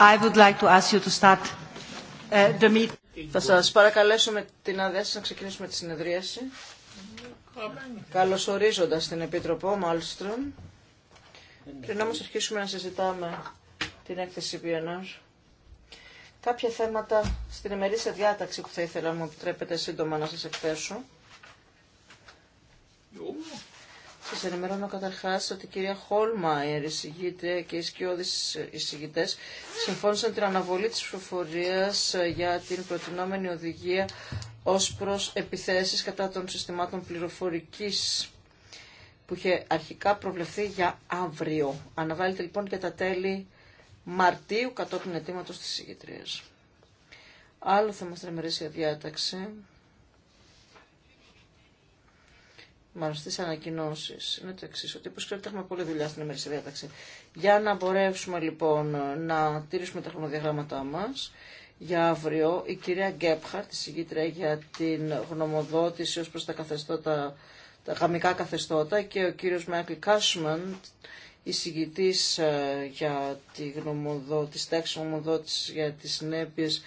I would like to uh, Θα σας την άδεια σας να ξεκινήσουμε τη συνεδρίαση. ορίζοντας την Επίτροπο Μάλστρομ. Πριν όμως αρχίσουμε να συζητάμε την έκθεση PNR, κάποια θέματα στην ημερήσια διάταξη που θα ήθελα, να μου επιτρέπετε σύντομα, να σας εκθέσω. Σας ενημερώνω καταρχάς ότι η κυρία η εισηγείται και οι σκιώδεις εισηγητές συμφώνησαν την αναβολή της ψηφοφορίας ε, για την προτινόμενη οδηγία ως προς επιθέσεις κατά των συστημάτων πληροφορικής που είχε αρχικά προβλεφθεί για αύριο. Αναβάλλεται λοιπόν και τα τέλη Μαρτίου κατόπιν αιτήματος της εισηγητρίας. Άλλο θέμα στην ημερήσια διάταξη μάλλον στι ανακοινώσει, είναι το εξή, ότι όπω ξέρετε έχουμε πολλή δουλειά στην ημερήσια διάταξη. Για να μπορέσουμε λοιπόν να τηρήσουμε τα χρονοδιαγράμματά μα, για αύριο η κυρία Γκέπχαρτ, η συγκήτρια για την γνωμοδότηση ω προ τα, καθεστώτα, τα γαμικά καθεστώτα και ο κύριος Μάικλ Κάσμαν, συγκητής ε, για τη γνωμοδότηση, τάξη γνωμοδότηση για τις συνέπειες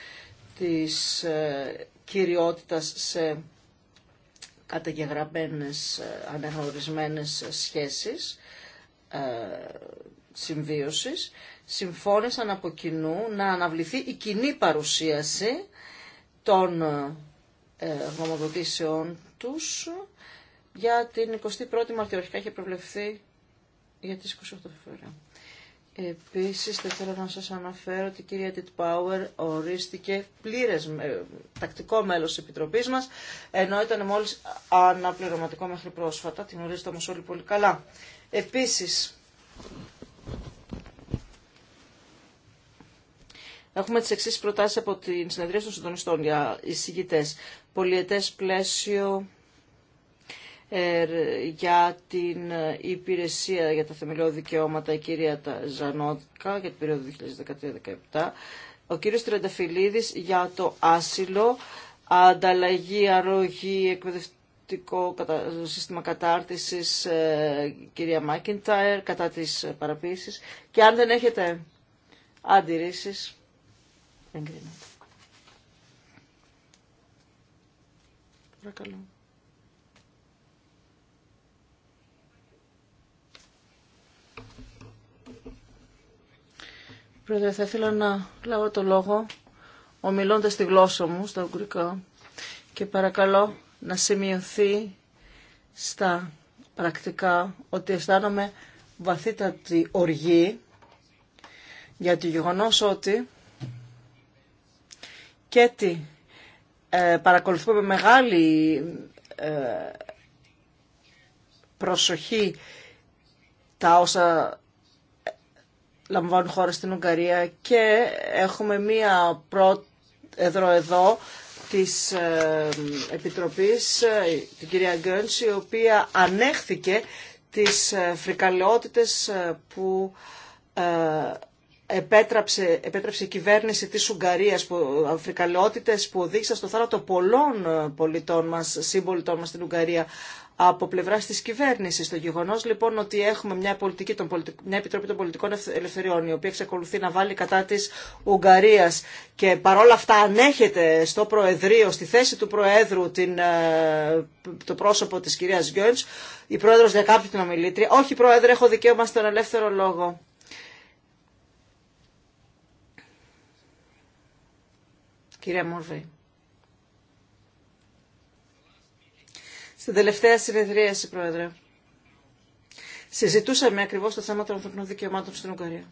της ε, κυριότητας σε καταγεγραμμένες, ε, αναγνωρισμένες σχέσεις ε, συμβίωσης, συμφώνησαν από κοινού να αναβληθεί η κοινή παρουσίαση των ε, γνωμοδοτήσεών τους για την 21η Μαρτυροχικά είχε προβλεφθεί για τις 28 Φεβρουαρίου. Επίσης, θα θέλω να σας αναφέρω ότι η κυρία Τιτ Πάουερ ορίστηκε πλήρες ε, τακτικό μέλος της Επιτροπής μας, ενώ ήταν μόλις αναπληρωματικό μέχρι πρόσφατα, την ορίζετε όμως όλοι πολύ καλά. Επίσης, Έχουμε τις εξής προτάσεις από την συνεδρία των συντονιστών για εισηγητές. Πολιετές πλαίσιο ε, για την ε, υπηρεσία για τα θεμελιώδη δικαιώματα η κυρία Ζανότκα για την περίοδο 2013-2017, ο κύριος Τρενταφυλλίδης για το άσυλο, ανταλλαγή, αρρωγή, εκπαιδευτικό σύστημα κατάρτισης ε, κυρία Μάκιντάιρ κατά της παραποίησης και αν δεν έχετε αντιρρήσεις εγκρίνω. Παρακαλώ. Πρόεδρε, θα ήθελα να λάβω το λόγο ομιλώντας τη γλώσσα μου στο ουγγρικό και παρακαλώ να σημειωθεί στα πρακτικά ότι αισθάνομαι βαθύτατη οργή για το γεγονός ότι και τι ε, παρακολουθούμε με μεγάλη ε, προσοχή τα όσα λαμβάνουν χώρα στην Ουγγαρία και έχουμε μία πρόεδρο εδώ της ε, Επιτροπής, ε, την κυρία Γκέντς, η οποία ανέχθηκε τις ε, φρικαλαιότητες που επέτραψε, επέτρεψε η κυβέρνηση της Ουγγαρίας, που, που οδήγησαν στο θάνατο πολλών πολιτών μας, συμπολιτών μας στην Ουγγαρία από πλευρά τη κυβέρνηση. Το γεγονό λοιπόν ότι έχουμε μια, πολιτική, Επιτροπή των Πολιτικών Ελευθεριών, η οποία εξακολουθεί να βάλει κατά τη Ουγγαρία και παρόλα αυτά ανέχεται στο Προεδρείο, στη θέση του Προέδρου, την, ε, το πρόσωπο τη κυρία Γκιόντ, η Πρόεδρο διακάπτει την ομιλήτρια. Όχι, Πρόεδρε, έχω δικαίωμα στον ελεύθερο λόγο. Κυρία Μόρβη. Στην τελευταία συνεδρίαση, Πρόεδρε, συζητούσαμε ακριβώς το θέμα των ανθρωπινών δικαιωμάτων στην Ουγγαρία.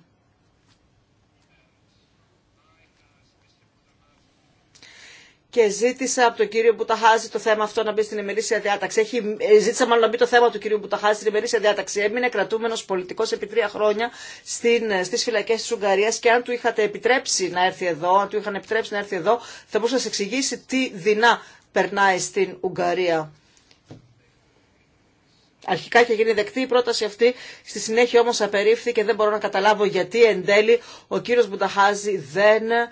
και ζήτησα από τον κύριο Μπουταχάζη το θέμα αυτό να μπει στην ημερήσια διάταξη. Έχει, ε, ζήτησα μάλλον να μπει το θέμα του κύριου Μπουταχάζη στην ημερήσια διάταξη. Έμεινε κρατούμενο πολιτικό επί τρία χρόνια ε, στι φυλακέ τη Ουγγαρία και αν του είχατε επιτρέψει να έρθει εδώ, αν του είχαν επιτρέψει να έρθει εδώ, θα μπορούσα να σα εξηγήσει τι δεινά περνάει στην Ουγγαρία. Αρχικά είχε γίνει δεκτή η πρόταση αυτή, στη συνέχεια όμως απερίφθη και δεν μπορώ να καταλάβω γιατί εν τέλει ο κύριος Μπουταχάζη δεν ε,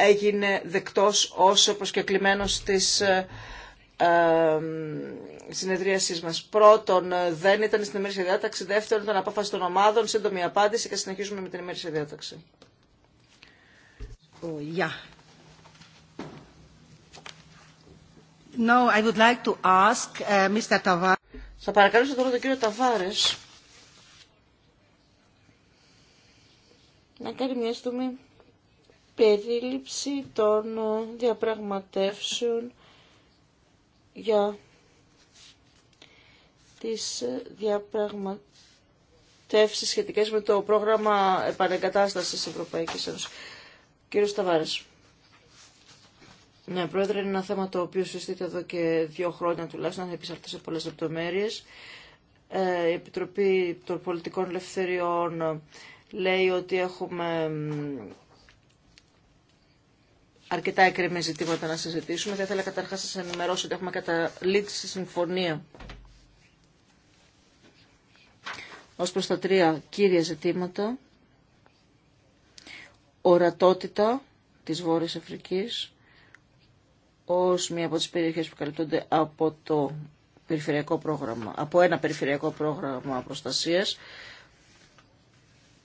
έγινε δεκτός ως προσκεκλημένος της ε, ε, συνεδρίασής μας. Πρώτον, δεν ήταν στην ημέρηση διάταξη. Δεύτερον, ήταν απόφαση των ομάδων. Σύντομη απάντηση και συνεχίζουμε με την ημέρηση διάταξη. Oh, yeah. No, I would like to ask, uh, θα παρακαλέσω τώρα τον κύριο Ταβάρες να κάνει μια στιγμή περίληψη των ε, διαπραγματεύσεων για τις ε, διαπραγματεύσεις σχετικές με το πρόγραμμα επανεγκατάστασης Ευρωπαϊκής Ένωσης. Κύριος Ταβάρες. Ναι, Πρόεδρε, είναι ένα θέμα το οποίο συζητείται εδώ και δύο χρόνια τουλάχιστον, αν επισαρτάται σε πολλές λεπτομέρειες. Ε, η Επιτροπή των Πολιτικών Ελευθεριών λέει ότι έχουμε αρκετά εκκρεμή ζητήματα να συζητήσουμε. Θα ήθελα καταρχάς να σας ενημερώσω ότι έχουμε καταλήξει συμφωνία ως προς τα τρία κύρια ζητήματα. Ορατότητα της Βόρειας Αφρικής, ως μία από τις περιοχές που καλύπτονται από το περιφερειακό πρόγραμμα, από ένα περιφερειακό πρόγραμμα προστασίας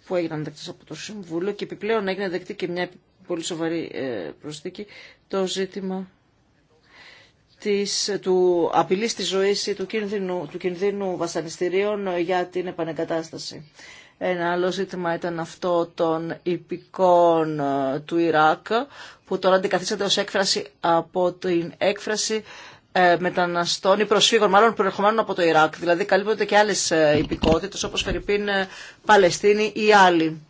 που έγιναν δεκτές από το Συμβούλιο και επιπλέον έγινε δεκτή και μια πολύ σοβαρή ε, προσθήκη το ζήτημα της, του απειλής της ζωής ή του κινδύνου, του κινδύνου βασανιστήριων για την επανεγκατάσταση. Ένα άλλο ζήτημα ήταν αυτό των υπηκών ε, του Ιράκ, που τώρα αντικαθίσταται ως έκφραση από την έκφραση ε, μεταναστών ή προσφύγων, μάλλον προερχομένων από το Ιράκ. Δηλαδή καλύπτονται και άλλες ε, υπηκότητες, όπως Φερρυπίν, Παλαιστίνη ή άλλοι.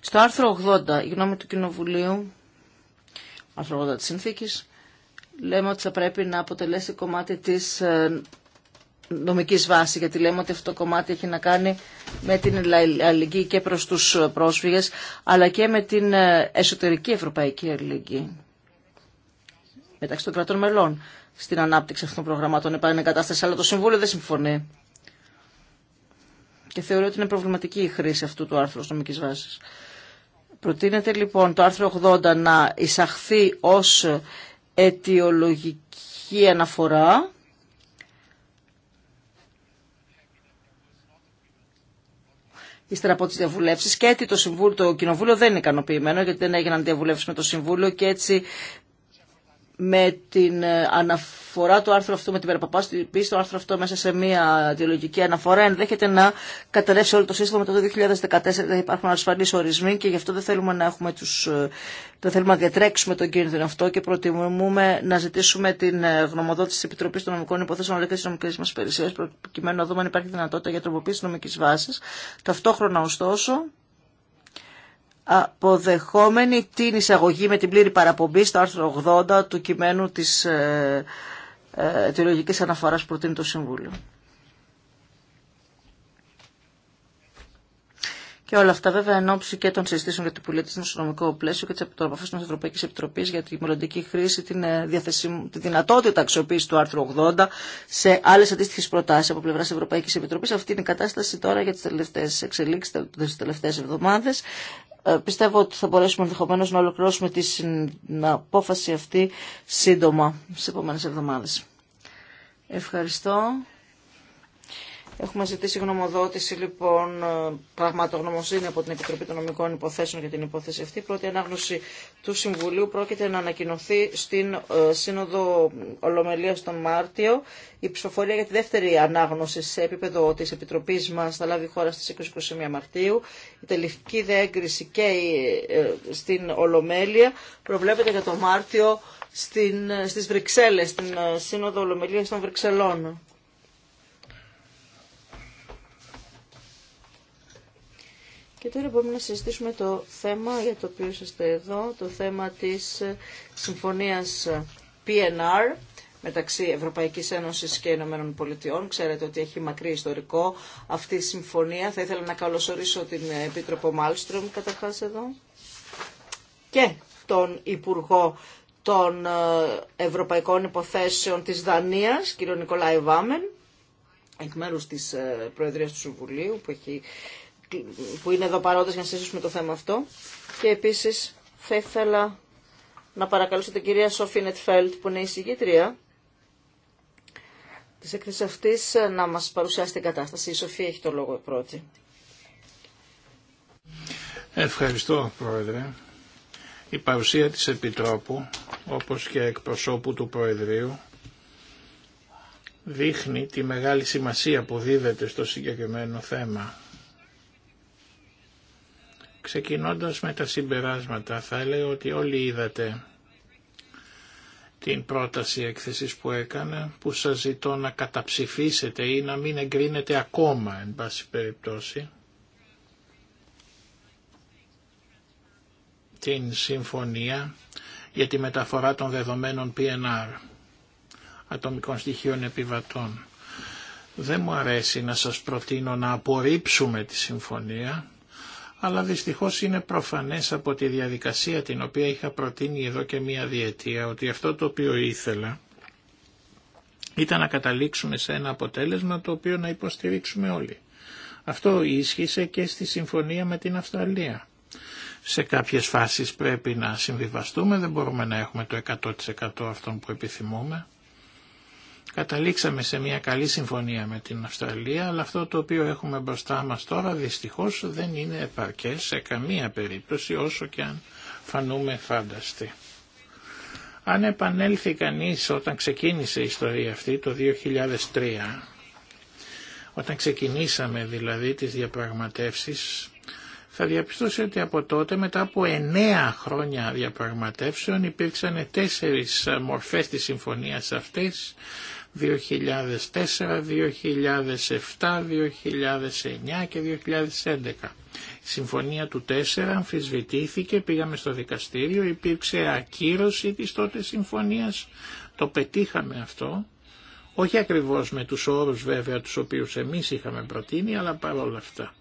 Στο άρθρο 80, η γνώμη του Κοινοβουλίου, άρθρο 80 της Συνθήκης, λέμε ότι θα πρέπει να αποτελέσει κομμάτι της ε, νομικής βάσης, γιατί λέμε ότι αυτό το κομμάτι έχει να κάνει με την αλληλεγγύη και προς τους πρόσφυγες, αλλά και με την ε, εσωτερική ευρωπαϊκή αλληλεγγύη μεταξύ των κρατών μελών στην ανάπτυξη αυτών των προγραμμάτων κατάσταση, αλλά το Συμβούλιο δεν συμφωνεί. Και θεωρεί ότι είναι προβληματική η χρήση αυτού του άρθρου νομικής βάσης. Προτείνεται λοιπόν το άρθρο 80 να εισαχθεί ως αιτιολογική αναφορά ύστερα από τι διαβουλεύσει και έτσι το, συμβούλιο, το Κοινοβούλιο δεν είναι ικανοποιημένο γιατί δεν έγιναν διαβουλεύσει με το Συμβούλιο και έτσι με την ε, αναφορά του άρθρου αυτού, με την πίστη του άρθρου αυτό μέσα σε μια διολογική αναφορά, ενδέχεται να καταρρεύσει όλο το σύστημα. το 2014 δεν υπάρχουν ασφαλεί ορισμοί και γι' αυτό δεν θέλουμε να, έχουμε τους, ε, δεν θέλουμε να διατρέξουμε τον κίνδυνο αυτό και προτιμούμε να ζητήσουμε την ε, γνωμοδότηση τη Επιτροπή των Νομικών Υποθέσεων αλλά και τη νομική μα υπηρεσία, προκειμένου να δούμε αν υπάρχει δυνατότητα για τροποποίηση νομική βάση. Ταυτόχρονα, ωστόσο, αποδεχόμενη την εισαγωγή με την πλήρη παραπομπή στο άρθρο 80 του κειμένου της ε, ε, αιτιολογικής αναφοράς που προτείνει το Συμβούλιο. Και όλα αυτά βέβαια εν ώψη και των συζητήσεων για την πολιτική στο νομικό πλαίσιο και τη επιτροπή τη Ευρωπαϊκή Επιτροπή για τη μελλοντική χρήση, την, ε, τη δυνατότητα αξιοποίηση του άρθρου 80 σε άλλε αντίστοιχε προτάσει από πλευρά Ευρωπαϊκή Επιτροπή. Αυτή είναι η κατάσταση τώρα για τι τελευταίε εξελίξει, τι τελευταίε εβδομάδε. Ε, πιστεύω ότι θα μπορέσουμε ενδεχομένω να ολοκληρώσουμε την απόφαση αυτή σύντομα, στι επόμενε εβδομάδες. Ευχαριστώ. Έχουμε ζητήσει γνωμοδότηση λοιπόν ε, πραγματογνωμοσύνη από την Επιτροπή των Νομικών Υποθέσεων για την υπόθεση αυτή. πρώτη ανάγνωση του Συμβουλίου πρόκειται να ανακοινωθεί στην ε, Σύνοδο Ολομελία τον Μάρτιο. Η ψηφοφορία για τη δεύτερη ανάγνωση σε επίπεδο τη Επιτροπή μα θα λάβει χώρα στι 21 Μαρτίου. Η τελική διέγκριση και ε, στην Ολομέλεια προβλέπεται για τον Μάρτιο στην, στις Βρυξέλλες, στην Σύνοδο Ολομελίας των Βρυξελών. Και τώρα μπορούμε να συζητήσουμε το θέμα για το οποίο είστε εδώ, το θέμα της ε, συμφωνίας ε, PNR μεταξύ Ευρωπαϊκής Ένωσης και Ηνωμένων Πολιτειών. Ξέρετε ότι έχει μακρύ ιστορικό αυτή η συμφωνία. Θα ήθελα να καλωσορίσω την ε, Επίτροπο Μάλστρομ καταρχάς εδώ και τον Υπουργό των Ευρωπαϊκών Υποθέσεων της Δανίας, κύριο Νικολάη Βάμεν, εκ μέρους της Προεδρίας του Συμβουλίου που έχει που είναι εδώ παρόντες για να συζητήσουμε το θέμα αυτό. Και επίσης θα ήθελα να παρακαλούσω την κυρία Σόφι Νετφέλτ που είναι η συγγήτρια της έκθεσης αυτής να μας παρουσιάσει την κατάσταση. Η Σοφία έχει το λόγο πρώτη. Ευχαριστώ Πρόεδρε. Η παρουσία της Επιτρόπου όπως και εκπροσώπου του Προεδρείου δείχνει τη μεγάλη σημασία που δίδεται στο συγκεκριμένο θέμα. Ξεκινώντας με τα συμπεράσματα, θα λέω ότι όλοι είδατε την πρόταση έκθεσης που έκανα, που σας ζητώ να καταψηφίσετε ή να μην εγκρίνετε ακόμα, εν πάση περιπτώσει, την συμφωνία για τη μεταφορά των δεδομένων PNR, ατομικών στοιχείων επιβατών. Δεν μου αρέσει να σας προτείνω να απορρίψουμε τη συμφωνία, αλλά δυστυχώς είναι προφανές από τη διαδικασία την οποία είχα προτείνει εδώ και μία διετία ότι αυτό το οποίο ήθελα ήταν να καταλήξουμε σε ένα αποτέλεσμα το οποίο να υποστηρίξουμε όλοι. Αυτό ίσχυσε και στη συμφωνία με την Αυστραλία. Σε κάποιες φάσεις πρέπει να συμβιβαστούμε, δεν μπορούμε να έχουμε το 100% αυτών που επιθυμούμε. Καταλήξαμε σε μια καλή συμφωνία με την Αυστραλία, αλλά αυτό το οποίο έχουμε μπροστά μας τώρα δυστυχώς δεν είναι επαρκές σε καμία περίπτωση όσο και αν φανούμε φάνταστοι. Αν επανέλθει κανείς όταν ξεκίνησε η ιστορία αυτή το 2003, όταν ξεκινήσαμε δηλαδή τις διαπραγματεύσεις, θα διαπιστώσει ότι από τότε μετά από εννέα χρόνια διαπραγματεύσεων υπήρξαν τέσσερις μορφές της συμφωνίας αυτής 2004, 2007, 2009 και 2011. Η συμφωνία του 4 αμφισβητήθηκε, πήγαμε στο δικαστήριο, υπήρξε ακύρωση της τότε συμφωνίας, το πετύχαμε αυτό, όχι ακριβώς με τους όρους βέβαια τους οποίους εμείς είχαμε προτείνει, αλλά παρόλα αυτά.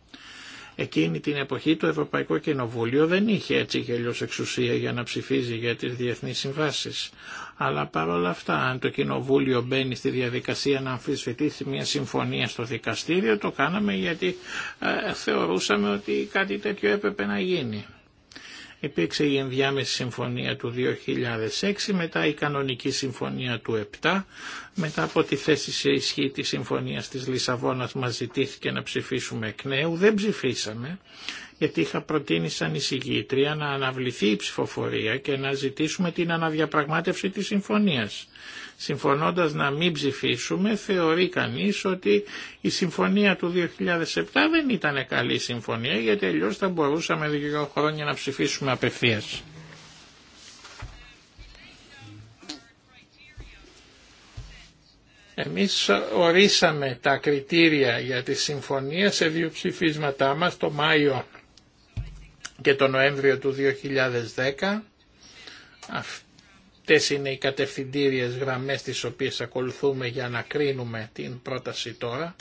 Εκείνη την εποχή το Ευρωπαϊκό Κοινοβούλιο δεν είχε έτσι και εξουσία για να ψηφίζει για τις διεθνείς συμβάσεις. Αλλά παρόλα αυτά, αν το Κοινοβούλιο μπαίνει στη διαδικασία να αμφισβητήσει μια συμφωνία στο δικαστήριο, το κάναμε γιατί ε, θεωρούσαμε ότι κάτι τέτοιο έπρεπε να γίνει. Υπήρξε η ενδιάμεση συμφωνία του 2006, μετά η κανονική συμφωνία του 7, μετά από τη θέση σε ισχύ της συμφωνίας της Λισαβόνας μας ζητήθηκε να ψηφίσουμε εκ νέου, δεν ψηφίσαμε, γιατί είχα προτείνει σαν εισηγήτρια να αναβληθεί η ψηφοφορία και να ζητήσουμε την αναδιαπραγμάτευση της συμφωνίας συμφωνώντας να μην ψηφίσουμε θεωρεί κανείς ότι η συμφωνία του 2007 δεν ήταν καλή συμφωνία γιατί αλλιώς θα μπορούσαμε δύο χρόνια να ψηφίσουμε απευθείας. Εμείς ορίσαμε τα κριτήρια για τη συμφωνία σε δύο ψηφίσματά μας το Μάιο και το Νοέμβριο του 2010. Αυτές είναι οι κατευθυντήριες γραμμές τις οποίες ακολουθούμε για να κρίνουμε την πρόταση τώρα.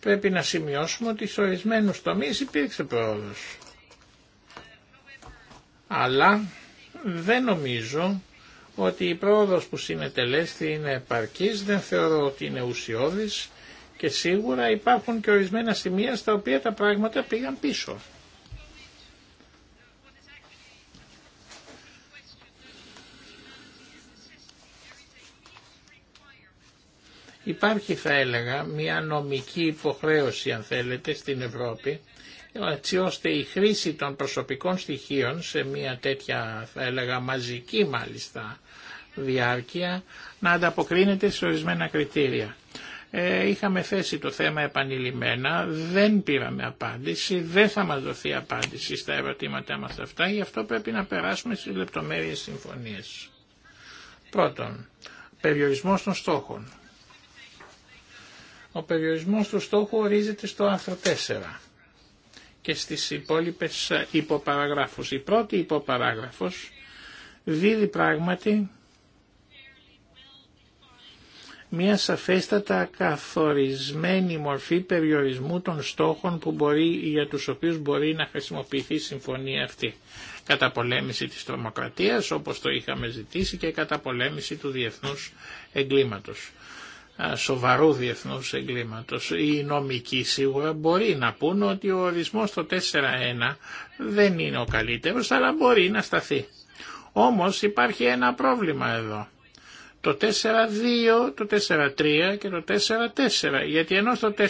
Πρέπει να σημειώσουμε ότι σε ορισμένου τομεί υπήρξε πρόοδος. Αλλά δεν νομίζω ότι η πρόοδος που συνετελέστη είναι επαρκής, δεν θεωρώ ότι είναι ουσιώδης και σίγουρα υπάρχουν και ορισμένα σημεία στα οποία τα πράγματα πήγαν πίσω. Υπάρχει θα έλεγα μια νομική υποχρέωση αν θέλετε στην Ευρώπη έτσι ώστε η χρήση των προσωπικών στοιχείων σε μια τέτοια θα έλεγα μαζική μάλιστα διάρκεια να ανταποκρίνεται σε ορισμένα κριτήρια. Ε, είχαμε θέσει το θέμα επανειλημμένα, δεν πήραμε απάντηση, δεν θα μας δοθεί απάντηση στα ερωτήματά μας αυτά, γι' αυτό πρέπει να περάσουμε στις λεπτομέρειες συμφωνίες. Πρώτον, περιορισμός των στόχων. Ο περιορισμός του στόχου ορίζεται στο άρθρο 4 και στις υπόλοιπες υποπαραγράφους. Η πρώτη υποπαράγραφος δίδει πράγματι μια σαφέστατα καθορισμένη μορφή περιορισμού των στόχων που μπορεί, για τους οποίους μπορεί να χρησιμοποιηθεί η συμφωνία αυτή. πολέμηση της τρομοκρατίας όπως το είχαμε ζητήσει και κατά πολέμηση του διεθνούς εγκλήματος σοβαρού διεθνού εγκλήματο. Οι νομικοί σίγουρα μπορεί να πούνε ότι ο ορισμό το 4-1... δεν είναι ο καλύτερο, αλλά μπορεί να σταθεί. Όμω υπάρχει ένα πρόβλημα εδώ. Το 4-2... το 4-3 και το 4-4. Γιατί ενώ στο 4-1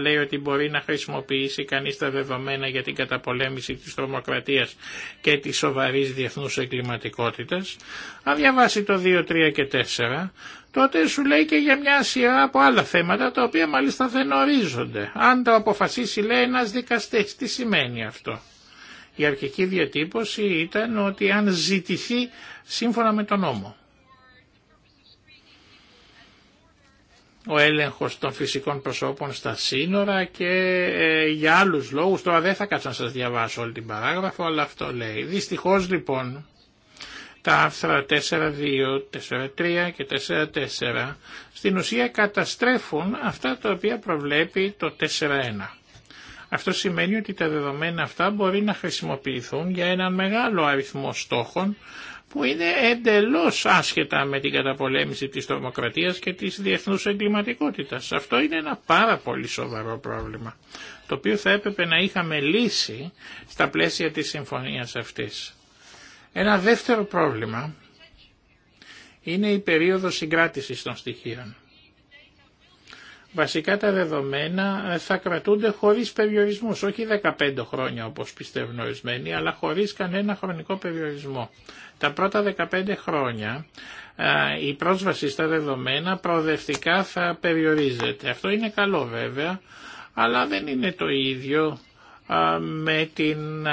λέει ότι μπορεί να χρησιμοποιήσει κανείς τα δεδομένα για την καταπολέμηση της τρομοκρατίας και της σοβαρής διεθνούς εγκληματικότητας, αν διαβάσει το 3 και 4 τότε σου λέει και για μια σειρά από άλλα θέματα τα οποία μάλιστα δεν ορίζονται. Αν το αποφασίσει λέει ένας δικαστής, τι σημαίνει αυτό. Η αρχική διατύπωση ήταν ότι αν ζητηθεί σύμφωνα με τον νόμο. ο έλεγχος των φυσικών προσώπων στα σύνορα και ε, για άλλους λόγους. Τώρα δεν θα κάτσω να σας διαβάσω όλη την παράγραφο, αλλά αυτό λέει. Δυστυχώς λοιπόν τα άρθρα 4.2, 4.3 και 4.4 στην ουσία καταστρέφουν αυτά τα οποία προβλέπει το 4.1. Αυτό σημαίνει ότι τα δεδομένα αυτά μπορεί να χρησιμοποιηθούν για έναν μεγάλο αριθμό στόχων που είναι εντελώς άσχετα με την καταπολέμηση της τρομοκρατίας και της διεθνούς εγκληματικότητας. Αυτό είναι ένα πάρα πολύ σοβαρό πρόβλημα, το οποίο θα έπρεπε να είχαμε λύσει στα πλαίσια της συμφωνίας αυτής. Ένα δεύτερο πρόβλημα είναι η περίοδος συγκράτησης των στοιχείων. Βασικά τα δεδομένα ε, θα κρατούνται χωρίς περιορισμούς, όχι 15 χρόνια όπως πιστεύουν ορισμένοι, αλλά χωρίς κανένα χρονικό περιορισμό. Τα πρώτα 15 χρόνια ε, η πρόσβαση στα δεδομένα προοδευτικά θα περιορίζεται. Αυτό είναι καλό βέβαια, αλλά δεν είναι το ίδιο με την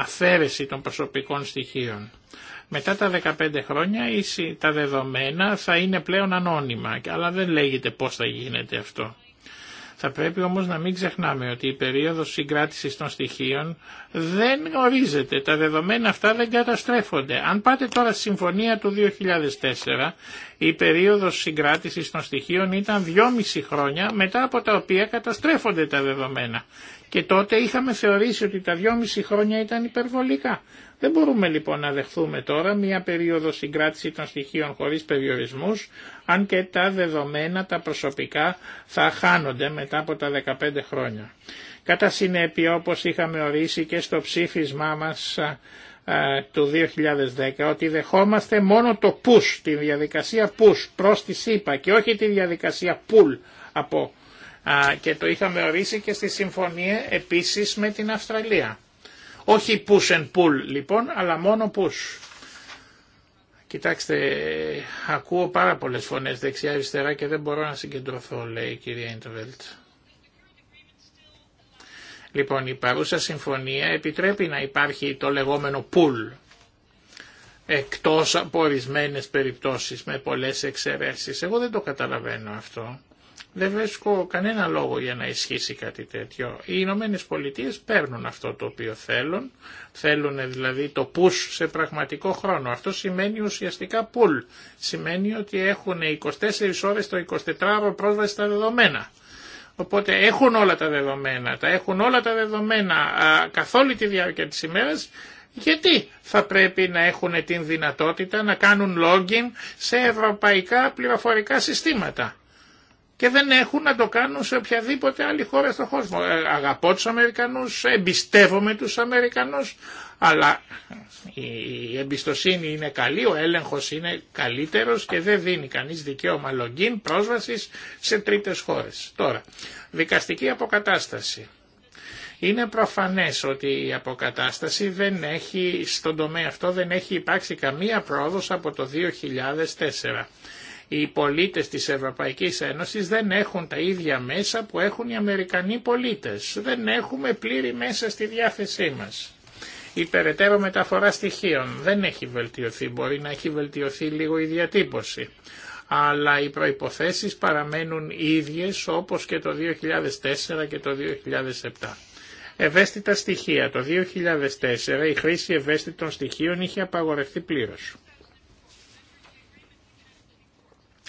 αφαίρεση των προσωπικών στοιχείων. Μετά τα 15 χρόνια τα δεδομένα θα είναι πλέον ανώνυμα, αλλά δεν λέγεται πώς θα γίνεται αυτό. Θα πρέπει όμως να μην ξεχνάμε ότι η περίοδος συγκράτησης των στοιχείων δεν ορίζεται. Τα δεδομένα αυτά δεν καταστρέφονται. Αν πάτε τώρα στη συμφωνία του 2004, η περίοδος συγκράτησης των στοιχείων ήταν 2,5 χρόνια μετά από τα οποία καταστρέφονται τα δεδομένα. Και τότε είχαμε θεωρήσει ότι τα δυόμιση χρόνια ήταν υπερβολικά. Δεν μπορούμε λοιπόν να δεχθούμε τώρα μια περίοδο συγκράτηση των στοιχείων χωρίς περιορισμούς, αν και τα δεδομένα τα προσωπικά θα χάνονται μετά από τα 15 χρόνια. Κατά συνέπεια όπως είχαμε ορίσει και στο ψήφισμά μας του 2010 ότι δεχόμαστε μόνο το push, τη διαδικασία push προς τη ΣΥΠΑ και όχι τη διαδικασία pull από και το είχαμε ορίσει και στη συμφωνία επίσης με την Αυστραλία. Όχι push and pull λοιπόν, αλλά μόνο push. Κοιτάξτε, ακούω πάρα πολλές φωνές δεξιά-αριστερά και δεν μπορώ να συγκεντρωθώ, λέει η κυρία Ιντεβέλτ. Λοιπόν, η παρούσα συμφωνία επιτρέπει να υπάρχει το λεγόμενο pull, εκτός από ορισμένε περιπτώσεις με πολλές εξαιρέσεις. Εγώ δεν το καταλαβαίνω αυτό. Δεν βρίσκω κανένα λόγο για να ισχύσει κάτι τέτοιο. Οι Ηνωμένε Πολιτείε παίρνουν αυτό το οποίο θέλουν, θέλουν δηλαδή το push σε πραγματικό χρόνο. Αυτό σημαίνει ουσιαστικά pull. Σημαίνει ότι έχουν 24 ώρες το 24ωρο πρόσβαση στα δεδομένα. Οπότε έχουν όλα τα δεδομένα, τα έχουν όλα τα δεδομένα καθ' όλη τη διάρκεια της ημέρας, γιατί θα πρέπει να έχουν την δυνατότητα να κάνουν login σε ευρωπαϊκά πληροφορικά συστήματα και δεν έχουν να το κάνουν σε οποιαδήποτε άλλη χώρα στον κόσμο. Ε, αγαπώ τους Αμερικανούς, εμπιστεύομαι τους Αμερικανούς, αλλά η εμπιστοσύνη είναι καλή, ο έλεγχος είναι καλύτερος και δεν δίνει κανείς δικαίωμα λογίν πρόσβασης σε τρίτες χώρες. Τώρα, δικαστική αποκατάσταση. Είναι προφανές ότι η αποκατάσταση δεν έχει, στον τομέα αυτό δεν έχει υπάρξει καμία πρόοδος από το 2004. Οι πολίτες της Ευρωπαϊκής Ένωσης δεν έχουν τα ίδια μέσα που έχουν οι Αμερικανοί πολίτες. Δεν έχουμε πλήρη μέσα στη διάθεσή μας. Η περαιτέρω μεταφορά στοιχείων δεν έχει βελτιωθεί, μπορεί να έχει βελτιωθεί λίγο η διατύπωση. Αλλά οι προϋποθέσεις παραμένουν ίδιες όπως και το 2004 και το 2007. Ευαίσθητα στοιχεία. Το 2004 η χρήση ευαίσθητων στοιχείων είχε απαγορευτεί πλήρως.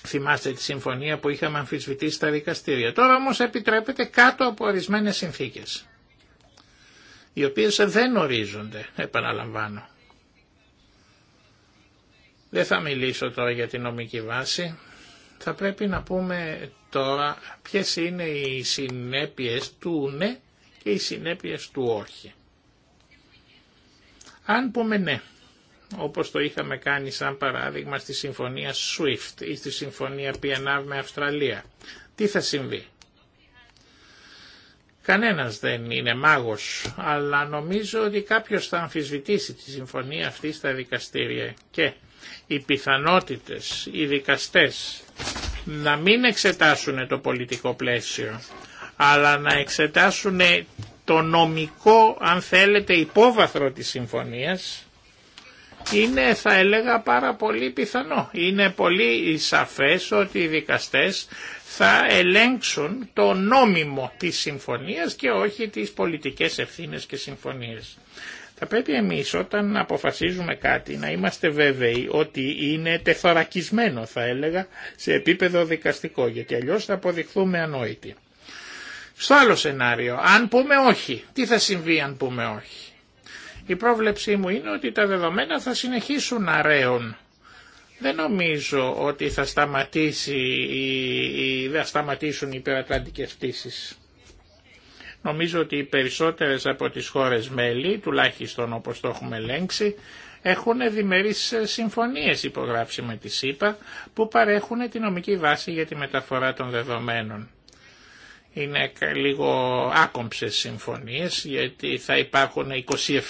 Θυμάστε τη συμφωνία που είχαμε αμφισβητήσει στα δικαστήρια. Τώρα όμως επιτρέπεται κάτω από ορισμένες συνθήκες, οι οποίες δεν ορίζονται, επαναλαμβάνω. Δεν θα μιλήσω τώρα για την νομική βάση. Θα πρέπει να πούμε τώρα ποιες είναι οι συνέπειες του ναι και οι συνέπειες του όχι. Αν πούμε ναι, όπως το είχαμε κάνει σαν παράδειγμα στη συμφωνία SWIFT ή στη συμφωνία PNR με Αυστραλία. Τι θα συμβεί. Κανένας δεν είναι μάγος, αλλά νομίζω ότι κάποιος θα αμφισβητήσει τη συμφωνία αυτή στα δικαστήρια και οι πιθανότητες, οι δικαστές να μην εξετάσουν το πολιτικό πλαίσιο, αλλά να εξετάσουν το νομικό, αν θέλετε, υπόβαθρο της συμφωνίας, είναι θα έλεγα πάρα πολύ πιθανό. Είναι πολύ σαφές ότι οι δικαστές θα ελέγξουν το νόμιμο της συμφωνίας και όχι τις πολιτικές ευθύνες και συμφωνίες. Θα πρέπει εμείς όταν αποφασίζουμε κάτι να είμαστε βέβαιοι ότι είναι τεθωρακισμένο θα έλεγα σε επίπεδο δικαστικό γιατί αλλιώς θα αποδειχθούμε ανόητοι. Στο άλλο σενάριο, αν πούμε όχι, τι θα συμβεί αν πούμε όχι. Η πρόβλεψή μου είναι ότι τα δεδομένα θα συνεχίσουν να ρέουν. Δεν νομίζω ότι θα, σταματήσει, ή θα σταματήσουν οι υπερατλαντικές πτήσεις. Νομίζω ότι οι περισσότερες από τις χώρες μέλη, τουλάχιστον όπως το έχουμε ελέγξει, έχουν διμερείς συμφωνίες υπογράψει με τη ΣΥΠΑ που παρέχουν τη νομική βάση για τη μεταφορά των δεδομένων είναι λίγο άκομψες συμφωνίες γιατί θα υπάρχουν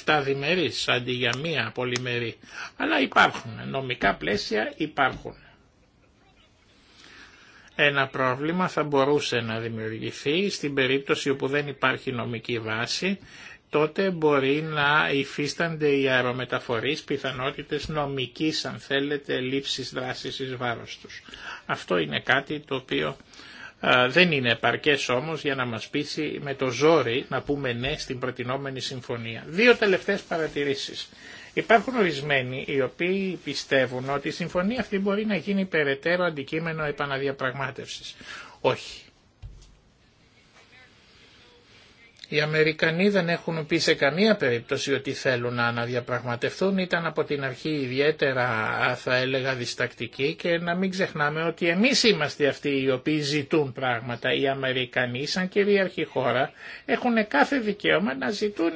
27 διμερείς αντί για μία πολυμερή. Αλλά υπάρχουν, νομικά πλαίσια υπάρχουν. Ένα πρόβλημα θα μπορούσε να δημιουργηθεί στην περίπτωση όπου δεν υπάρχει νομική βάση, τότε μπορεί να υφίστανται οι αερομεταφορείς πιθανότητες νομικής, αν θέλετε, λήψης δράσης εις βάρος τους. Αυτό είναι κάτι το οποίο δεν είναι επαρκές όμως για να μας πείσει με το ζόρι να πούμε ναι στην προτινόμενη συμφωνία. Δύο τελευταίες παρατηρήσεις. Υπάρχουν ορισμένοι οι οποίοι πιστεύουν ότι η συμφωνία αυτή μπορεί να γίνει περαιτέρω αντικείμενο επαναδιαπραγμάτευσης. Όχι. Οι Αμερικανοί δεν έχουν πει σε καμία περίπτωση ότι θέλουν να αναδιαπραγματευτούν, ήταν από την αρχή ιδιαίτερα θα έλεγα διστακτικοί και να μην ξεχνάμε ότι εμείς είμαστε αυτοί οι οποίοι ζητούν πράγματα. Οι Αμερικανοί σαν κυρίαρχη χώρα έχουν κάθε δικαίωμα να ζητούν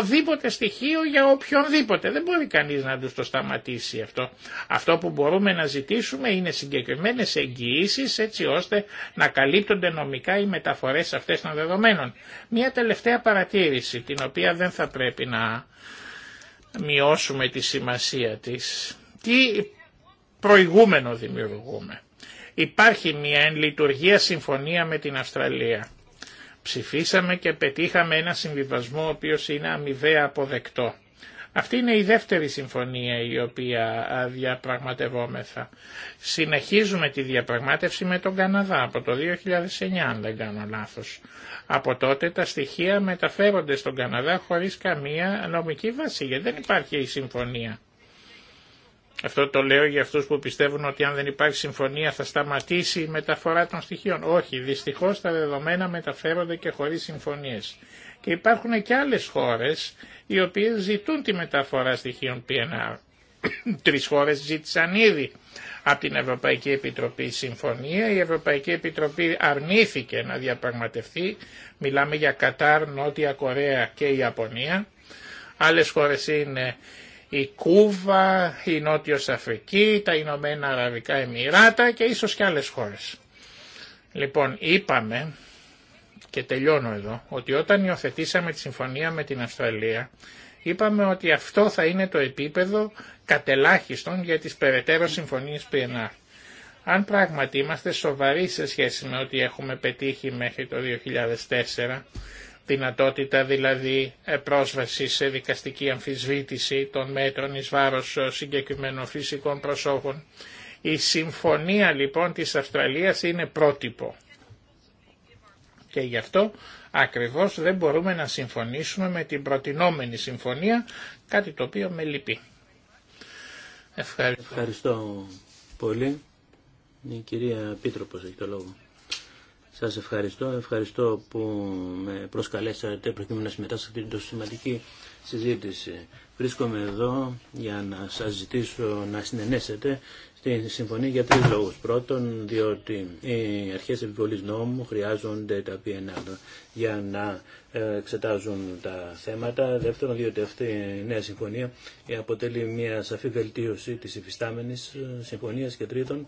οδήποτε στοιχείο για οποιονδήποτε. Δεν μπορεί κανείς να τους το σταματήσει αυτό. Αυτό που μπορούμε να ζητήσουμε είναι συγκεκριμένες εγγυήσεις έτσι ώστε να καλύπτονται νομικά οι μεταφορές αυτές των δεδομένων μια τελευταία παρατήρηση, την οποία δεν θα πρέπει να μειώσουμε τη σημασία της. Τι προηγούμενο δημιουργούμε. Υπάρχει μια εν λειτουργία συμφωνία με την Αυστραλία. Ψηφίσαμε και πετύχαμε ένα συμβιβασμό ο οποίος είναι αμοιβαία αποδεκτό. Αυτή είναι η δεύτερη συμφωνία η οποία διαπραγματευόμεθα. Συνεχίζουμε τη διαπραγμάτευση με τον Καναδά από το 2009 αν δεν κάνω λάθος. Από τότε τα στοιχεία μεταφέρονται στον Καναδά χωρίς καμία νομική βάση γιατί δεν υπάρχει η συμφωνία. Αυτό το λέω για αυτούς που πιστεύουν ότι αν δεν υπάρχει συμφωνία θα σταματήσει η μεταφορά των στοιχείων. Όχι, δυστυχώς τα δεδομένα μεταφέρονται και χωρίς συμφωνίες. Και υπάρχουν και άλλες χώρες οι οποίες ζητούν τη μεταφορά στοιχείων PNR. Τρεις χώρες ζήτησαν ήδη από την Ευρωπαϊκή Επιτροπή συμφωνία. Η Ευρωπαϊκή Επιτροπή αρνήθηκε να διαπραγματευτεί. Μιλάμε για Κατάρ, Νότια Κορέα και Ιαπωνία. Άλλες χώρες είναι η Κούβα, η Νότιος Αφρική, τα Ηνωμένα Αραβικά Εμμυράτα και ίσως και άλλες χώρες. Λοιπόν, είπαμε και τελειώνω εδώ, ότι όταν υιοθετήσαμε τη συμφωνία με την Αυστραλία, είπαμε ότι αυτό θα είναι το επίπεδο κατελάχιστον για τις περαιτέρω συμφωνίες PNR. Αν πράγματι είμαστε σοβαροί σε σχέση με ό,τι έχουμε πετύχει μέχρι το 2004, δυνατότητα δηλαδή ε, πρόσβαση σε δικαστική αμφισβήτηση των μέτρων εις βάρος ε, συγκεκριμένων φυσικών προσώπων, η συμφωνία λοιπόν της Αυστραλίας είναι πρότυπο. Και γι' αυτό ακριβώς δεν μπορούμε να συμφωνήσουμε με την προτινόμενη συμφωνία, κάτι το οποίο με λυπεί. Ευχαριστώ. πολύ. Η κυρία Πίτροπος έχει το λόγο. Σας ευχαριστώ. Ευχαριστώ που με προσκαλέσατε προκειμένου να συμμετάσχετε σε τόσο σημαντική συζήτηση. Βρίσκομαι εδώ για να σας ζητήσω να συνενέσετε Τη συμφωνία για τρεις λόγους. Πρώτον, διότι οι αρχές επιβολής νόμου χρειάζονται τα PNR για να ε, εξετάζουν τα θέματα. Δεύτερον, διότι αυτή η νέα συμφωνία αποτελεί μια σαφή βελτίωση της υφιστάμενης ε, συμφωνίας. Και τρίτον,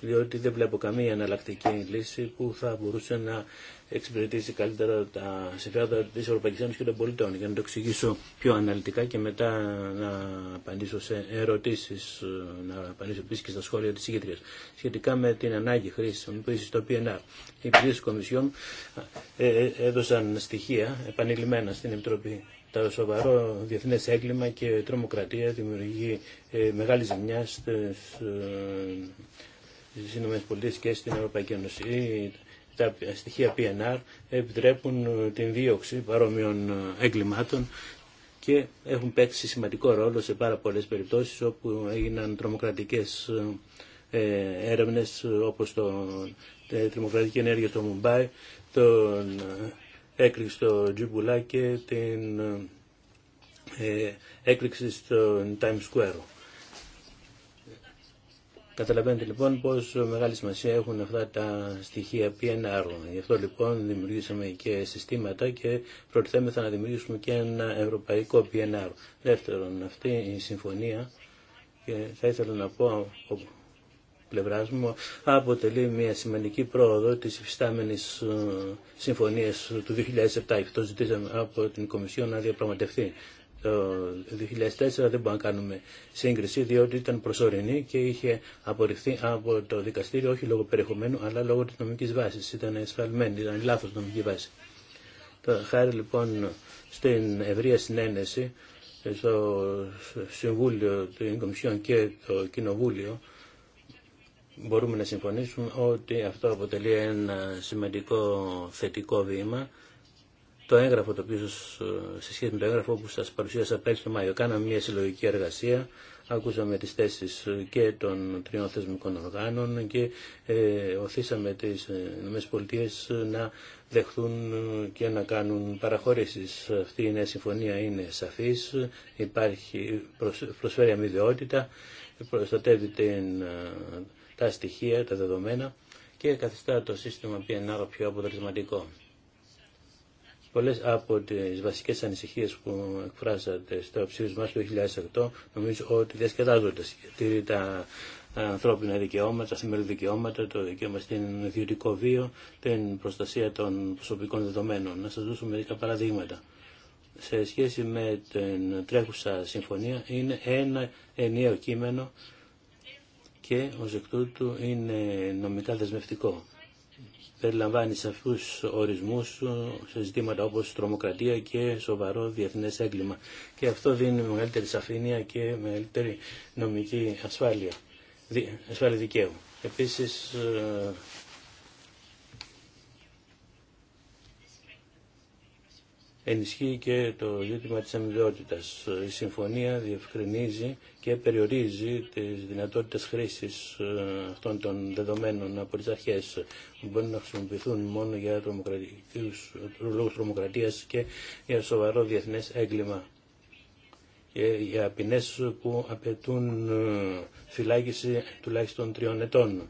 διότι δεν βλέπω καμία εναλλακτική λύση που θα μπορούσε να εξυπηρετήσει καλύτερα τα συμφέροντα τη Ευρωπαϊκή Ένωση και των πολιτών. Για να το εξηγήσω πιο αναλυτικά και μετά να απαντήσω σε ερωτήσει, ε, να απαντήσω επίση και στα σχόλια τη ηγήτρια. Σχετικά με την ανάγκη χρήση το στο PNR, οι υπηρεσίε τη Κομισιόν ε, ε, έδωσαν στοιχεία επανειλημμένα στην Επιτροπή. Το σοβαρό διεθνέ έγκλημα και τρομοκρατία δημιουργεί μεγάλη ζημιά στι ΗΠΑ και στην Ευρωπαϊκή Ένωση τα στοιχεία PNR επιτρέπουν ε, την δίωξη παρόμοιων ε, εγκλημάτων και έχουν παίξει σημαντικό ρόλο σε πάρα πολλές περιπτώσεις όπου έγιναν τρομοκρατικές ε, έρευνες όπως το τρομοκρατική ενέργεια στο Μουμπάι, τον έκρηξη στο Τζιμπουλά και την έκρηξη στο Times Square. Καταλαβαίνετε λοιπόν πόσο μεγάλη σημασία έχουν αυτά τα στοιχεία PNR. Γι' αυτό λοιπόν δημιουργήσαμε και συστήματα και προτιθέμεθα να δημιουργήσουμε και ένα ευρωπαϊκό PNR. Δεύτερον, αυτή η συμφωνία, και θα ήθελα να πω από πλευρά μου, αποτελεί μια σημαντική πρόοδο τη υφιστάμενη ε, συμφωνία του 2007. Αυτό ζητήσαμε από την Κομισιόν να διαπραγματευτεί το 2004 δεν μπορούμε να κάνουμε σύγκριση διότι ήταν προσωρινή και είχε απορριφθεί από το δικαστήριο όχι λόγω περιεχομένου αλλά λόγω της νομικής βάσης. Ήταν εσφαλμένη, ήταν λάθος νομική βάση. Χάρη λοιπόν στην ευρεία συνένεση στο Συμβούλιο του Κομισιόν και το Κοινοβούλιο μπορούμε να συμφωνήσουμε ότι αυτό αποτελεί ένα σημαντικό θετικό βήμα το έγγραφο το οποίο ε, σε σχέση με το έγγραφο που σας παρουσίασα πέρσι το Μάιο κάναμε μια συλλογική εργασία ακούσαμε τις θέσεις ε, και των τριών θεσμικών οργάνων και ε, οθήσαμε τις ε, πολιτείες να δεχθούν και να κάνουν παραχωρήσεις. Αυτή η νέα συμφωνία είναι σαφής, υπάρχει, προσφέρει αμοιβαιότητα, προστατεύει τα στοιχεία, τα δεδομένα και καθιστά το σύστημα πιο αποτελεσματικό. Πολλές από τις βασικές ανησυχίες που εκφράσατε στο ψήφισμα του 2008 νομίζω ότι διασκεδάζονται γιατί τα ανθρώπινα δικαιώματα, τα σημερινά δικαιώματα, το δικαίωμα στην ιδιωτικό βίο, την προστασία των προσωπικών δεδομένων. Να σας δώσω μερικά παραδείγματα. Σε σχέση με την τρέχουσα συμφωνία είναι ένα ενιαίο κείμενο και ως εκ τούτου είναι νομικά δεσμευτικό περιλαμβάνει σαφούς ορισμούς σε ζητήματα όπως τρομοκρατία και σοβαρό διεθνές έγκλημα. Και αυτό δίνει μεγαλύτερη σαφήνεια και μεγαλύτερη νομική ασφάλεια, ασφάλεια δικαίου. Επίσης ε, ενισχύει και το ζήτημα της αμοιβαιότητας. Η συμφωνία διευκρινίζει και περιορίζει τις δυνατότητες χρήσης ε, αυτών των δεδομένων από τις αρχές που μπορούν να χρησιμοποιηθούν μόνο για λόγους τρομοκρατίας και για σοβαρό διεθνές έγκλημα ε, για ποινές που απαιτούν ε, φυλάκιση τουλάχιστον τριών ετών,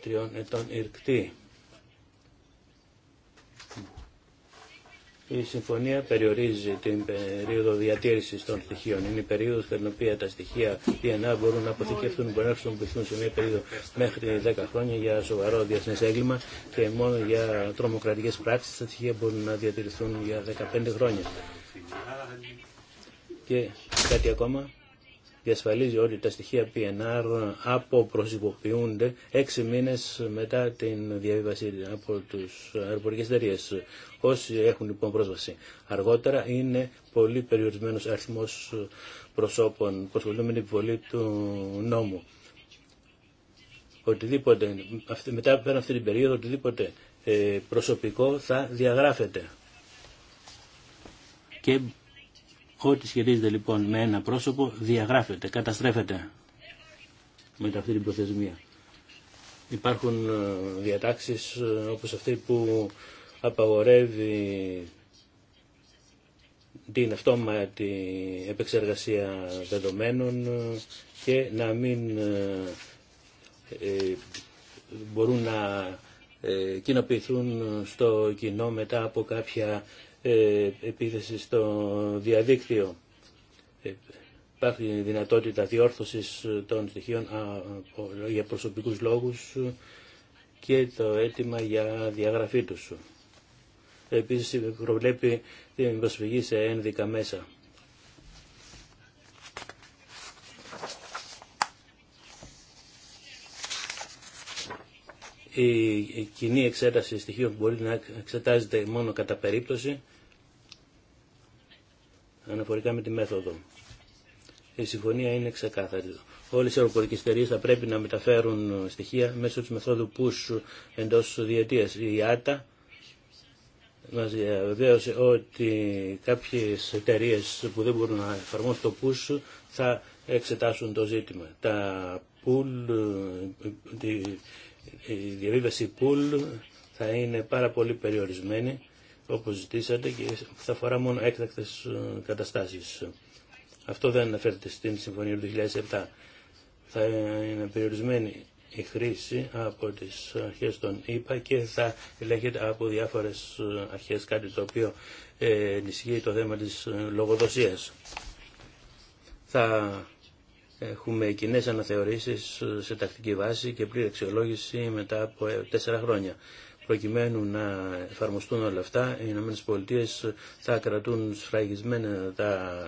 τριών ετών ηρκτή. Η συμφωνία περιορίζει την περίοδο διατήρησης των στοιχείων. Είναι η περίοδο κατά την οποία τα στοιχεία DNA μπορούν να αποθηκευτούν, μπορούν να χρησιμοποιηθούν σε μια περίοδο μέχρι 10 χρόνια για σοβαρό διεθνέ έγκλημα και μόνο για τρομοκρατικέ πράξει τα στοιχεία μπορούν να διατηρηθούν για 15 χρόνια. Και κάτι ακόμα διασφαλίζει ότι τα στοιχεία PNR αποπροσυμποποιούνται έξι μήνες μετά την διαβίβαση από τους αεροπορικές εταιρείε. Όσοι έχουν λοιπόν πρόσβαση αργότερα είναι πολύ περιορισμένος αριθμός προσώπων που ασχολούνται με την επιβολή του νόμου. Οτιδήποτε, μετά πέρα αυτή την περίοδο, οτιδήποτε ε, προσωπικό θα διαγράφεται. Και Ό,τι σχετίζεται λοιπόν με ένα πρόσωπο διαγράφεται, καταστρέφεται με αυτή την προθεσμία. Υπάρχουν ε, διατάξεις ε, όπως αυτή που απαγορεύει την αυτόματη επεξεργασία δεδομένων ε, και να μην μπορούν να κοινοποιηθούν στο κοινό μετά από κάποια ε, επίθεση στο διαδίκτυο. Ε, υπάρχει δυνατότητα διόρθωσης των στοιχείων για προσωπικούς λόγους και το αίτημα για διαγραφή τους. Επίσης προβλέπει την προσφυγή σε ένδικα μέσα. η κοινή εξέταση στοιχείων μπορεί να εξετάζεται μόνο κατά περίπτωση αναφορικά με τη μέθοδο. Η συμφωνία είναι ξεκάθαρη. Όλε οι αεροπορικέ εταιρείε θα πρέπει να μεταφέρουν στοιχεία μέσω τη μεθόδου push εντό διετία. Η ΆΤΑ μα διαβεβαίωσε ότι κάποιες εταιρείε που δεν μπορούν να εφαρμόσουν το push θα εξετάσουν το ζήτημα. Τα pool, η διαβίβαση pool θα είναι πάρα πολύ περιορισμένη όπως ζητήσατε και θα αφορά μόνο έκτακτες ε, καταστάσεις. Αυτό δεν αναφέρεται στην Συμφωνία του 2007. Θα είναι περιορισμένη η χρήση από τις αρχές των ΙΠΑ και θα ελέγχεται από διάφορες ε, αρχές κάτι το οποίο ε, ενισχύει το θέμα της λογοδοσίας. Θα έχουμε κοινέ αναθεωρήσεις σε τακτική βάση και πλήρη αξιολόγηση μετά από τέσσερα χρόνια προκειμένου να εφαρμοστούν όλα αυτά, οι Ηνωμένες Πολιτείες θα κρατούν σφραγισμένα τα,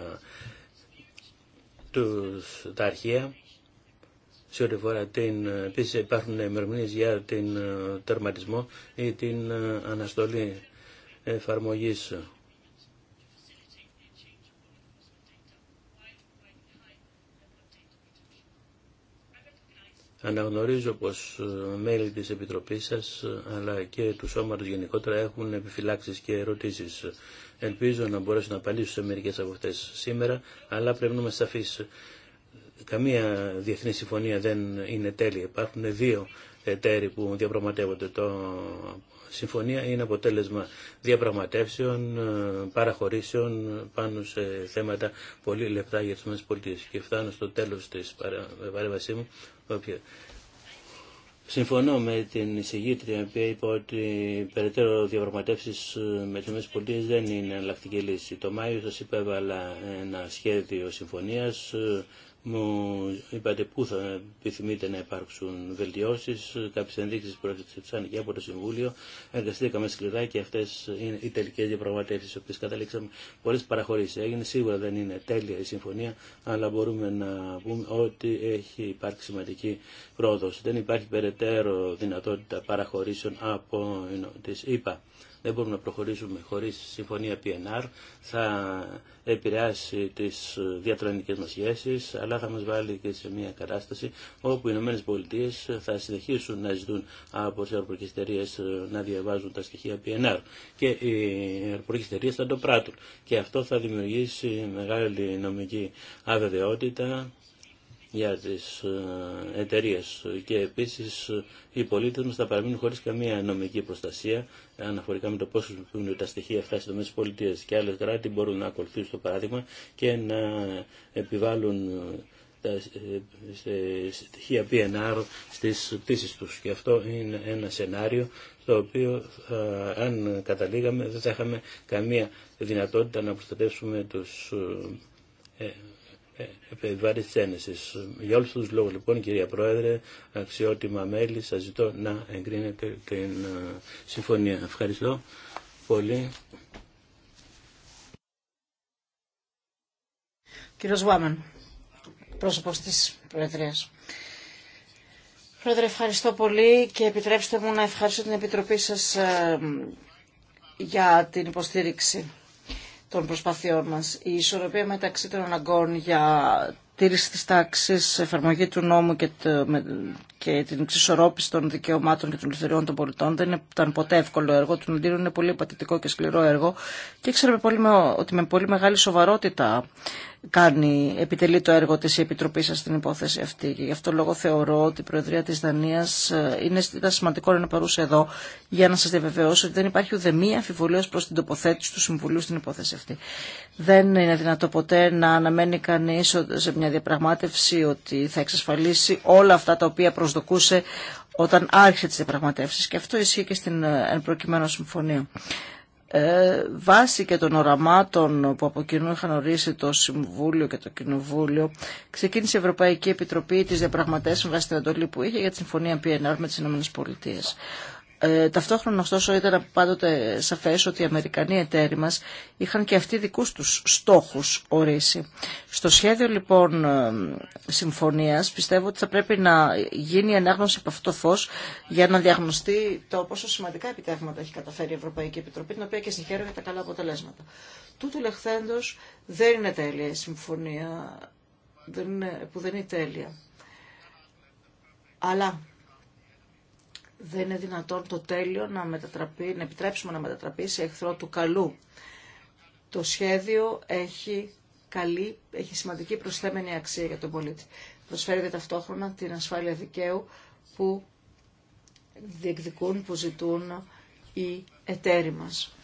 τους, τα αρχεία σε την, επίσης υπάρχουν ημερομηνίες για την ε, τερματισμό ή την ε, αναστολή εφαρμογής Αναγνωρίζω πως ε, μέλη της Επιτροπής σας ε, αλλά και του σώματος γενικότερα έχουν επιφυλάξεις και ερωτήσεις. Ελπίζω να μπορέσω να απαντήσω σε μερικές από αυτές σήμερα, αλλά πρέπει να είμαστε σαφείς. Καμία διεθνή συμφωνία δεν είναι τέλεια. Υπάρχουν δύο εταίροι που διαπραγματεύονται το συμφωνία είναι αποτέλεσμα διαπραγματεύσεων, ε, παραχωρήσεων πάνω σε θέματα πολύ λεπτά για τις Πολιτείες. Και φτάνω στο τέλος της παρέμβασή μου. Συμφωνώ με την εισηγήτρια, που είπε ότι περαιτέρω διαπραγματεύσει ε, με τι ΗΠΑ δεν είναι εναλλακτική λύση. Το Μάιο σα έβαλα ένα σχέδιο συμφωνία ε, μου είπατε πού θα επιθυμείτε να υπάρξουν βελτιώσει, κάποιε ενδείξει προέκυψαν και από το Συμβούλιο. Εργαστήκαμε σκληρά και αυτέ είναι οι τελικέ διαπραγματεύσει, οποίε καταλήξαμε πολλέ παραχωρήσει. Έγινε σίγουρα δεν είναι τέλεια η συμφωνία, αλλά μπορούμε να πούμε ότι έχει υπάρξει σημαντική πρόοδο. Δεν υπάρχει περαιτέρω δυνατότητα παραχωρήσεων από τι ΗΠΑ δεν μπορούμε να προχωρήσουμε χωρίς συμφωνία PNR, θα επηρεάσει τις διατρονικές μας σχέσεις, αλλά θα μας βάλει και σε μια κατάσταση όπου οι Ηνωμένες Πολιτείες θα συνεχίσουν να ζητούν από τις αεροπορικές εταιρείε ε, να διαβάζουν τα στοιχεία PNR και οι αεροπορικές εταιρείε θα το πράττουν. Και αυτό θα δημιουργήσει μεγάλη νομική αβεβαιότητα για τις ε, εταιρείε και επίσης οι πολίτες μας θα παραμείνουν χωρίς καμία νομική προστασία αναφορικά με το πόσο χρησιμοποιούν τα στοιχεία αυτά στις πολιτείας και άλλες κράτη μπορούν να ακολουθήσουν το παράδειγμα και να επιβάλλουν τα ε, στοιχεία PNR στις πτήσεις τους και αυτό είναι ένα σενάριο το οποίο ε, αν καταλήγαμε δεν θα είχαμε καμία δυνατότητα να προστατεύσουμε τους βάρη της Ένεσης. Για όλους τους λόγους λοιπόν κυρία Πρόεδρε, αξιότιμα μέλη, Σα ζητώ να εγκρίνετε την ε, συμφωνία. Ευχαριστώ πολύ. Κύριο Βάμεν, πρόσωπο τη Προεδρία. Πρόεδρε, ευχαριστώ πολύ και επιτρέψτε μου να ευχαριστώ την Επιτροπή σας ε, για την υποστήριξη των προσπαθειών μας. Η ισορροπία μεταξύ των αναγκών για τήρηση της τάξης, εφαρμογή του νόμου και το και την εξισορρόπηση των δικαιωμάτων και των ελευθεριών των πολιτών δεν ήταν ποτέ εύκολο έργο. Του Νοντήρου είναι πολύ πατητικό και σκληρό έργο και ήξερα πολύ ότι με πολύ μεγάλη σοβαρότητα κάνει, επιτελεί το έργο της η Επιτροπή σας στην υπόθεση αυτή. Και γι' αυτό λόγο θεωρώ ότι η Προεδρία της Δανίας ε, είναι, ήταν σημαντικό να παρούσε εδώ για να σας διαβεβαιώσω ότι δεν υπάρχει ούτε μία αμφιβολία προς την τοποθέτηση του Συμβουλίου στην υπόθεση αυτή. Δεν είναι δυνατό ποτέ να αναμένει κανεί σε μια διαπραγμάτευση ότι θα εξασφαλίσει όλα αυτά τα οποία προσδοκούσε όταν άρχισε τις διαπραγματεύσεις και αυτό ισχύει και στην ε, εν συμφωνία. Ε, βάσει και των οραμάτων που από κοινού είχαν ορίσει το Συμβούλιο και το Κοινοβούλιο, ξεκίνησε η Ευρωπαϊκή Επιτροπή τη διαπραγματεύσεων βάσει την εντολή που είχε για τη Συμφωνία PNR με τι ΗΠΑ. Ε, ταυτόχρονα ωστόσο ήταν πάντοτε σαφές ότι οι Αμερικανοί εταίροι μας είχαν και αυτοί δικούς τους στόχους ορίσει. Στο σχέδιο λοιπόν ε, συμφωνίας πιστεύω ότι θα πρέπει να γίνει ανάγνωση από αυτό το φως για να διαγνωστεί το πόσο σημαντικά επιτεύγματα έχει καταφέρει η Ευρωπαϊκή Επιτροπή την οποία και συγχαίρω για τα καλά αποτελέσματα. Τούτου λεχθέντος δεν είναι τέλεια η συμφωνία που δεν είναι τέλεια. Αλλά δεν είναι δυνατόν το τέλειο να, μετατραπεί, να επιτρέψουμε να μετατραπεί σε εχθρό του καλού. Το σχέδιο έχει, καλή, έχει σημαντική προσθέμενη αξία για τον πολίτη. Προσφέρει ταυτόχρονα την ασφάλεια δικαίου που διεκδικούν, που ζητούν οι εταίροι μας.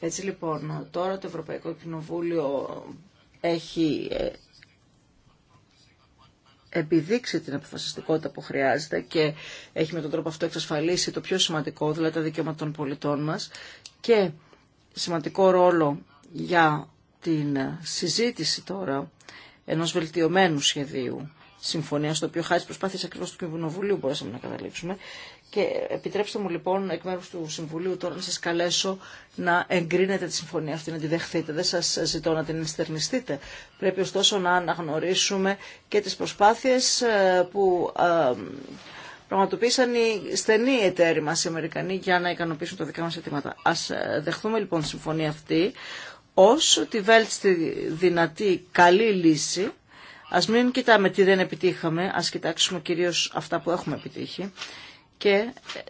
Έτσι λοιπόν, τώρα το Ευρωπαϊκό Κοινοβούλιο έχει ε, επιδείξει την αποφασιστικότητα που χρειάζεται και έχει με τον τρόπο αυτό εξασφαλίσει το πιο σημαντικό, δηλαδή τα δικαιώματα των πολιτών μας και σημαντικό ρόλο για την συζήτηση τώρα ενός βελτιωμένου σχεδίου συμφωνία, στο οποίο χάρη προσπάθεια ακριβώ του Κοινοβουλίου μπορέσαμε να καταλήξουμε. Και επιτρέψτε μου λοιπόν εκ μέρου του Συμβουλίου τώρα να σα καλέσω να εγκρίνετε τη συμφωνία αυτή, να τη δεχθείτε. Δεν σα ζητώ να την ενστερνιστείτε. Πρέπει ωστόσο να αναγνωρίσουμε και τι προσπάθειε ε, που ε, πραγματοποίησαν οι στενοί εταίροι μα, οι Αμερικανοί, για να ικανοποιήσουν τα δικά μα αιτήματα. Α ε, δεχθούμε λοιπόν τη συμφωνία αυτή ω τη βέλτιστη δυνατή καλή λύση Ας μην κοιτάμε τι δεν επιτύχαμε, ας κοιτάξουμε κυρίως αυτά που έχουμε επιτύχει. Και ε,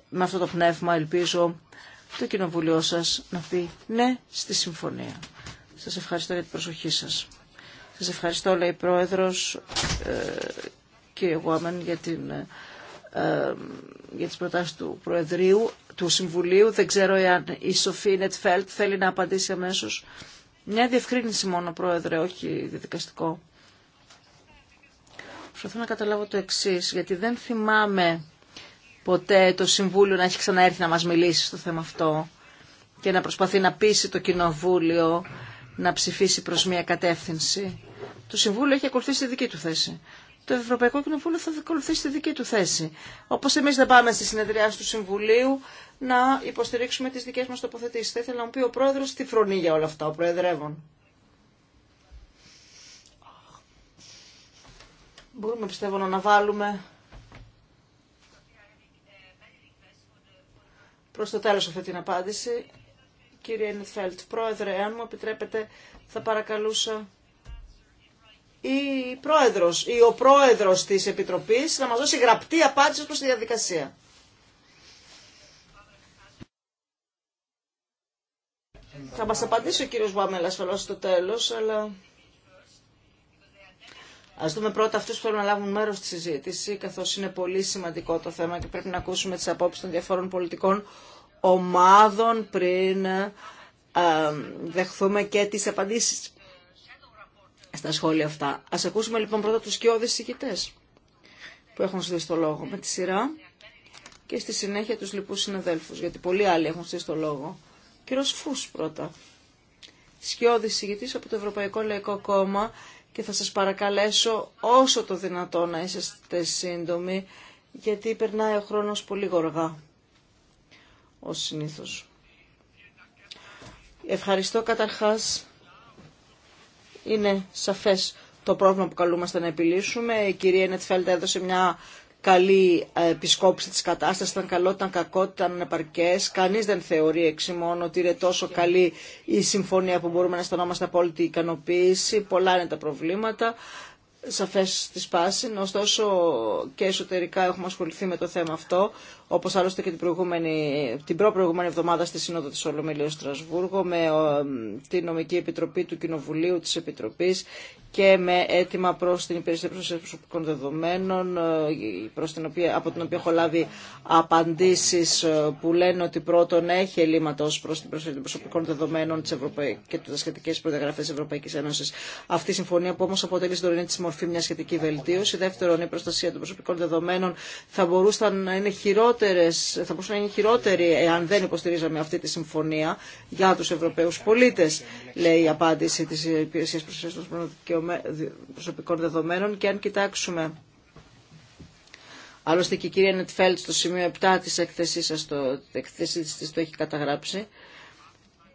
με αυτό το πνεύμα ελπίζω το κοινοβουλίο σα να πει ναι στη συμφωνία. Σας ευχαριστώ για την προσοχή σας. Σας ευχαριστώ, λέει η Πρόεδρος, ε, κύριε Γουάμεν, για, την, ε, για τις προτάσεις του Προεδρίου, του Συμβουλίου. Δεν ξέρω εάν η Σοφή Νετφέλτ θέλει να απαντήσει αμέσως. Μια διευκρίνηση μόνο, Πρόεδρε, όχι διδικαστικό. Προσπαθώ να καταλάβω το εξή, γιατί δεν θυμάμαι ποτέ το Συμβούλιο να έχει ξαναέρθει να μας μιλήσει στο θέμα αυτό και να προσπαθεί να πείσει το Κοινοβούλιο να ψηφίσει προς μια κατεύθυνση. Το Συμβούλιο έχει ακολουθήσει τη δική του θέση. Το Ευρωπαϊκό Κοινοβούλιο θα ακολουθήσει τη δική του θέση. Όπως εμείς δεν πάμε στη συνεδριάση του Συμβουλίου να υποστηρίξουμε τις δικές μας τοποθετήσεις. Θα ήθελα να μου πει ο Πρόεδρος τι φρονεί για όλα αυτά, ο Προεδρεύων. Μπορούμε πιστεύω να αναβάλουμε προς το τέλος αυτή την απάντηση. Κύριε Νιθφέλτ, πρόεδρε, αν μου επιτρέπετε θα παρακαλούσα η πρόεδρος ή ο πρόεδρος της Επιτροπής να μας δώσει γραπτή απάντηση προς τη διαδικασία. Θα μας απαντήσει ο κύριος Βάμελα ασφαλώς στο τέλος, αλλά... Ας δούμε πρώτα αυτού που θέλουν να λάβουν μέρος στη συζήτηση, καθώς είναι πολύ σημαντικό το θέμα και πρέπει να ακούσουμε τις απόψει των διαφόρων πολιτικών ομάδων πριν ε, δεχθούμε και τις απαντήσεις στα σχόλια αυτά. Ας ακούσουμε λοιπόν πρώτα τους σκιώδεις συγκητές που έχουν στήσει το λόγο με τη σειρά και στη συνέχεια τους λοιπούς συναδέλφου, γιατί πολλοί άλλοι έχουν στήσει το λόγο. Κύριο Φού πρώτα, Σκιώδη από το Ευρωπαϊκό Λαϊκό Κόμμα και θα σας παρακαλέσω όσο το δυνατό να είσαστε σύντομοι γιατί περνάει ο χρόνος πολύ γοργά ως συνήθως. Ευχαριστώ καταρχάς. Είναι σαφές το πρόβλημα που καλούμαστε να επιλύσουμε. Η κυρία Νετφέλτα έδωσε μια καλή ε, επισκόπηση της κατάστασης, ήταν καλό, ήταν κακό, ήταν επαρκές. Κανείς δεν θεωρεί μόνο ότι είναι τόσο καλή η συμφωνία που μπορούμε να αισθανόμαστε απόλυτη ικανοποίηση. Πολλά είναι τα προβλήματα, σαφές της πάση, Ωστόσο και εσωτερικά έχουμε ασχοληθεί με το θέμα αυτό όπως άλλωστε και την, προηγούμενη, την προπροηγούμενη εβδομάδα στη Σύνοδο της Ολομιλίου Στρασβούργο με την Νομική Επιτροπή του Κοινοβουλίου της Επιτροπής και με αίτημα προς την υπηρεσία προσωπικών δεδομένων ε, προς την οποία, από την οποία έχω λάβει απαντήσεις ε, που λένε ότι πρώτον έχει ελλείμματα ως προς την προστασία των προσωπικών δεδομένων της και τις σχετικέ προδιαγραφέ της Ευρωπαϊκής Ένωσης. Αυτή η συμφωνία που όμως αποτελεί στην τωρινή μορφή μια σχετική βελτίωση. Δεύτερον, η προστασία των προσωπικών δεδομένων θα μπορούσαν να είναι χειρότερη θα μπορούσε να είναι χειρότερη εάν δεν υποστηρίζαμε αυτή τη συμφωνία για τους Ευρωπαίους πολίτες, λέει η απάντηση της Υπηρεσίας Προστασίας των Προσωπικών Δεδομένων και αν κοιτάξουμε Άλλωστε και η κυρία Νετφέλτ στο σημείο 7 της εκθεσής, σας, το, της το έχει καταγράψει.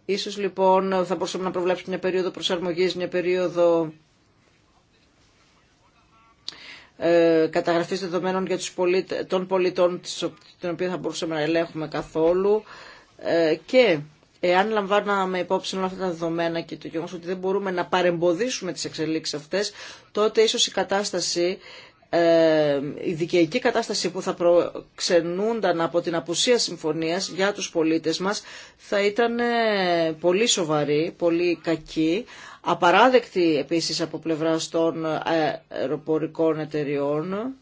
Ίσως λοιπόν θα μπορούσαμε να προβλέψουμε μια περίοδο προσαρμογής, μια περίοδο ε, καταγραφής δεδομένων για τους πολίτε, των πολιτών την οποία θα μπορούσαμε να ελέγχουμε καθόλου ε, και εάν λαμβάναμε υπόψη όλα αυτά τα δεδομένα και το γεγονός ότι δεν μπορούμε να παρεμποδίσουμε τις εξελίξεις αυτές τότε ίσως η κατάσταση ε, η δικαιική κατάσταση που θα προξενούνταν από την απουσία συμφωνίας για τους πολίτες μας θα ήταν πολύ σοβαρή, πολύ κακή απαράδεκτη επίσης από πλευράς των ε, αεροπορικών εταιριών.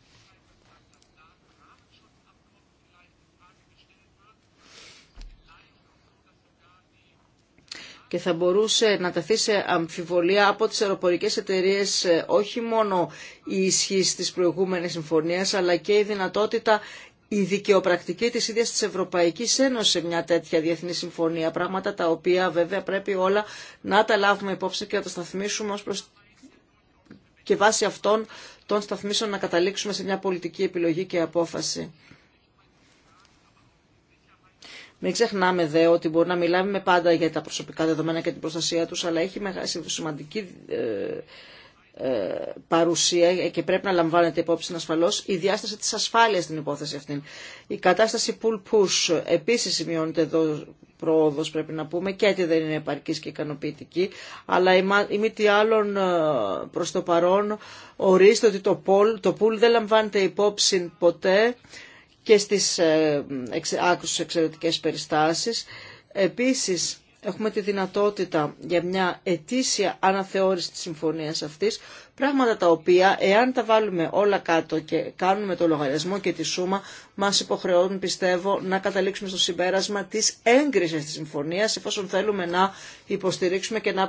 και θα μπορούσε να τεθεί σε αμφιβολία από τις αεροπορικές εταιρείες ε, όχι μόνο η ισχύ της προηγούμενης συμφωνίας αλλά και η δυνατότητα η δικαιοπρακτική της ίδιας της Ευρωπαϊκής Ένωσης σε μια τέτοια διεθνή συμφωνία. Πράγματα τα οποία βέβαια πρέπει όλα να τα λάβουμε υπόψη και να τα σταθμίσουμε ως προς και βάσει αυτών των σταθμίσεων να καταλήξουμε σε μια πολιτική επιλογή και απόφαση. Μην ξεχνάμε δε ότι μπορεί να μιλάμε πάντα για τα προσωπικά δεδομένα και την προστασία τους, αλλά έχει σημαντική ε, ε, παρουσία και πρέπει να λαμβάνεται υπόψη ασφαλώς η διάσταση της ασφάλειας στην υπόθεση αυτή. Η κατάσταση pull-push επίσης σημειώνεται εδώ πρόοδος πρέπει να πούμε και έτσι δεν είναι επαρκής και ικανοποιητική αλλά η μη τι άλλων ε, προς το παρόν ορίζεται ότι το pull, το pull δεν λαμβάνεται υπόψη ποτέ και στις ε, άκρους εξαιρετικές περιστάσεις. Επίσης έχουμε τη δυνατότητα για μια ετήσια αναθεώρηση της συμφωνίας αυτής, πράγματα τα οποία εάν τα βάλουμε όλα κάτω και κάνουμε το λογαριασμό και τη σούμα, μας υποχρεώνουν πιστεύω να καταλήξουμε στο συμπέρασμα της έγκρισης της συμφωνίας, εφόσον θέλουμε να υποστηρίξουμε και να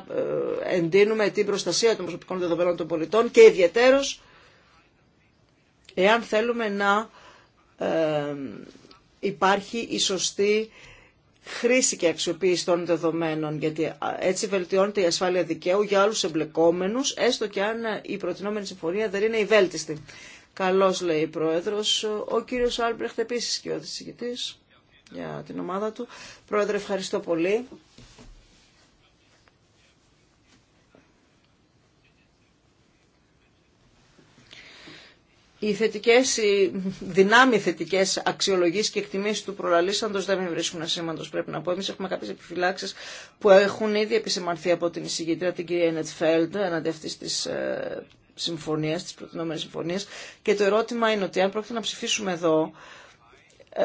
ε, εντείνουμε την προστασία των προσωπικών δεδομένων των πολιτών και ιδιαίτερως εάν θέλουμε να ε, υπάρχει η σωστή χρήση και αξιοποίηση των δεδομένων, γιατί έτσι βελτιώνεται η ασφάλεια δικαίου για όλους εμπλεκόμενους, έστω και αν η προτινόμενη συμφωνία δεν είναι η βέλτιστη. Καλώς λέει η Πρόεδρος, ο κύριος Άλμπρεχτ επίσης και ο για την ομάδα του. Πρόεδρε, ευχαριστώ πολύ. οι θετικές, οι δυνάμει θετικέ αξιολογήσει και εκτιμήσει του προλαλήσαντο δεν με βρίσκουν ασήμαντο, πρέπει να πω. Εμεί έχουμε κάποιε επιφυλάξει που έχουν ήδη επισημανθεί από την εισηγήτρια, την κυρία Ενετφέλντ, έναντι αυτή τη ε, συμφωνία, τη προτινόμενη συμφωνία. Και το ερώτημα είναι ότι αν πρόκειται να ψηφίσουμε εδώ, ε,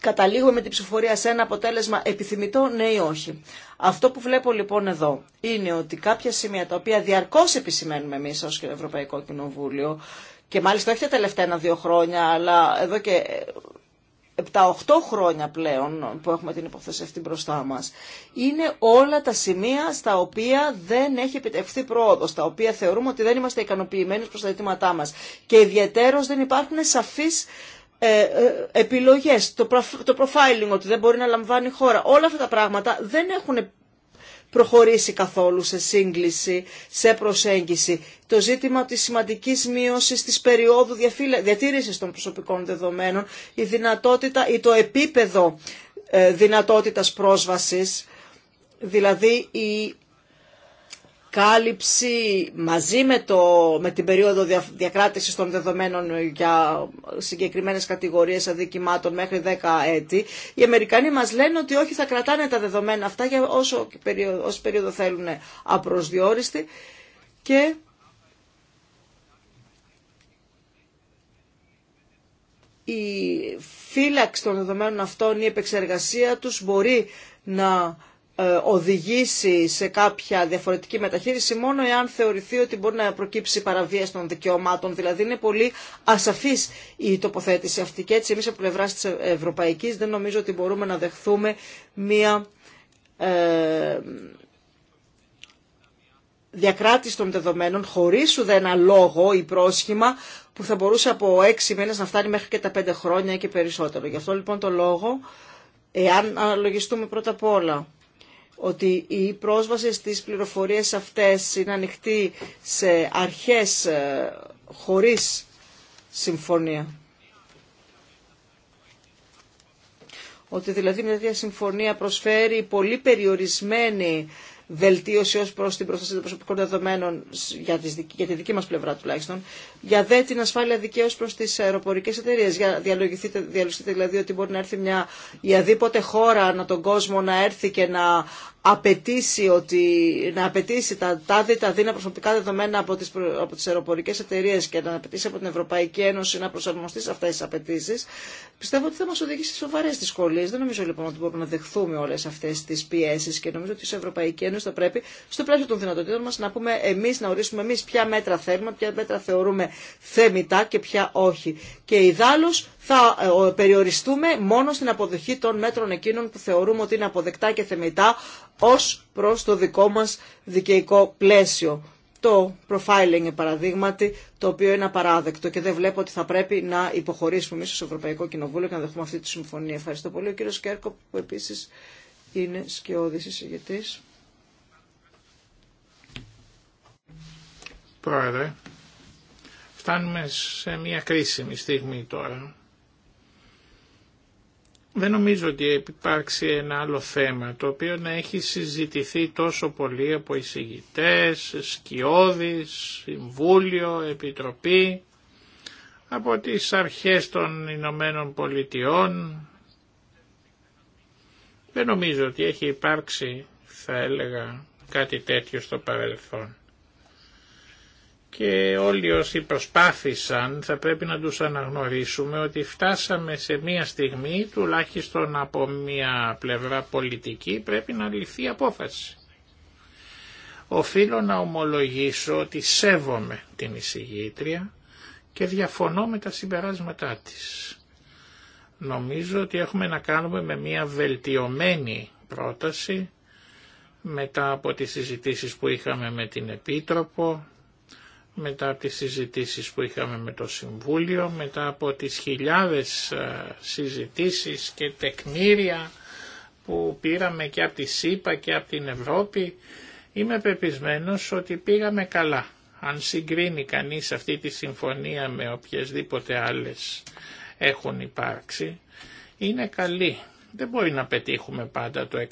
καταλήγουμε με την ψηφορία σε ένα αποτέλεσμα επιθυμητό, ναι ή όχι. Αυτό που βλέπω λοιπόν εδώ είναι ότι κάποια σημεία τα οποία διαρκώς επισημαίνουμε εμείς ως Ευρωπαϊκό Κοινοβούλιο και μάλιστα όχι τα τελευταία ένα-δύο χρόνια, αλλά εδώ και 7-8 ε, χρόνια πλέον που έχουμε την υπόθεση αυτή μπροστά μας, είναι όλα τα σημεία στα οποία δεν έχει επιτευχθεί πρόοδο, τα οποία θεωρούμε ότι δεν είμαστε ικανοποιημένοι προς τα αιτήματά μας και ιδιαίτερως δεν υπάρχουν σαφείς ε, ε, επιλογές, το profiling ότι δεν μπορεί να λαμβάνει χώρα. Όλα αυτά τα πράγματα δεν έχουν προχωρήσει καθόλου σε σύγκληση, σε προσέγγιση. Το ζήτημα της σημαντικής μείωσης της περίοδου διατήρησης των προσωπικών δεδομένων, η δυνατότητα ή το επίπεδο ε, δυνατότητας πρόσβασης, δηλαδή η κάλυψη μαζί με, το, με την περίοδο διακράτησης των δεδομένων για συγκεκριμένες κατηγορίες αδικημάτων μέχρι 10 έτη, οι Αμερικανοί μας λένε ότι όχι θα κρατάνε τα δεδομένα αυτά για όσο περίοδο, όσο περίοδο θέλουν απροσδιόριστη και η φύλαξη των δεδομένων αυτών, η επεξεργασία τους μπορεί να ε, οδηγήσει σε κάποια διαφορετική μεταχείριση μόνο εάν θεωρηθεί ότι μπορεί να προκύψει παραβίαση των δικαιωμάτων. Δηλαδή είναι πολύ ασαφής η τοποθέτηση αυτή και έτσι εμείς από πλευρά της Ευρωπαϊκής δεν νομίζω ότι μπορούμε να δεχθούμε μία ε, διακράτηση των δεδομένων χωρίς ουδένα λόγο ή πρόσχημα που θα μπορούσε από έξι μήνες να φτάνει μέχρι και τα πέντε χρόνια και περισσότερο. Γι' αυτό λοιπόν το λόγο, εάν αναλογιστούμε πρώτα απ' όλα ότι η πρόσβαση στις πληροφορίες αυτές είναι ανοιχτή σε αρχές ε, χωρίς συμφωνία. Ότι δηλαδή μια τέτοια συμφωνία προσφέρει πολύ περιορισμένη βελτίωση ως προς την προστασία των προσωπικών δεδομένων για, τη δική μας πλευρά τουλάχιστον, για δε την ασφάλεια δικαίως προς τις αεροπορικές εταιρείες. Για διαλογηθείτε, δηλαδή ότι μπορεί να έρθει μια η αδίποτε χώρα να τον κόσμο να έρθει και να απαιτήσει, ότι, να απαιτήσει τα τάδε τα δίνα προσωπικά δεδομένα από τις, από τις αεροπορικές εταιρείες και να απαιτήσει από την Ευρωπαϊκή Ένωση να προσαρμοστεί σε αυτές τις απαιτήσει, πιστεύω ότι θα μας οδηγήσει σε σοβαρές δυσκολίες. Δεν νομίζω λοιπόν ότι μπορούμε να δεχθούμε όλες αυτές τις πιέσεις και νομίζω ότι η Ευρωπαϊκή Ένωση θα πρέπει στο πλαίσιο των δυνατοτήτων μας να πούμε εμείς, να ορίσουμε εμείς ποια μέτρα θέλουμε, ποια μέτρα θεωρούμε θέμητα και ποια όχι. Και ιδάλλως θα ε, περιοριστούμε μόνο στην αποδοχή των μέτρων εκείνων που θεωρούμε ότι είναι αποδεκτά και θεμητά ως προς το δικό μας δικαιικό πλαίσιο. Το profiling, παραδείγματι, το οποίο είναι απαράδεκτο και δεν βλέπω ότι θα πρέπει να υποχωρήσουμε εμεί στο Ευρωπαϊκό Κοινοβούλιο και να δεχτούμε αυτή τη συμφωνία. Ευχαριστώ πολύ. Ο κύριο Κέρκο, που επίσης είναι σκιώδης εισηγητής. Πρόεδρε, φτάνουμε σε μια κρίσιμη στιγμή τώρα δεν νομίζω ότι υπάρξει ένα άλλο θέμα το οποίο να έχει συζητηθεί τόσο πολύ από εισηγητές, σκιώδεις, συμβούλιο, επιτροπή, από τις αρχές των Ηνωμένων Πολιτειών. Δεν νομίζω ότι έχει υπάρξει, θα έλεγα, κάτι τέτοιο στο παρελθόν και όλοι όσοι προσπάθησαν θα πρέπει να τους αναγνωρίσουμε ότι φτάσαμε σε μια στιγμή τουλάχιστον από μια πλευρά πολιτική πρέπει να ληφθεί απόφαση. Οφείλω να ομολογήσω ότι σέβομαι την εισηγήτρια και διαφωνώ με τα συμπεράσματά της. Νομίζω ότι έχουμε να κάνουμε με μια βελτιωμένη πρόταση μετά από τις συζητήσεις που είχαμε με την Επίτροπο μετά από τις συζητήσεις που είχαμε με το Συμβούλιο, μετά από τις χιλιάδες ε, συζητήσεις και τεκμήρια που πήραμε και από τη ΣΥΠΑ και από την Ευρώπη, είμαι πεπισμένος ότι πήγαμε καλά. Αν συγκρίνει κανείς αυτή τη συμφωνία με οποιασδήποτε άλλες έχουν υπάρξει, είναι καλή. Δεν μπορεί να πετύχουμε πάντα το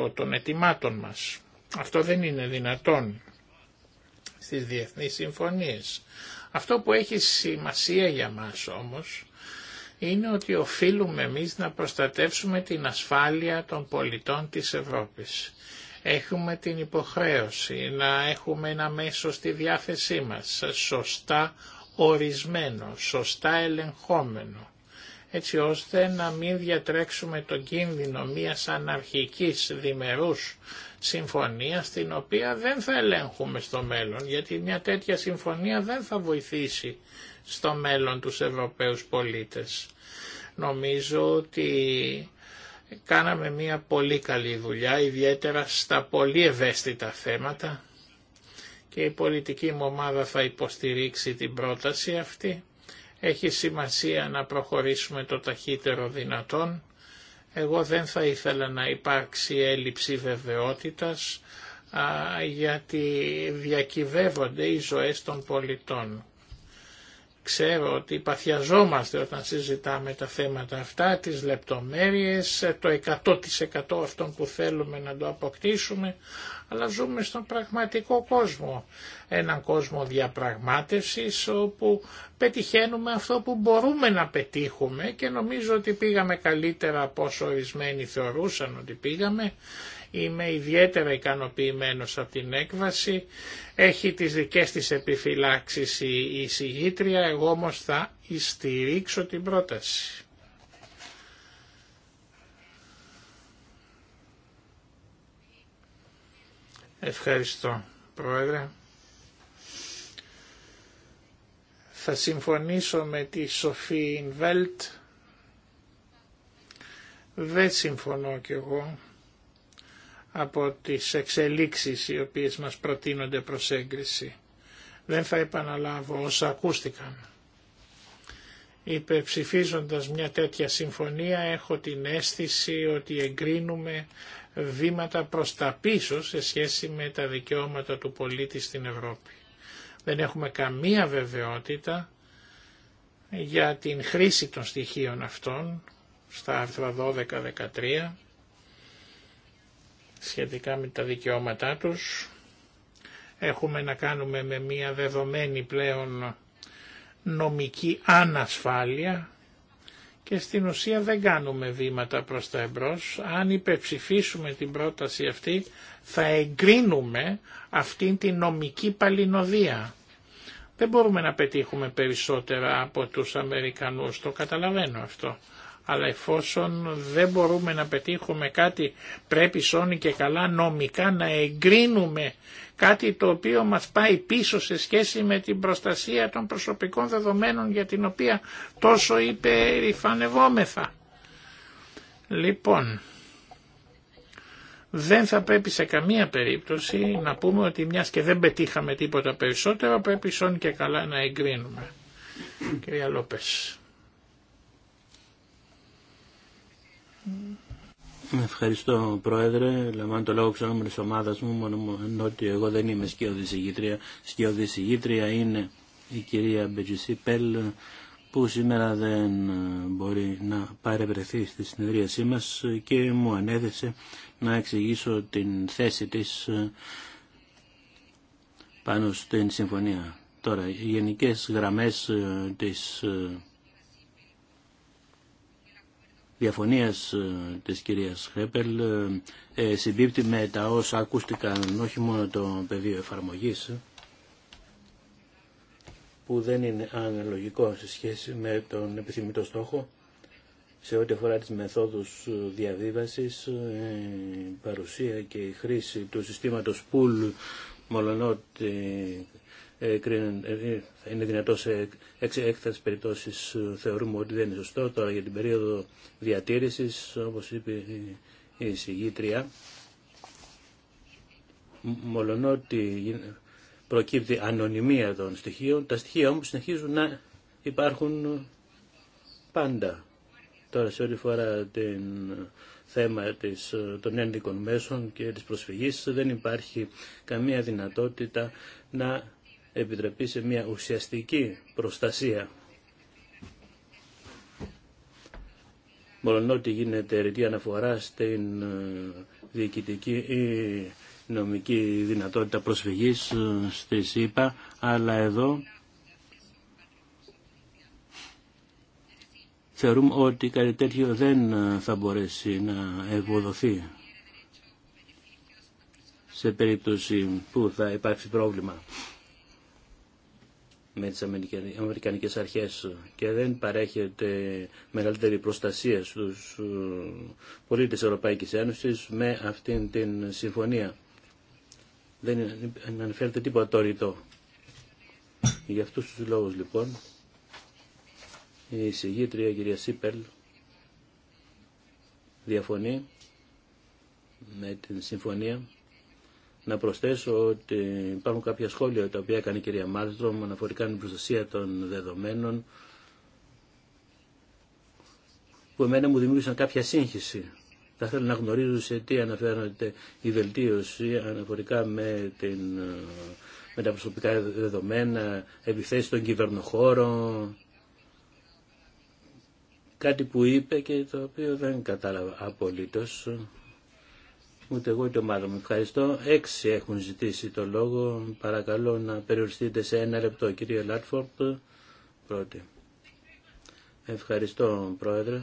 100% των ετοιμάτων μας. Αυτό δεν είναι δυνατόν στις διεθνείς συμφωνίες. Αυτό που έχει σημασία για μας όμως είναι ότι οφείλουμε εμείς να προστατεύσουμε την ασφάλεια των πολιτών της Ευρώπης. Έχουμε την υποχρέωση να έχουμε ένα μέσο στη διάθεσή μας, σωστά ορισμένο, σωστά ελεγχόμενο, έτσι ώστε να μην διατρέξουμε τον κίνδυνο μιας αναρχικής διμερούς συμφωνία στην οποία δεν θα ελέγχουμε στο μέλλον, γιατί μια τέτοια συμφωνία δεν θα βοηθήσει στο μέλλον τους Ευρωπαίους πολίτες. Νομίζω ότι κάναμε μια πολύ καλή δουλειά, ιδιαίτερα στα πολύ ευαίσθητα θέματα και η πολιτική μου ομάδα θα υποστηρίξει την πρόταση αυτή. Έχει σημασία να προχωρήσουμε το ταχύτερο δυνατόν εγώ δεν θα ήθελα να υπάρξει έλλειψη βεβαιότητας γιατί διακυβεύονται οι ζωές των πολιτών. Ξέρω ότι παθιαζόμαστε όταν συζητάμε τα θέματα αυτά, τις λεπτομέρειες, το 100% αυτών που θέλουμε να το αποκτήσουμε, αλλά ζούμε στον πραγματικό κόσμο. Έναν κόσμο διαπραγμάτευσης όπου πετυχαίνουμε αυτό που μπορούμε να πετύχουμε και νομίζω ότι πήγαμε καλύτερα από όσο ορισμένοι θεωρούσαν ότι πήγαμε. Είμαι ιδιαίτερα ικανοποιημένος από την έκβαση. Έχει τις δικές της επιφυλάξεις η συγγήτρια, εγώ όμως θα στηρίξω την πρόταση. Ευχαριστώ, Πρόεδρε. Θα συμφωνήσω με τη Σοφή Ινβέλτ. Δεν συμφωνώ κι εγώ από τις εξελίξεις οι οποίες μας προτείνονται προς έγκριση. Δεν θα επαναλάβω όσα ακούστηκαν. Υπεψηφίζοντας μια τέτοια συμφωνία έχω την αίσθηση ότι εγκρίνουμε βήματα προς τα πίσω σε σχέση με τα δικαιώματα του πολίτη στην Ευρώπη. Δεν έχουμε καμία βεβαιότητα για την χρήση των στοιχείων αυτών στα άρθρα 12-13 σχετικά με τα δικαιώματά τους. Έχουμε να κάνουμε με μια δεδομένη πλέον νομική ανασφάλεια και στην ουσία δεν κάνουμε βήματα προς τα εμπρός. Αν υπεψηφίσουμε την πρόταση αυτή θα εγκρίνουμε αυτήν την νομική παλινοδία. Δεν μπορούμε να πετύχουμε περισσότερα από τους Αμερικανούς, το καταλαβαίνω αυτό. Αλλά εφόσον δεν μπορούμε να πετύχουμε κάτι, πρέπει σώνει και καλά νομικά να εγκρίνουμε κάτι το οποίο μας πάει πίσω σε σχέση με την προστασία των προσωπικών δεδομένων για την οποία τόσο υπερηφανευόμεθα. Λοιπόν, δεν θα πρέπει σε καμία περίπτωση να πούμε ότι μιας και δεν πετύχαμε τίποτα περισσότερο πρέπει σών και καλά να εγκρίνουμε. Κυρία Λόπες. Ευχαριστώ Πρόεδρε. Λαμβάνω το λόγο ξανά της ομάδας μου, μόνο ότι εγώ δεν είμαι σκιώδη συγγήτρια. είναι η κυρία Μπετζησί Πέλ που σήμερα δεν ε, μπορεί να παρευρεθεί στη συνεδρίασή μας και μου ανέδεσε να εξηγήσω την θέση της ε, πάνω στην συμφωνία. Τώρα, οι γενικές γραμμές ε, της διαφωνίας ε, της κυρίας Χέπελ ε, ε, συμπίπτει με τα όσα ακούστηκαν όχι μόνο το πεδίο εφαρμογής που δεν είναι αναλογικό σε σχέση με τον επιθυμητό στόχο σε ό,τι αφορά τις μεθόδους διαβίβασης, παρουσία και χρήση του συστήματος pool μόλον ε, ε, είναι δυνατό σε έκτακτες περιπτώσεις ε, θεωρούμε ότι δεν είναι σωστό. Τώρα για την περίοδο διατήρησης, όπως είπε η συγγήτρια, μολονότι προκύπτει ανωνυμία των στοιχείων, τα στοιχεία όμως συνεχίζουν να υπάρχουν πάντα. Τώρα σε όλη φορά την θέμα της, των ένδικων μέσων και της προσφυγής δεν υπάρχει καμία δυνατότητα να επιτραπεί σε μια ουσιαστική προστασία. Μόνο ότι γίνεται ρητή αναφορά στην ε, διοικητική ή νομική δυνατότητα προσφυγής ε, στη ΣΥΠΑ, αλλά εδώ θεωρούμε ότι κάτι τέτοιο δεν ε, θα μπορέσει να ευοδοθεί σε περίπτωση που θα υπάρξει πρόβλημα με τις Αμερικανικές αρχές και δεν παρέχεται μεγαλύτερη προστασία στους ε, πολίτες Ευρωπαϊκής Ένωσης με αυτήν την συμφωνία. Δεν αναφέρεται τίποτα το ρητό. Για αυτούς τους λόγους λοιπόν η εισηγήτρια κυρία Σίπελ διαφωνεί με την συμφωνία να προσθέσω ότι υπάρχουν κάποια σχόλια τα οποία έκανε η κυρία Μάλστρομ αναφορικά με την προστασία των δεδομένων που εμένα μου δημιούργησαν κάποια σύγχυση. Θα ήθελα να γνωρίζω σε τι αναφέρονται η βελτίωση αναφορικά με, την, τα προσωπικά δεδομένα, επιθέσεις των κυβερνοχώρο, κάτι που είπε και το οποίο δεν κατάλαβα απολύτως. Ούτε εγώ ούτε ομάδα μου. Ευχαριστώ. Έξι έχουν ζητήσει το λόγο. Παρακαλώ να περιοριστείτε σε ένα λεπτό. Κύριε Λάτφορπ, πρώτη. Ευχαριστώ, Πρόεδρε.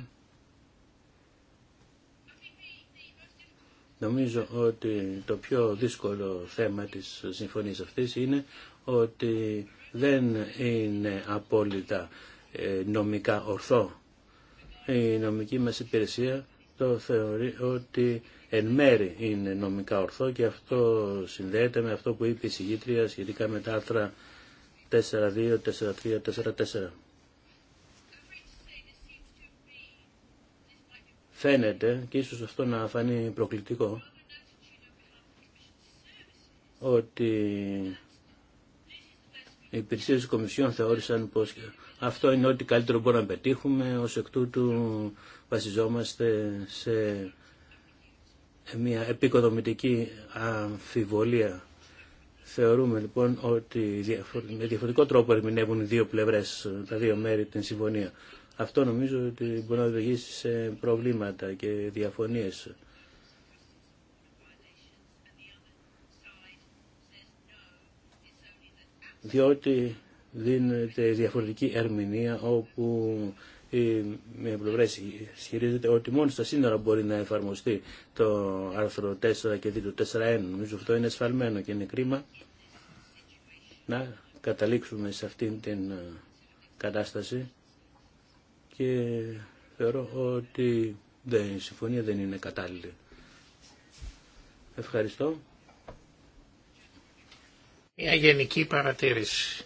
Νομίζω ότι το πιο δύσκολο θέμα της συμφωνίας αυτής είναι ότι δεν είναι απόλυτα ε, νομικά ορθό. Η νομική μας υπηρεσία το θεωρεί ότι εν μέρη είναι νομικά ορθό και αυτό συνδέεται με αυτό που είπε η συγγήτρια σχετικά με τα άρθρα 4.2, 4.3, 4.4. Φαίνεται, και ίσως αυτό να φανεί προκλητικό, ότι οι υπηρεσίε της Κομισιόν θεώρησαν πως αυτό είναι ό,τι καλύτερο μπορούμε να πετύχουμε, ως εκ τούτου βασιζόμαστε σε μια επικοδομητική αμφιβολία. Θεωρούμε λοιπόν ότι με διαφορετικό τρόπο ερμηνεύουν οι δύο πλευρές, τα δύο μέρη την συμφωνία. Αυτό νομίζω ότι μπορεί να οδηγήσει σε προβλήματα και διαφωνίες. Διότι δίνεται διαφορετική ερμηνεία όπου η πλευρά ισχυρίζεται ότι μόνο στα σύνορα μπορεί να εφαρμοστεί το άρθρο 4 και 2 του 4-1. Νομίζω αυτό είναι ασφαλμένο και είναι κρίμα να καταλήξουμε σε αυτήν την ε, κατάσταση και θεωρώ ότι η συμφωνία δεν είναι κατάλληλη. Ευχαριστώ. Μια γενική παρατήρηση.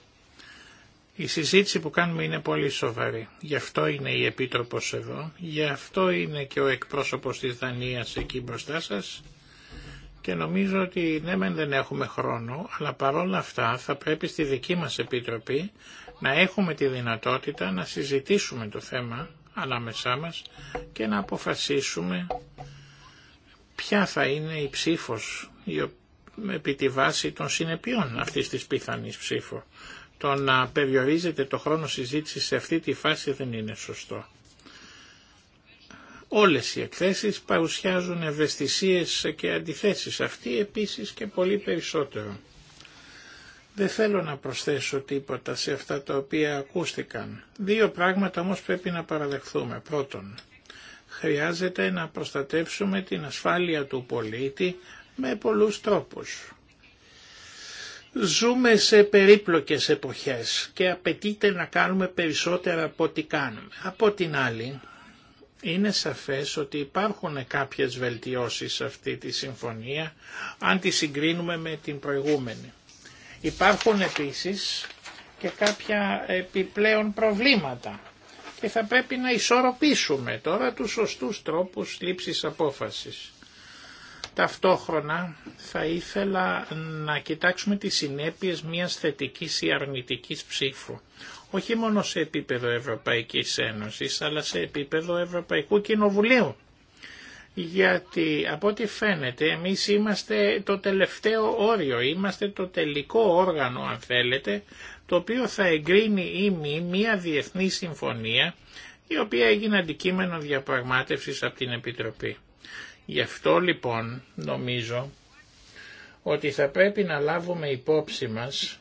Η συζήτηση που κάνουμε είναι πολύ σοβαρή. Γι' αυτό είναι η Επίτροπος εδώ, γι' αυτό είναι και ο εκπρόσωπος της Δανίας εκεί μπροστά σας και νομίζω ότι ναι μεν δεν έχουμε χρόνο, αλλά παρόλα αυτά θα πρέπει στη δική μας Επίτροπη να έχουμε τη δυνατότητα να συζητήσουμε το θέμα ανάμεσά μας και να αποφασίσουμε ποια θα είναι η ψήφος επί τη βάση των συνεπειών αυτής της πιθανής ψήφου. Το να περιορίζεται το χρόνο συζήτησης σε αυτή τη φάση δεν είναι σωστό. Όλες οι εκθέσεις παρουσιάζουν ευαισθησίες και αντιθέσεις, αυτή επίσης και πολύ περισσότερο. Δεν θέλω να προσθέσω τίποτα σε αυτά τα οποία ακούστηκαν. Δύο πράγματα όμως πρέπει να παραδεχθούμε. Πρώτον, χρειάζεται να προστατεύσουμε την ασφάλεια του πολίτη με πολλούς τρόπους. Ζούμε σε περίπλοκες εποχές και απαιτείται να κάνουμε περισσότερα από ό,τι κάνουμε. Από την άλλη, είναι σαφές ότι υπάρχουν κάποιες βελτιώσεις σε αυτή τη συμφωνία, αν τη συγκρίνουμε με την προηγούμενη. Υπάρχουν επίσης και κάποια επιπλέον προβλήματα και θα πρέπει να ισορροπήσουμε τώρα τους σωστούς τρόπους λήψης απόφασης. Ταυτόχρονα θα ήθελα να κοιτάξουμε τις συνέπειες μιας θετικής ή αρνητικής ψήφου. Όχι μόνο σε επίπεδο Ευρωπαϊκής Ένωσης, αλλά σε επίπεδο Ευρωπαϊκού Κοινοβουλίου. Γιατί από ό,τι φαίνεται εμείς είμαστε το τελευταίο όριο, είμαστε το τελικό όργανο αν θέλετε, το οποίο θα εγκρίνει ή μη μια διεθνή συμφωνία η οποία έγινε αντικείμενο διαπραγμάτευσης από την Επιτροπή. Γι' αυτό λοιπόν νομίζω ότι θα πρέπει να λάβουμε υπόψη μας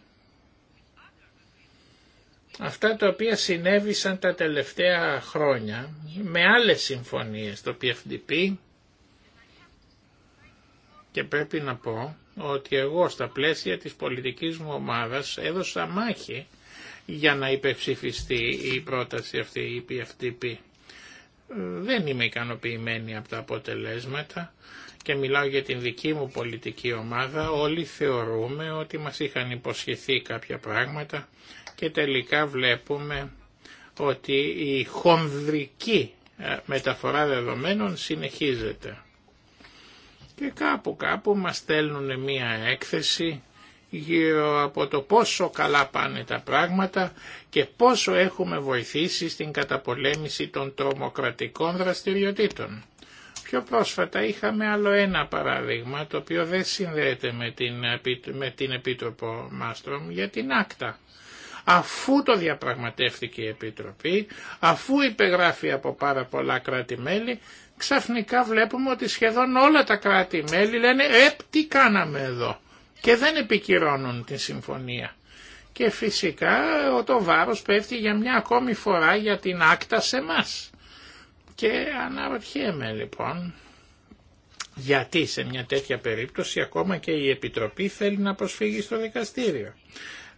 αυτά τα οποία συνέβησαν τα τελευταία χρόνια με άλλες συμφωνίες, το PFDP και πρέπει να πω ότι εγώ στα πλαίσια της πολιτικής μου ομάδας έδωσα μάχη για να υπεψηφιστεί η πρόταση αυτή η PFDP δεν είμαι ικανοποιημένη από τα αποτελέσματα και μιλάω για την δική μου πολιτική ομάδα, όλοι θεωρούμε ότι μας είχαν υποσχεθεί κάποια πράγματα και τελικά βλέπουμε ότι η χονδρική ε, μεταφορά δεδομένων συνεχίζεται. Και κάπου κάπου μας στέλνουν μία έκθεση γύρω από το πόσο καλά πάνε τα πράγματα και πόσο έχουμε βοηθήσει στην καταπολέμηση των τρομοκρατικών δραστηριοτήτων. Πιο πρόσφατα είχαμε άλλο ένα παράδειγμα το οποίο δεν συνδέεται με την, με την Επίτροπο Μάστρομ για την άκτα. Αφού το διαπραγματεύτηκε η Επιτροπή, αφού υπεγράφει από πάρα πολλά κράτη-μέλη, ξαφνικά βλέπουμε ότι σχεδόν όλα τα κράτη-μέλη λένε «Επ, τι κάναμε εδώ» και δεν επικυρώνουν τη συμφωνία. Και φυσικά το βάρος πέφτει για μια ακόμη φορά για την άκτα σε μας. Και αναρωτιέμαι λοιπόν γιατί σε μια τέτοια περίπτωση ακόμα και η Επιτροπή θέλει να προσφύγει στο δικαστήριο.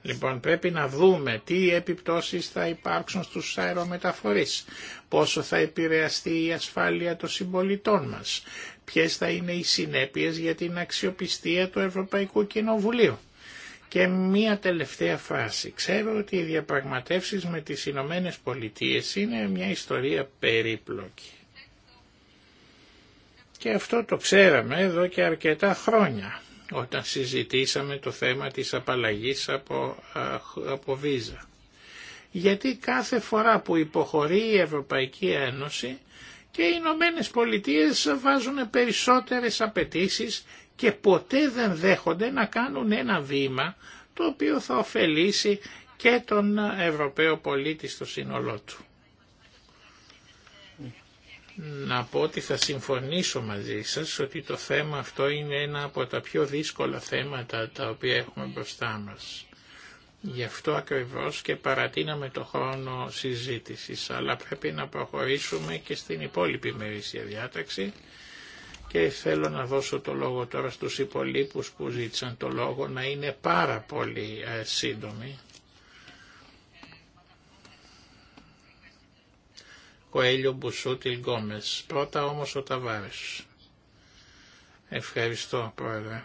Λοιπόν πρέπει να δούμε τι επιπτώσεις θα υπάρξουν στους αερομεταφορείς, πόσο θα επηρεαστεί η ασφάλεια των συμπολιτών μας, ποιες θα είναι οι συνέπειες για την αξιοπιστία του Ευρωπαϊκού Κοινοβουλίου. Και μία τελευταία φράση. Ξέρω ότι οι διαπραγματεύσεις με τις Ηνωμένε Πολιτείε είναι μια ιστορία περίπλοκη. Και αυτό το ξέραμε εδώ και αρκετά χρόνια όταν συζητήσαμε το θέμα της απαλλαγής από, από βίζα. Γιατί κάθε φορά που υποχωρεί η Ευρωπαϊκή Ένωση και οι Ηνωμένε Πολιτείε βάζουν περισσότερες απαιτήσει και ποτέ δεν δέχονται να κάνουν ένα βήμα το οποίο θα ωφελήσει και τον Ευρωπαίο πολίτη στο σύνολό του. Να πω ότι θα συμφωνήσω μαζί σας ότι το θέμα αυτό είναι ένα από τα πιο δύσκολα θέματα τα οποία έχουμε μπροστά μας. Γι' αυτό ακριβώς και παρατείναμε το χρόνο συζήτησης, αλλά πρέπει να προχωρήσουμε και στην υπόλοιπη μερίσια διάταξη και θέλω να δώσω το λόγο τώρα στους υπολείπους που ζήτησαν το λόγο να είναι πάρα πολύ ε, σύντομοι. Κοέλιο Μπουσούτιλ Γκόμες. Πρώτα όμως ο Ταβάρης. Ευχαριστώ πρόεδρε.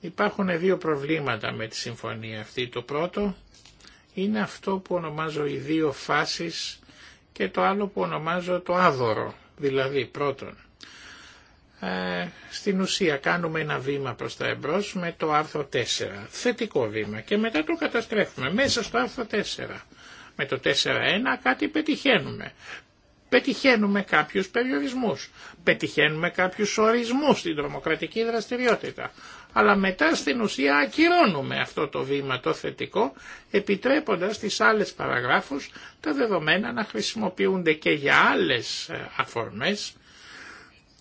Υπάρχουν δύο προβλήματα με τη συμφωνία αυτή. Το πρώτο είναι αυτό που ονομάζω οι δύο φάσεις και το άλλο που ονομάζω το άδωρο. Δηλαδή πρώτον, ε, στην ουσία κάνουμε ένα βήμα προς τα εμπρός με το άρθρο 4, θετικό βήμα και μετά το καταστρέφουμε μέσα στο άρθρο 4. Με το 4-1 κάτι πετυχαίνουμε. Πετυχαίνουμε κάποιους περιορισμούς, πετυχαίνουμε κάποιους ορισμούς στην τρομοκρατική δραστηριότητα αλλά μετά στην ουσία ακυρώνουμε αυτό το βήμα το θετικό, επιτρέποντας στις άλλες παραγράφους τα δεδομένα να χρησιμοποιούνται και για άλλες ε, αφορμές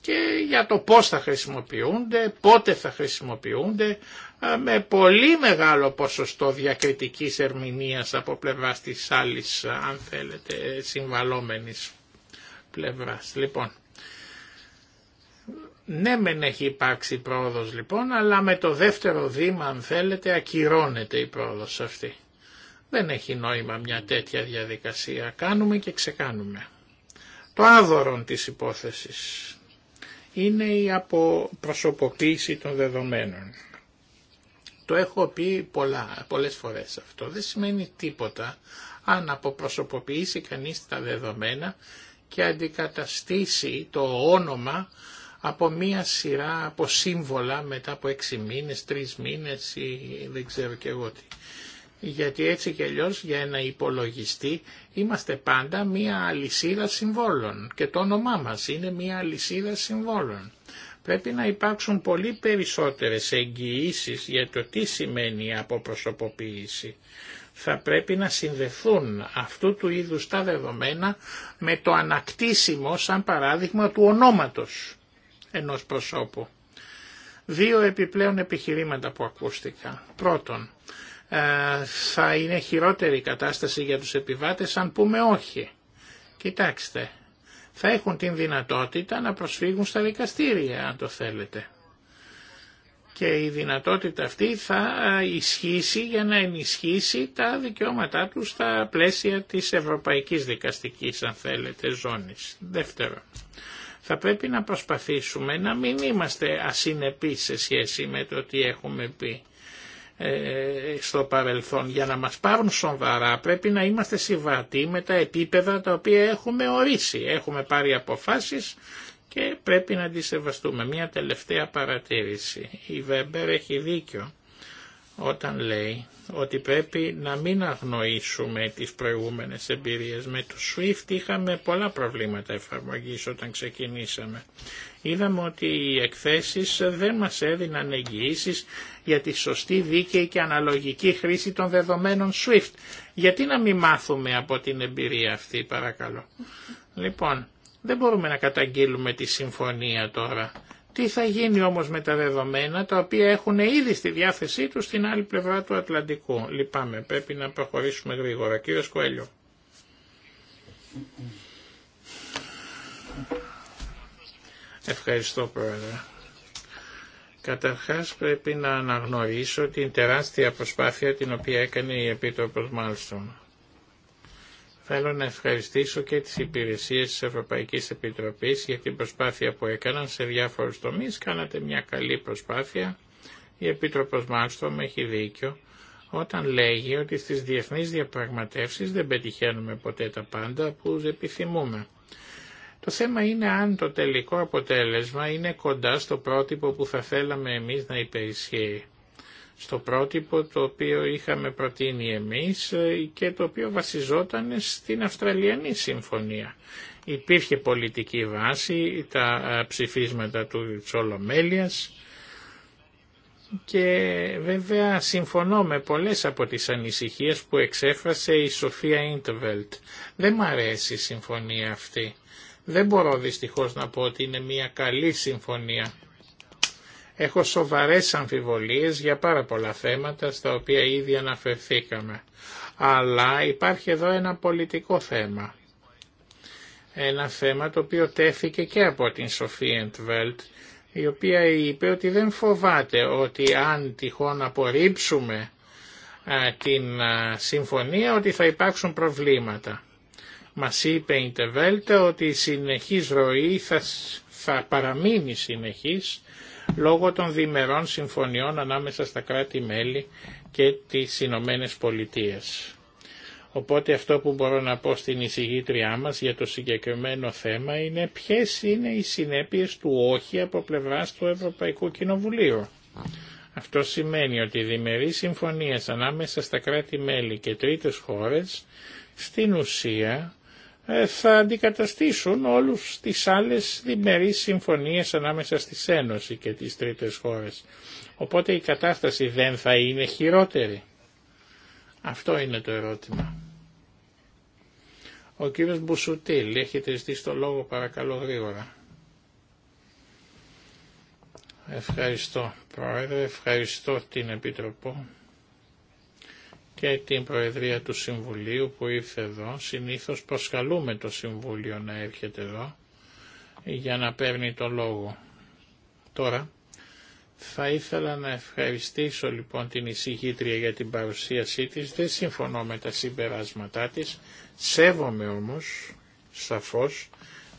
και για το πώς θα χρησιμοποιούνται, πότε θα χρησιμοποιούνται, ε, με πολύ μεγάλο ποσοστό διακριτικής ερμηνείας από πλευράς της άλλης, ε, αν θέλετε, συμβαλόμενης πλευράς. Λοιπόν, ναι μεν έχει υπάρξει πρόοδος λοιπόν, αλλά με το δεύτερο βήμα αν θέλετε ακυρώνεται η πρόοδος αυτή. Δεν έχει νόημα μια τέτοια διαδικασία. Κάνουμε και ξεκάνουμε. Το άδωρο της υπόθεσης είναι η αποπροσωποποίηση των δεδομένων. Το έχω πει πολλά, πολλές φορές αυτό. Δεν σημαίνει τίποτα αν αποπροσωποποιήσει κανείς τα δεδομένα και αντικαταστήσει το όνομα από μία σειρά από σύμβολα μετά από έξι μήνες, τρεις μήνες ή δεν ξέρω και εγώ τι. Γιατί έτσι και αλλιώ για ένα υπολογιστή είμαστε πάντα μία αλυσίδα συμβόλων και το όνομά μας είναι μία αλυσίδα συμβόλων. Πρέπει να υπάρξουν πολύ περισσότερες εγγυήσεις για το τι σημαίνει αποπροσωποποίηση. Θα πρέπει να συνδεθούν αυτού του είδους τα δεδομένα με το ανακτήσιμο σαν παράδειγμα του ονόματος ενός προσώπου. Δύο επιπλέον επιχειρήματα που ακούστηκαν. Πρώτον, ε, θα είναι χειρότερη η κατάσταση για τους επιβάτες αν πούμε όχι. Κοιτάξτε, θα έχουν την δυνατότητα να προσφύγουν στα δικαστήρια αν το θέλετε. Και η δυνατότητα αυτή θα ε, ισχύσει για να ενισχύσει τα δικαιώματά τους στα πλαίσια της ευρωπαϊκής δικαστικής αν θέλετε ζώνης. Δεύτερον, θα πρέπει να προσπαθήσουμε να μην είμαστε ασυνεπείς σε σχέση με το τι έχουμε πει ε, στο παρελθόν. Για να μας πάρουν σοβαρά πρέπει να είμαστε συμβατοί με τα επίπεδα τα οποία έχουμε ορίσει. Έχουμε πάρει αποφάσεις και πρέπει να τις σεβαστούμε. Μία τελευταία παρατήρηση. Η Βέμπερ έχει δίκιο όταν λέει ότι πρέπει να μην αγνοήσουμε τις προηγούμενες εμπειρίες. Με το SWIFT είχαμε πολλά προβλήματα εφαρμογής όταν ξεκινήσαμε. Είδαμε ότι οι εκθέσεις δεν μας έδιναν εγγυήσει για τη σωστή δίκαιη και αναλογική χρήση των δεδομένων SWIFT. Γιατί να μην μάθουμε από την εμπειρία αυτή παρακαλώ. Λοιπόν, δεν μπορούμε να καταγγείλουμε τη συμφωνία τώρα τι θα γίνει όμως με τα δεδομένα τα οποία έχουν ήδη στη διάθεσή τους στην άλλη πλευρά του Ατλαντικού. Λυπάμαι, πρέπει να προχωρήσουμε γρήγορα. Κύριε Σκουέλιο. Ευχαριστώ πρόεδρε. Καταρχάς πρέπει να αναγνωρίσω την τεράστια προσπάθεια την οποία έκανε η Επίτροπος Μάλστον Θέλω να ευχαριστήσω και τις υπηρεσίες της Ευρωπαϊκής Επιτροπής για την προσπάθεια που έκαναν σε διάφορους τομείς. Κάνατε μια καλή προσπάθεια. Η Επίτροπος Μάλστομ έχει δίκιο όταν λέγει ότι στις διεθνείς διαπραγματεύσεις δεν πετυχαίνουμε ποτέ τα πάντα που επιθυμούμε. Το θέμα είναι αν το τελικό αποτέλεσμα είναι κοντά στο πρότυπο που θα θέλαμε εμείς να υπερισχύει στο πρότυπο το οποίο είχαμε προτείνει εμείς και το οποίο βασιζόταν στην Αυστραλιανή Συμφωνία. Υπήρχε πολιτική βάση, τα ε, ψηφίσματα του Τσολομέλειας και βέβαια συμφωνώ με πολλές από τις ανησυχίες που εξέφρασε η Σοφία Ιντεβελτ. Δεν μ' αρέσει η συμφωνία αυτή. Δεν μπορώ δυστυχώς να πω ότι είναι μια καλή συμφωνία Έχω σοβαρές αμφιβολίες για πάρα πολλά θέματα στα οποία ήδη αναφερθήκαμε. Αλλά υπάρχει εδώ ένα πολιτικό θέμα. Ένα θέμα το οποίο τέθηκε και από την Σοφία Εντβέλτ, η οποία είπε ότι δεν φοβάται ότι αν τυχόν απορρίψουμε ε, την ε, συμφωνία ότι θα υπάρξουν προβλήματα. Μας είπε η Εντβέλτ ότι η συνεχής ροή θα, θα παραμείνει συνεχής λόγω των διμερών συμφωνιών ανάμεσα στα κράτη-μέλη και τις Ηνωμένε Πολιτείες. Οπότε αυτό που μπορώ να πω στην εισηγήτριά μας για το συγκεκριμένο θέμα είναι ποιες είναι οι συνέπειες του όχι από πλευράς του Ευρωπαϊκού Κοινοβουλίου. Αυτό σημαίνει ότι οι διμερείς συμφωνίες ανάμεσα στα κράτη-μέλη και τρίτες χώρες στην ουσία ε, θα αντικαταστήσουν όλους τις άλλες διμερείς συμφωνίες ανάμεσα στις Ένωση και τις τρίτες χώρες. Οπότε η κατάσταση δεν θα είναι χειρότερη. Αυτό είναι το ερώτημα. Ο κύριος Μπουσουτήλ, έχετε ζητήσει το λόγο παρακαλώ γρήγορα. Ευχαριστώ Πρόεδρε, ευχαριστώ την Επιτροπό και την Προεδρία του Συμβουλίου που ήρθε εδώ. Συνήθως προσκαλούμε το Συμβούλιο να έρχεται εδώ για να παίρνει το λόγο. Τώρα θα ήθελα να ευχαριστήσω λοιπόν την εισηγήτρια για την παρουσίασή της. Δεν συμφωνώ με τα συμπεράσματά της. Σέβομαι όμως, σαφώς,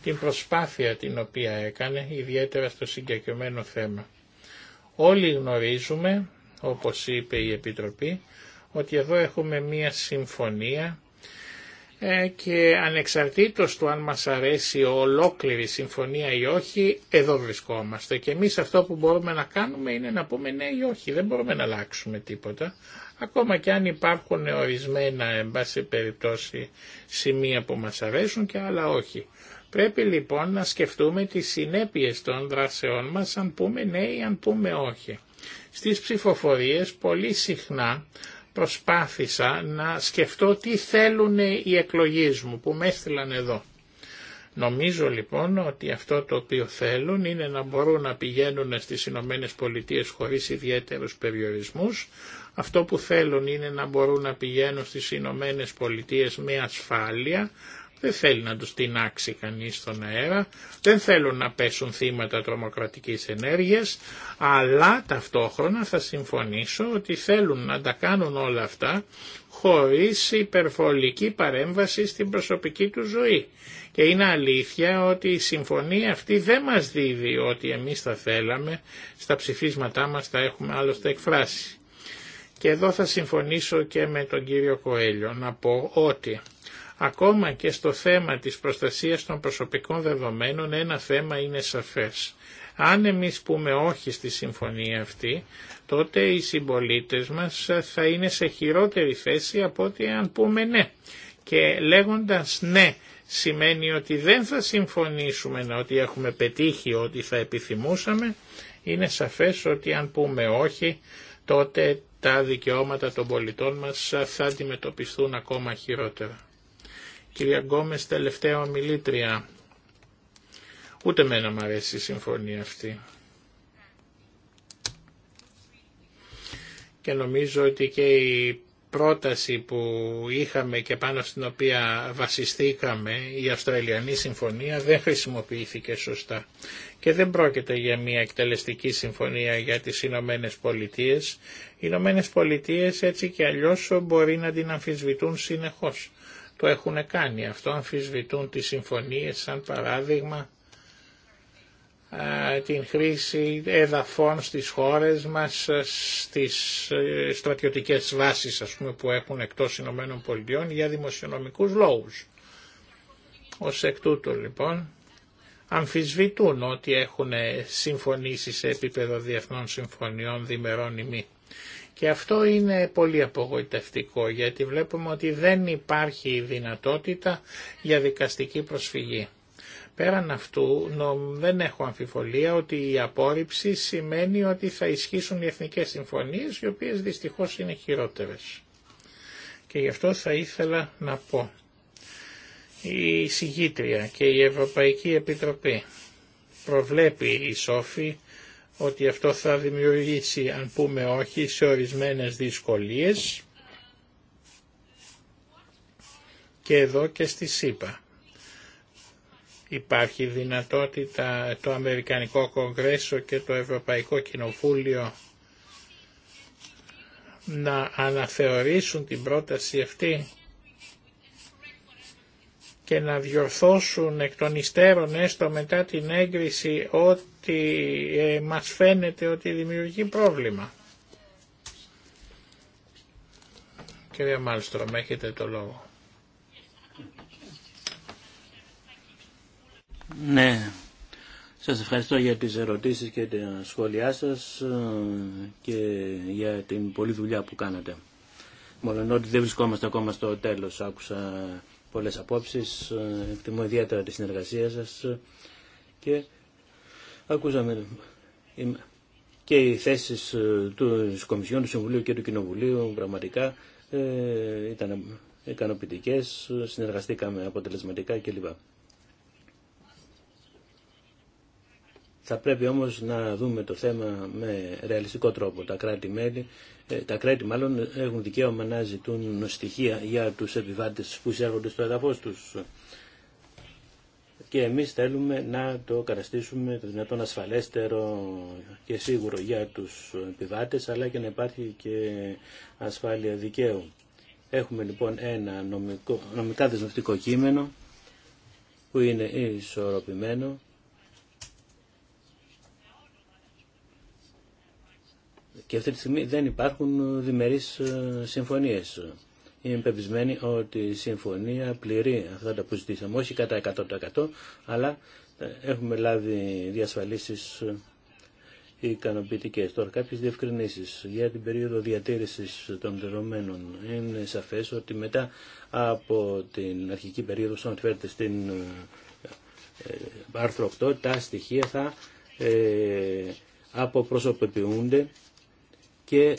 την προσπάθεια την οποία έκανε, ιδιαίτερα στο συγκεκριμένο θέμα. Όλοι γνωρίζουμε, όπως είπε η Επιτροπή, ότι εδώ έχουμε μία συμφωνία ε, και ανεξαρτήτως του αν μας αρέσει ολόκληρη συμφωνία ή όχι, εδώ βρισκόμαστε. Και εμείς αυτό που μπορούμε να κάνουμε είναι να πούμε ναι ή όχι, δεν μπορούμε να αλλάξουμε τίποτα. Ακόμα και αν υπάρχουν ορισμένα, εν πάση περιπτώσει, σημεία που μας αρέσουν και άλλα όχι. Πρέπει λοιπόν να σκεφτούμε τις συνέπειες των δράσεών μας αν πούμε ναι ή αν πούμε όχι. Στις ψηφοφορίες πολύ συχνά προσπάθησα να σκεφτώ τι θέλουν οι εκλογείς μου που με έστειλαν εδώ. Νομίζω λοιπόν ότι αυτό το οποίο θέλουν είναι να μπορούν να πηγαίνουν στις Ηνωμένε Πολιτείες χωρίς ιδιαίτερους περιορισμούς. Αυτό που θέλουν είναι να μπορούν να πηγαίνουν στις Ηνωμένε Πολιτείες με ασφάλεια, δεν θέλει να τους τεινάξει κανείς στον αέρα, δεν θέλουν να πέσουν θύματα τρομοκρατικής ενέργειας, αλλά ταυτόχρονα θα συμφωνήσω ότι θέλουν να τα κάνουν όλα αυτά χωρίς υπερβολική παρέμβαση στην προσωπική του ζωή. Και είναι αλήθεια ότι η συμφωνία αυτή δεν μας δίδει ότι εμείς θα θέλαμε, στα ψηφίσματά μας τα έχουμε άλλωστε εκφράσει. Και εδώ θα συμφωνήσω και με τον κύριο Κοέλιο να πω ότι Ακόμα και στο θέμα της προστασίας των προσωπικών δεδομένων ένα θέμα είναι σαφές. Αν εμείς πούμε όχι στη συμφωνία αυτή, τότε οι συμπολίτε μας θα είναι σε χειρότερη θέση από ότι αν πούμε ναι. Και λέγοντας ναι σημαίνει ότι δεν θα συμφωνήσουμε ότι έχουμε πετύχει ό,τι θα επιθυμούσαμε, είναι σαφές ότι αν πούμε όχι, τότε τα δικαιώματα των πολιτών μας θα αντιμετωπιστούν ακόμα χειρότερα. Κυρία Γκόμες, τελευταία ομιλήτρια. Ούτε μένα μου αρέσει η συμφωνία αυτή. Και νομίζω ότι και η πρόταση που είχαμε και πάνω στην οποία βασιστήκαμε, η Αυστραλιανή Συμφωνία, δεν χρησιμοποιήθηκε σωστά. Και δεν πρόκειται για μια εκτελεστική συμφωνία για τις Ηνωμένε Πολιτείε. Οι Ηνωμένε Πολιτείε έτσι και αλλιώς μπορεί να την αμφισβητούν συνεχώς το έχουν κάνει. Αυτό αμφισβητούν τις συμφωνίες σαν παράδειγμα την χρήση εδαφών στις χώρες μας, στις ε, στρατιωτικές βάσεις ας πούμε, που έχουν εκτός Ηνωμένων Πολιτειών για δημοσιονομικούς λόγους. Ως εκ τούτου λοιπόν αμφισβητούν ότι έχουν συμφωνήσει σε επίπεδο διεθνών συμφωνιών διμερών ή και αυτό είναι πολύ απογοητευτικό γιατί βλέπουμε ότι δεν υπάρχει δυνατότητα για δικαστική προσφυγή. Πέραν αυτού δεν έχω αμφιβολία ότι η απόρριψη σημαίνει ότι θα ισχύσουν οι εθνικές συμφωνίες οι οποίες δυστυχώς είναι χειρότερες. Και γι' αυτό θα ήθελα να πω η συγκίτρια και η Ευρωπαϊκή Επιτροπή προβλέπει η Σόφη ότι αυτό θα δημιουργήσει, αν πούμε όχι, σε ορισμένες δυσκολίες και εδώ και στη ΣΥΠΑ. Υπάρχει δυνατότητα το Αμερικανικό Κογκρέσο και το Ευρωπαϊκό Κοινοβούλιο να αναθεωρήσουν την πρόταση αυτή και να διορθώσουν εκ των υστέρων έστω μετά την έγκριση ότι ότι ε, μας φαίνεται ότι δημιουργεί πρόβλημα. Κύριε Μάλστρομ, έχετε το λόγο. Ναι, σας ευχαριστώ για τις ερωτήσεις και τα σχόλιά σας ε, και για την πολλή δουλειά που κάνατε. Μόνο ότι δεν βρισκόμαστε ακόμα στο τέλος. Άκουσα πολλές απόψεις, ε, εκτιμώ ιδιαίτερα τη συνεργασία σας και Ακούσαμε ε, και οι θέσεις ε, του Κομισιόν, του Συμβουλίου και του Κοινοβουλίου πραγματικά ε, ήταν ικανοποιητικέ, συνεργαστήκαμε αποτελεσματικά κλπ. Θα πρέπει όμως να δούμε το θέμα με ρεαλιστικό τρόπο. Τα κράτη-μέλη, τα κράτη μάλλον έχουν δικαίωμα να ζητούν στοιχεία για τους επιβάτες που εισέρχονται στο εδαφός τους και εμείς θέλουμε να το καταστήσουμε το δυνατόν ασφαλέστερο και σίγουρο για τους επιβάτες αλλά και να υπάρχει και ασφάλεια δικαίου. Έχουμε λοιπόν ένα νομικό, νομικά δεσμευτικό κείμενο που είναι ισορροπημένο και αυτή τη στιγμή δεν υπάρχουν διμερείς ε, συμφωνίες είμαι πεπισμένη ότι η συμφωνία πληρεί αυτά τα που ζητήσαμε, όχι κατά 100% αλλά ε, έχουμε λάβει διασφαλίσεις ε, ικανοποιητικέ. Τώρα κάποιε διευκρινήσει για την περίοδο διατήρηση των δεδομένων. Είναι σαφέ ότι μετά από την αρχική περίοδο, σαν φέρετε στην ε, άρθρο 8, τα στοιχεία θα ε, και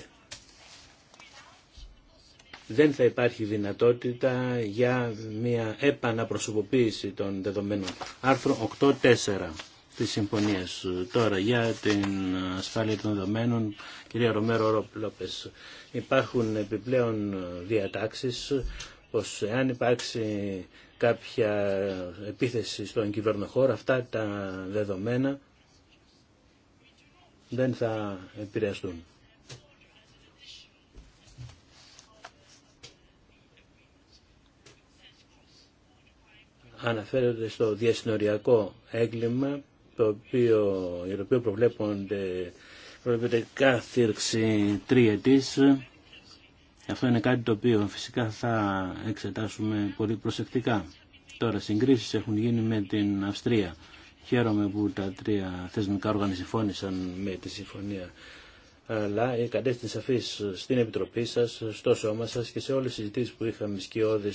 δεν θα υπάρχει δυνατότητα για μια επαναπροσωποποίηση των δεδομένων. Άρθρο 8.4 της συμφωνίας τώρα για την ασφάλεια των δεδομένων κυρία Ρομέρο Λόπες υπάρχουν επιπλέον διατάξεις πως αν υπάρξει κάποια επίθεση στον κυβερνοχώρο αυτά τα δεδομένα δεν θα επηρεαστούν. αναφέρονται στο διασυνοριακό έγκλημα το οποίο, για το οποίο προβλέπονται προβλέπεται κάθυρξη τριετής αυτό είναι κάτι το οποίο φυσικά θα εξετάσουμε πολύ προσεκτικά τώρα συγκρίσεις έχουν γίνει με την Αυστρία Χαίρομαι που τα τρία θεσμικά όργανα συμφώνησαν με τη συμφωνία αλλά η κατεύθυνση σαφής στην Επιτροπή σας, στο σώμα σας και σε όλες τις συζητήσει που είχαμε με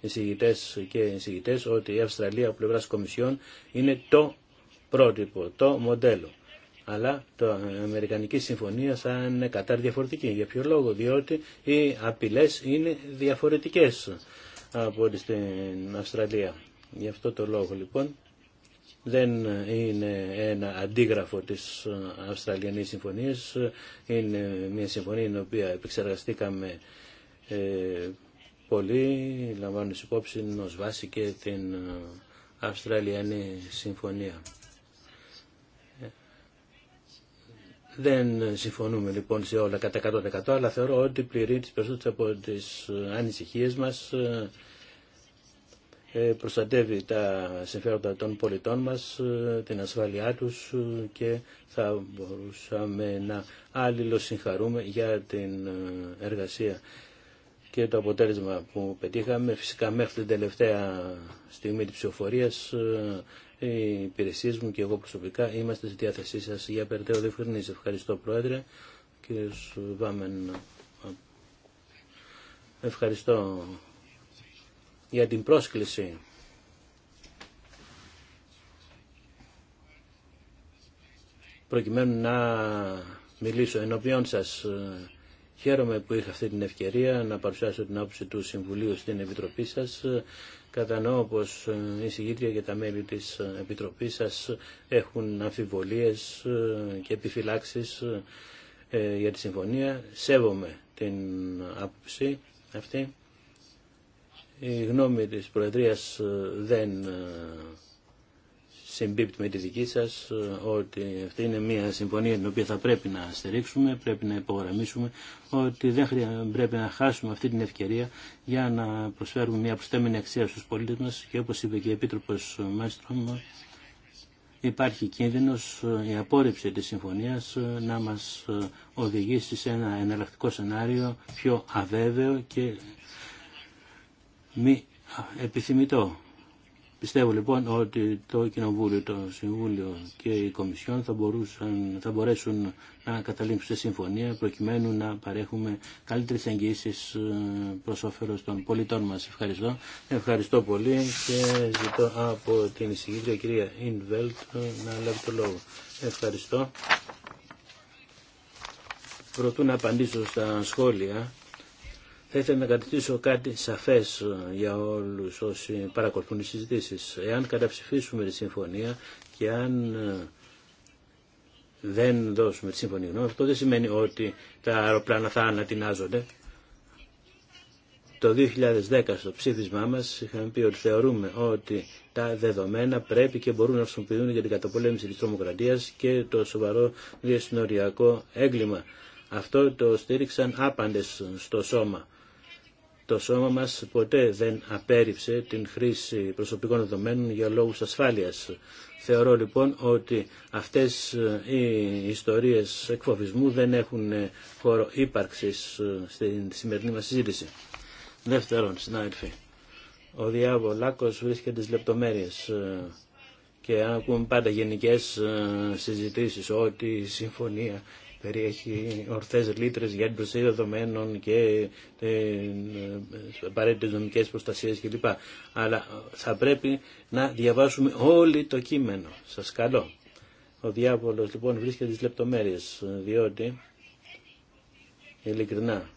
εισηγητέ και εισηγητέ ότι η Αυστραλία από πλευρά Κομισιόν είναι το πρότυπο, το μοντέλο. Αλλά το Αμερικανική Συμφωνία θα είναι κατά διαφορετική. Για ποιο λόγο, διότι οι απειλέ είναι διαφορετικές από την Αυστραλία. Γι' αυτό το λόγο λοιπόν δεν είναι ένα αντίγραφο της Αυστραλιανής Συμφωνίας, είναι μια συμφωνία την οποία επεξεργαστήκαμε ε, πολύ, λαμβάνοντας υπόψη ως βάση και την Αυστραλιανή Συμφωνία. Δεν συμφωνούμε λοιπόν σε όλα κατά 100% αλλά θεωρώ ότι πληρεί τις περισσότερες από τις ανησυχίες μας ε, ε, προστατεύει τα συμφέροντα των πολιτών μας, ε, την ασφάλειά τους ε, και θα μπορούσαμε να αλληλοσυγχαρούμε για την εργασία και το αποτέλεσμα που πετύχαμε. Φυσικά μέχρι την τελευταία στιγμή της ψηφοφορίας οι υπηρεσίε μου και εγώ προσωπικά είμαστε στη διάθεσή σας για περαιτέρω διευκρινής. Ευχαριστώ Πρόεδρε. Κύριος Βάμεν. Ευχαριστώ για την πρόσκληση. Προκειμένου να μιλήσω ενώπιον σας, ε, χαίρομαι που είχα αυτή την ευκαιρία να παρουσιάσω την άποψη του Συμβουλίου στην Επιτροπή σας. Κατανοώ πως ε, η συγκήτρια και τα μέλη της ε, Επιτροπής σας έχουν αμφιβολίες και επιφυλάξεις για τη συμφωνία. Σέβομαι την άποψη αυτή. Η γνώμη της Προεδρίας ε, δεν ε, συμπίπτει με τη δική σας ε, ότι αυτή είναι μια συμφωνία την οποία θα πρέπει να στηρίξουμε, πρέπει να υπογραμμίσουμε ότι δεν πρέπει να χάσουμε αυτή την ευκαιρία για να προσφέρουμε μια προστέμενη αξία στους πολίτες μας και όπως είπε και η Επίτροπος Μάστρομ υπάρχει κίνδυνος η απόρριψη της συμφωνίας να μας οδηγήσει σε ένα εναλλακτικό σενάριο πιο αβέβαιο και μη επιθυμητό. Πιστεύω λοιπόν ότι το Κοινοβούλιο, το Συμβούλιο και η Κομισιόν θα, μπορούσαν, θα μπορέσουν να καταλήξουν σε συμφωνία προκειμένου να παρέχουμε καλύτερες εγγύσεις ε, προς όφελος των πολιτών μας. Ευχαριστώ. Ευχαριστώ πολύ και ζητώ από την εισηγήτρια κυρία Ινβέλτ να λάβει το λόγο. Ευχαριστώ. Προτού να απαντήσω στα σχόλια θα ήθελα να κατηθήσω κάτι σαφές ε, για όλους όσοι παρακολουθούν τις συζητήσεις. Εάν καταψηφίσουμε τη συμφωνία και αν ε, δεν δώσουμε τη συμφωνία γνώμη, αυτό δεν σημαίνει ότι τα αεροπλάνα θα ανατινάζονται. Το 2010 στο ψήφισμά μας είχαμε πει ότι θεωρούμε ότι τα δεδομένα πρέπει και μπορούν να χρησιμοποιούν για την καταπολέμηση της τρομοκρατίας και το σοβαρό διασυνοριακό έγκλημα. Αυτό το στήριξαν άπαντες στο σώμα το σώμα μας ποτέ δεν απέρριψε την χρήση προσωπικών δεδομένων για λόγους ασφάλειας. Θεωρώ λοιπόν ότι αυτές ε, οι ιστορίες εκφοβισμού δεν έχουν ε, χώρο ύπαρξης ε, στην σημερινή μας συζήτηση. Δεύτερον, συνάδελφοι, ο διάβολάκος βρίσκεται στις λεπτομέρειες και αν ακούμε πάντα γενικές συζητήσεις ότι η συμφωνία περιέχει ορθές λύτρες για την προσέγγιση δεδομένων και ε, ε, απαραίτητες νομικές προστασίες κλπ. Αλλά θα πρέπει να διαβάσουμε όλοι το κείμενο. Σας καλώ. Ο διάβολος λοιπόν βρίσκεται στις λεπτομέρειες, διότι ειλικρινά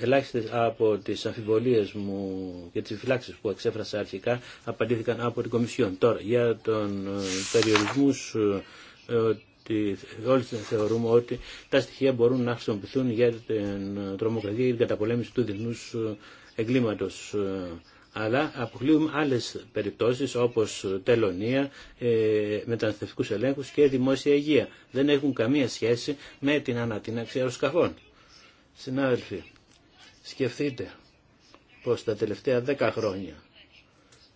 ελάχιστες από τις αμφιβολίες μου και τις φυλάξεις που εξέφρασα αρχικά απαντήθηκαν από την Κομισιόν. Τώρα για τον ε, περιορισμούς ε, όλοι θεωρούμε ότι τα στοιχεία μπορούν να χρησιμοποιηθούν για την τρομοκρατία ή την καταπολέμηση του διεθνού εγκλήματος. Αλλά αποκλείουμε άλλε περιπτώσεις όπως τελωνία, ε, μεταναστευτικού ελέγχους και δημόσια υγεία. Δεν έχουν καμία σχέση με την ανατείναξη αεροσκαφών. Συνάδελφοι, σκεφτείτε πως τα τελευταία δέκα χρόνια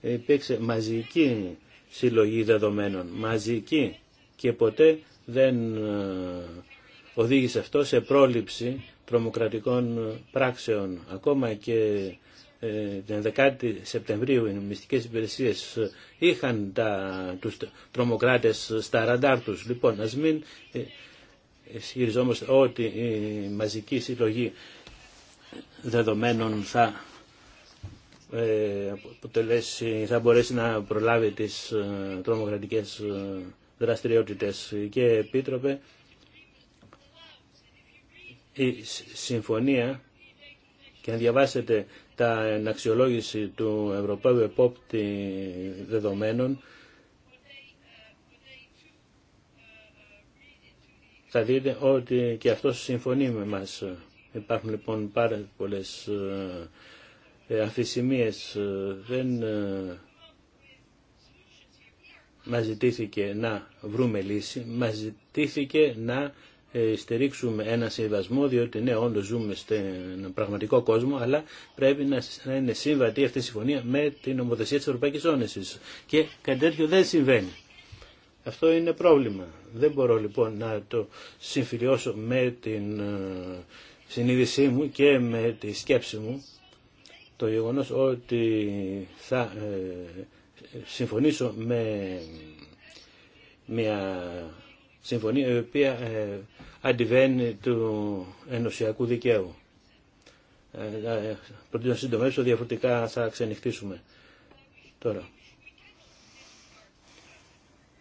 υπήρξε μαζική συλλογή δεδομένων, μαζική και ποτέ δεν ε, οδήγησε αυτό σε πρόληψη τρομοκρατικών πράξεων. Ακόμα και ε, την 10η Σεπτεμβρίου οι μυστικές υπηρεσίες είχαν τα, τους τρομοκράτες στα ραντάρ τους. Λοιπόν, ας μην ε, ισχυριζόμαστε ότι η μαζική συλλογή δεδομένων θα θα μπορέσει να προλάβει τις τρομοκρατικές δραστηριότητες. Και επίτροπε, η συμφωνία και αν διαβάσετε τα εναξιολόγηση του Ευρωπαίου Επόπτη Δεδομένων θα δείτε ότι και αυτό συμφωνεί με μας. Υπάρχουν λοιπόν πάρα πολλές ε, ε, αφησημίες. Ε, δεν μας ζητήθηκε να βρούμε λύση, μας ζητήθηκε να ε, στηρίξουμε ένα συμβασμό, διότι ναι, όντω ζούμε στον πραγματικό κόσμο, αλλά πρέπει να, είναι σύμβατη αυτή η συμφωνία με την Ομοθεσία της Ευρωπαϊκής Όνεσης Και κάτι τέτοιο δεν συμβαίνει. Αυτό είναι πρόβλημα. Δεν μπορώ λοιπόν να το συμφιλιώσω με την ε, συνείδησή μου και με τη σκέψη μου το γεγονός ότι θα ε, συμφωνήσω με μια συμφωνία η οποία ε, αντιβαίνει του ενωσιακού δικαίου. Ε, ε, προτείνω να συντομεύσω, διαφορετικά θα ξενυχτήσουμε τώρα.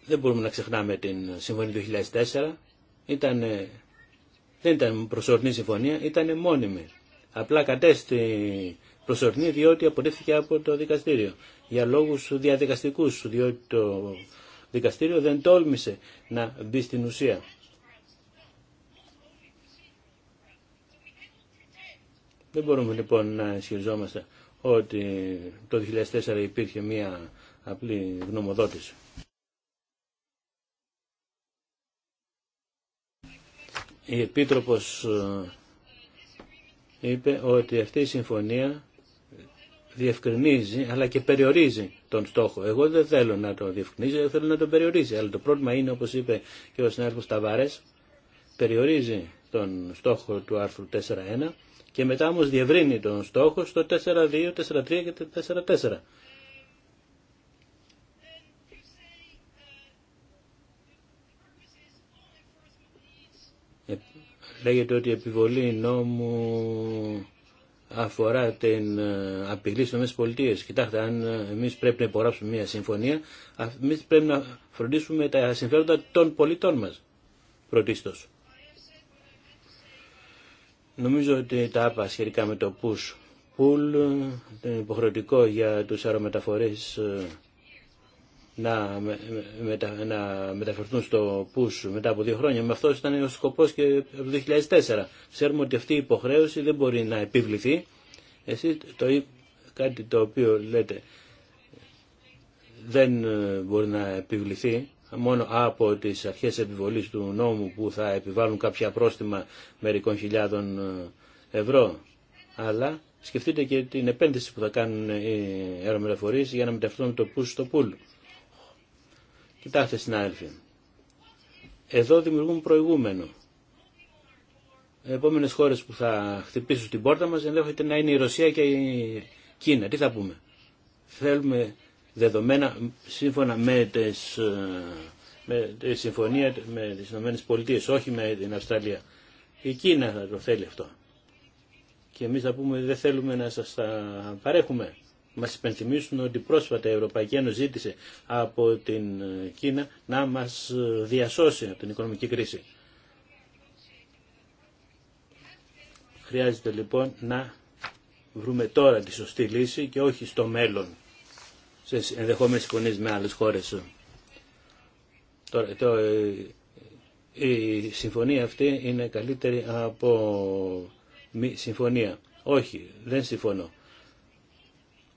Δεν μπορούμε να ξεχνάμε την συμφωνία του 2004. Ήταν, δεν ήταν προσωρινή συμφωνία, ήταν μόνιμη. Απλά κατέστη προσωρινή διότι απορρίφθηκε από το δικαστήριο για λόγους διαδικαστικούς, διότι το δικαστήριο δεν τόλμησε να μπει στην ουσία. Δεν μπορούμε λοιπόν να ισχυριζόμαστε ότι το 2004 υπήρχε μία απλή γνωμοδότηση. Η Επίτροπος ε, είπε ότι αυτή η συμφωνία διευκρινίζει αλλά και περιορίζει τον στόχο. Εγώ δεν θέλω να το διευκρινίζει, θέλω να τον περιορίζει. Αλλά το πρόβλημα είναι, όπως είπε και ο συνάδελφος Ταβάρες, περιορίζει τον στόχο του άρθρου 4.1 και μετά όμως διευρύνει τον στόχο στο 4.2, 4.3 και 4.4. Ε, λέγεται ότι επιβολή νόμου αφορά την ε, απειλή στι ΗΠΑ. Κοιτάξτε, αν ε, εμεί πρέπει να υπογράψουμε μια συμφωνία, εμεί πρέπει να φροντίσουμε τα συμφέροντα των πολιτών μας, πρωτίστως. Νομίζω ότι τα άπα σχετικά με το push pull, το ε, υποχρεωτικό για τους αερομεταφορείς να, μετα, μεταφερθούν στο ΠΟΥΣ μετά από δύο χρόνια. Με αυτό ήταν ο σκοπός και από το 2004. Ξέρουμε ότι αυτή η υποχρέωση δεν μπορεί να επιβληθεί. Εσύ το, κάτι το οποίο λέτε δεν ε, μπορεί να επιβληθεί μόνο από τις αρχές επιβολής του νόμου που θα επιβάλλουν κάποια πρόστιμα μερικών χιλιάδων ε, ευρώ. Αλλά σκεφτείτε και την επένδυση που θα κάνουν οι αερομεταφορείς για να μεταφερθούν το ΠΟΥΣ στο πουλ. Κοιτάξτε συνάδελφοι, εδώ δημιουργούμε προηγούμενο. Οι επόμενε χώρε που θα χτυπήσουν την πόρτα μα ενδέχεται να είναι η Ρωσία και η Κίνα. Τι θα πούμε. Θέλουμε δεδομένα σύμφωνα με, ε, με τη συμφωνία με τι Ηνωμένες Πολιτείες, όχι με την Αυστραλία. Η Κίνα θα το θέλει αυτό. Και εμείς θα πούμε δεν θέλουμε να σα τα παρέχουμε μας υπενθυμίσουν ότι πρόσφατα η Ευρωπαϊκή Ένωση ζήτησε από την ε, Κίνα να μας ε, διασώσει από την οικονομική κρίση. Χρειάζεται λοιπόν να βρούμε τώρα τη σωστή λύση και όχι στο μέλλον σε ενδεχόμενες συμφωνίες με άλλες χώρες. Τώρα, το, ε, η συμφωνία αυτή είναι καλύτερη από μη συμφωνία. Όχι, δεν συμφωνώ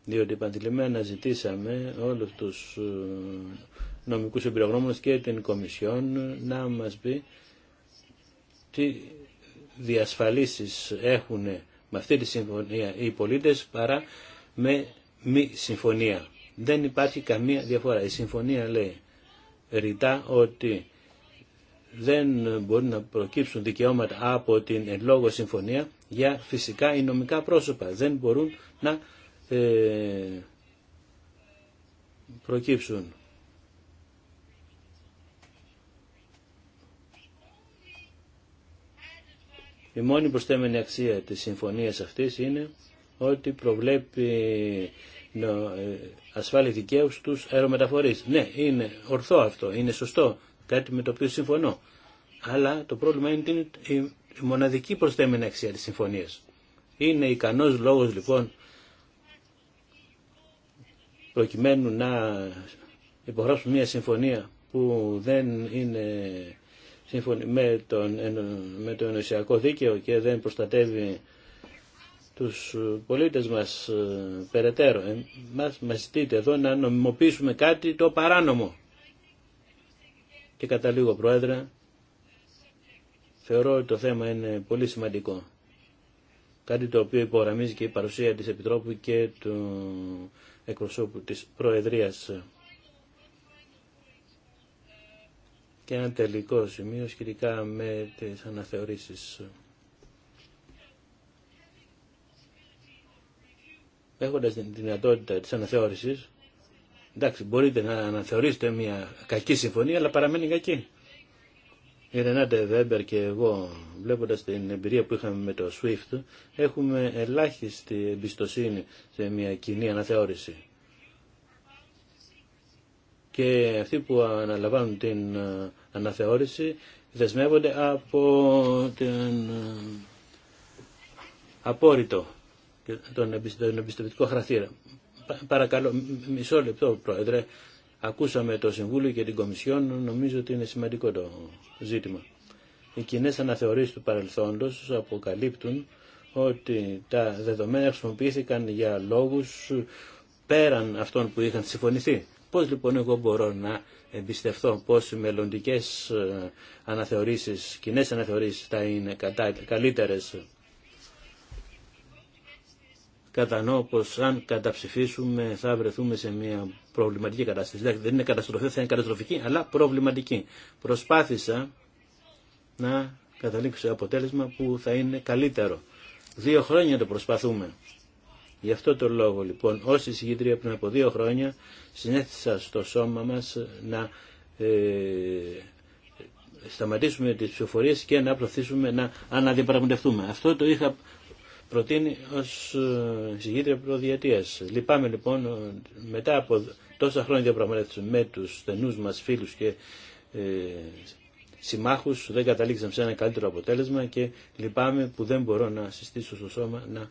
διότι επαντλημένα ζητήσαμε όλους τους ε, νομικούς εμπειρογνώμονες και την Κομισιόν να μας πει τι διασφαλίσεις έχουν με αυτή τη συμφωνία οι πολίτες παρά με μη συμφωνία. Δεν υπάρχει καμία διαφορά. Η συμφωνία λέει ρητά ότι δεν μπορεί να προκύψουν δικαιώματα από την εν λόγω συμφωνία για φυσικά οι νομικά πρόσωπα. Δεν μπορούν να ε, προκύψουν. Η μόνη προστέμενη αξία της συμφωνίας αυτής είναι ότι προβλέπει ε, ασφάλεια δικαίου στους αερομεταφορείς. Ναι, είναι ορθό αυτό, είναι σωστό, κάτι με το οποίο συμφωνώ. Αλλά το πρόβλημα είναι η μοναδική προστέμενη αξία της συμφωνίας. Είναι ικανός λόγος λοιπόν προκειμένου να υπογράψουν μια συμφωνία που δεν είναι με τον, με το ενωσιακό δίκαιο και δεν προστατεύει τους πολίτες μας ε, περαιτέρω. Ε, μας, μας ζητείτε εδώ να νομιμοποιήσουμε κάτι το παράνομο. Και κατά λίγο Πρόεδρε, θεωρώ ότι το θέμα είναι πολύ σημαντικό κάτι το οποίο υπογραμμίζει και η παρουσία της Επιτρόπου και του εκπροσώπου της Προεδρίας. Και ένα τελικό σημείο σχετικά με τις αναθεωρήσεις. Έχοντας την δυνατότητα της αναθεώρησης, εντάξει μπορείτε να αναθεωρήσετε μια κακή συμφωνία αλλά παραμένει κακή η Ρενάντε Βέμπερ και εγώ, βλέποντας την εμπειρία που είχαμε με το SWIFT, έχουμε ελάχιστη εμπιστοσύνη σε μια κοινή αναθεώρηση. Και αυτοί που αναλαμβάνουν την ε, αναθεώρηση δεσμεύονται από ε, τον απόρριτο τον εμπιστευτικό χαρακτήρα. Παρακαλώ, μισό λεπτό, Πρόεδρε ακούσαμε το Συμβούλιο και την Κομισιόν, νομίζω ότι είναι σημαντικό το ζήτημα. Οι κοινέ αναθεωρήσει του παρελθόντος αποκαλύπτουν ότι τα δεδομένα χρησιμοποιήθηκαν για λόγους πέραν αυτών που είχαν συμφωνηθεί. Πώς λοιπόν εγώ μπορώ να εμπιστευτώ πω οι μελλοντικέ ε, αναθεωρήσεις, κοινέ αναθεωρήσει θα είναι καλύτερε. Κατανοώ πως αν καταψηφίσουμε θα βρεθούμε σε μια προβληματική κατάσταση. δεν είναι καταστροφή, θα είναι καταστροφική, αλλά προβληματική. Προσπάθησα να καταλήξω αποτέλεσμα που θα είναι καλύτερο. Δύο χρόνια το προσπαθούμε. Γι' αυτό το λόγο λοιπόν, ως εισηγητρία πριν από δύο χρόνια, συνέθεσα στο σώμα μας να ε, σταματήσουμε τις ψηφοφορίες και να προωθήσουμε να αναδιαπραγματευτούμε. Αυτό το είχα προτείνει ω ε, συγκίτρια Προδιατία. Λυπάμαι λοιπόν ε, μετά από τόσα χρόνια διαπραγματεύσεων με του στενούς μα φίλου και ε, συμμάχους δεν καταλήξαμε σε ένα καλύτερο αποτέλεσμα και λυπάμαι που δεν μπορώ να συστήσω στο σώμα να,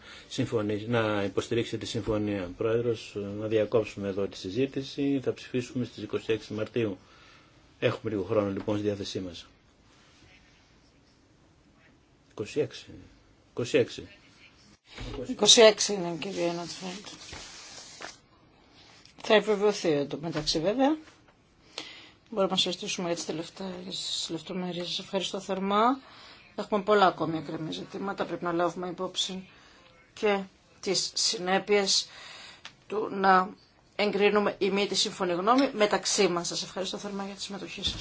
να υποστηρίξει τη συμφωνία. Πρόεδρο, ε, να διακόψουμε εδώ τη συζήτηση, θα ψηφίσουμε στι 26 Μαρτίου. Έχουμε λίγο χρόνο λοιπόν στη διάθεσή μα. 26. 26. 26 είναι κυρία Νατφέλτ. Θα επιβεβαιωθεί εδώ μεταξύ βέβαια. Μπορούμε να συζητήσουμε για τι τελευταίες λεπτομέρειες. ευχαριστώ θερμά. Έχουμε πολλά ακόμη ακριβή ζητήματα. Πρέπει να λάβουμε υπόψη και τις συνέπειες του να εγκρίνουμε η μη τη σύμφωνη γνώμη μεταξύ μα. Σα ευχαριστώ θερμά για τη συμμετοχή σα.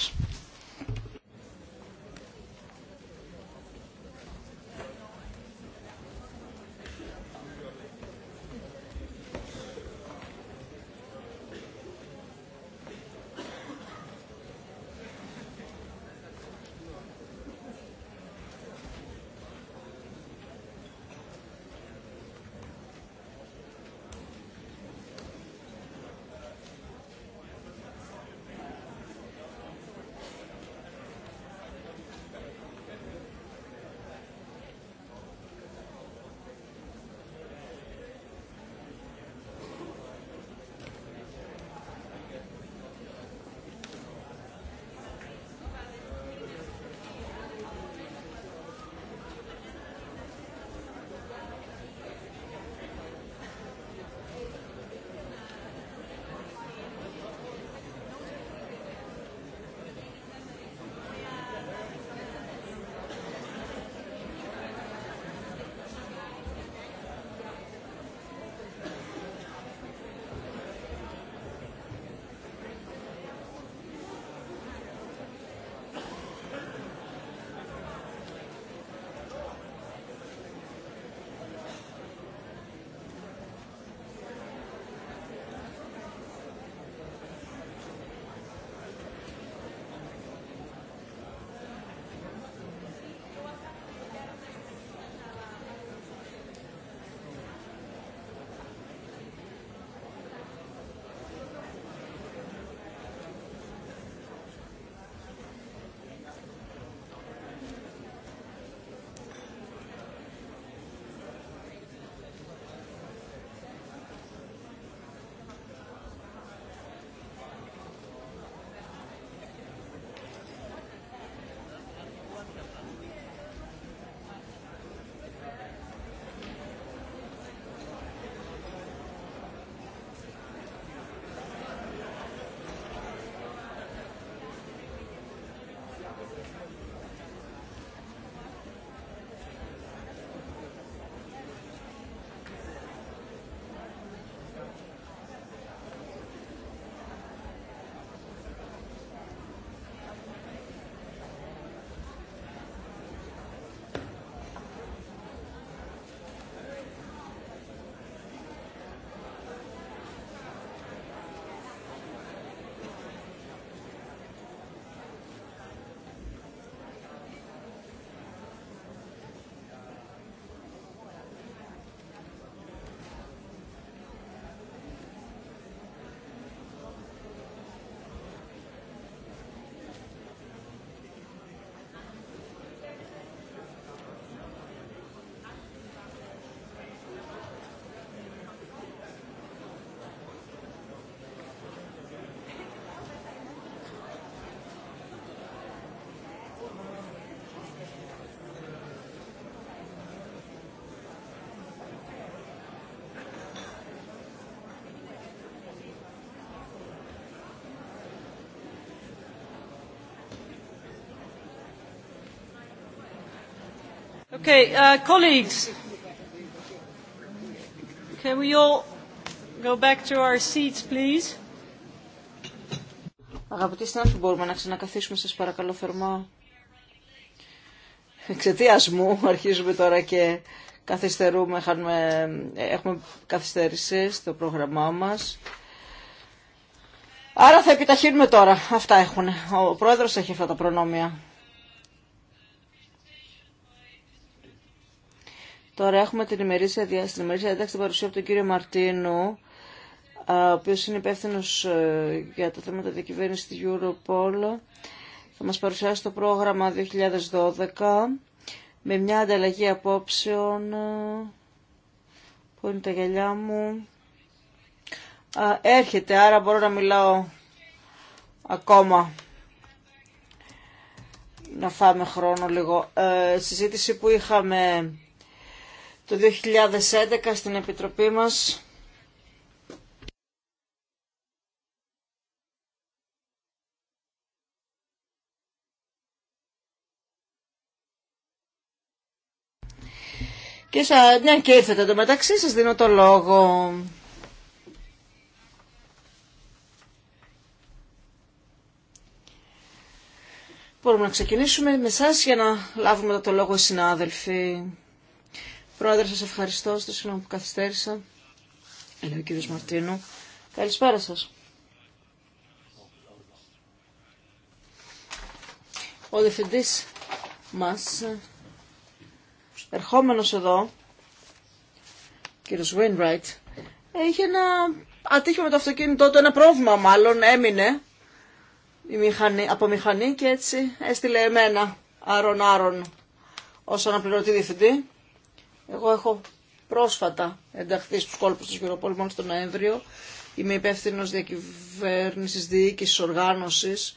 Okay, uh, go back to our seats, Αγαπητοί συνάδελφοι, μπορούμε να ξανακαθίσουμε σας παρακαλώ θερμά. Εξαιτία μου αρχίζουμε τώρα και καθυστερούμε, χάνουμε, ε, έχουμε καθυστέρηση στο πρόγραμμά μας. Άρα θα επιταχύνουμε τώρα. Αυτά έχουν. Ο πρόεδρος έχει αυτά τα προνόμια. Τώρα έχουμε την ημερήσια διάσταση, την ημερήσια διάταξη παρουσία από τον κύριο Μαρτίνου, ο οποίος είναι υπεύθυνο ε, για τα θέματα διακυβέρνηση της Europol. Θα μας παρουσιάσει το πρόγραμμα 2012 με μια ανταλλαγή απόψεων. Ε, Πού είναι τα γυαλιά μου. έρχεται, άρα μπορώ να μιλάω ακόμα. Να φάμε χρόνο λίγο. Ε, συζήτηση που είχαμε το 2011 στην Επιτροπή μας. Και σα, μια και ήρθετε το μεταξύ σας δίνω το λόγο. Μπορούμε να ξεκινήσουμε με εσά για να λάβουμε το λόγο οι συνάδελφοι. Πρόεδρε, σας ευχαριστώ. Στο συγγνώμη που καθυστέρησα. Είναι ο κύριος Μαρτίνου. Καλησπέρα σας. Ο διευθυντής μας, ερχόμενος εδώ, κύριος Wainwright, είχε ένα ατύχημα το αυτοκίνητό του, ένα πρόβλημα μάλλον, έμεινε η μηχανή, από μηχανή και έτσι έστειλε εμένα άρον άρον ως αναπληρωτή διευθυντή. Εγώ έχω πρόσφατα ενταχθεί στους κόλπους της Γεωργοπόλη μόνο τον Νοέμβριο. Είμαι υπεύθυνο διακυβέρνησης, διοίκησης, οργάνωσης.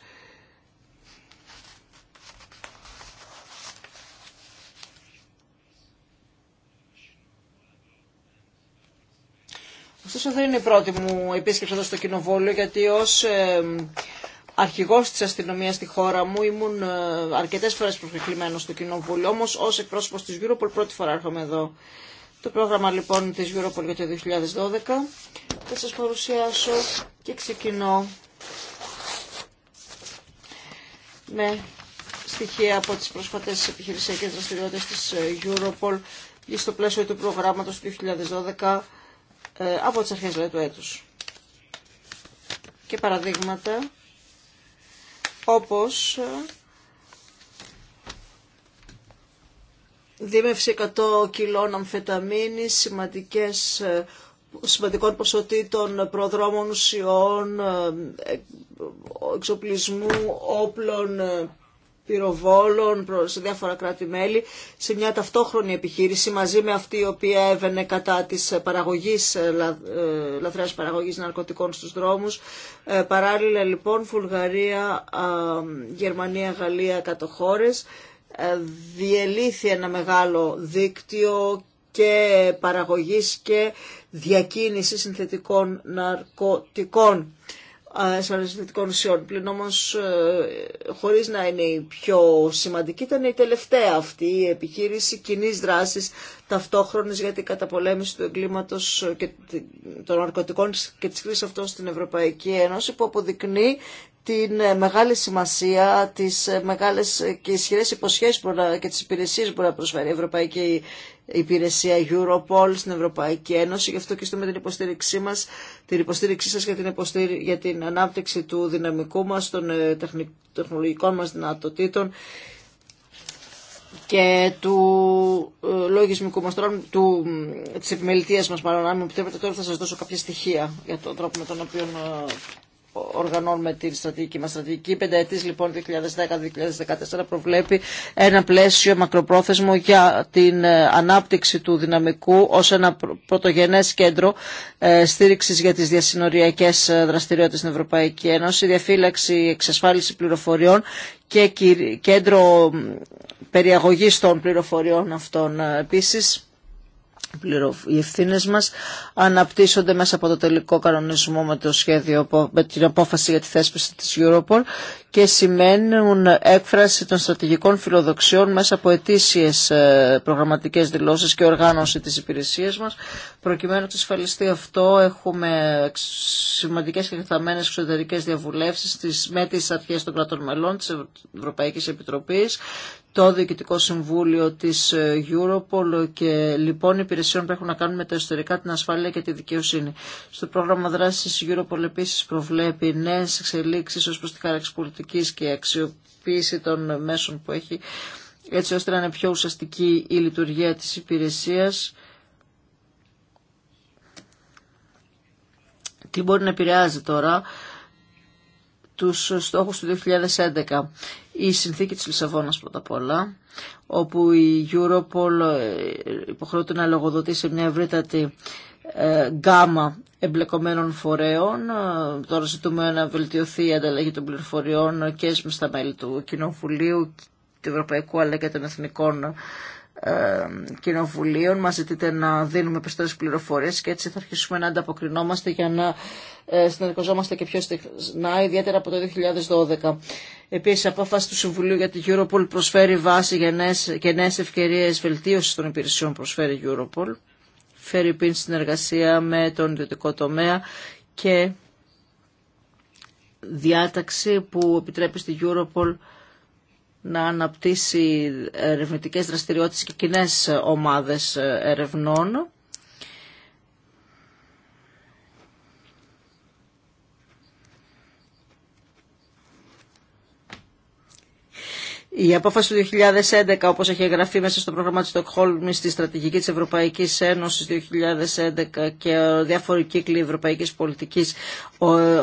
Ωστόσο δεν είναι η πρώτη μου επίσκεψη εδώ στο κοινοβόλιο γιατί ως ε, αρχηγός της αστυνομίας στη χώρα μου, ήμουν ε, αρκετές φορές προσκεκλημένος στο κοινοβούλιο, όμως ως εκπρόσωπος της Europol πρώτη φορά έρχομαι εδώ. Το πρόγραμμα λοιπόν της Europol για το 2012 θα σας παρουσιάσω και ξεκινώ με στοιχεία από τις προσφατές επιχειρησιακές δραστηριότητες της ε, Europol και στο πλαίσιο του προγράμματος του 2012 ε, από τις αρχές δηλαδή, του έτους. Και παραδείγματα όπως ε, δίμευση 100 κιλών αμφεταμίνης, σημαντικές, ε, σημαντικών ποσοτήτων προδρόμων ουσιών, ε, εξοπλισμού, όπλων, πυροβόλων σε διάφορα κράτη-μέλη σε μια ταυτόχρονη επιχείρηση μαζί με αυτή η οποία έβαινε κατά της παραγωγής, ε, ε, λαθρέας παραγωγής ναρκωτικών στους δρόμους. Ε, παράλληλα λοιπόν Βουλγαρία, Γερμανία, Γαλλία, κατοχώρες διελήθη ένα μεγάλο δίκτυο και παραγωγής και διακίνηση συνθετικών ναρκωτικών ασφαλιστικών ουσιών. Πλην όμως ε, χωρίς να είναι η πιο σημαντική ήταν η τελευταία αυτή η επιχείρηση κοινή δράσης ταυτόχρονης για την καταπολέμηση του εγκλήματο και των ναρκωτικών και της κρίσης αυτών στην Ευρωπαϊκή Ένωση που αποδεικνύει την ε, μεγάλη σημασία, τις ε, μεγάλες και ισχυρές υποσχέσεις και τις υπηρεσίες που μπορεί να προσφέρει η Ευρωπαϊκή Υπηρεσία Europol στην Ευρωπαϊκή Ένωση. Γι' αυτό και με την υποστήριξή μας, την υποστήριξή σας για την, υποστήρι... την ανάπτυξη του δυναμικού μας, των ε, τεχνολογικών μας δυνατοτήτων και του λογισμικού μας τώρα, του, της επιμελητίας μας μάλλον, αν μου επιτρέπετε τώρα θα σας δώσω κάποια στοιχεία για τον τρόπο με τον οποίο οργανώνουμε την στρατηγική μας στρατηγική. Η πενταετής λοιπόν 2010-2014 προβλέπει ένα πλαίσιο μακροπρόθεσμο για την ε, ανάπτυξη του δυναμικού ως ένα πρωτογενές κέντρο ε, στήριξης για τις διασυνοριακές ε, δραστηριότητες στην Ευρωπαϊκή Ένωση, διαφύλαξη, εξασφάλιση πληροφοριών και κέντρο περιαγωγής των πληροφοριών αυτών επίσης οι ευθύνε μα, αναπτύσσονται μέσα από το τελικό κανονισμό με, το σχέδιο, με την απόφαση για τη θέσπιση τη Europol και σημαίνουν έκφραση των στρατηγικών φιλοδοξιών μέσα από ετήσιες ε, προγραμματικέ δηλώσει και οργάνωση τη υπηρεσία μα. Προκειμένου να εξασφαλιστεί αυτό έχουμε σημαντικέ και εκτεταμένες εξωτερικέ διαβουλεύσεις με τι αρχέ των κρατών μελών τη Ευρωπαϊκή Επιτροπή το Διοικητικό Συμβούλιο της ε, Europol και λοιπόν υπηρεσιών που έχουν να κάνουν με τα εσωτερικά, την ασφάλεια και τη δικαιοσύνη. Στο πρόγραμμα δράσης Europol επίσης προβλέπει νέες εξελίξεις ως προς τη χάραξη πολιτικής και αξιοποίηση των μέσων που έχει έτσι ώστε να είναι πιο ουσιαστική η λειτουργία της υπηρεσίας τι μπορεί να επηρεάζει τώρα τους στόχους του 2011. Η συνθήκη της Λισαβόνας πρώτα απ' όλα, όπου η Europol ε, υποχρεώται να λογοδοτήσει σε μια ευρύτατη ε, γκάμα εμπλεκομένων φορέων. Ε, τώρα ζητούμε να βελτιωθεί η ανταλλαγή των πληροφοριών και στα μέλη του Κοινοβουλίου, του Ευρωπαϊκού αλλά και των Εθνικών Κοινοβουλίων. Μας ζητείτε να δίνουμε περισσότερες πληροφορίες και έτσι θα αρχίσουμε να ανταποκρινόμαστε για να ε, συνεργαζόμαστε και πιο στεχνά, ιδιαίτερα από το 2012. Επίσης, η απόφαση του Συμβουλίου για την Europol προσφέρει βάση και νέες ευκαιρίες βελτίωσης των υπηρεσιών προσφέρει η Europol. Φέρει πίν συνεργασία με τον ιδιωτικό τομέα και διάταξη που επιτρέπει στη Europol να αναπτύσσει ερευνητικές δραστηριότητες και κοινέ ομάδες ερευνών Η απόφαση του 2011, όπως έχει εγγραφεί μέσα στο πρόγραμμα της Στοκχόλμης, στη στρατηγική της Ευρωπαϊκής Ένωσης 2011 και διάφοροι κύκλοι ευρωπαϊκής πολιτικής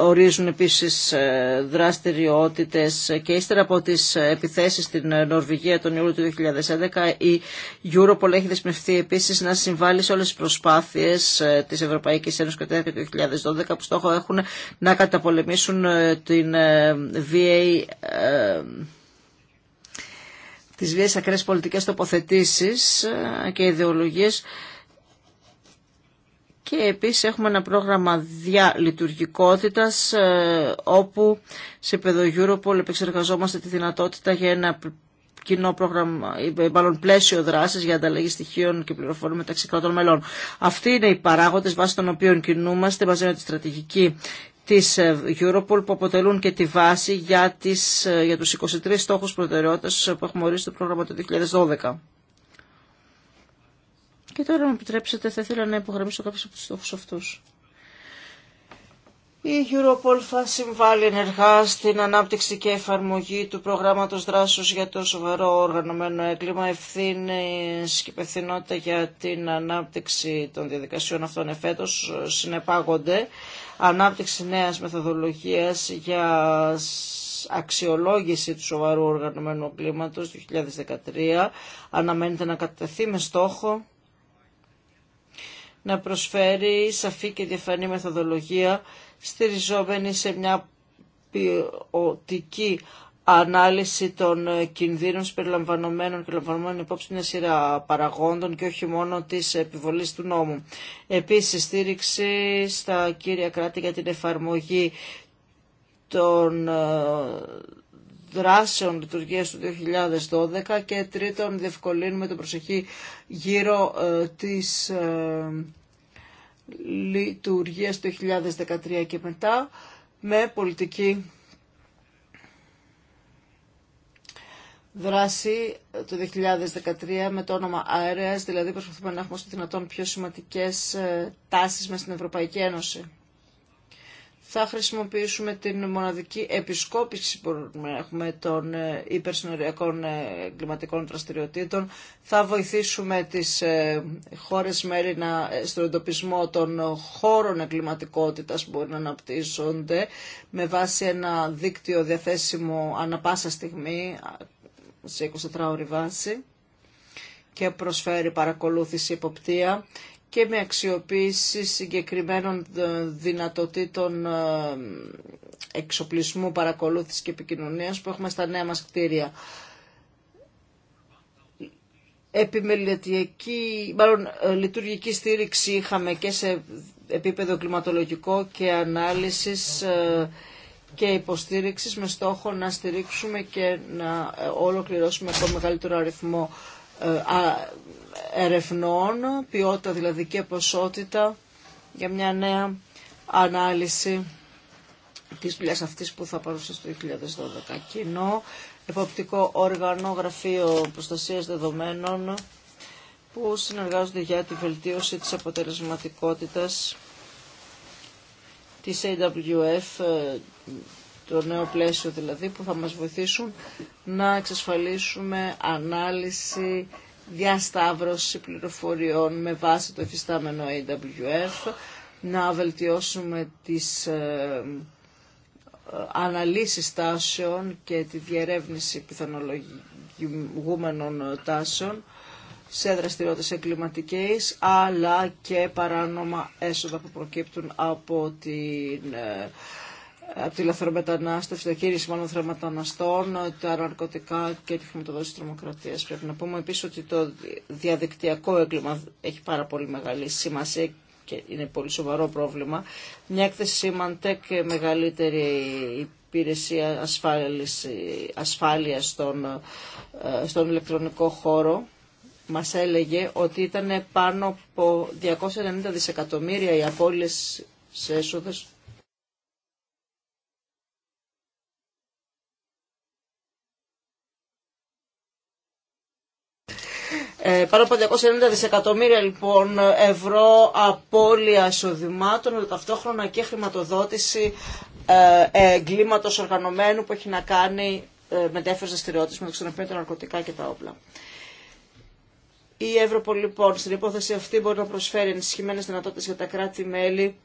ορίζουν επίσης ε, δραστηριότητες και ύστερα από τις επιθέσεις στην Νορβηγία τον Ιούλιο του 2011 η Europol έχει δεσμευτεί επίσης να συμβάλλει σε όλες τις προσπάθειες ε, της Ευρωπαϊκής Ένωσης κατά το 2012 που στόχο έχουν να καταπολεμήσουν ε, την VA τις βίαιες ακραίες πολιτικές τοποθετήσεις ε, και ιδεολογίες και επίσης έχουμε ένα πρόγραμμα διαλειτουργικότητας ε, όπου σε παιδό Europol επεξεργαζόμαστε τη δυνατότητα για ένα κοινό πρόγραμμα, ε, μάλλον πλαίσιο δράση για ανταλλαγή στοιχείων και πληροφοριών μεταξύ κρατών μελών. Αυτοί είναι οι παράγοντε βάσει των οποίων κινούμαστε μαζί με τη στρατηγική της ε, Europol που αποτελούν και τη βάση για, τις, ε, για τους 23 στόχους προτεραιότητας ε, που έχουμε ορίσει το πρόγραμμα το 2012. Και τώρα, αν επιτρέψετε, θα ήθελα να υπογραμμίσω κάποιου από τους στόχους αυτούς. Η Europol θα συμβάλλει ενεργά στην ανάπτυξη και εφαρμογή του προγράμματος δράσεως για το σοβαρό οργανωμένο έγκλημα ευθύνη και υπευθυνότητα για την ανάπτυξη των διαδικασιών αυτών εφέτος συνεπάγονται ανάπτυξη νέας μεθοδολογίας για αξιολόγηση του σοβαρού οργανωμένου κλίματος του 2013 αναμένεται να κατατεθεί με στόχο να προσφέρει σαφή και διαφανή μεθοδολογία Στηριζόμενη σε μια ποιοτική ανάλυση των κινδύνων συμπεριλαμβανομένων και λαμβανομένων υπόψη μια σειρά παραγόντων και όχι μόνο της επιβολής του νόμου. Επίσης, στήριξη στα κύρια κράτη για την εφαρμογή των ε, δράσεων λειτουργίας του 2012 και τρίτον διευκολύνουμε την προσοχή γύρω ε, της ε, λειτουργίας το 2013 και μετά με πολιτική δράση το 2013 με το όνομα ΑΕΡΕΑΣ, δηλαδή προσπαθούμε να έχουμε στο δυνατόν πιο σημαντικές ε, τάσεις μέσα στην Ευρωπαϊκή Ένωση θα χρησιμοποιήσουμε την μοναδική επισκόπηση που έχουμε των ε, υπερσυνοριακών ε, εγκληματικών δραστηριοτήτων. Θα βοηθήσουμε τις ε, χώρες μέρη να, στον εντοπισμό των χώρων εγκληματικότητας που μπορεί να αναπτύσσονται με βάση ένα δίκτυο διαθέσιμο ανα πάσα στιγμή σε 24 ώρη βάση και προσφέρει παρακολούθηση υποπτία και με αξιοποίηση συγκεκριμένων δυνατοτήτων ε, εξοπλισμού παρακολούθησης και επικοινωνίας που έχουμε στα νέα μας κτίρια. μάλλον ε, λειτουργική στήριξη είχαμε και σε επίπεδο κλιματολογικό και ανάλυσης ε, και υποστήριξης με στόχο να στηρίξουμε και να ολοκληρώσουμε ακόμη μεγαλύτερο αριθμό ερευνών, ποιότητα δηλαδή και ποσότητα για μια νέα ανάλυση της δουλειάς αυτής που θα παρουσιάσει το 2012. Κοινό, εποπτικό όργανο, γραφείο προστασίας δεδομένων που συνεργάζονται για τη βελτίωση της αποτελεσματικότητας της AWF, ε, το νέο πλαίσιο δηλαδή, που θα μας βοηθήσουν να εξασφαλίσουμε ανάλυση διασταύρωση πληροφοριών με βάση το εφιστάμενο AWF, να βελτιώσουμε τις ε, αναλύσεις τάσεων και τη διερεύνηση πιθανολογούμενων τάσεων σε δραστηριότητες εγκληματικές αλλά και παράνομα έσοδα που προκύπτουν από την ε, από τη λαθρομετανάστευση, το χείρισμα των θρομεταναστών, τα ναρκωτικά και τη χρηματοδότηση τη τρομοκρατία. Πρέπει να πούμε επίση ότι το διαδικτυακό έγκλημα έχει πάρα πολύ μεγάλη σημασία και είναι πολύ σοβαρό πρόβλημα. Μια έκθεση και μεγαλύτερη υπηρεσία ασφάλειας, στον, ε, στον ηλεκτρονικό χώρο μας έλεγε ότι ήταν πάνω από 290 δισεκατομμύρια οι απώλειες σε έσοδες Ε, πάνω από 290 δισεκατομμύρια λοιπόν ευρώ απώλεια εισοδημάτων, αλλά ταυτόχρονα και χρηματοδότηση ε, εγκλήματος οργανωμένου που έχει να κάνει ε, με το δραστηριότητες, μεταξύ των ναρκωτικά και τα όπλα. Η Εύρωπολ λοιπόν στην υπόθεση αυτή μπορεί να προσφέρει ενισχυμένε δυνατότητε για τα κράτη-μέλη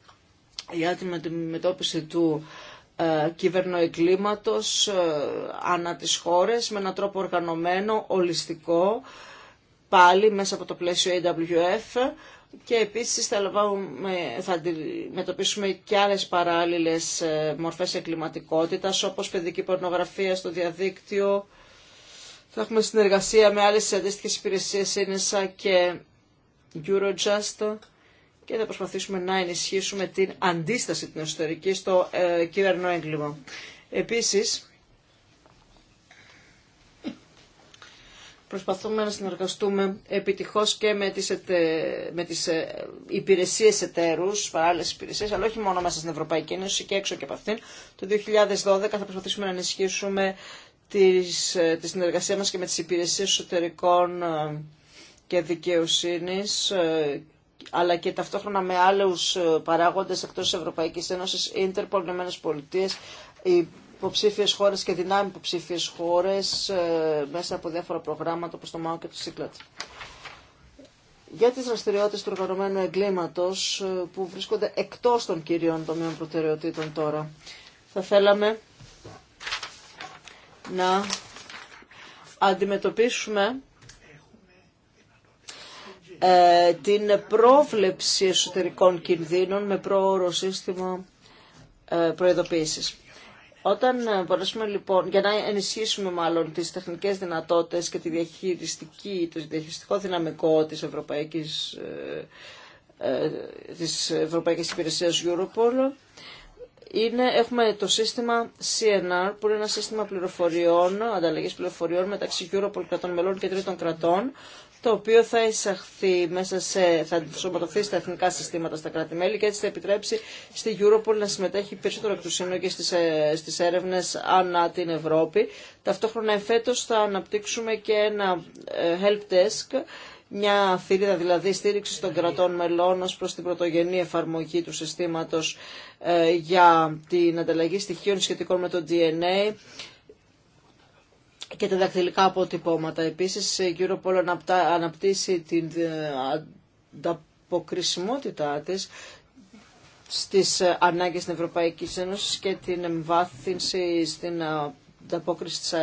για την αντιμετώπιση του ε, ε ανά τι χώρε με έναν τρόπο οργανωμένο, ολιστικό, πάλι μέσα από το πλαίσιο AWF και επίσης θα, θα αντιμετωπίσουμε και άλλες παράλληλες ε, μορφές εγκληματικότητας όπως παιδική πορνογραφία στο διαδίκτυο. Θα έχουμε συνεργασία με άλλες αντίστοιχες υπηρεσίες ΕΝΕΣΑ και Eurojust και θα προσπαθήσουμε να ενισχύσουμε την αντίσταση την εσωτερική στο ε, κυβερνό έγκλημα. Επίσης, Προσπαθούμε να συνεργαστούμε επιτυχώς και με τις, ετε... με τις ε, υπηρεσίες εταίρους, παράλληλες υπηρεσίες, αλλά όχι μόνο μέσα στην Ευρωπαϊκή Ένωση και έξω και από αυτήν. Το 2012 θα προσπαθήσουμε να ενισχύσουμε τις... Ε, τη συνεργασία μας και με τις υπηρεσίες εσωτερικών ε, και δικαιοσύνης αλλά και ταυτόχρονα με άλλους παράγοντες εκτός της Ευρωπαϊκής Ένωσης, Ιντερπολ, Ηνωμένες Πολιτείες, υποψήφιε χώρες και δυνάμει υποψήφιες χώρες ε, μέσα από διάφορα προγράμματα όπω το ΜΑΟ και το ΣΥΚΛΑΤ. Για τις δραστηριότητε του οργανωμένου εγκλήματος ε, που βρίσκονται εκτό των κυρίων τομείων προτεραιοτήτων τώρα θα θέλαμε να αντιμετωπίσουμε ε, την πρόβλεψη εσωτερικών κινδύνων με πρόωρο σύστημα προειδοποίησης. Όταν ε, μπορέσουμε λοιπόν, για να ενισχύσουμε μάλλον τις τεχνικές δυνατότητες και τη διαχειριστική, το διαχειριστικό δυναμικό της Ευρωπαϊκής, ε, ε της Ευρωπαϊκής Υπηρεσίας Europol, είναι, έχουμε το σύστημα CNR, που είναι ένα σύστημα πληροφοριών, ανταλλαγής πληροφοριών μεταξύ Europol κρατών μελών και τρίτων κρατών, το οποίο θα εισαχθεί μέσα σε, θα ενσωματωθεί στα εθνικά συστήματα στα κράτη-μέλη και έτσι θα επιτρέψει στη Europol να συμμετέχει περισσότερο εκ του σύνολου και στις, ε, στις έρευνες ανά την Ευρώπη. Ταυτόχρονα εφέτος θα αναπτύξουμε και ένα ε, help desk, μια θηρίδα δηλαδή στήριξη των κρατών μελών ως προς την πρωτογενή εφαρμογή του συστήματος ε, για την ανταλλαγή στοιχείων σχετικών με το DNA και τα δακτυλικά αποτυπώματα. Επίσης, η Europol αναπτύσσει την ε, ανταποκρισιμότητά της στις ε, ανάγκες της Ευρωπαϊκής Ένωσης και την εμβάθυνση στην ε, ανταπόκριση της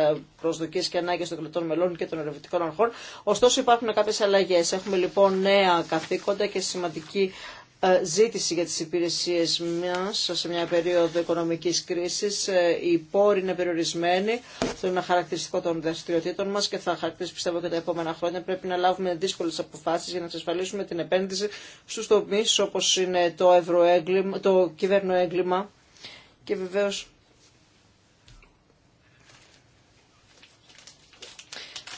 προσδοκίας και ανάγκες των κρατών μελών και των ερευνητικών αρχών. Ωστόσο, υπάρχουν κάποιε αλλαγέ. Έχουμε λοιπόν νέα καθήκοντα και σημαντική ε, ζήτηση για τις υπηρεσίες μας σε μια περίοδο οικονομικής κρίσης. Ε, οι πόροι είναι περιορισμένοι, αυτό είναι ένα χαρακτηριστικό των δραστηριοτήτων μας και θα χαρακτηρίσει πιστεύω και τα επόμενα χρόνια. Πρέπει να λάβουμε δύσκολες αποφάσεις για να εξασφαλίσουμε την επένδυση στους τομείς όπως είναι το, το κυβέρνο έγκλημα και βεβαίως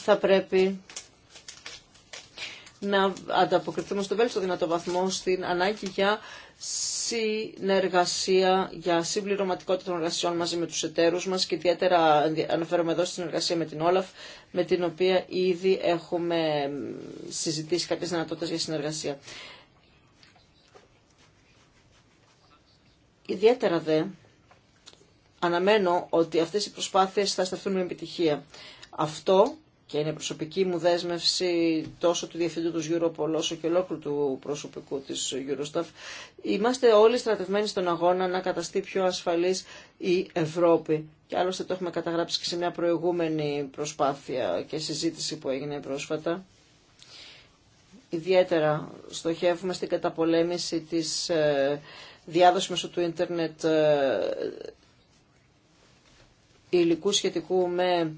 θα πρέπει να ανταποκριθούμε στο βέλτιστο δυνατό βαθμό στην ανάγκη για συνεργασία, για συμπληρωματικότητα των εργασιών μαζί με τους εταίρους μας και ιδιαίτερα αναφέρομαι εδώ στη συνεργασία με την Όλαφ, με την οποία ήδη έχουμε συζητήσει κάποιες δυνατότητες για συνεργασία. Ιδιαίτερα δε, αναμένω ότι αυτές οι προσπάθειες θα σταθούν με επιτυχία. Αυτό και είναι προσωπική μου δέσμευση τόσο του διευθυντού του Europol όσο και ολόκληρου του προσωπικού της Eurostat. Είμαστε όλοι στρατευμένοι στον αγώνα να καταστεί πιο ασφαλής η Ευρώπη. Και άλλωστε το έχουμε καταγράψει και σε μια προηγούμενη προσπάθεια και συζήτηση που έγινε πρόσφατα. Ιδιαίτερα στοχεύουμε στην καταπολέμηση της ε, διάδοση μέσω του ίντερνετ ε, υλικού σχετικού με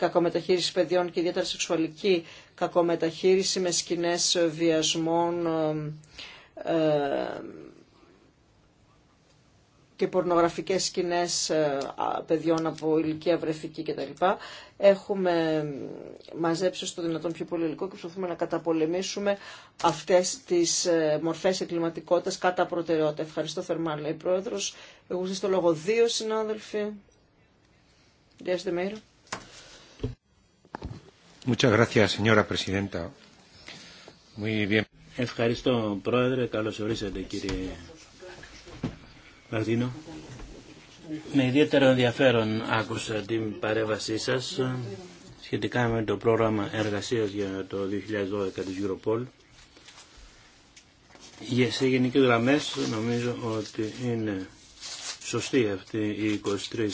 κακομεταχείριση παιδιών και ιδιαίτερα σεξουαλική κακομεταχείριση με σκηνές βιασμών ε, ε, και πορνογραφικές σκηνές ε, παιδιών από ηλικία βρεφική κτλ. Έχουμε μαζέψει στο δυνατόν πιο πολύ υλικό και προσπαθούμε να καταπολεμήσουμε αυτές τις μορφές εγκληματικότητας κατά προτεραιότητα. Ευχαριστώ θερμά, λέει η Πρόεδρος. Εγώ σας το λόγο δύο συνάδελφοι. Γεια σας, Ευχαριστώ, Πρόεδρε. Καλώς ορίσατε, κύριε Βαρδίνο. Με ιδιαίτερο ενδιαφέρον άκουσα την παρέβασή σας σχετικά με το πρόγραμμα εργασίας για το 2012 της Europol. Για σε γενικές γραμμές νομίζω ότι είναι σωστή αυτή η 23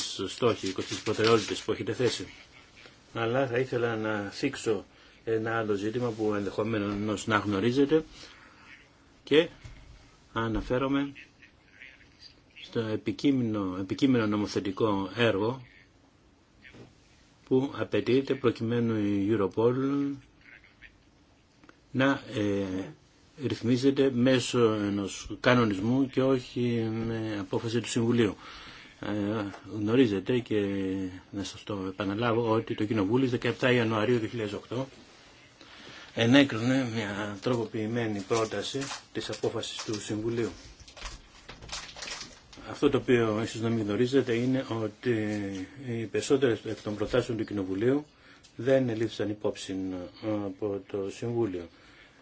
οι 23 προτεραιότητες που έχετε θέσει αλλά θα ήθελα να θίξω ένα άλλο ζήτημα που ενδεχομένως να γνωρίζετε και αναφέρομαι στο επικείμενο, επικείμενο νομοθετικό έργο που απαιτείται προκειμένου η Europol να ε, ρυθμίζεται μέσω ενός κανονισμού και όχι με απόφαση του Συμβουλίου. Ε, γνωρίζετε και να σας το επαναλάβω ότι το Κοινοβούλιο 17 Ιανουαρίου 2008 ενέκρινε μια τροποποιημένη πρόταση της απόφασης του Συμβουλίου. Αυτό το οποίο ίσως να μην γνωρίζετε είναι ότι οι περισσότερες εκ των προτάσεων του Κοινοβουλίου δεν λήφθησαν υπόψη από το Συμβούλιο.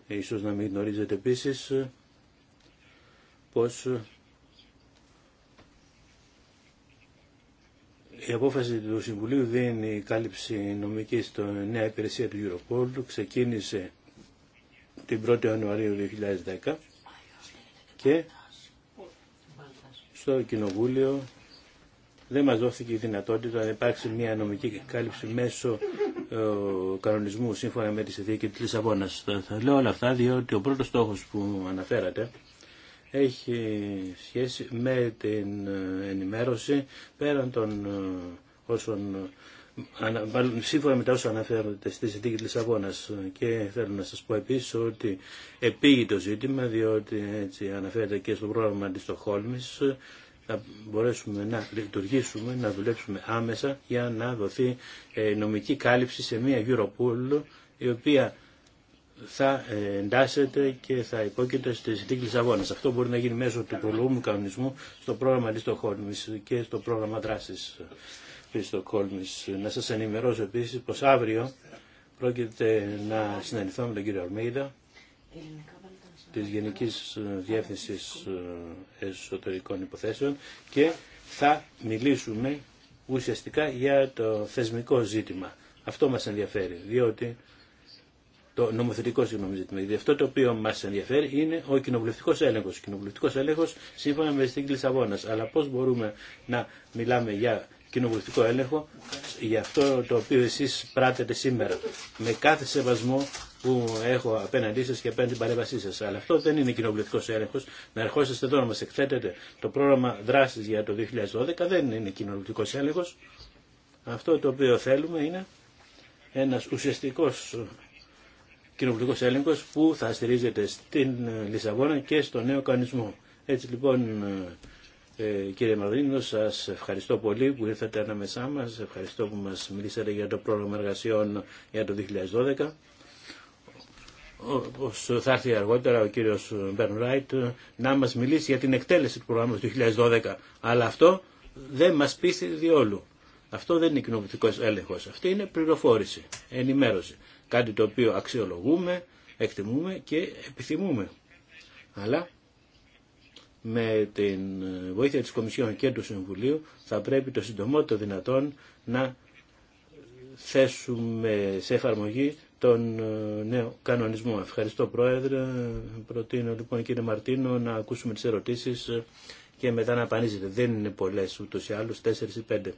Ίσως να μην γνωρίζετε επίσης πως Η απόφαση του Συμβουλίου δίνει κάλυψη νομική στη νέα υπηρεσία του Europol. Ξεκίνησε την 1η Ιανουαρίου 2010 και στο Κοινοβούλιο δεν μας δόθηκε η δυνατότητα να υπάρξει μια νομική κάλυψη μέσω ε, κανονισμού σύμφωνα με τη συνθήκη της Λισαβόνας. Θα λέω όλα αυτά διότι ο πρώτος στόχος που αναφέρατε έχει σχέση με την ε, ενημέρωση πέραν των ε, όσων ε, σύμφωνα με τα όσα αναφέρονται στη συνθήκη της Λισαβόνας και θέλω να σας πω επίσης ότι επήγει το ζήτημα διότι έτσι αναφέρεται και στο πρόγραμμα της Στοχόλμης να μπορέσουμε να λειτουργήσουμε, να δουλέψουμε άμεσα για να δοθεί νομική κάλυψη σε μια Europool η οποία θα ε, εντάσσεται και θα υπόκειται στη συνθήκη Λισαβόνα. Αυτό μπορεί να γίνει μέσω του προλογούμου κανονισμού στο πρόγραμμα τη και στο πρόγραμμα δράση τη Να σα ενημερώσω επίση πω αύριο πρόκειται να συναντηθώ με τον κύριο Αρμίδα τη Γενική Διεύθυνση ε, Εσωτερικών Υποθέσεων και θα μιλήσουμε ουσιαστικά για το θεσμικό ζήτημα. Αυτό μας ενδιαφέρει, διότι το νομοθετικό συγγνώμη ζήτημα. αυτό το οποίο μα ενδιαφέρει είναι ο κοινοβουλευτικό έλεγχο. Ο κοινοβουλευτικό έλεγχο σύμφωνα με τη συνθήκη Αλλά πώ μπορούμε να μιλάμε για κοινοβουλευτικό έλεγχο για αυτό το οποίο εσεί πράτετε σήμερα. Με κάθε σεβασμό που έχω απέναντί σα και απέναντι την παρέμβασή σα. Αλλά αυτό δεν είναι κοινοβουλευτικό έλεγχο. Να ερχόσαστε εδώ να μα εκθέτετε το πρόγραμμα δράση για το 2012 δεν είναι κοινοβουλευτικό έλεγχο. Αυτό το οποίο θέλουμε είναι ένας ουσιαστικός κοινοβουλικός έλεγχος που θα στηρίζεται στην ε, Λισαβόνα και στο νέο κανονισμό. Έτσι λοιπόν ε, ε, κύριε Μαρδίνο, σας ευχαριστώ πολύ που ήρθατε ανάμεσά μας, ευχαριστώ που μας μιλήσατε για το πρόγραμμα εργασιών για το 2012. Ως θα έρθει αργότερα ο κύριος Μπέρν Ράιτ να μας μιλήσει για την εκτέλεση του προγράμματος του 2012. Αλλά αυτό δεν μας πείθει διόλου. Αυτό δεν είναι κοινοβουλικός έλεγχος. Αυτή είναι πληροφόρηση, ενημέρωση. Κάτι το οποίο αξιολογούμε, εκτιμούμε και επιθυμούμε. Αλλά με την βοήθεια της Κομισιόν και του Συμβουλίου θα πρέπει το συντομότερο δυνατόν να θέσουμε σε εφαρμογή τον ε, νέο κανονισμό. Ευχαριστώ Πρόεδρε. Προτείνω λοιπόν κύριε Μαρτίνο να ακούσουμε τις ερωτήσεις ε, και μετά να απαντήσετε. Δεν είναι πολλές ούτως ή άλλως, τέσσερις ή πέντε.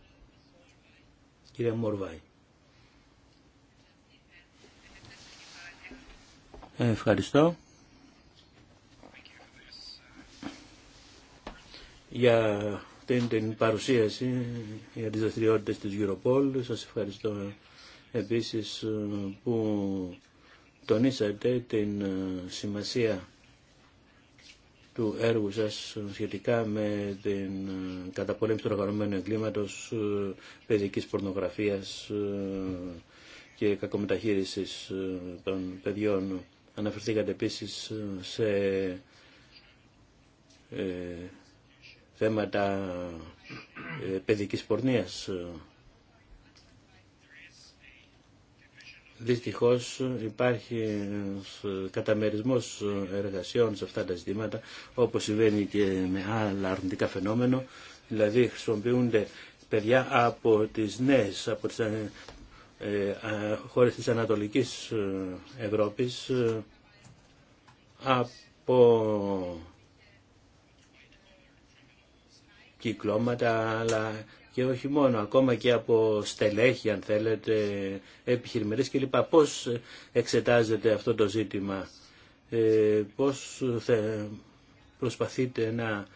Κυρία Μορβάη. Ευχαριστώ. Για την, την παρουσίαση για τις δραστηριότητε της Europol. Σας ευχαριστώ επίσης που τονίσατε την σημασία του έργου σας σχετικά με την καταπολέμηση του οργανωμένου εγκλήματος, παιδικής πορνογραφίας και κακομεταχείρισης των παιδιών. Αναφερθήκατε επίσης ε, σε ε, θέματα ε, παιδικής πορνείας. Δυστυχώς υπάρχει καταμερισμός εργασιών σε αυτά τα ζητήματα, όπως συμβαίνει και με άλλα αρνητικά φαινόμενα. δηλαδή χρησιμοποιούνται παιδιά από τις νέες, από τις ε, χώρες της Ανατολικής ε, Ευρώπης ε, από κυκλώματα αλλά και όχι μόνο, ακόμα και από στελέχη αν θέλετε, επιχειρημερίες κλπ. Πώς εξετάζετε αυτό το ζήτημα, πώς προσπαθείτε να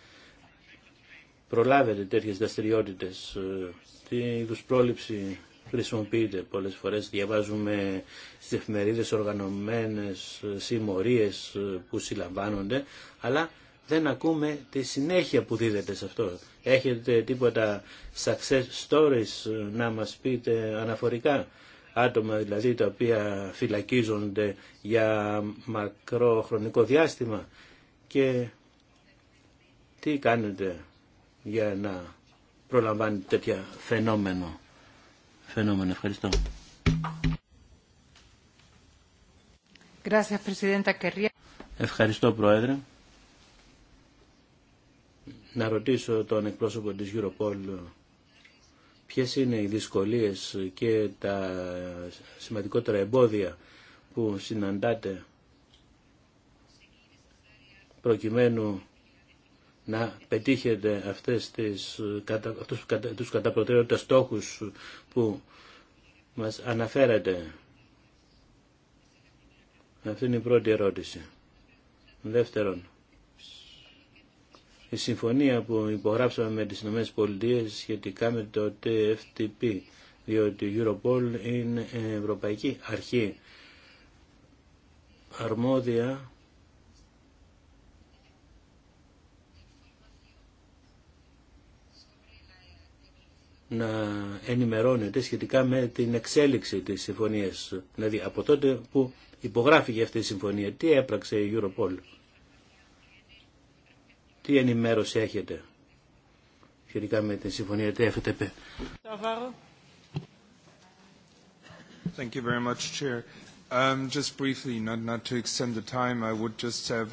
προλάβετε τέτοιες δραστηριότητες, τι είδους πρόληψη χρησιμοποιείται πολλές φορές. Διαβάζουμε στις εφημερίδες οργανωμένες συμμορίες που συλλαμβάνονται, αλλά δεν ακούμε τη συνέχεια που δίδεται σε αυτό. Έχετε τίποτα success stories να μας πείτε αναφορικά. Άτομα δηλαδή τα οποία φυλακίζονται για μακρό χρονικό διάστημα και τι κάνετε για να προλαμβάνετε τέτοια φαινόμενο. Ευχαριστώ. Ευχαριστώ, Πρόεδρε. Να ρωτήσω τον εκπρόσωπο της Europol ποιες είναι οι δυσκολίες και τα σημαντικότερα εμπόδια που συναντάτε προκειμένου να πετύχετε αυτές τις, αυτούς τους κατά στόχους που μας αναφέρατε. Αυτή είναι η πρώτη ερώτηση. Δεύτερον, η συμφωνία που υπογράψαμε με τις ΗΠΑ Πολιτείες σχετικά με το TFTP, διότι η Europol είναι ευρωπαϊκή αρχή αρμόδια να ενημερώνεται σχετικά με την εξέλιξη της συμφωνίας. Δηλαδή από τότε που υπογράφηκε αυτή η συμφωνία, τι έπραξε η Europol, τι ενημέρωση έχετε σχετικά με την συμφωνία TFTP. Thank you very much, Chair. Um, just briefly, not, not to extend the time, I would just have...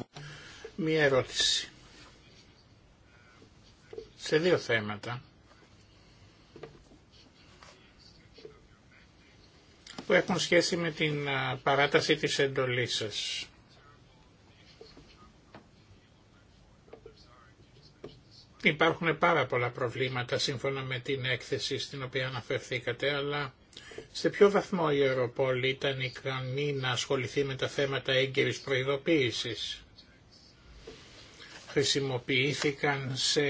Μία ερώτηση. Σε δύο θέματα. που έχουν σχέση με την παράταση της εντολής σας. Υπάρχουν πάρα πολλά προβλήματα σύμφωνα με την έκθεση στην οποία αναφερθήκατε, αλλά σε ποιο βαθμό η Ευρωπόλη ήταν ικανή να ασχοληθεί με τα θέματα έγκαιρης προειδοποίησης. Χρησιμοποιήθηκαν σε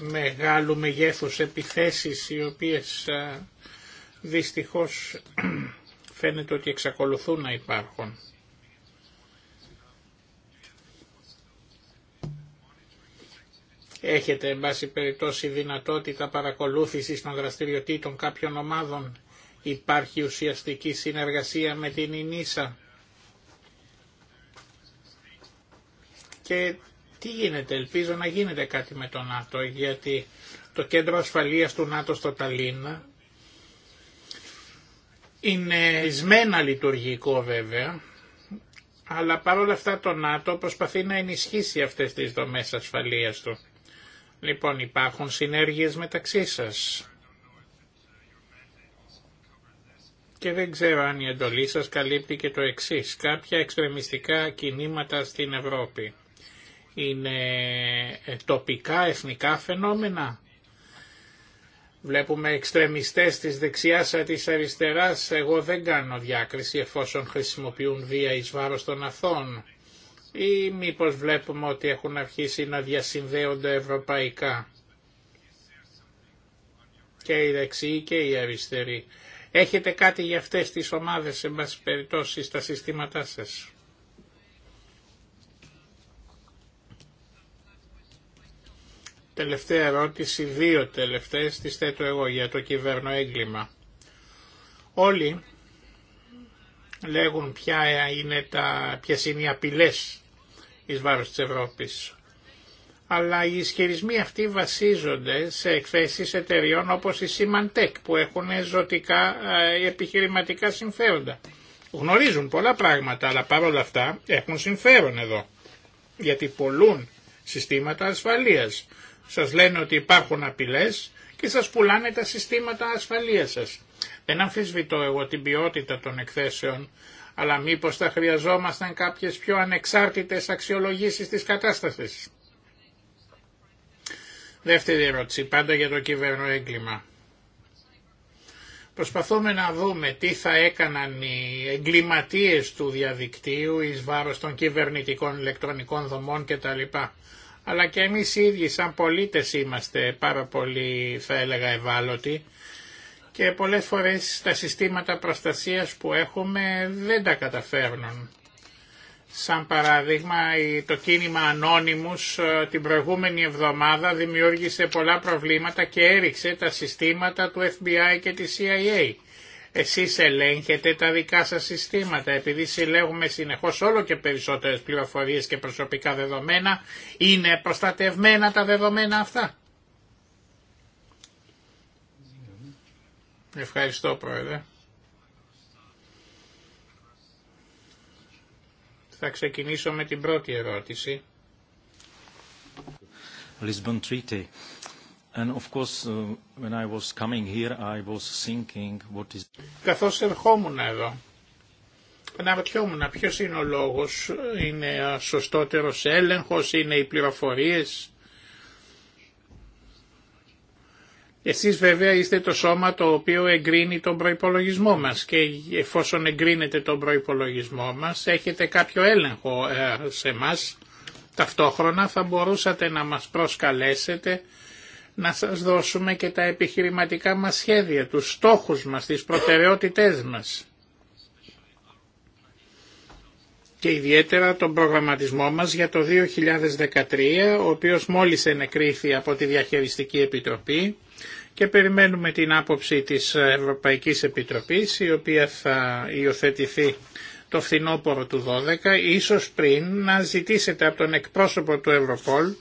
μεγάλου μεγέθους επιθέσεις οι οποίες δυστυχώς φαίνεται ότι εξακολουθούν να υπάρχουν. Έχετε, εν πάση περιπτώσει, δυνατότητα παρακολούθησης των δραστηριοτήτων κάποιων ομάδων. Υπάρχει ουσιαστική συνεργασία με την Ινίσα. Και τι γίνεται, ελπίζω να γίνεται κάτι με το ΝΑΤΟ, γιατί το κέντρο ασφαλείας του ΝΑΤΟ στο Ταλίνα είναι εισμένα λειτουργικό βέβαια, αλλά παρόλα αυτά το ΝΑΤΟ προσπαθεί να ενισχύσει αυτές τις δομές ασφαλείας του. Λοιπόν υπάρχουν συνέργειες μεταξύ σας. Και δεν ξέρω αν η εντολή σας καλύπτει και το εξής. Κάποια εξτρεμιστικά κινήματα στην Ευρώπη. Είναι τοπικά, εθνικά φαινόμενα Βλέπουμε εξτρεμιστές της δεξιάς της αριστεράς, εγώ δεν κάνω διάκριση εφόσον χρησιμοποιούν βία εις βάρος των αθών. Ή μήπως βλέπουμε ότι έχουν αρχίσει να διασυνδέονται ευρωπαϊκά. Και οι δεξιοί και οι αριστεροί. Έχετε κάτι για αυτές τις ομάδες, σε πάση περιπτώσει, στα συστήματά σας. τελευταία ερώτηση, δύο τελευταίες τις θέτω εγώ για το κυβέρνο έγκλημα. Όλοι λέγουν ποια είναι τα, ποιες είναι οι απειλές εις βάρος της Ευρώπης. Αλλά οι ισχυρισμοί αυτοί βασίζονται σε εκθέσεις εταιριών όπως η Symantec που έχουν ζωτικά ε, επιχειρηματικά συμφέροντα. Γνωρίζουν πολλά πράγματα αλλά παρόλα αυτά έχουν συμφέρον εδώ γιατί πολλούν συστήματα ασφαλείας σας λένε ότι υπάρχουν απειλές και σας πουλάνε τα συστήματα ασφαλείας σας. Δεν αμφισβητώ εγώ την ποιότητα των εκθέσεων, αλλά μήπως θα χρειαζόμασταν κάποιες πιο ανεξάρτητες αξιολογήσεις της κατάστασης. Δεύτερη ερώτηση, πάντα για το κυβερνοέγκλημα. Προσπαθούμε να δούμε τι θα έκαναν οι εγκληματίες του διαδικτύου εις βάρος των κυβερνητικών ηλεκτρονικών δομών κτλ αλλά και εμείς οι ίδιοι σαν πολίτες είμαστε πάρα πολύ θα έλεγα ευάλωτοι και πολλές φορές τα συστήματα προστασίας που έχουμε δεν τα καταφέρνουν. Σαν παράδειγμα το κίνημα ανώνυμους ε, την προηγούμενη εβδομάδα δημιούργησε πολλά προβλήματα και έριξε τα συστήματα του FBI και της CIA. Εσείς ελέγχετε τα δικά σας συστήματα, επειδή συλλέγουμε συνεχώς όλο και περισσότερες πληροφορίες και προσωπικά δεδομένα, είναι προστατευμένα τα δεδομένα αυτά. Ευχαριστώ Πρόεδρε. Θα ξεκινήσω με την πρώτη ερώτηση. Lisbon Treaty. Καθώς ερχόμουν εδώ, αναρωτιόμουν ποιος είναι ο λόγος, είναι σωστότερος έλεγχος, είναι οι πληροφορίες. Εσείς βέβαια είστε το σώμα το οποίο εγκρίνει τον προϋπολογισμό μας και εφόσον εγκρίνετε τον προϋπολογισμό μας έχετε κάποιο έλεγχο ε, σε μας. Ταυτόχρονα θα μπορούσατε να μας προσκαλέσετε να σας δώσουμε και τα επιχειρηματικά μας σχέδια, τους στόχους μας, τις προτεραιότητές μας. Και ιδιαίτερα τον προγραμματισμό μας για το 2013, ο οποίος μόλις ενεκρίθη από τη Διαχειριστική Επιτροπή και περιμένουμε την άποψη της Ευρωπαϊκής Επιτροπής, η οποία θα υιοθετηθεί το φθινόπωρο του 12, ίσως πριν να ζητήσετε από τον εκπρόσωπο του Ευρωπόλ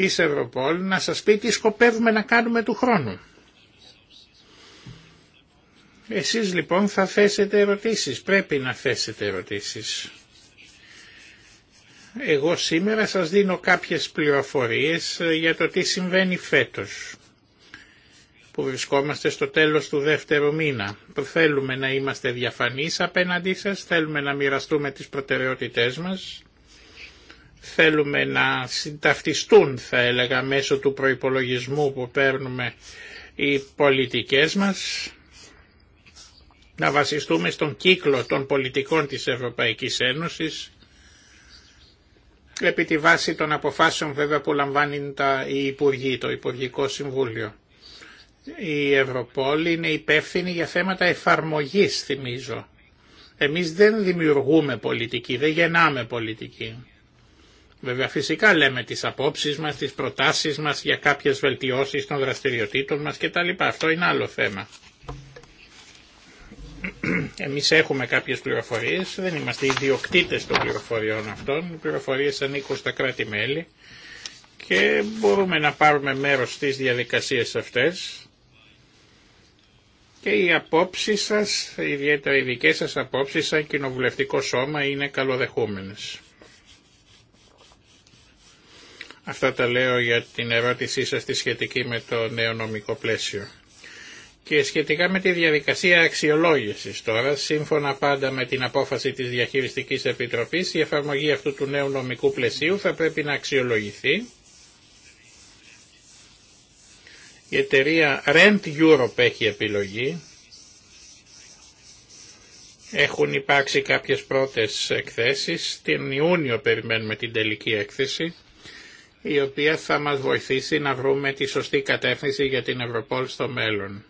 της Ευρωπόλ να σας πει τι σκοπεύουμε να κάνουμε του χρόνου. Εσείς λοιπόν θα θέσετε ερωτήσεις, πρέπει να θέσετε ερωτήσεις. Εγώ σήμερα σας δίνω κάποιες πληροφορίες ε, για το τι συμβαίνει φέτος που βρισκόμαστε στο τέλος του δεύτερου μήνα. Θέλουμε να είμαστε διαφανείς απέναντί σας, θέλουμε να μοιραστούμε τις προτεραιότητές μας θέλουμε να συνταυτιστούν θα έλεγα μέσω του προϋπολογισμού που παίρνουμε οι πολιτικές μας, να βασιστούμε στον κύκλο των πολιτικών της Ευρωπαϊκής Ένωσης, επί τη βάση των αποφάσεων βέβαια που λαμβάνει τα, οι το Υπουργικό Συμβούλιο. Η Ευρωπόλη είναι υπεύθυνη για θέματα εφαρμογής, θυμίζω. Εμείς δεν δημιουργούμε πολιτική, δεν γεννάμε πολιτική. Βέβαια φυσικά λέμε τις απόψεις μας, τις προτάσεις μας για κάποιες βελτιώσεις των δραστηριοτήτων μας κτλ. Αυτό είναι άλλο θέμα. Εμείς έχουμε κάποιες πληροφορίες, δεν είμαστε ιδιοκτήτες των πληροφοριών αυτών. Οι πληροφορίες ανήκουν στα κράτη-μέλη και μπορούμε να πάρουμε μέρος στις διαδικασίες αυτές. Και οι απόψει σας, ιδιαίτερα οι δικές σας απόψεις σαν κοινοβουλευτικό σώμα είναι καλοδεχούμενες. Αυτά τα λέω για την ερώτησή σας τη σχετική με το νέο νομικό πλαίσιο. Και σχετικά με τη διαδικασία αξιολόγησης τώρα, σύμφωνα πάντα με την απόφαση της Διαχειριστικής Επιτροπής, η εφαρμογή αυτού του νέου νομικού πλαισίου θα πρέπει να αξιολογηθεί. Η εταιρεία Rent Europe έχει επιλογή. Έχουν υπάρξει κάποιες πρώτες εκθέσεις. Την Ιούνιο περιμένουμε την τελική έκθεση η οποία θα μας βοηθήσει να βρούμε τη σωστή κατεύθυνση για την Ευρωπόλ στο μέλλον.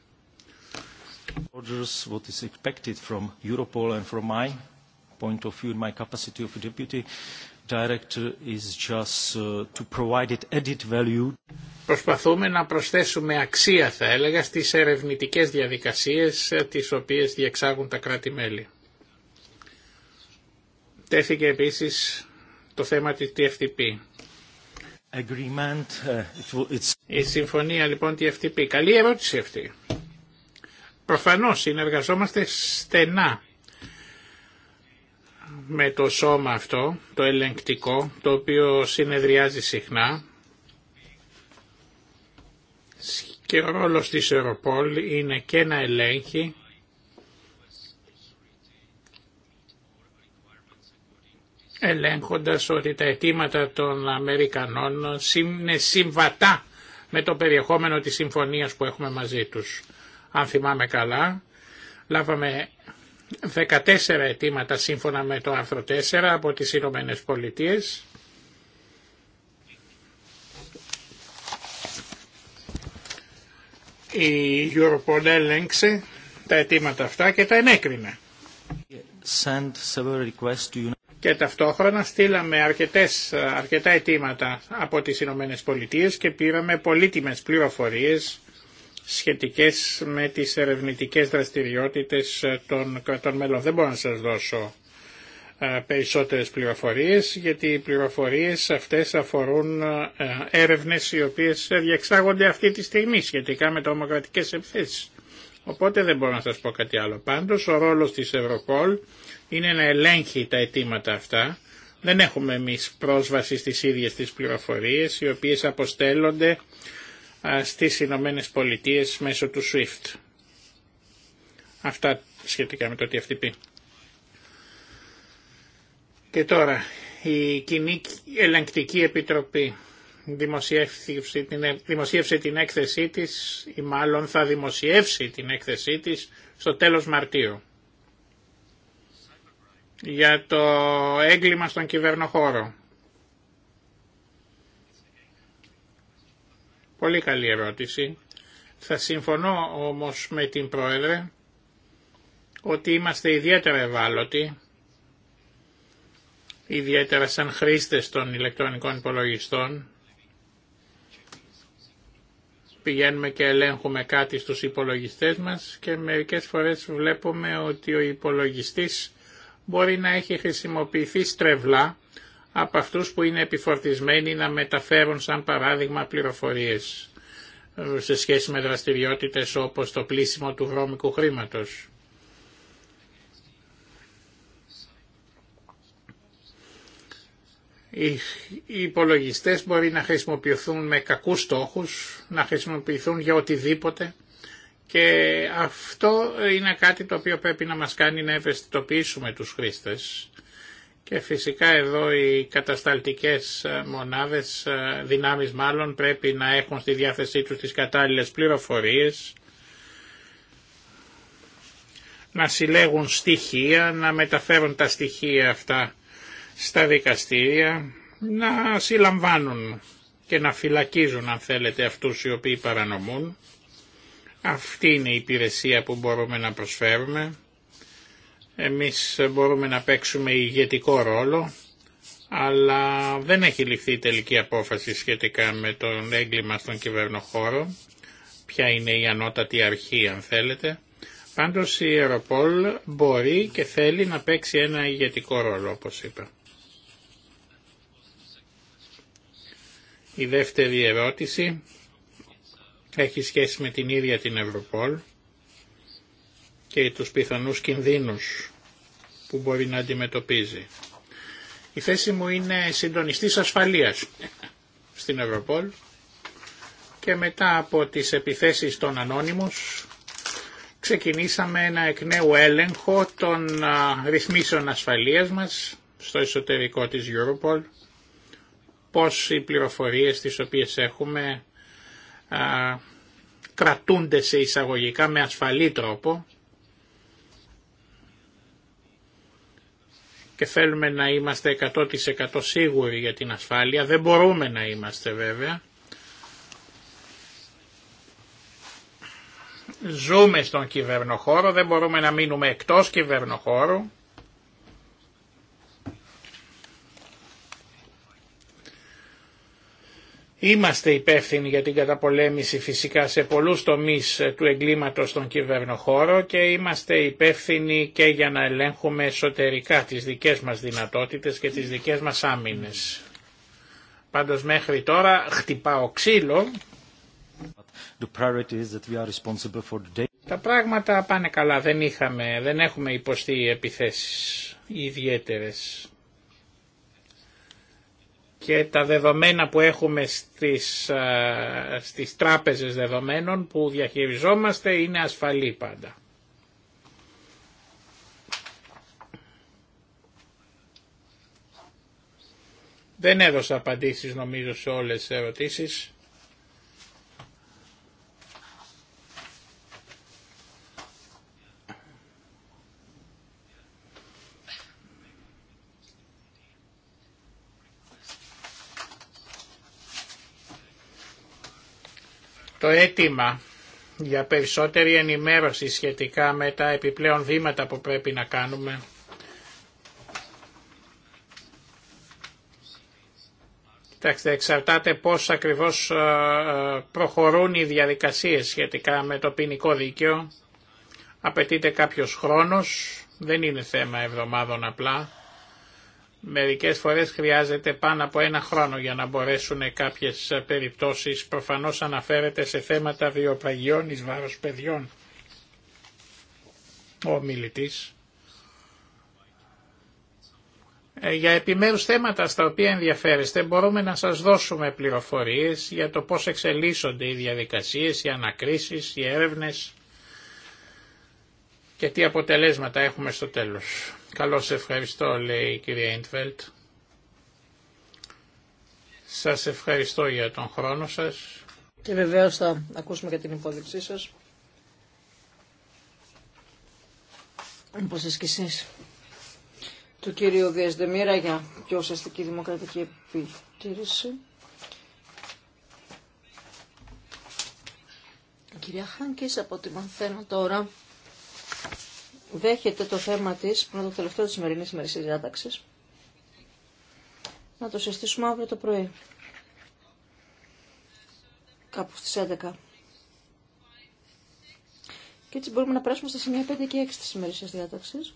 Προσπαθούμε να προσθέσουμε αξία θα έλεγα στις ερευνητικές διαδικασίες ε, τις οποίες διεξάγουν τα κράτη-μέλη. Τέθηκε επίσης το θέμα της TFTP. Uh, Η συμφωνία λοιπόν τη FTP. Καλή ερώτηση αυτή. Προφανώς συνεργαζόμαστε στενά με το σώμα αυτό, το ελεγκτικό, το οποίο συνεδριάζει συχνά και ο ρόλος της Ευρωπόλ είναι και να ελέγχει ελέγχοντας ότι τα αιτήματα των Αμερικανών είναι συμβατά με το περιεχόμενο της συμφωνίας που έχουμε μαζί τους. Αν θυμάμαι καλά, λάβαμε 14 αιτήματα σύμφωνα με το άρθρο 4 από τις Ηνωμένε Πολιτείε. Η Europol έλεγξε τα αιτήματα αυτά και τα ενέκρινε. Send several requests to και ταυτόχρονα στείλαμε αρκετές, αρκετά αιτήματα από τις Ηνωμένε Πολιτείες και πήραμε πολύτιμες πληροφορίες σχετικές με τις ερευνητικές δραστηριότητες των κρατών μέλων. Δεν μπορώ να σας δώσω ε, περισσότερες πληροφορίες γιατί οι πληροφορίες αυτές αφορούν ε, έρευνες οι οποίες διεξάγονται αυτή τη στιγμή σχετικά με ομοκρατικές επιθέσεις. Οπότε δεν μπορώ να σας πω κάτι άλλο. Πάντως ο ρόλος της Ευρωπόλ είναι να ελέγχει τα αιτήματα αυτά. Δεν έχουμε εμείς πρόσβαση στις ίδιες τις πληροφορίες οι οποίες αποστέλλονται στις Ηνωμένε Πολιτείε μέσω του SWIFT. Αυτά σχετικά με το TFTP. Και τώρα, η Κοινή Ελεγκτική Επιτροπή δημοσιεύσε την, ε- δημοσιεύσε την έκθεσή της ή μάλλον θα δημοσιεύσει την έκθεσή της στο τέλος Μαρτίου για το έγκλημα στον κυβερνοχώρο. Πολύ καλή ερώτηση. Θα συμφωνώ όμως με την Πρόεδρε ότι είμαστε ιδιαίτερα ευάλωτοι, ιδιαίτερα σαν χρήστες των ηλεκτρονικών υπολογιστών. Πηγαίνουμε και ελέγχουμε κάτι στους υπολογιστές μας και μερικές φορές βλέπουμε ότι ο υπολογιστής μπορεί να έχει χρησιμοποιηθεί στρεβλά από αυτούς που είναι επιφορτισμένοι να μεταφέρουν σαν παράδειγμα πληροφορίες ε, σε σχέση με δραστηριότητες όπως το πλήσιμο του βρώμικου χρήματος. Οι υπολογιστές μπορεί να χρησιμοποιηθούν με κακούς στόχους, να χρησιμοποιηθούν για οτιδήποτε και αυτό είναι κάτι το οποίο πρέπει να μας κάνει να ευαισθητοποιήσουμε τους χρήστες. Και φυσικά εδώ οι κατασταλτικές μονάδες, δυνάμεις μάλλον, πρέπει να έχουν στη διάθεσή τους τις κατάλληλες πληροφορίες, να συλλέγουν στοιχεία, να μεταφέρουν τα στοιχεία αυτά στα δικαστήρια, να συλλαμβάνουν και να φυλακίζουν αν θέλετε αυτούς οι οποίοι παρανομούν. Αυτή είναι η υπηρεσία που μπορούμε να προσφέρουμε. Εμείς μπορούμε να παίξουμε ηγετικό ρόλο, αλλά δεν έχει ληφθεί τελική απόφαση σχετικά με τον έγκλημα στον κυβερνοχώρο, ποια είναι η ανώτατη αρχή αν θέλετε. Πάντως η Ευρωπόλ μπορεί και θέλει να παίξει ένα ηγετικό ρόλο όπως είπα. Η δεύτερη ερώτηση έχει σχέση με την ίδια την Ευρωπόλ και τους πιθανούς κινδύνους που μπορεί να αντιμετωπίζει. Η θέση μου είναι συντονιστής ασφαλείας στην Ευρωπόλ και μετά από τις επιθέσεις των ανώνυμους ξεκινήσαμε ένα εκ νέου έλεγχο των ρυθμίσεων ασφαλείας μας στο εσωτερικό της Europol, πώς οι πληροφορίες τις οποίες έχουμε κρατούνται σε εισαγωγικά με ασφαλή τρόπο και θέλουμε να είμαστε 100% σίγουροι για την ασφάλεια, δεν μπορούμε να είμαστε βέβαια. Ζούμε στον κυβερνοχώρο, δεν μπορούμε να μείνουμε εκτός κυβερνοχώρου. Είμαστε υπεύθυνοι για την καταπολέμηση φυσικά σε πολλούς τομείς του εγκλήματος στον κυβερνοχώρο και είμαστε υπεύθυνοι και για να ελέγχουμε εσωτερικά τις δικές μας δυνατότητες και τις δικές μας άμυνες. Πάντως μέχρι τώρα χτυπάω ξύλο. Τα πράγματα πάνε καλά, δεν, είχαμε, δεν έχουμε υποστεί επιθέσεις ιδιαίτερες και τα δεδομένα που έχουμε στις, ε, στις τράπεζες δεδομένων που διαχειριζόμαστε είναι ασφαλή πάντα. Δεν έδωσα απαντήσεις νομίζω σε όλες τις ερωτήσεις. Το αίτημα για περισσότερη ενημέρωση σχετικά με τα επιπλέον βήματα που πρέπει να κάνουμε Κοιτάξτε, εξαρτάται πώς ακριβώς ε, ε, προχωρούν οι διαδικασίες σχετικά με το ποινικό δίκαιο. Απαιτείται κάποιος χρόνος, δεν είναι θέμα εβδομάδων απλά. Μερικές φορές χρειάζεται πάνω από ένα χρόνο για να μπορέσουν κάποιες περιπτώσεις. Προφανώς αναφέρεται σε θέματα βιοπαγιών εις βάρος παιδιών. Ο μιλητής. Ε, για επιμέρους θέματα στα οποία ενδιαφέρεστε μπορούμε να σας δώσουμε πληροφορίες για το πώς εξελίσσονται οι διαδικασίες, οι ανακρίσεις, οι έρευνες και τι αποτελέσματα έχουμε στο τέλος. Καλώς ευχαριστώ, λέει η κυρία Ιντβελτ. Σας ευχαριστώ για τον χρόνο σας. Και βεβαίως θα ακούσουμε και την υπόδειξή σας. Όπως και εσείς. Του κύριου Διασδεμίρα για πιο ουσιαστική δημοκρατική επιτήρηση. κυρία Χάνκης από ό,τι μαθαίνω τώρα δέχεται το θέμα της, που είναι το τελευταίο της σημερινής ημερησίας διάταξης, να το συστήσουμε αύριο το πρωί, κάπου στις 11. Και έτσι μπορούμε να περάσουμε στα σημεία 5 και 6 της σημερινής διάταξης,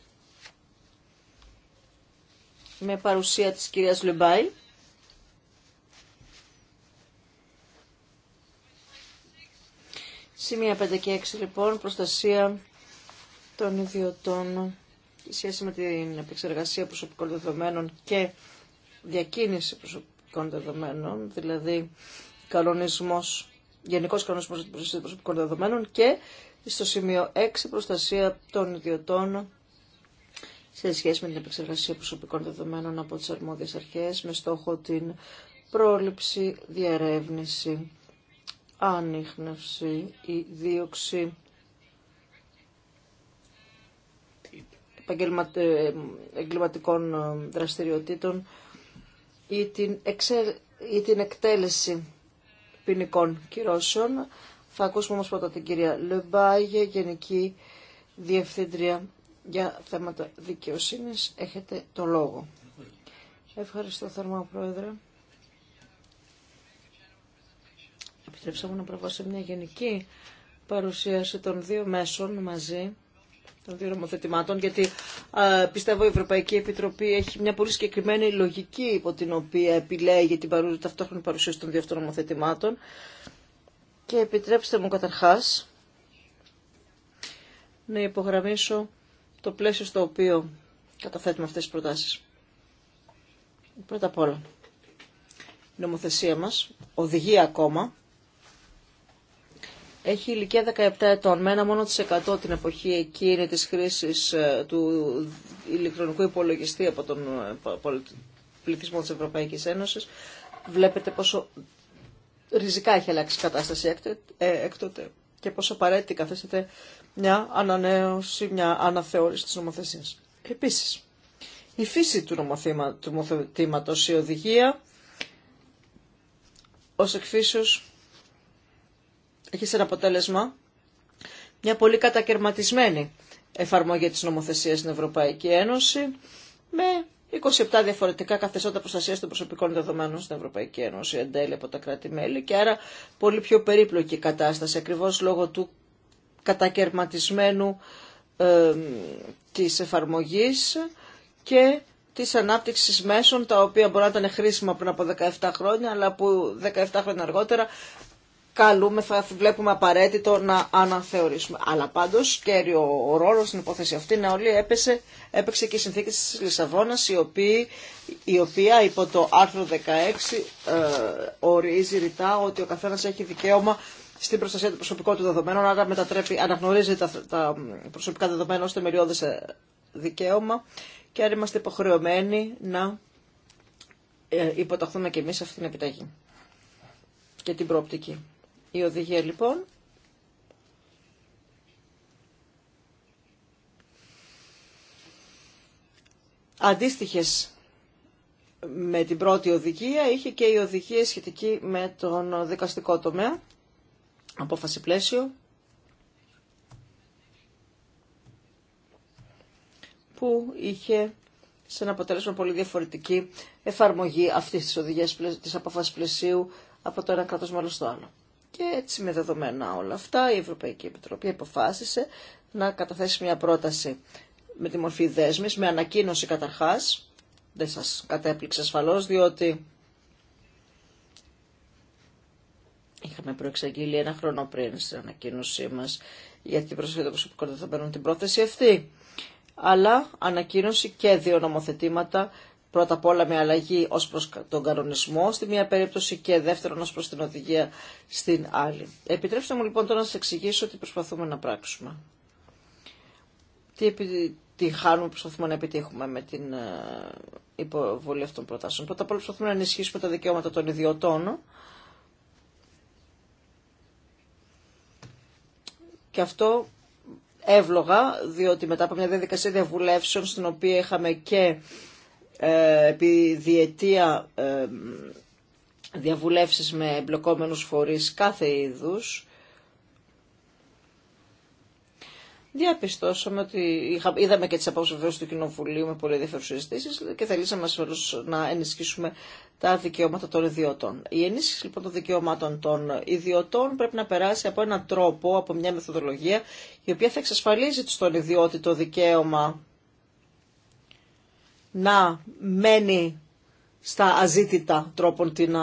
με παρουσία της κυρίας Λεμπάη. Σημεία 5 και 6 λοιπόν, προστασία των ιδιωτών σε σχέση με την επεξεργασία προσωπικών δεδομένων και διακίνηση προσωπικών δεδομένων, δηλαδή κανονισμός, γενικός κανονισμός για προσωπικών δεδομένων και στο σημείο 6 προστασία των ιδιωτών σε σχέση με την επεξεργασία προσωπικών δεδομένων από τις αρμόδιες αρχές με στόχο την πρόληψη, διαρεύνηση, άνοιχνευση ή δίωξη Ε, εγκληματικών ε, δραστηριοτήτων ή την, την εκτέλεση ποινικών κυρώσεων. Θα ακούσουμε όμως πρώτα την κυρία Λεμπάγε, Γενική Διευθύντρια για θέματα δικαιοσύνης. Έχετε το λόγο. Ευχαριστώ θερμά, Πρόεδρε. Επιτρέψαμε να προβάσω μια γενική παρουσίαση των δύο μέσων μαζί των δύο νομοθετημάτων, γιατί ε, πιστεύω η Ευρωπαϊκή Επιτροπή έχει μια πολύ συγκεκριμένη λογική υπό την οποία επιλέγει την παρού, ταυτόχρονη παρουσίαση των δύο αυτών νομοθετημάτων. Και επιτρέψτε μου καταρχάς να υπογραμμίσω το πλαίσιο στο οποίο καταθέτουμε αυτές τις προτάσεις. Πρώτα απ' όλα, η νομοθεσία μας οδηγεί ακόμα έχει ηλικία 17 ετών, με ένα μόνο τη 100 την εποχή εκείνη της χρήση ε, του ηλεκτρονικού υπολογιστή από τον ε, πληθυσμό της Ευρωπαϊκής Ένωσης, βλέπετε πόσο ριζικά έχει αλλάξει η κατάσταση ε, έκτοτε και πόσο απαραίτητη καθίσταται μια ανανέωση, μια αναθεώρηση της νομοθεσία. Επίσης, η φύση του, νομοθετήματο, νομοθετήματος, η οδηγία, ως εκφύσεω έχει σαν αποτέλεσμα μια πολύ κατακαιρματισμένη εφαρμογή της νομοθεσίας στην Ευρωπαϊκή Ένωση με 27 διαφορετικά καθεστώτα προστασία των προσωπικών δεδομένων στην Ευρωπαϊκή Ένωση εν τέλει από τα κράτη-μέλη και άρα πολύ πιο περίπλοκη κατάσταση ακριβώς λόγω του κατακαιρματισμένου ε, της εφαρμογής και της ανάπτυξης μέσων τα οποία μπορεί να ήταν χρήσιμα πριν από 17 χρόνια αλλά που 17 χρόνια αργότερα καλούμε, θα βλέπουμε απαραίτητο να αναθεωρήσουμε. Αλλά πάντω κέριο ο ρόλο, στην υπόθεση αυτή να όλοι έπεσε, έπαιξε και η συνθήκη τη Λισαβόνα, η, οποία, η οποία υπό το άρθρο 16 ε, ορίζει ρητά ότι ο καθένα έχει δικαίωμα στην προστασία του προσωπικού του δεδομένων, άρα μετατρέπει, αναγνωρίζει τα, τα προσωπικά δεδομένα ω σε δικαίωμα και άρα είμαστε υποχρεωμένοι να ε, υποταχθούμε και εμείς αυτήν την επιταγή και την προοπτική. Η οδηγία λοιπόν αντίστοιχες με την πρώτη οδηγία είχε και η οδηγία σχετική με τον δικαστικό τομέα, απόφαση πλαίσιο, που είχε σε ένα αποτέλεσμα πολύ διαφορετική εφαρμογή αυτής της οδηγίας της απόφασης πλαισίου από το ένα κράτος μάλλον στο άλλο. Και έτσι με δεδομένα όλα αυτά η Ευρωπαϊκή Επιτροπή αποφάσισε να καταθέσει μια πρόταση με τη μορφή δέσμης, με ανακοίνωση καταρχάς, δεν σας κατέπληξε ασφαλώς, διότι είχαμε προεξαγγείλει ένα χρόνο πριν στην ανακοίνωσή μας για την που των θα παίρνουν την πρόθεση αυτή. Αλλά ανακοίνωση και δύο νομοθετήματα πρώτα απ' όλα με αλλαγή ως προς τον κανονισμό στη μία περίπτωση και δεύτερον ως προς την οδηγία στην άλλη. Επιτρέψτε μου λοιπόν τώρα να σας εξηγήσω τι προσπαθούμε να πράξουμε. Τι επιτυχάνουμε, προσπαθούμε να επιτύχουμε με την ε, υποβολή αυτών των προτάσεων. Πρώτα απ' όλα προσπαθούμε να ενισχύσουμε τα δικαιώματα των ιδιωτών και αυτό εύλογα, διότι μετά από μια διαδικασία διαβουλεύσεων στην οποία είχαμε και ε, επί διετία ε, διαβουλεύσεις με εμπλοκόμενους φορείς κάθε είδους, διαπιστώσαμε ότι είδαμε και τις απόψεις του Κοινοβουλίου με πολύ ενδιαφέρουσες συζητήσεις και θελήσαμε ασφαλώς να ενισχύσουμε τα δικαιώματα των ιδιωτών. Η ενίσχυση λοιπόν των δικαιωμάτων των ιδιωτών πρέπει να περάσει από έναν τρόπο, από μια μεθοδολογία η οποία θα εξασφαλίζει στον ιδιώτη δικαίωμα να μένει στα αζήτητα τρόπον την.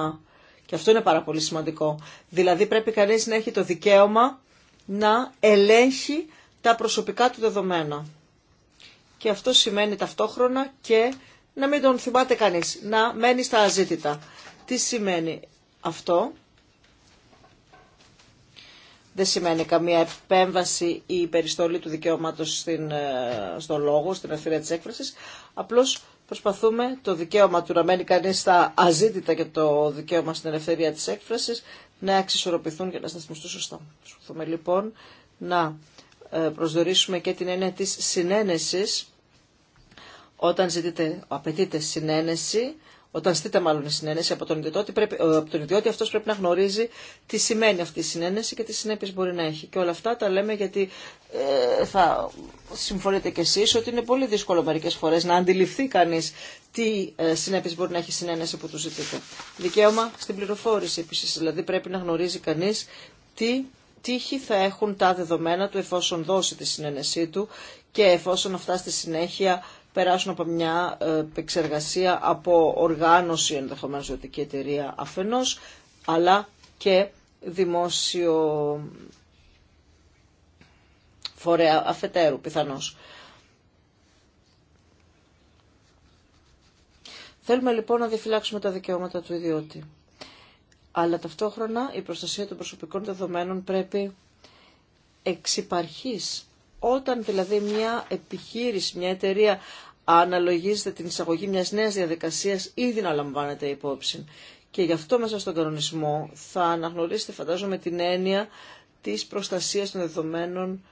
Και αυτό είναι πάρα πολύ σημαντικό. Δηλαδή πρέπει κανείς να έχει το δικαίωμα να ελέγχει τα προσωπικά του δεδομένα. Και αυτό σημαίνει ταυτόχρονα και να μην τον θυμάται κανείς, να μένει στα αζήτητα. Τι σημαίνει αυτό, δεν σημαίνει καμία επέμβαση ή περιστολή του δικαιώματος στην, ε, λόγο, στην ελευθερία της έκφρασης. Απλώς προσπαθούμε το δικαίωμα του να μένει κανείς στα αζήτητα και το δικαίωμα στην ελευθερία της έκφρασης να αξισορροπηθούν και να σταθμιστούν σωστά. Προσπαθούμε λοιπόν να ε, προσδορίσουμε και την έννοια της συνένεσης όταν ζητείτε, απαιτείται συνένεση όταν στείτε μάλλον η συνένεση από τον ιδιότητα, πρέπει, ε, από τον ιδιότητα αυτός πρέπει να γνωρίζει τι σημαίνει αυτή η συνένεση και τι συνέπειες μπορεί να έχει. Και όλα αυτά τα λέμε γιατί ε, θα συμφωνείτε κι εσείς ότι είναι πολύ δύσκολο μερικές φορές να αντιληφθεί κανείς τι ε, συνέπειες μπορεί να έχει η συνένεση που του ζητείτε. Δικαίωμα στην πληροφόρηση επίσης, δηλαδή πρέπει να γνωρίζει κανείς τι τύχη θα έχουν τα δεδομένα του εφόσον δώσει τη συνένεσή του και εφόσον αυτά στη συνέχεια περάσουν από μια ε, επεξεργασία από οργάνωση ενδεχομένως ιδιωτική εταιρεία αφενός, αλλά και δημόσιο φορέα αφετέρου πιθανώς. Θέλουμε λοιπόν να διαφυλάξουμε τα δικαιώματα του ιδιώτη. Αλλά ταυτόχρονα η προστασία των προσωπικών δεδομένων πρέπει εξυπαρχής. Όταν δηλαδή μια επιχείρηση, μια εταιρεία αναλογίζεται την εισαγωγή μιας νέας διαδικασίας, ήδη να λαμβάνεται υπόψη. Και γι' αυτό μέσα στον κανονισμό θα αναγνωρίσετε φαντάζομαι την έννοια της προστασίας των δεδομένων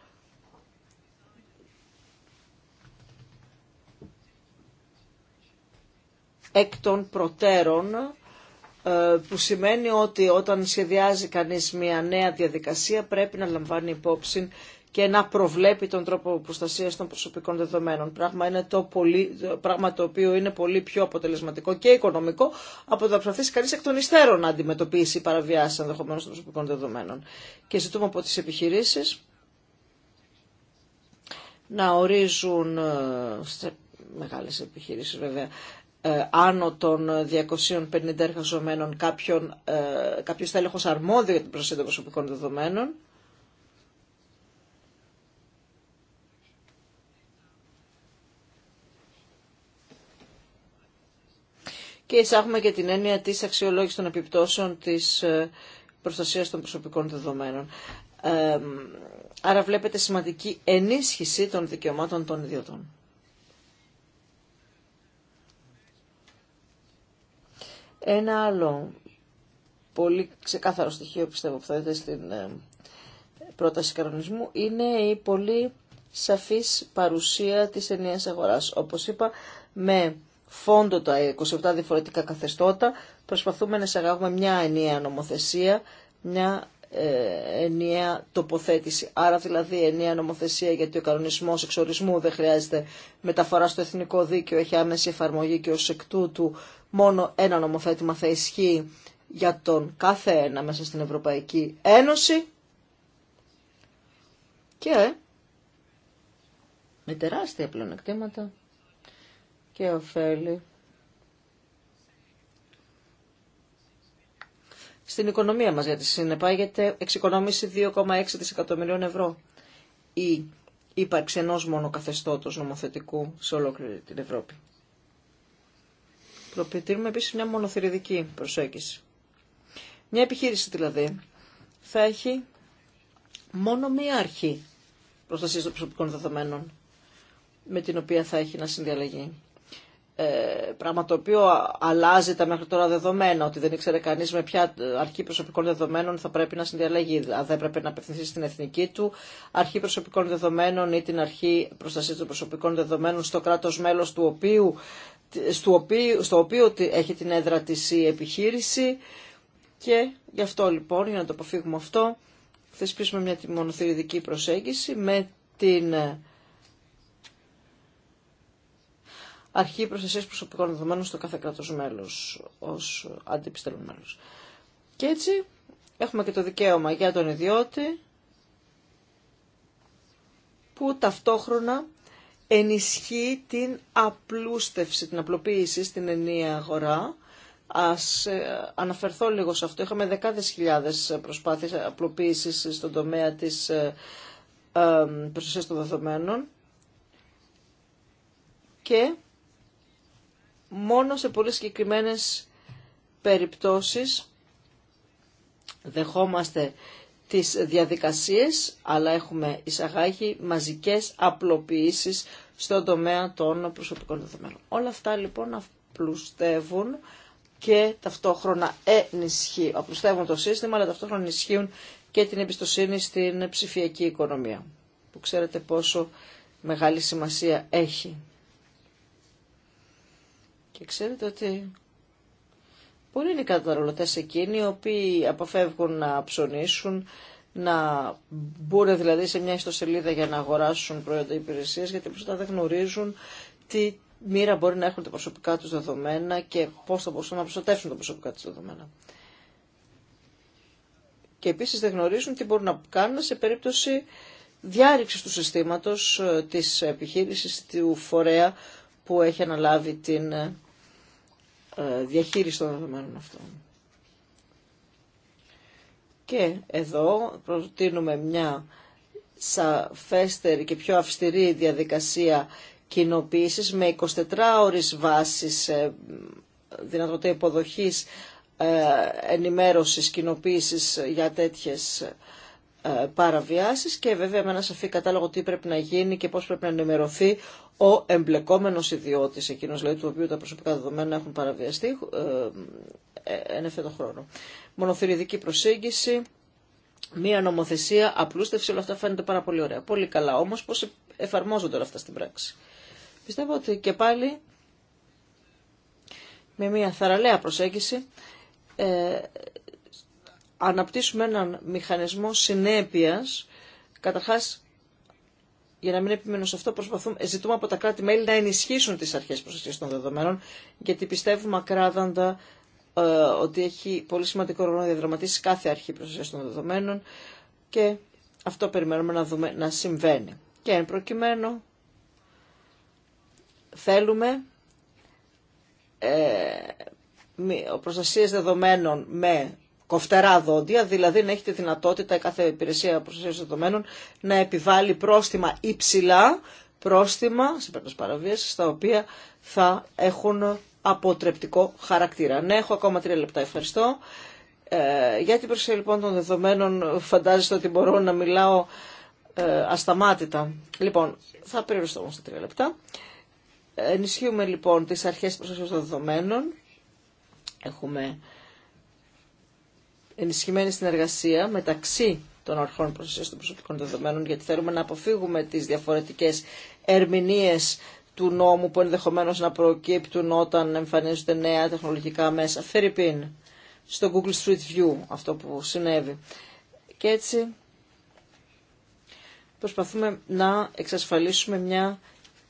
εκ των προτέρων, ε, που σημαίνει ότι όταν σχεδιάζει κανείς μια νέα διαδικασία πρέπει να λαμβάνει υπόψη και να προβλέπει τον τρόπο προστασίας των προσωπικών δεδομένων. Πράγμα, είναι το πολύ, πράγμα το οποίο είναι πολύ πιο αποτελεσματικό και οικονομικό από το να προσπαθήσει κανείς εκ των υστέρων να αντιμετωπίσει παραβιάσεις ενδεχομένω των προσωπικών δεδομένων. Και ζητούμε από τις επιχειρήσεις να ορίζουν ε, σε μεγάλες επιχειρήσεις βέβαια ε, άνω των 250 εργαζομένων κάποιον, ε, κάποιος τέλεχος αρμόδιο για την προστασία των προσωπικών δεδομένων και εισάγουμε και την έννοια της αξιολόγησης των επιπτώσεων της ε, προστασίας των προσωπικών δεδομένων. Ε, άρα βλέπετε σημαντική ενίσχυση των δικαιωμάτων των ιδιωτών. Ένα άλλο πολύ ξεκάθαρο στοιχείο πιστεύω που θα στην ε, πρόταση κανονισμού είναι η πολύ σαφής παρουσία της ενιαίας αγοράς. Όπως είπα, με φόντο τα 27 διαφορετικά καθεστώτα, προσπαθούμε να εισαγάγουμε μια ενιαία νομοθεσία, μια ε, ενιαία τοποθέτηση. Άρα δηλαδή ενιαία νομοθεσία γιατί ο κανονισμός εξορισμού δεν χρειάζεται μεταφορά στο εθνικό δίκαιο, έχει άμεση εφαρμογή και ως εκ τούτου μόνο ένα νομοθέτημα θα ισχύει για τον κάθε ένα μέσα στην Ευρωπαϊκή Ένωση και ε, με τεράστια πλεονεκτήματα και ωφέλη στην οικονομία μας, γιατί συνεπάγεται εξοικονόμηση 2,6 δισεκατομμυρίων ευρώ ή ύπαρξη ενός μόνο καθεστώτος νομοθετικού σε ολόκληρη την Ευρώπη. Προπητήρουμε επίσης μια μονοθυριδική προσέγγιση. Μια επιχείρηση δηλαδή θα έχει μόνο μία αρχή προστασίας των προσωπικών δεδομένων με την οποία θα έχει να συνδιαλλαγεί. Ε, πράγμα το οποίο αλλάζει τα μέχρι τώρα δεδομένα, ότι δεν ήξερε κανεί με ποια αρχή προσωπικών δεδομένων θα πρέπει να συνδιαλέγει, αν θα έπρεπε να απευθυνθεί στην εθνική του αρχή προσωπικών δεδομένων ή την αρχή προστασία των προσωπικών δεδομένων στο κράτο μέλο του οποίου, στο οποίο, στο οποίο έχει την έδρα της η επιχείρηση. Και γι' αυτό λοιπόν, για να το αποφύγουμε αυτό, θεσπίσουμε μια μονοθυριδική προσέγγιση με την αρχή προστασία προσωπικών δεδομένων στο κάθε κράτο μέλο ω αντιπιστέλων μέλο. Και έτσι έχουμε και το δικαίωμα για τον ιδιώτη που ταυτόχρονα ενισχύει την απλούστευση, την απλοποίηση στην ενία αγορά. Ας ε, αναφερθώ λίγο σε αυτό. Είχαμε δεκάδες χιλιάδες προσπάθειες απλοποίησης στον τομέα της ε, ε, προστασίας των δεδομένων και μόνο σε πολύ συγκεκριμένε περιπτώσεις δεχόμαστε τις διαδικασίες, αλλά έχουμε εισαγάγει μαζικές απλοποιήσεις στον τομέα των προσωπικών δεδομένων. Όλα αυτά λοιπόν απλουστεύουν και ταυτόχρονα ενισχύουν, απλουστεύουν το σύστημα, αλλά ταυτόχρονα ενισχύουν και την εμπιστοσύνη στην ψηφιακή οικονομία, που ξέρετε πόσο μεγάλη σημασία έχει. Και ξέρετε ότι πολλοί είναι οι καταναλωτές εκείνοι οι οποίοι αποφεύγουν να ψωνίσουν, να μπουν δηλαδή σε μια ιστοσελίδα για να αγοράσουν προϊόντα υπηρεσίε, γιατί πρώτα δεν γνωρίζουν τι μοίρα μπορεί να έχουν τα προσωπικά τους δεδομένα και πώς θα μπορούσαν να προστατεύσουν τα προσωπικά τους δεδομένα. Και επίσης δεν γνωρίζουν τι μπορούν να κάνουν σε περίπτωση διάρρηξης του συστήματος ε, της επιχείρησης του φορέα που έχει αναλάβει την ε, ε, διαχείριση των δεδομένων αυτών. Και εδώ προτείνουμε μια σαφέστερη και πιο αυστηρή διαδικασία κοινοποίησης με 24 ώρες βάσης δυνατότητα υποδοχής ε, ενημέρωσης, κοινοποίησης για τέτοιες ε, παραβιάσεις και βέβαια με ένα σαφή κατάλογο τι πρέπει να γίνει και πώς πρέπει να ενημερωθεί ο εμπλεκόμενος ιδιώτης, εκείνος δηλαδή του οποίου τα προσωπικά δεδομένα έχουν παραβιαστεί ε, ε, εν ευθέτω χρόνο. Μονοθυριδική προσέγγιση, μία νομοθεσία, απλούστευση, όλα αυτά φαίνεται πάρα πολύ ωραία. Πολύ καλά όμως πώς εφαρμόζονται όλα αυτά στην πράξη. Πιστεύω ότι και πάλι με μία θαραλέα προσέγγιση αναπτύσσουμε έναν μηχανισμό συνέπειας, καταρχάς για να μην επιμένω σε αυτό, προσπαθούμε, ε, ζητούμε από τα κράτη-μέλη να ενισχύσουν τις αρχές προστασίας των δεδομένων, γιατί πιστεύουμε ακράδαντα ε, ότι έχει πολύ σημαντικό ρόλο να διαδραματίσει κάθε αρχή προστασίας των δεδομένων και αυτό περιμένουμε να δούμε να συμβαίνει. Και εν προκειμένου θέλουμε ε, προστασίες δεδομένων με κοφτερά δόντια, δηλαδή να έχετε δυνατότητα η κάθε υπηρεσία προστασία δεδομένων να επιβάλλει πρόστιμα υψηλά, πρόστιμα σε περίπτωση παραβίασης, τα οποία θα έχουν αποτρεπτικό χαρακτήρα. Ναι, έχω ακόμα τρία λεπτά, ευχαριστώ. Ε, για την προστασία λοιπόν των δεδομένων φαντάζεστε ότι μπορώ να μιλάω ε, ασταμάτητα. Λοιπόν, θα περιοριστώ όμω τα τρία λεπτά. Ενισχύουμε λοιπόν τις αρχές προστασίας των δεδομένων. Έχουμε ενισχυμένη συνεργασία μεταξύ των αρχών προστασία των προσωπικών δεδομένων, γιατί θέλουμε να αποφύγουμε τις διαφορετικές ερμηνείες του νόμου που ενδεχομένως να προκύπτουν όταν εμφανίζονται νέα τεχνολογικά μέσα. Φερρυπίν, στο Google Street View αυτό που συνέβη. Και έτσι προσπαθούμε να εξασφαλίσουμε μια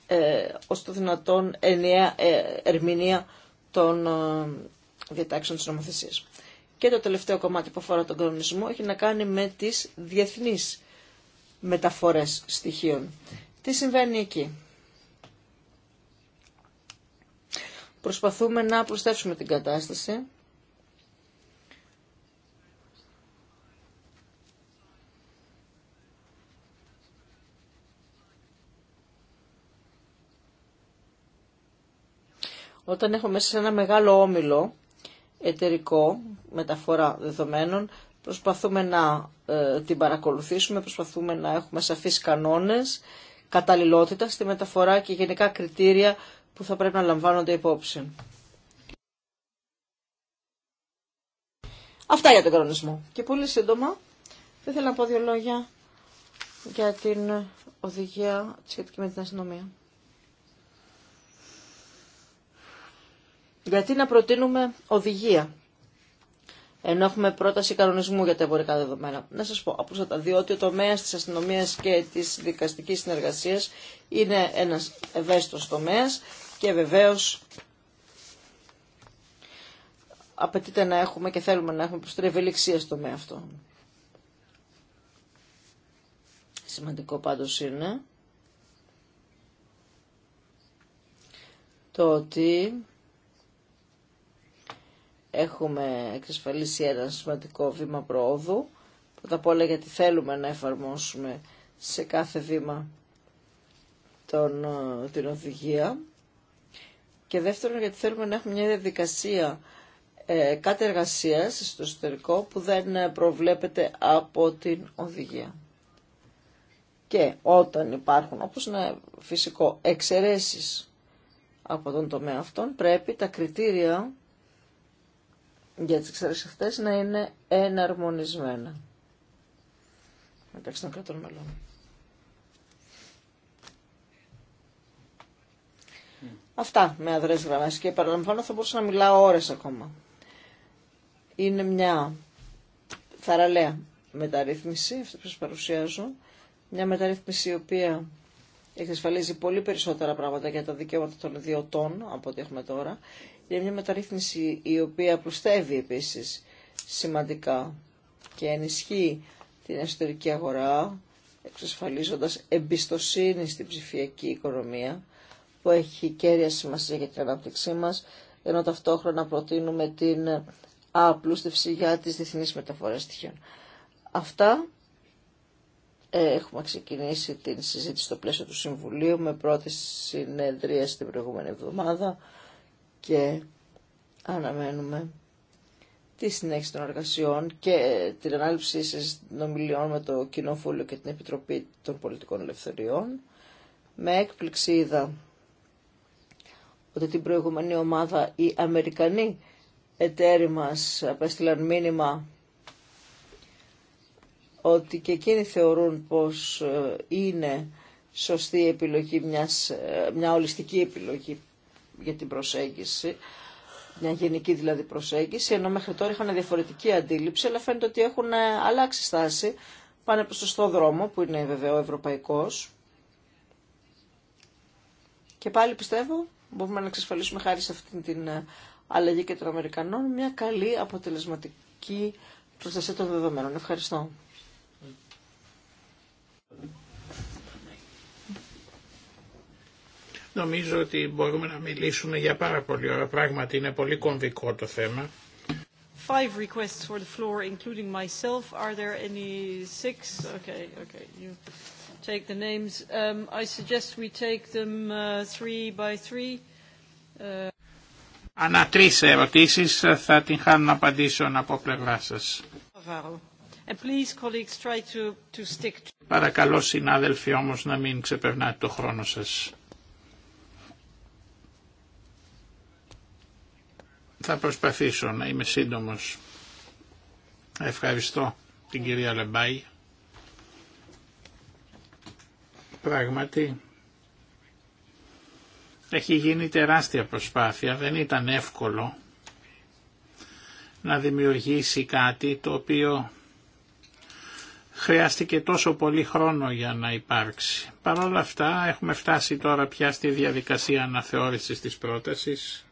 ε, ως το δυνατόν ενιαία ε, ερμηνεία των ε, διατάξεων της νομοθεσίας. Και το τελευταίο κομμάτι που αφορά τον κανονισμό έχει να κάνει με τις διεθνείς μεταφορές στοιχείων. Τι συμβαίνει εκεί. Προσπαθούμε να προσθέσουμε την κατάσταση. Όταν έχουμε μέσα σε ένα μεγάλο όμιλο εταιρικό μεταφορά δεδομένων. Προσπαθούμε να ε, την παρακολουθήσουμε, προσπαθούμε να έχουμε σαφείς κανόνες καταλληλότητα στη μεταφορά και γενικά κριτήρια που θα πρέπει να λαμβάνονται υπόψη. Αυτά για τον κανονισμό. Και πολύ σύντομα, δεν θέλω να πω δύο λόγια για την οδηγία σχετική με την αστυνομία. γιατί να προτείνουμε οδηγία. Ενώ έχουμε πρόταση κανονισμού για τα εμπορικά δεδομένα. Να σα πω δύο ότι ο τομέα τη αστυνομία και τη δικαστική συνεργασία είναι ένα ευαίσθητο τομέα και βεβαίω απαιτείται να έχουμε και θέλουμε να έχουμε προσθέτει ευελιξία στο τομέα αυτό. Σημαντικό πάντως είναι το ότι έχουμε εξασφαλίσει ένα σημαντικό βήμα προόδου. Πρώτα απ' όλα γιατί θέλουμε να εφαρμόσουμε σε κάθε βήμα ε, την οδηγία και δεύτερον γιατί θέλουμε να έχουμε μια διαδικασία ε, στο εσωτερικό που δεν προβλέπεται από την οδηγία. Και όταν υπάρχουν, όπως είναι φυσικό, εξαιρέσεις από τον τομέα αυτόν, πρέπει τα κριτήρια για τις εξαρτήσεις αυτές να είναι εναρμονισμένα μεταξύ των κρατών μελών. Mm. Αυτά με αδρές γραμμές και παραλαμβάνω θα μπορούσα να μιλάω ώρες ακόμα. Είναι μια θαραλέα μεταρρύθμιση, αυτή που σας παρουσιάζω, μια μεταρρύθμιση η οποία εξασφαλίζει πολύ περισσότερα πράγματα για τα δικαιώματα των ιδιωτών από ό,τι έχουμε τώρα για μια μεταρρύθμιση η οποία προστεύει επίσης σημαντικά και ενισχύει την εσωτερική αγορά, εξασφαλίζοντας εμπιστοσύνη στην ψηφιακή οικονομία, που έχει κέρια σημασία για την ανάπτυξή μας, ενώ ταυτόχρονα προτείνουμε την απλούστευση για τις διεθνείς μεταφορές στοιχείων. Αυτά ε, έχουμε ξεκινήσει την συζήτηση στο πλαίσιο του Συμβουλίου με πρώτη συνεδρία στην προηγούμενη εβδομάδα και αναμένουμε τη συνέχιση των εργασιών και την ανάληψη συνομιλιών με το Κοινοβούλιο και την Επιτροπή των Πολιτικών Ελευθεριών. Με έκπληξη είδα ότι την προηγούμενη ομάδα οι Αμερικανοί εταίροι μας απέστειλαν μήνυμα ότι και εκείνοι θεωρούν πως ε, είναι σωστή επιλογή μιας, ε, μια ολιστική επιλογή για την προσέγγιση, μια γενική δηλαδή προσέγγιση, ενώ μέχρι τώρα είχαν διαφορετική αντίληψη, αλλά φαίνεται ότι έχουν ε, αλλάξει στάση, πάνε προς το σωστό δρόμο που είναι βεβαίω ευρωπαϊκός. Και πάλι πιστεύω μπορούμε να εξασφαλίσουμε χάρη σε αυτή την ε, αλλαγή και των Αμερικανών μια καλή αποτελεσματική προστασία των δεδομένων. Ευχαριστώ. Νομίζω ότι μπορούμε να μιλήσουμε για πάρα πολύ ώρα. Πράγματι είναι πολύ κομβικό το θέμα. Five requests for the floor, including myself. Are there any six? Okay, okay. You take the names. Um, I suggest we take them uh, three by three. Uh... Ανά τρεις ερωτήσεις ε, θα την χάνουν απαντήσεων από πλευρά σας. Παρακαλώ συνάδελφοι όμως να μην ξεπερνάτε το χρόνο σας. Θα προσπαθήσω να είμαι σύντομος. Ευχαριστώ την κυρία Λεμπάη. Πράγματι, έχει γίνει τεράστια προσπάθεια, δεν ήταν εύκολο να δημιουργήσει κάτι το οποίο χρειάστηκε τόσο πολύ χρόνο για να υπάρξει. Παρ' όλα αυτά έχουμε φτάσει τώρα πια στη διαδικασία αναθεώρησης της πρότασης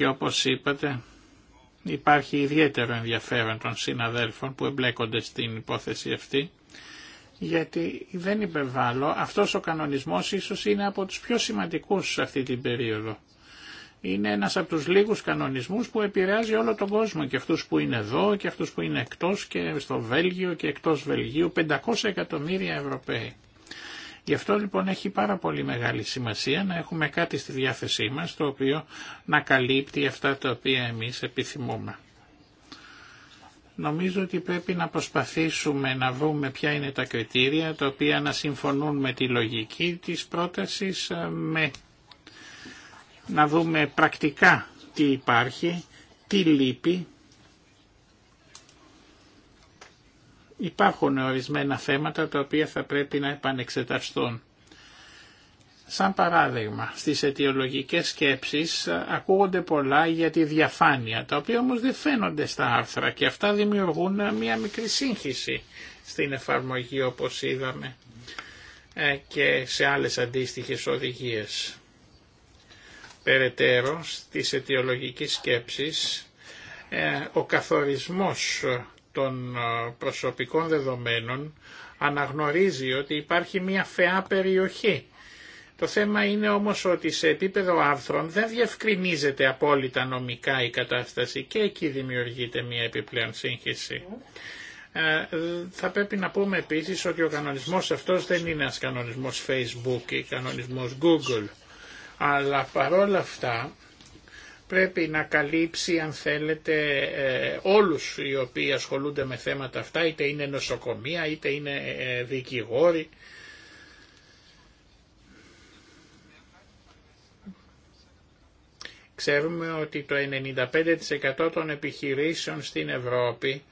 και όπως είπατε υπάρχει ιδιαίτερο ενδιαφέρον των συναδέλφων που εμπλέκονται στην υπόθεση αυτή γιατί δεν υπερβάλλω, αυτός ο κανονισμός ίσως είναι από τους πιο σημαντικούς σε αυτή την περίοδο. Είναι ένας από τους λίγους κανονισμούς που επηρεάζει όλο τον κόσμο και αυτούς που είναι εδώ και αυτούς που είναι εκτός και στο Βέλγιο και εκτός Βελγίου, 500 εκατομμύρια Ευρωπαίοι. Γι' αυτό λοιπόν έχει πάρα πολύ μεγάλη σημασία να έχουμε κάτι στη διάθεσή μας το οποίο να καλύπτει αυτά τα οποία εμείς επιθυμούμε. Νομίζω ότι πρέπει να προσπαθήσουμε να δούμε ποια είναι τα κριτήρια τα οποία να συμφωνούν με τη λογική της πρότασης, ε, με... να δούμε πρακτικά τι υπάρχει, τι λείπει υπάρχουν ορισμένα θέματα τα οποία θα πρέπει να επανεξεταστούν. Σαν παράδειγμα, στις αιτιολογικές σκέψεις ακούγονται πολλά για τη διαφάνεια, τα οποία όμως δεν φαίνονται στα άρθρα και αυτά δημιουργούν μια μικρή σύγχυση στην εφαρμογή όπως είδαμε ε, και σε άλλες αντίστοιχες οδηγίες. Περαιτέρω, στις αιτιολογικές σκέψεις ε, ο καθορισμός των προσωπικών δεδομένων αναγνωρίζει ότι υπάρχει μια φαιά περιοχή. Το θέμα είναι όμως ότι σε επίπεδο άρθρων δεν διευκρινίζεται απόλυτα νομικά η κατάσταση και εκεί δημιουργείται μια επιπλέον σύγχυση. Ε, θα πρέπει να πούμε επίσης ότι ο κανονισμός αυτός δεν είναι ένας κανονισμός Facebook ή κανονισμός Google, αλλά παρόλα αυτά πρέπει να καλύψει αν θέλετε ε, όλους οι οποίοι ασχολούνται με θέματα αυτά, είτε είναι νοσοκομεία, είτε είναι ε, δικηγόροι. Ξέρουμε ότι το 95% των επιχειρήσεων στην Ευρώπη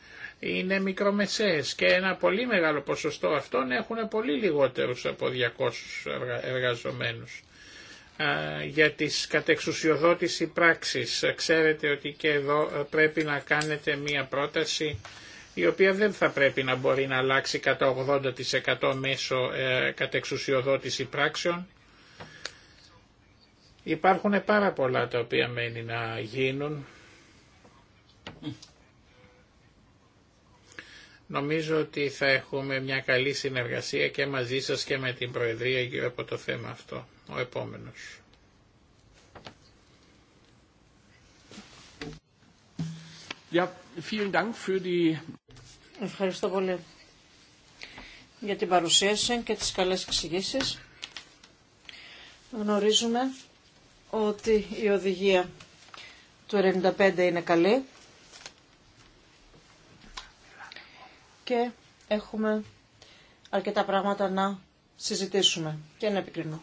είναι μικρομεσαίες και ένα πολύ μεγάλο ποσοστό αυτών έχουν πολύ λιγότερους από 200 εργαζομένους για τις κατεξουσιοδότηση πράξεις. Ξέρετε ότι και εδώ ε, πρέπει να κάνετε μία πρόταση η οποία δεν θα πρέπει να μπορεί να αλλάξει κατά 80% μέσω ε, κατεξουσιοδότηση πράξεων. Υπάρχουν πάρα πολλά τα οποία μένει να γίνουν. Νομίζω ότι θα έχουμε μια καλή συνεργασία και μαζί σας και με την Προεδρία γύρω από το θέμα αυτό. Ο Ευχαριστώ πολύ για την παρουσίαση και τις καλές εξηγήσει. Γνωρίζουμε ότι η οδηγία του 95 είναι καλή και έχουμε αρκετά πράγματα να συζητήσουμε και να επικρινώ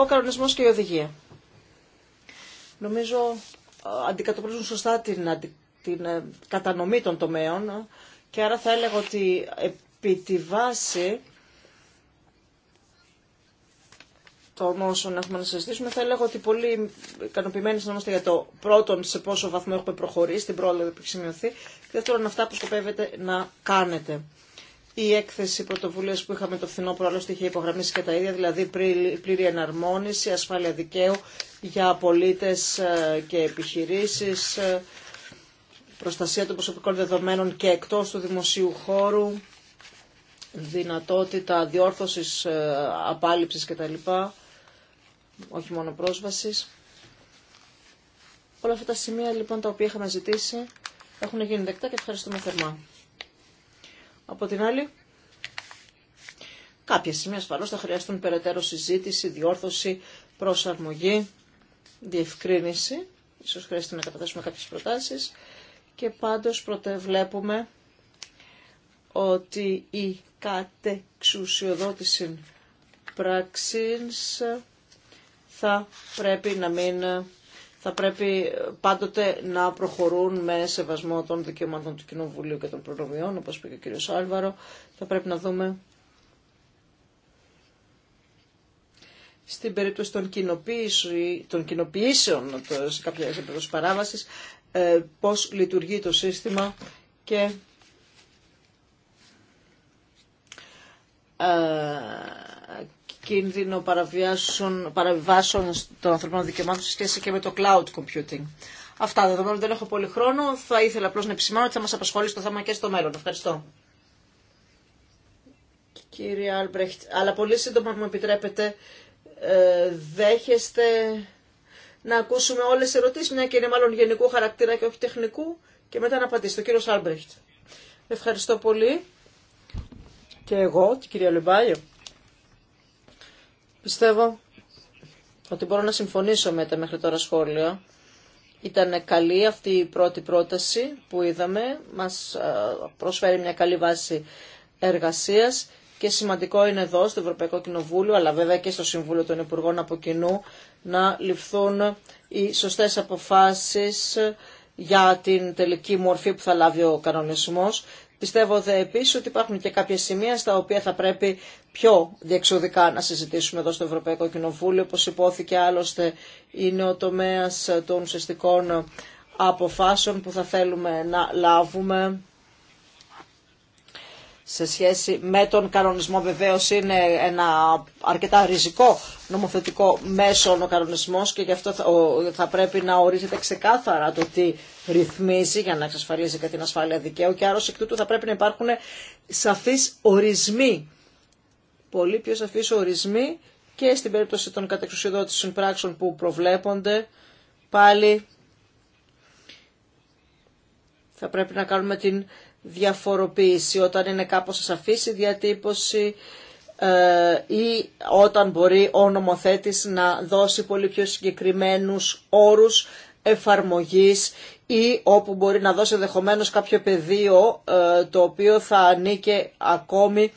ο κανονισμός και η οδηγία. Νομίζω ε, αντικατοπτρίζουν σωστά την, ε, κατανομή των τομέων ε, και άρα θα έλεγα ότι επί τη βάση των όσων έχουμε να συζητήσουμε, θα έλεγα ότι πολύ ικανοποιημένοι συνόμαστε για το πρώτον σε πόσο βαθμό έχουμε προχωρήσει, την πρόοδο που έχει σημειωθεί, και δεύτερον αυτά που σκοπεύετε να κάνετε. Η έκθεση πρωτοβουλία που είχαμε το φθινόπωρο άλλωστε είχε υπογραμμίσει και τα ίδια, δηλαδή πλήρη εναρμόνιση, ασφάλεια δικαίου για πολίτε ε, και επιχειρήσεις, ε, προστασία των προσωπικών δεδομένων και εκτός του δημοσίου χώρου, δυνατότητα διόρθωση ε, απάλληψη κτλ. Όχι μόνο πρόσβαση. Όλα αυτά τα σημεία λοιπόν τα οποία είχαμε ζητήσει έχουν γίνει δεκτά και ευχαριστούμε θερμά. Από την άλλη, κάποια σημεία ασφαλώ θα χρειαστούν περαιτέρω συζήτηση, διόρθωση, προσαρμογή, διευκρίνηση. Ίσως χρειάζεται να καταθέσουμε κάποιες προτάσεις. Και πάντως πρωτεβλέπουμε ότι η κατεξουσιοδότηση πράξης θα πρέπει να μην θα πρέπει πάντοτε να προχωρούν με σεβασμό των δικαιωμάτων του Κοινοβουλίου και των προνομιών, όπως είπε και ο κύριος Άλβαρο. Θα πρέπει να δούμε στην περίπτωση των, των κοινοποιήσεων σε κάποια περίπτωση παράβασης ε, πώς λειτουργεί το σύστημα και ε, κίνδυνο παραβιάσεων των ανθρωπίνων δικαιωμάτων σε σχέση και με το cloud computing. Αυτά δεδομένου δεν έχω πολύ χρόνο. Θα ήθελα απλώ να επισημάνω ότι θα μα απασχολήσει το θέμα και στο μέλλον. Ευχαριστώ. Κύριε Άλμπρεχτ, αλλά πολύ σύντομα μου επιτρέπετε, ε, δέχεστε να ακούσουμε όλε τι ερωτήσει, μια και είναι μάλλον γενικού χαρακτήρα και όχι τεχνικού, και μετά να απαντήσετε. Ο κύριο Άλμπρεχτ. Ευχαριστώ πολύ. Και εγώ, την κυρία Λεμπάγιο. Πιστεύω ότι μπορώ να συμφωνήσω με τα μέχρι τώρα σχόλια. Ήταν καλή αυτή η πρώτη πρόταση που είδαμε, μας ε, προσφέρει μια καλή βάση εργασίας και σημαντικό είναι εδώ στο Ευρωπαϊκό Κοινοβούλιο αλλά βέβαια και στο Συμβούλιο των Υπουργών από κοινού να ληφθούν οι σωστές αποφάσεις για την τελική μορφή που θα λάβει ο κανονισμός. Πιστεύω δε επίσης ότι υπάρχουν και κάποια σημεία στα οποία θα πρέπει πιο διεξοδικά να συζητήσουμε εδώ στο Ευρωπαϊκό Κοινοβούλιο, όπως υπόθηκε άλλωστε είναι ο τομέας των ουσιαστικών αποφάσεων που θα θέλουμε να λάβουμε σε σχέση με τον κανονισμό. Βεβαίω είναι ένα αρκετά ριζικό νομοθετικό μέσο ο κανονισμός και γι' αυτό θα, πρέπει να ορίζεται ξεκάθαρα το τι ρυθμίζει για να εξασφαλίζει και την ασφάλεια δικαίου και άρρωση εκ τούτου θα πρέπει να υπάρχουν σαφείς ορισμοί, πολύ πιο σαφείς ορισμοί και στην περίπτωση των κατεξουσιοδότησης συμπράξεων που προβλέπονται πάλι θα πρέπει να κάνουμε την διαφοροποίηση όταν είναι κάπως σαφής η διατύπωση ε, ή όταν μπορεί ο νομοθέτης να δώσει πολύ πιο συγκεκριμένους όρους εφαρμογής ή όπου μπορεί να δώσει ενδεχομένω κάποιο πεδίο ε, το οποίο θα ανήκε ακόμη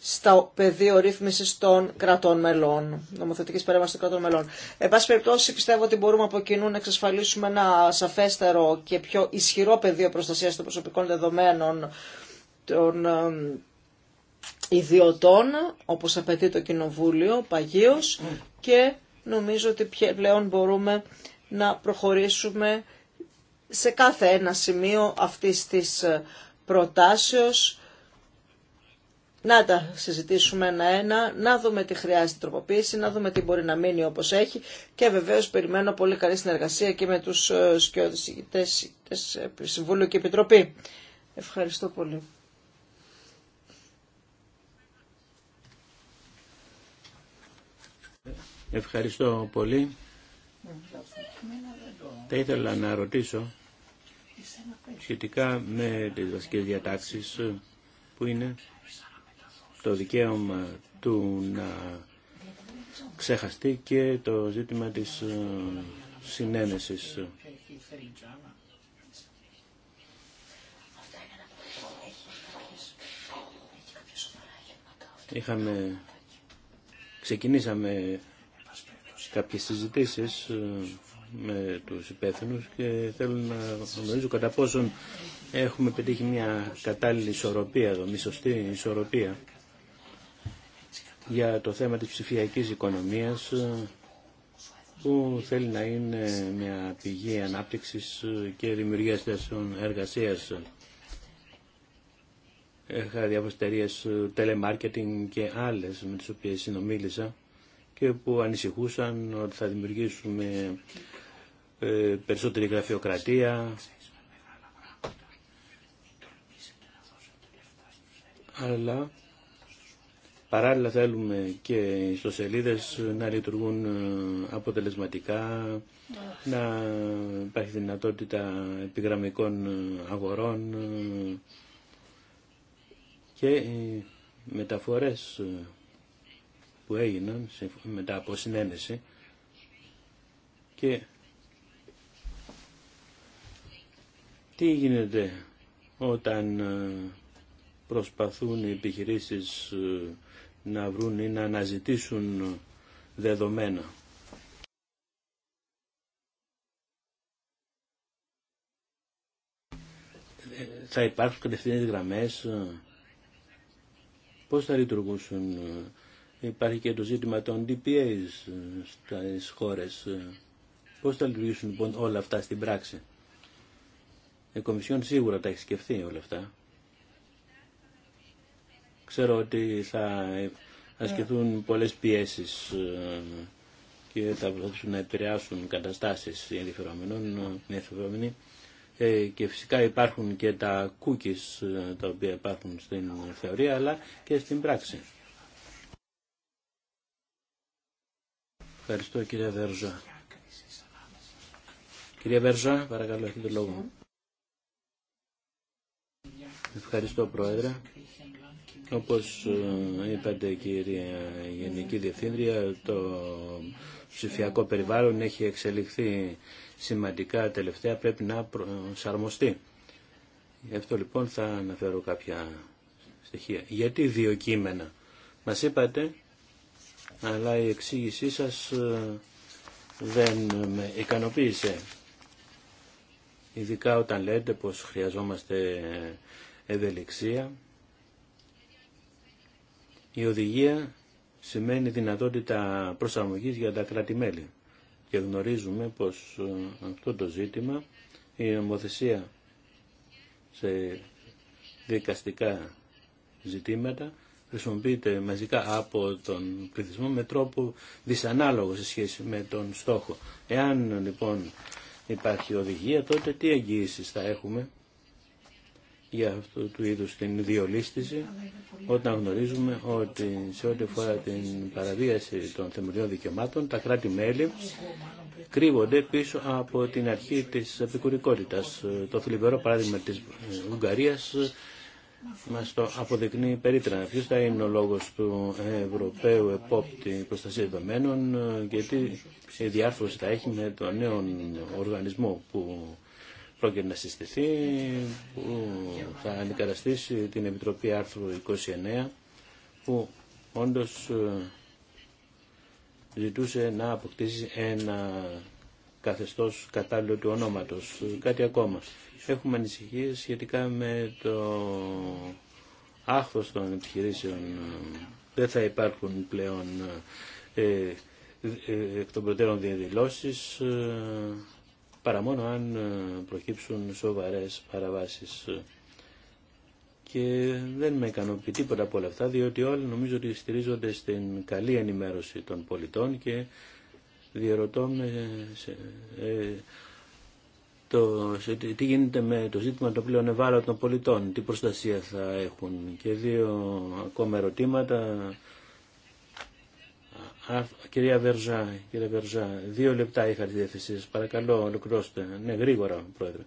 στο πεδίο ρύθμιση των κρατών μελών, νομοθετική παρέμβαση των κρατών μελών. Εν πάση περιπτώσει, πιστεύω ότι μπορούμε από κοινού να εξασφαλίσουμε ένα σαφέστερο και πιο ισχυρό πεδίο προστασία των προσωπικών δεδομένων των ε, ιδιωτών, όπω απαιτεί το Κοινοβούλιο παγίως mm. και νομίζω ότι πλέον μπορούμε να προχωρήσουμε σε κάθε ένα σημείο αυτής της ε, προτάσεως να τα συζητήσουμε ένα-ένα, να δούμε τι χρειάζεται τροποποίηση, να δούμε τι μπορεί να μείνει όπως έχει και βεβαίως περιμένω πολύ καλή συνεργασία και με τους ε, της ε, Συμβούλου και Επιτροπή. Ευχαριστώ πολύ. Ευχαριστώ πολύ. Θα ήθελα να ρωτήσω σχετικά με τις βασικές διατάξεις που είναι το δικαίωμα του να ξεχαστεί και το ζήτημα της ε, συνένεσης. Είχαμε, ξεκινήσαμε κάποιες συζητήσεις ε, με τους υπεύθυνου και θέλω να γνωρίζω κατά πόσον έχουμε πετύχει μια κατάλληλη ισορροπία εδώ, μη σωστή ισορροπία για το θέμα της ψηφιακής οικονομίας που θέλει να είναι μια πηγή ανάπτυξης και δημιουργίας θέσεων εργασίας. Έχα διάφορες εταιρείε telemarketing και άλλες με τις οποίες συνομίλησα και που ανησυχούσαν ότι θα δημιουργήσουμε ε, περισσότερη γραφειοκρατία. Αλλά παράλληλα θέλουμε και οι ιστοσελίδες να λειτουργούν ε, αποτελεσματικά, να υπάρχει δυνατότητα επιγραμμικών αγορών ε, και οι μεταφορές που έγιναν μετά από συνένεση και Τι γίνεται όταν ε, προσπαθούν οι επιχειρήσεις ε, να βρουν ή να αναζητήσουν δεδομένα. Θα υπάρχουν κατευθυντές γραμμές. Ε, πώς θα λειτουργούσουν. Υπάρχει και το ζήτημα των DPA στις χώρες. Πώς θα λειτουργήσουν λοιπόν όλα αυτά στην πράξη. Η Κομισιόν σίγουρα τα έχει σκεφτεί όλα αυτά. Ξέρω ότι θα ασκηθούν πολλές πιέσεις ε, και θα προσπαθήσουν να επηρεάσουν καταστάσεις ενδιαφερόμενων, ε, και φυσικά υπάρχουν και τα cookies ε, τα οποία υπάρχουν στην θεωρία αλλά και στην πράξη. Ευχαριστώ κυρία Βέρζα. Κυρία Βέρζα, παρακαλώ, έχετε λόγο. Ευχαριστώ Πρόεδρε. Όπως ε, είπατε κύριε Γενική Διευθύντρια, το ψηφιακό περιβάλλον έχει εξελιχθεί σημαντικά τελευταία, πρέπει να προσαρμοστεί. Γι' αυτό λοιπόν θα αναφέρω κάποια στοιχεία. Γιατί δύο κείμενα. Μας είπατε, αλλά η εξήγησή σας ε, δεν με ικανοποίησε. Ειδικά όταν λέτε πως χρειαζόμαστε ευελιξία. Η οδηγία σημαίνει δυνατότητα προσαρμογής για τα κράτη-μέλη και γνωρίζουμε πως ε, αυτό το ζήτημα η νομοθεσία σε δικαστικά ζητήματα χρησιμοποιείται μαζικά από τον πληθυσμό με τρόπο δυσανάλογο σε σχέση με τον στόχο. Εάν λοιπόν υπάρχει οδηγία τότε τι εγγύησεις θα έχουμε για αυτού του είδους την διολίστηση όταν γνωρίζουμε ότι σε ό,τι φορά την παραβίαση των θεμελιών δικαιωμάτων τα κράτη-μέλη κρύβονται πίσω από την αρχή της επικουρικότητας. Το θλιβερό παράδειγμα της Ουγγαρίας μας το αποδεικνύει περίτρανα. Ποιο θα είναι ο λόγος του Ευρωπαίου επόπτη προστασία δεδομένων γιατί τι διάρθρωση θα έχει με τον νέο οργανισμό που πρόκειται να συστηθεί, που θα αντικαταστήσει την Επιτροπή Άρθρου 29, που όντως ε, ζητούσε να αποκτήσει ένα καθεστώς κατάλληλο του ονόματος. Ε, κάτι ακόμα. Έχουμε ανησυχίες σχετικά με το άχθος των επιχειρήσεων. Δεν θα υπάρχουν πλέον ε, εκ των προτέρων διαδηλώσεις παρά μόνο αν ε, προκύψουν σοβαρές παραβάσεις. Και δεν με ικανοποιεί τίποτα από όλα αυτά, διότι όλοι νομίζω ότι στηρίζονται στην καλή ενημέρωση των πολιτών και διαρωτώ με ε, το, τι γίνεται με το ζήτημα των πλέον ευάλωτων πολιτών, τι προστασία θα έχουν. Και δύο ακόμα ερωτήματα Κυρία Βερζά, κύριε Βερζά, δύο λεπτά είχα τη διεύθυνση σας. Παρακαλώ, ολοκληρώστε. Ναι, γρήγορα, Πρόεδρε.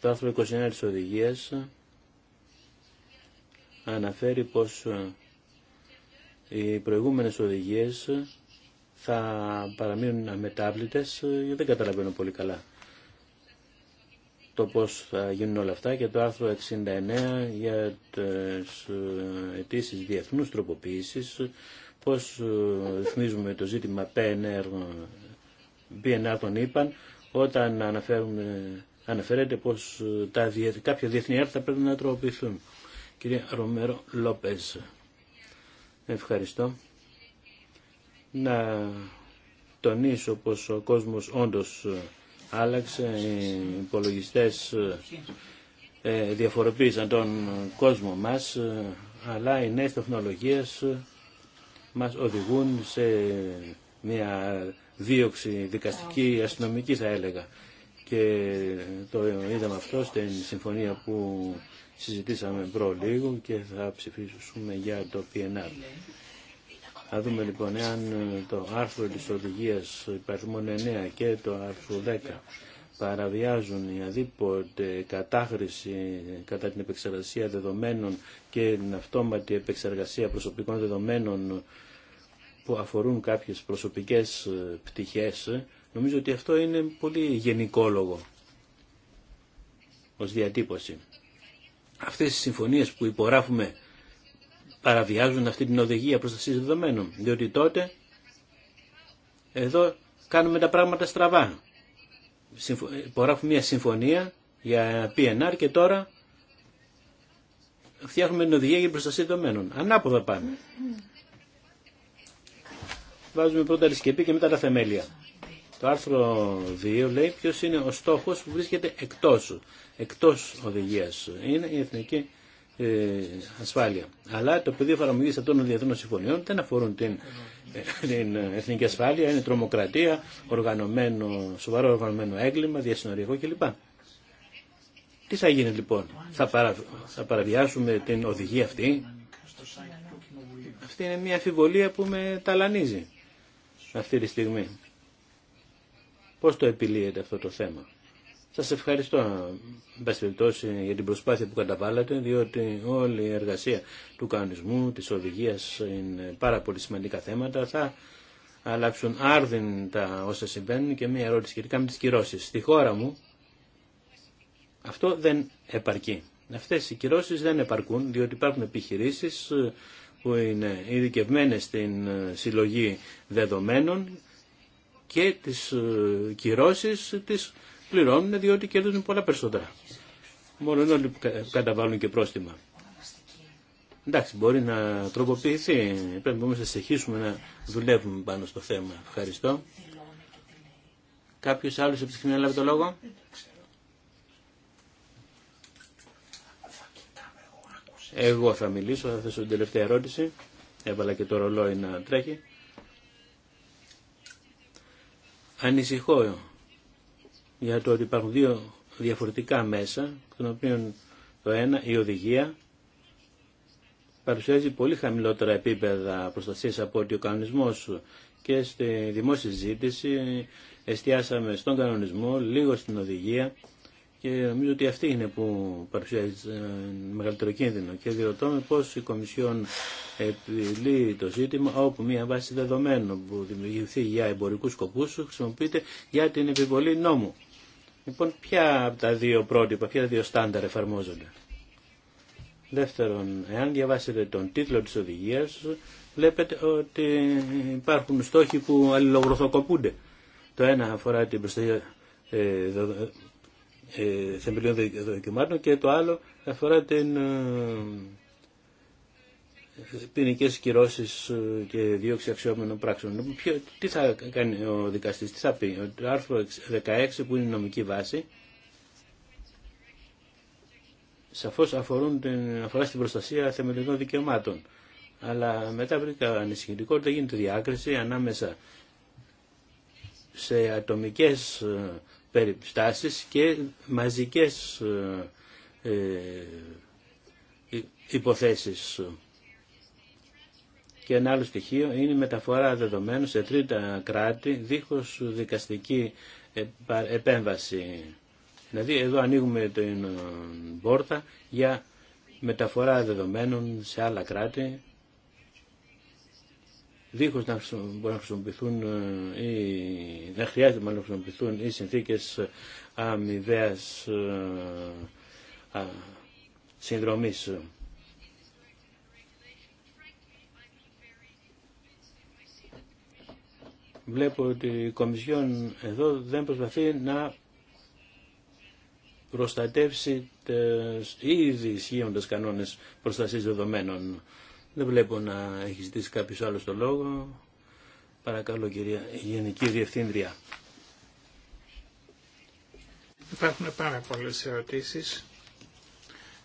Το άρθρο 29 της οδηγίας αναφέρει πως ε, οι προηγούμενες οδηγίες θα παραμείνουν αμετάβλητες. Ε, δεν καταλαβαίνω πολύ καλά το πώς θα γίνουν όλα αυτά και το άρθρο 69 για τις ε, αιτήσει διεθνούς τροποποίησης, πώς ε, ρυθμίζουμε το ζήτημα PNR, PNR των είπαν όταν αναφέρουμε, αναφέρεται πως ε, τα, κάποια διεθνή άρθρα πρέπει να τροποποιηθούν. Κυρία Ρομέρο Λόπεζ, ευχαριστώ. Να τονίσω πως ο κόσμος όντως άλλαξε, οι ε, διαφοροποίησαν τον κόσμο μας, ε, αλλά οι νέες τεχνολογίες ε, μας οδηγούν σε μια δίωξη δικαστική, αστυνομική θα έλεγα. Και το είδαμε αυτό στην συμφωνία που συζητήσαμε προ λίγο και θα ψηφίσουμε για το PNR. Θα δούμε λοιπόν εάν ε, το άρθρο της οδηγίας υπαρθμών 9 και το άρθρο 10 παραβιάζουν η αδίποτε κατάχρηση κατά την επεξεργασία δεδομένων και την αυτόματη επεξεργασία προσωπικών δεδομένων που αφορούν κάποιες προσωπικές ε, πτυχές, νομίζω ότι αυτό είναι πολύ γενικόλογο ως διατύπωση. Αυτές οι συμφωνίες που υπογράφουμε παραβιάζουν αυτή την οδηγία προστασίας δεδομένων. Διότι τότε εδώ κάνουμε τα πράγματα στραβά. Υπογράφουμε μια συμφωνία για PNR και τώρα φτιάχνουμε την οδηγία για προστασία δεδομένων. Ανάποδα πάμε. Βάζουμε πρώτα τη σκεπή και μετά τα θεμέλια. Το άρθρο 2 λέει ποιος είναι ο στόχος που βρίσκεται εκτός, εκτός οδηγίας. Είναι η εθνική ε, ασφάλεια. Αλλά το πεδίο εφαρμογή αυτών των διεθνών συμφωνιών δεν αφορούν την, ε, την ε, εθνική ασφάλεια, είναι τρομοκρατία, οργανωμένο, σοβαρό οργανωμένο έγκλημα, διασυνοριακό κλπ. Τι θα γίνει λοιπόν, θα, παρα, θα παραβιάσουμε την οδηγία αυτή. Αυτή είναι μια αφιβολία που με ταλανίζει αυτή τη στιγμή. Πώς το επιλύεται αυτό το θέμα. Σας ευχαριστώ, περιπτώσει για την προσπάθεια που καταβάλλατε διότι όλη η εργασία του κανονισμού, της οδηγίας είναι πάρα πολύ σημαντικά θέματα. Θα αλλάξουν άρδιν τα όσα συμβαίνουν και μία ερώτηση σχετικά με τις κυρώσεις. Στη χώρα μου αυτό δεν επαρκεί. Αυτές οι κυρώσεις δεν επαρκούν, διότι υπάρχουν επιχειρήσεις που είναι ειδικευμένε στην συλλογή δεδομένων και τις κυρώσεις της πληρώνουν διότι κερδίζουν πολλά περισσότερα. Μόνο όλοι καταβάλουν και πρόστιμα. Εντάξει, μπορεί να τροποποιηθεί. Πρέπει όμως να συνεχίσουμε να δουλεύουμε πάνω στο θέμα. Ευχαριστώ. Κάποιος άλλος από να λάβει το λόγο. Εγώ θα μιλήσω, θα θέσω την τελευταία ερώτηση. Έβαλα και το ρολόι να τρέχει. Ανησυχώ για το ότι υπάρχουν δύο διαφορετικά μέσα, των οποίων το ένα, η οδηγία, παρουσιάζει πολύ χαμηλότερα επίπεδα προστασίας από ότι ο κανονισμός και στη δημόσια συζήτηση εστιάσαμε στον κανονισμό, λίγο στην οδηγία και νομίζω ότι αυτή είναι που παρουσιάζει ε, μεγαλύτερο κίνδυνο και διερωτώ με πώς η Κομισιόν επιλύει το ζήτημα όπου μια βάση δεδομένων που δημιουργηθεί για εμπορικούς σκοπούς χρησιμοποιείται για την επιβολή νόμου. Λοιπόν, ποια από τα δύο πρότυπα, ποια τα δύο στάνταρ εφαρμόζονται. Δεύτερον, εάν διαβάσετε τον τίτλο της οδηγίας, βλέπετε ότι υπάρχουν στόχοι που αλληλογροθοκοπούνται. Το ένα αφορά την προστασία ε, ε, θεμελιών δικαιωμάτων και το άλλο αφορά την ε, ποινικέ κυρώσει ε, και δίωξη αξιόμενων πράξεων. τι θα κάνει ο δικαστή, τι θα πει. Το άρθρο 16 που είναι η νομική βάση σαφώς αφορούν την, αφορά στην προστασία θεμελιωδών δικαιωμάτων. Αλλά μετά βρήκα ανησυχητικό ότι γίνεται διάκριση ανάμεσα σε ατομικές ε, περιστάσει και μαζικές ε, υποθέσεις και ένα άλλο στοιχείο είναι η μεταφορά δεδομένων σε τρίτα κράτη δίχως δικαστική επέμβαση. Δηλαδή εδώ ανοίγουμε την ε, πόρτα για μεταφορά δεδομένων σε άλλα κράτη δίχως να, να χρησιμοποιηθούν ή ε, να χρειάζεται να χρησιμοποιηθούν οι συνθήκες ε, αμοιβαίας συνδρομής. βλέπω ότι η Κομισιόν εδώ δεν προσπαθεί να προστατεύσει τις ήδη ισχύοντες κανόνες προστασίας δεδομένων. Δεν βλέπω να έχει ζητήσει κάποιο άλλο το λόγο. Παρακαλώ κυρία Γενική Διευθύντρια. Υπάρχουν πάρα πολλές ερωτήσεις.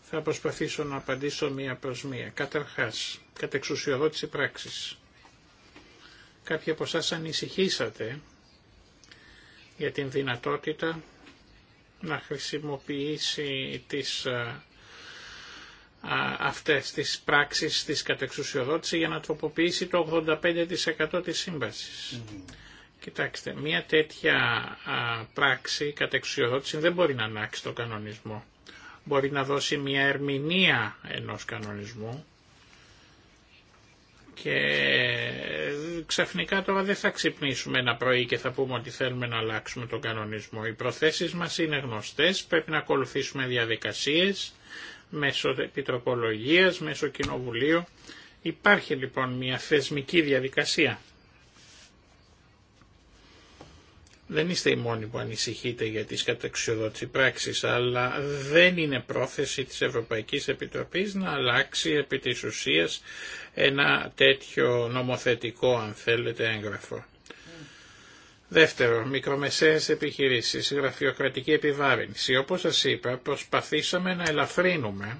Θα προσπαθήσω να απαντήσω μία προς μία. Καταρχάς, κατεξουσιοδότηση πράξης. Κάποιοι από εσάς ανησυχήσατε για την δυνατότητα να χρησιμοποιήσει τις, αυτές τις πράξεις της κατεξουσιοδότηση για να τροποποιήσει το 85% της σύμβασης. Κοιτάξτε, μια τέτοια πράξη κατεξουσιοδότηση δεν μπορεί να ανάξει το κανονισμό. Μπορεί να δώσει μια ερμηνεία ενός κανονισμού, και ε, ξαφνικά τώρα δεν θα ξυπνήσουμε ένα πρωί και θα πούμε ότι θέλουμε να αλλάξουμε τον κανονισμό. Οι προθέσεις μας είναι γνωστές, πρέπει να ακολουθήσουμε διαδικασίες μέσω επιτροπολογίας, μέσω κοινοβουλίου. Υπάρχει λοιπόν μια θεσμική διαδικασία. Δεν είστε οι μόνοι που ανησυχείτε για τις κατεξιοδότηση πράξεις, αλλά δεν είναι πρόθεση της Ευρωπαϊκής Επιτροπής να αλλάξει επί της ουσίας ένα τέτοιο νομοθετικό, αν θέλετε, έγγραφο. Δεύτερο, μικρομεσαίες επιχειρήσεις, γραφειοκρατική επιβάρυνση. Όπως σας είπα, προσπαθήσαμε να ελαφρύνουμε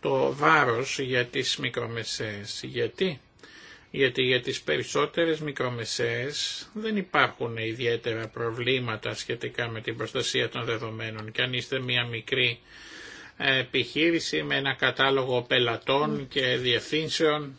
το βάρος για τις μικρομεσαίες. Γιατί? γιατί για τις περισσότερες μικρομεσαίες δεν υπάρχουν ιδιαίτερα προβλήματα σχετικά με την προστασία των δεδομένων. Και αν είστε μια μικρή ε, επιχείρηση με ένα κατάλογο πελατών και διευθύνσεων,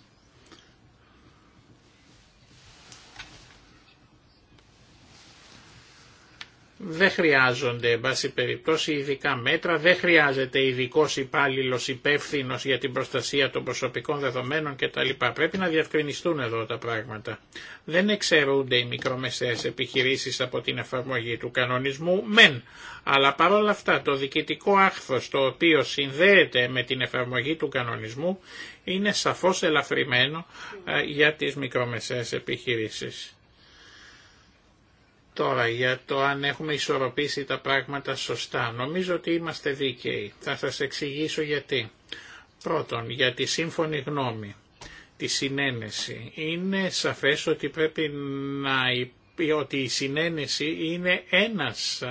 Δεν χρειάζονται, εν πάση περιπτώσει, ειδικά μέτρα, δεν χρειάζεται ειδικό υπάλληλο υπεύθυνο για την προστασία των προσωπικών δεδομένων κτλ. Πρέπει να διευκρινιστούν εδώ τα πράγματα. Δεν εξαιρούνται οι μικρομεσαίες επιχειρήσεις από την εφαρμογή του κανονισμού, μεν. Αλλά παρόλα αυτά το διοικητικό άχθος το οποίο συνδέεται με την εφαρμογή του κανονισμού είναι σαφώς ελαφρυμένο ε, για τις μικρομεσαίες επιχειρήσεις. Τώρα για το αν έχουμε ισορροπήσει τα πράγματα σωστά. Νομίζω ότι είμαστε δίκαιοι. Θα σας εξηγήσω γιατί. Πρώτον, για τη σύμφωνη γνώμη, τη συνένεση. Είναι σαφές ότι πρέπει να ότι η συνένεση είναι ένας,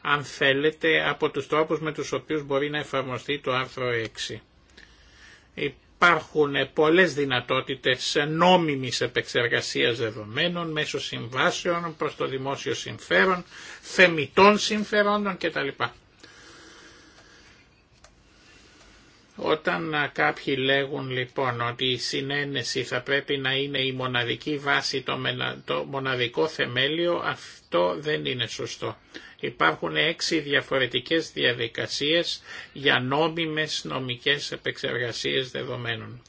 αν θέλετε, από τους τρόπους με τους οποίους μπορεί να εφαρμοστεί το άρθρο 6 υπάρχουν πολλές δυνατότητες νόμιμης επεξεργασίας δεδομένων μέσω συμβάσεων προς το δημόσιο συμφέρον, θεμητών συμφερόντων κτλ. Όταν κάποιοι λέγουν λοιπόν ότι η συνένεση θα πρέπει να είναι η μοναδική βάση, το μοναδικό θεμέλιο, αυτό δεν είναι σωστό. Υπάρχουν έξι διαφορετικές διαδικασίες για νόμιμες νομικές επεξεργασίες δεδομένων.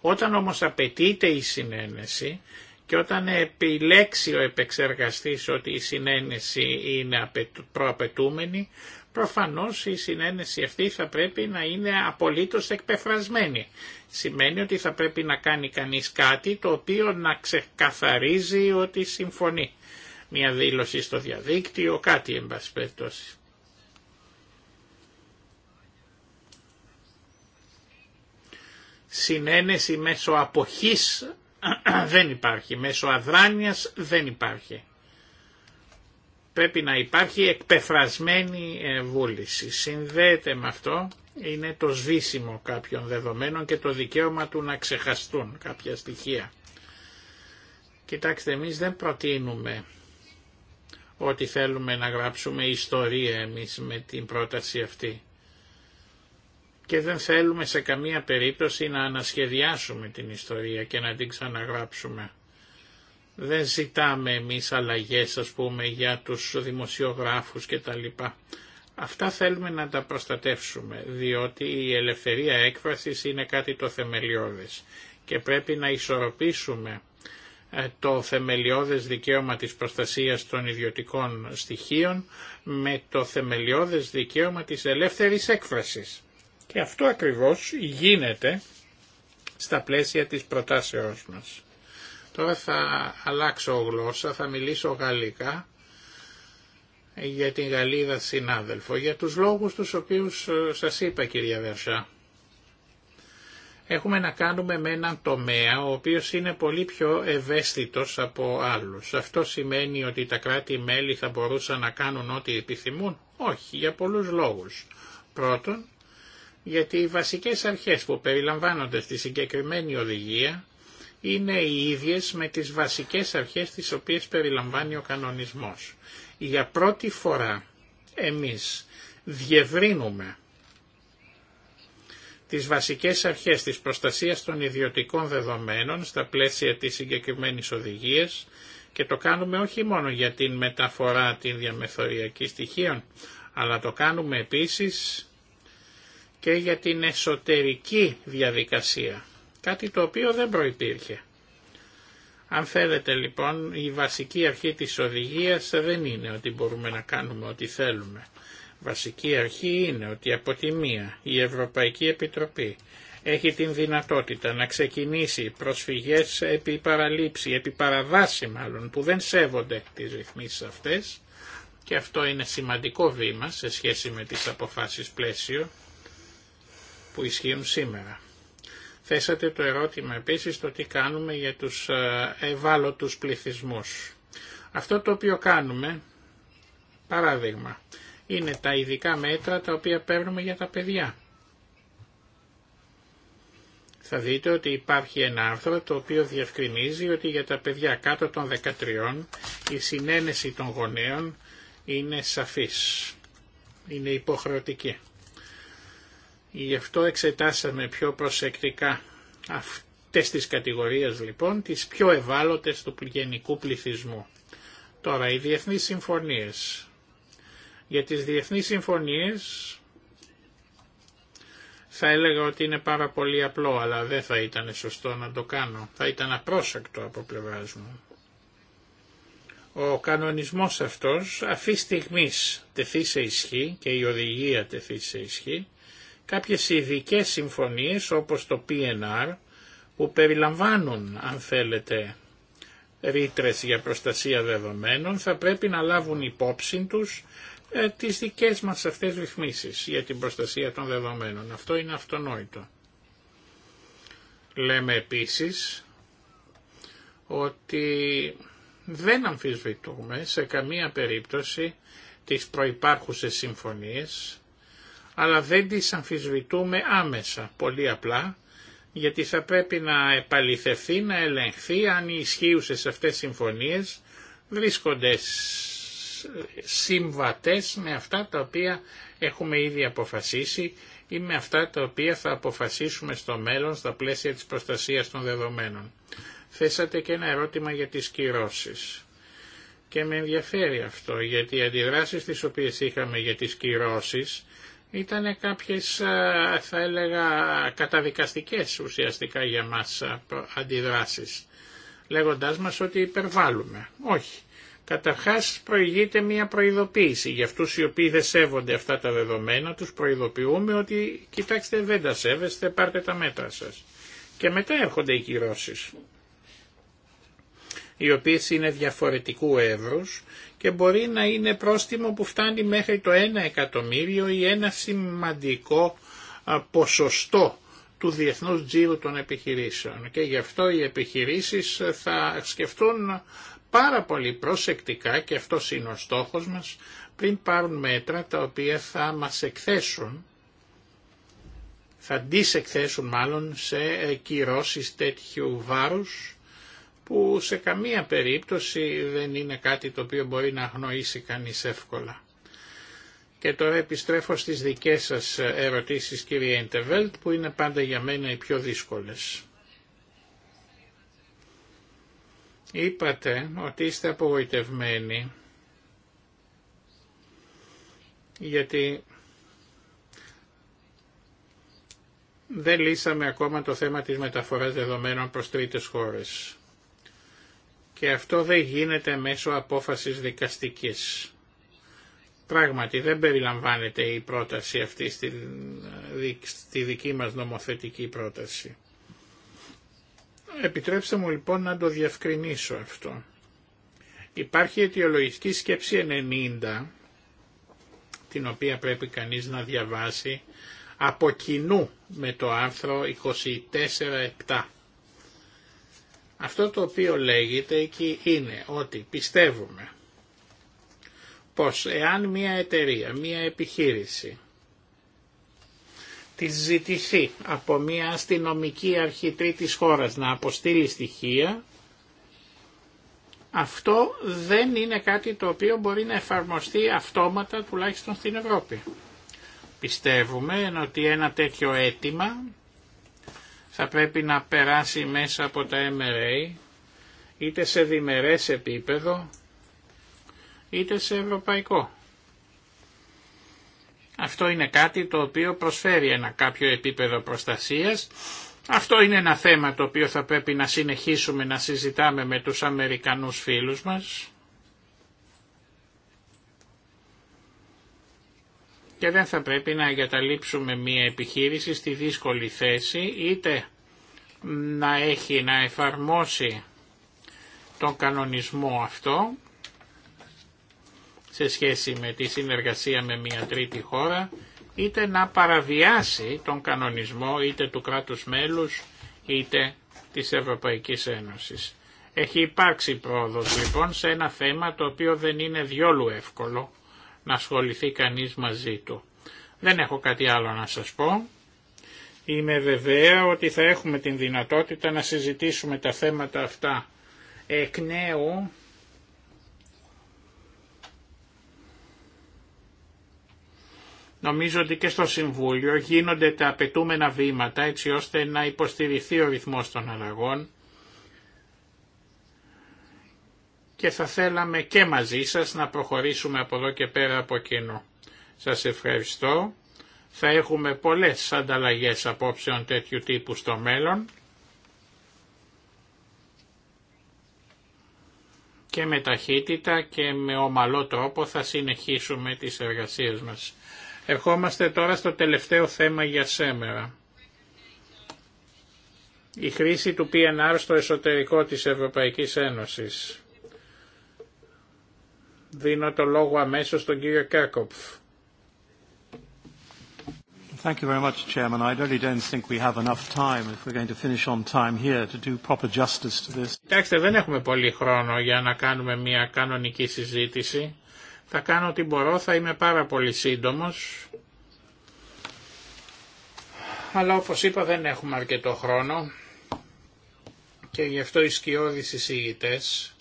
Όταν όμως απαιτείται η συνένεση και όταν επιλέξει ο επεξεργαστής ότι η συνένεση είναι προαπαιτούμενη, προφανώς η συνένεση αυτή θα πρέπει να είναι απολύτως εκπεφρασμένη. Σημαίνει ότι θα πρέπει να κάνει κανείς κάτι το οποίο να ξεκαθαρίζει ότι συμφωνεί μια δήλωση στο διαδίκτυο, κάτι εν Συνένεση μέσω αποχής δεν υπάρχει, μέσω αδράνειας δεν υπάρχει. Πρέπει να υπάρχει εκπεφρασμένη ε, βούληση. Συνδέεται με αυτό είναι το σβήσιμο κάποιων δεδομένων και το δικαίωμα του να ξεχαστούν κάποια στοιχεία. Κοιτάξτε, εμείς δεν προτείνουμε ότι θέλουμε να γράψουμε ιστορία εμείς με την πρόταση αυτή. Και δεν θέλουμε σε καμία περίπτωση να ανασχεδιάσουμε την ιστορία και να την ξαναγράψουμε. Δεν ζητάμε εμείς αλλαγές ας πούμε για τους δημοσιογράφους και τα λοιπά. Αυτά θέλουμε να τα προστατεύσουμε, διότι η ελευθερία έκφρασης είναι κάτι το θεμελιώδες και πρέπει να ισορροπήσουμε ε, το θεμελιώδες δικαίωμα της προστασίας των ιδιωτικών στοιχείων με το θεμελιώδες δικαίωμα της ελεύθερης έκφρασης. Και αυτό ακριβώς γίνεται στα πλαίσια της προτάσεώς μας. Τώρα θα αλλάξω γλώσσα, θα μιλήσω γαλλικά για την Γαλλίδα συνάδελφο, για τους λόγους τους οποίους ε, σας είπα κυρία Βερσά. Έχουμε να κάνουμε με έναν τομέα ο οποίος είναι πολύ πιο ευαίσθητος από άλλους. Αυτό σημαίνει ότι τα κράτη-μέλη θα μπορούσαν να κάνουν ό,τι επιθυμούν. Όχι, για πολλούς λόγους. Πρώτον, γιατί οι βασικές αρχές που περιλαμβάνονται στη συγκεκριμένη οδηγία είναι οι ίδιες με τις βασικές αρχές τις οποίες περιλαμβάνει ο κανονισμός. Για πρώτη φορά εμείς διευρύνουμε τις βασικές αρχές της προστασίας των ιδιωτικών δεδομένων στα πλαίσια της συγκεκριμένη οδηγίας και το κάνουμε όχι μόνο για την μεταφορά την διαμεθοριακή στοιχείων, αλλά το κάνουμε επίσης και για την εσωτερική διαδικασία, κάτι το οποίο δεν προϋπήρχε. Αν θέλετε λοιπόν η βασική αρχή της οδηγίας δεν είναι ότι μπορούμε να κάνουμε ό,τι θέλουμε βασική αρχή είναι ότι από τη μία η Ευρωπαϊκή Επιτροπή έχει την δυνατότητα να ξεκινήσει προσφυγές επί παραλήψη, επί μάλλον, που δεν σέβονται τις ρυθμίσεις αυτές και αυτό είναι σημαντικό βήμα σε σχέση με τις αποφάσεις πλαίσιο που ισχύουν σήμερα. Θέσατε το ερώτημα επίσης το τι κάνουμε για τους ε, ευάλωτους πληθυσμούς. Αυτό το οποίο κάνουμε, παράδειγμα, είναι τα ειδικά μέτρα τα οποία παίρνουμε για τα παιδιά. Θα δείτε ότι υπάρχει ένα άρθρο το οποίο διευκρινίζει ότι για τα παιδιά κάτω των 13 η συνένεση των γονέων είναι σαφής, είναι υποχρεωτική. Γι' αυτό εξετάσαμε πιο προσεκτικά αυτές τις κατηγορίες λοιπόν, τις πιο ευάλωτες του γενικού πληθυσμού. Τώρα οι διεθνείς συμφωνίες για τις διεθνείς συμφωνίες θα έλεγα ότι είναι πάρα πολύ απλό, αλλά δεν θα ήταν σωστό να το κάνω. Θα ήταν απρόσεκτο από πλευράς μου. Ο κανονισμός αυτός αφή στιγμής τεθεί σε ισχύ και η οδηγία τεθεί σε ισχύ κάποιες ειδικέ συμφωνίες όπως το PNR που περιλαμβάνουν αν θέλετε ρήτρε για προστασία δεδομένων θα πρέπει να λάβουν υπόψη τους ε, τις δικές μας αυτές ρυθμίσεις για την προστασία των δεδομένων. Αυτό είναι αυτονόητο. Λέμε επίσης ότι δεν αμφισβητούμε σε καμία περίπτωση τις προϋπάρχουσες συμφωνίες, αλλά δεν τις αμφισβητούμε άμεσα, πολύ απλά, γιατί θα πρέπει να επαληθευτεί να ελεγχθεί αν οι ισχύουσες αυτές συμφωνίες βρίσκονται συμβατές με αυτά τα οποία έχουμε ήδη αποφασίσει ή με αυτά τα οποία θα αποφασίσουμε στο μέλλον στα πλαίσια της προστασίας των δεδομένων. Θέσατε και ένα ερώτημα για τις κυρώσεις. Και με ενδιαφέρει αυτό, γιατί οι αντιδράσεις τις οποίες είχαμε για τις κυρώσεις ήταν κάποιες, θα έλεγα, καταδικαστικές ουσιαστικά για μας αντιδράσεις, λέγοντάς μας ότι υπερβάλλουμε. Όχι. Καταρχάς προηγείται μια προειδοποίηση. Για αυτούς οι οποίοι δεν σέβονται αυτά τα δεδομένα τους προειδοποιούμε ότι κοιτάξτε δεν τα σέβεστε, πάρτε τα μέτρα σας. Και μετά έρχονται οι κυρώσεις οι οποίες είναι διαφορετικού εύρους και μπορεί να είναι πρόστιμο που φτάνει μέχρι το 1 εκατομμύριο ή ένα σημαντικό ποσοστό του διεθνούς τζίρου των επιχειρήσεων. Και γι' αυτό οι επιχειρήσεις ε, θα σκεφτούν πάρα πολύ προσεκτικά και αυτό είναι ο στόχος μας πριν πάρουν μέτρα τα οποία θα μας εκθέσουν θα τις εκθέσουν μάλλον σε ε, κυρώσεις τέτοιου βάρους που σε καμία περίπτωση δεν είναι κάτι το οποίο μπορεί να αγνοήσει κανείς εύκολα. Και τώρα επιστρέφω στις δικές σας ερωτήσεις κύριε Εντεβέλτ που είναι πάντα για μένα οι πιο δύσκολες. Είπατε ότι είστε απογοητευμένοι γιατί δεν λύσαμε ακόμα το θέμα της μεταφοράς δεδομένων προς τρίτες χώρες. Και αυτό δεν γίνεται μέσω απόφασης δικαστικής. Πράγματι δεν περιλαμβάνεται η πρόταση αυτή ε, στη, δική μας νομοθετική πρόταση. Επιτρέψτε μου λοιπόν να το διευκρινίσω αυτό. Υπάρχει αιτιολογική σκέψη 90, την οποία πρέπει κανείς να διαβάσει από κοινού με το άρθρο 24-7. Αυτό το οποίο λέγεται εκεί είναι ότι πιστεύουμε πως εάν μια εταιρεία, μια επιχείρηση της ζητηθεί από μια αστυνομική αρχή τρίτης χώρας να αποστείλει στοιχεία, αυτό δεν είναι κάτι το οποίο μπορεί να εφαρμοστεί αυτόματα τουλάχιστον στην Ευρώπη. Πιστεύουμε ότι ένα τέτοιο αίτημα θα πρέπει να περάσει μέσα από τα MRA είτε σε διμερές επίπεδο είτε σε ευρωπαϊκό. Αυτό είναι κάτι το οποίο προσφέρει ένα κάποιο επίπεδο προστασίας. Αυτό είναι ένα θέμα το οποίο θα πρέπει να συνεχίσουμε να συζητάμε με τους Αμερικανούς φίλους μας. Και δεν θα πρέπει να εγκαταλείψουμε μία επιχείρηση στη δύσκολη θέση είτε να έχει να εφαρμόσει τον κανονισμό αυτό σε σχέση με τη συνεργασία με μια τρίτη χώρα είτε να παραβιάσει τον κανονισμό είτε του κράτους μέλους είτε της Ευρωπαϊκής Ένωσης. Έχει υπάρξει πρόοδος λοιπόν σε ένα θέμα το οποίο δεν είναι διόλου εύκολο να ασχοληθεί κανείς μαζί του. Δεν έχω κάτι άλλο να σας πω. Είμαι βεβαία ότι θα έχουμε την δυνατότητα να συζητήσουμε τα θέματα αυτά εκ νέου Νομίζω ότι και στο Συμβούλιο γίνονται τα απαιτούμενα βήματα έτσι ώστε να υποστηριχθεί ο ρυθμός των αλλαγών και θα θέλαμε και μαζί σας να προχωρήσουμε από εδώ και πέρα από κοινού. Σας ευχαριστώ. Θα έχουμε πολλές ανταλλαγές απόψεων τέτοιου τύπου στο μέλλον. και με ταχύτητα και με ομαλό τρόπο θα συνεχίσουμε τις εργασίες μας. Ερχόμαστε τώρα στο τελευταίο θέμα για σήμερα. Η χρήση του PNR στο εσωτερικό της Ευρωπαϊκής Ένωσης. Δίνω το λόγο αμέσως στον κύριο Κέρκοπφ. Thank you very much, Chairman. I really don't think we have enough time if we're going to finish on time here to do proper justice to this. Κοιτάξτε, δεν έχουμε πολύ χρόνο για να κάνουμε μια κανονική συζήτηση. Θα κάνω ό,τι μπορώ, θα είμαι πάρα πολύ σύντομος. Αλλά όπως είπα δεν έχουμε αρκετό χρόνο και γι' αυτό οι σκιώδεις εισηγητές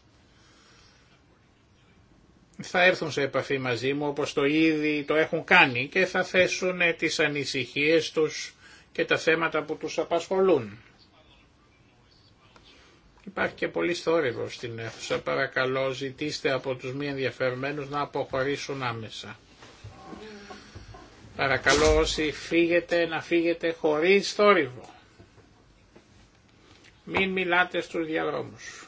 θα έρθουν σε επαφή μαζί μου όπως το ήδη το έχουν κάνει και θα θέσουν τις ανησυχίες τους και τα θέματα που τους απασχολούν. Υπάρχει και πολύ θόρυβο στην αίθουσα. Παρακαλώ ζητήστε από τους μη ενδιαφερμένους να αποχωρήσουν άμεσα. Παρακαλώ όσοι φύγετε να φύγετε χωρίς θόρυβο. Μην μιλάτε στους διαδρόμους.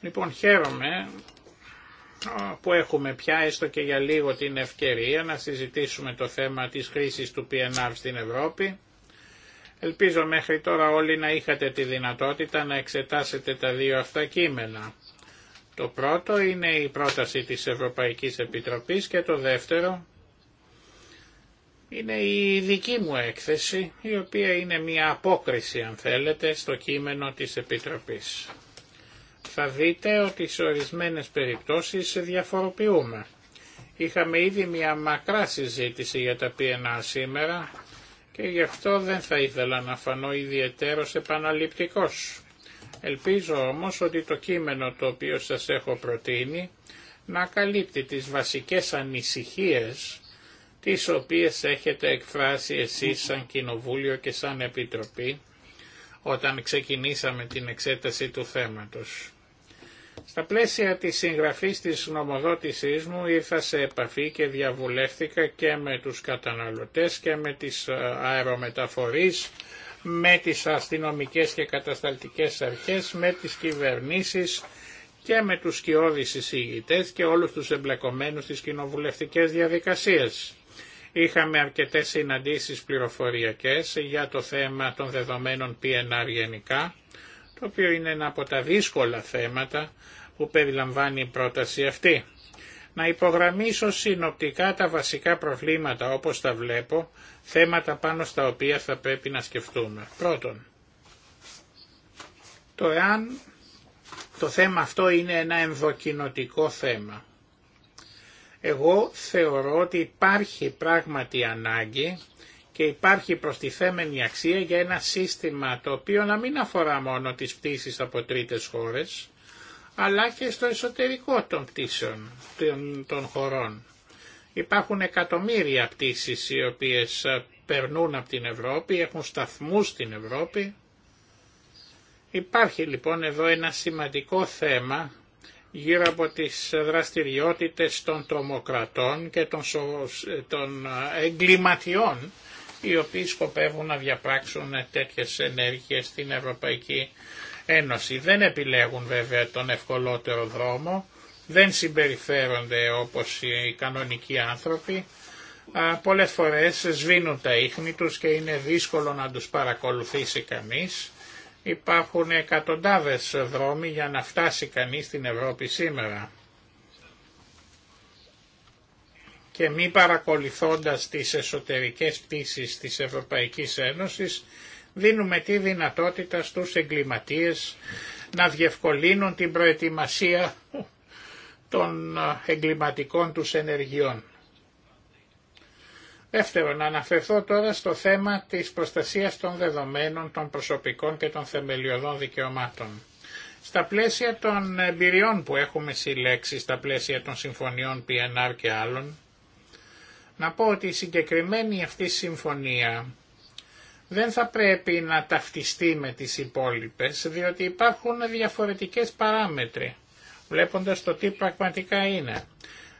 Λοιπόν χαίρομαι που έχουμε πια έστω και για λίγο την ευκαιρία να συζητήσουμε το θέμα της χρήσης του PNR στην Ευρώπη. Ελπίζω μέχρι τώρα όλοι να είχατε τη δυνατότητα να εξετάσετε τα δύο αυτά κείμενα. Το πρώτο είναι η πρόταση της Ευρωπαϊκής Επιτροπής και το δεύτερο είναι η δική μου έκθεση, η οποία είναι μια απόκριση αν θέλετε στο κείμενο της Επιτροπής. Θα δείτε ότι σε ορισμένες περιπτώσεις διαφοροποιούμε. Είχαμε ήδη μια μακρά συζήτηση για τα πιενά σήμερα και γι' αυτό δεν θα ήθελα να φανώ ιδιαιτέρως επαναληπτικός. Ελπίζω όμως ότι το κείμενο το οποίο σας έχω προτείνει να καλύπτει τις βασικές ανησυχίες τις οποίες έχετε εκφράσει εσείς σαν Κοινοβούλιο και σαν Επιτροπή όταν ξεκινήσαμε την εξέταση του θέματος. Στα πλαίσια της συγγραφής της νομοδότησής μου ήρθα σε επαφή και διαβουλεύτηκα και με τους καταναλωτές και με τις ε, αερομεταφορείς, με τις αστυνομικές και κατασταλτικές αρχές, με τις κυβερνήσεις και με τους σκιώδεις εισηγητές και όλους τους εμπλεκομένους στις κοινοβουλευτικές διαδικασίες. Είχαμε αρκετές συναντήσεις πληροφοριακές για το θέμα των δεδομένων PNR γενικά το οποίο είναι ένα από τα δύσκολα θέματα που περιλαμβάνει η πρόταση αυτή. Να υπογραμμίσω συνοπτικά τα βασικά προβλήματα όπως τα βλέπω, θέματα πάνω στα οποία θα πρέπει να σκεφτούμε. Πρώτον, το εάν το θέμα αυτό είναι ένα ενδοκινοτικό θέμα. Εγώ θεωρώ ότι υπάρχει πράγματι ανάγκη και υπάρχει προστιθέμενη αξία για ένα σύστημα το οποίο να μην αφορά μόνο τις πτήσεις από τρίτες χώρες, αλλά και στο εσωτερικό των πτήσεων των, χωρών. Υπάρχουν εκατομμύρια πτήσεις οι οποίες ε, περνούν από την Ευρώπη, έχουν σταθμούς στην Ευρώπη. Υπάρχει λοιπόν εδώ ένα σημαντικό θέμα γύρω από τις δραστηριότητες των τρομοκρατών και των ε, ε, εγκληματιών οι οποίοι σκοπεύουν να διαπράξουν τέτοιες ενέργειες στην Ευρωπαϊκή Ένωση. Δεν επιλέγουν βέβαια τον ευκολότερο δρόμο, δεν συμπεριφέρονται όπως οι κανονικοί άνθρωποι, πολλές φορές σβήνουν τα ίχνη τους και είναι δύσκολο να τους παρακολουθήσει κανείς. Υπάρχουν εκατοντάδες δρόμοι για να φτάσει κανείς στην Ευρώπη σήμερα. και μη παρακολουθώντας τις εσωτερικές πτήσεις της Ευρωπαϊκής Ένωσης, δίνουμε τη δυνατότητα στους εγκληματίες να διευκολύνουν την προετοιμασία των εγκληματικών τους ενεργειών. Δεύτερον, να αναφερθώ τώρα στο θέμα της προστασίας των δεδομένων των προσωπικών και των θεμελιωδών δικαιωμάτων. Στα πλαίσια των εμπειριών που έχουμε συλλέξει, στα πλαίσια των συμφωνιών PNR και άλλων, να πω ότι η συγκεκριμένη αυτή συμφωνία δεν θα πρέπει να ταυτιστεί με τις υπόλοιπες, διότι υπάρχουν διαφορετικές παράμετροι, βλέποντας το τι πραγματικά είναι.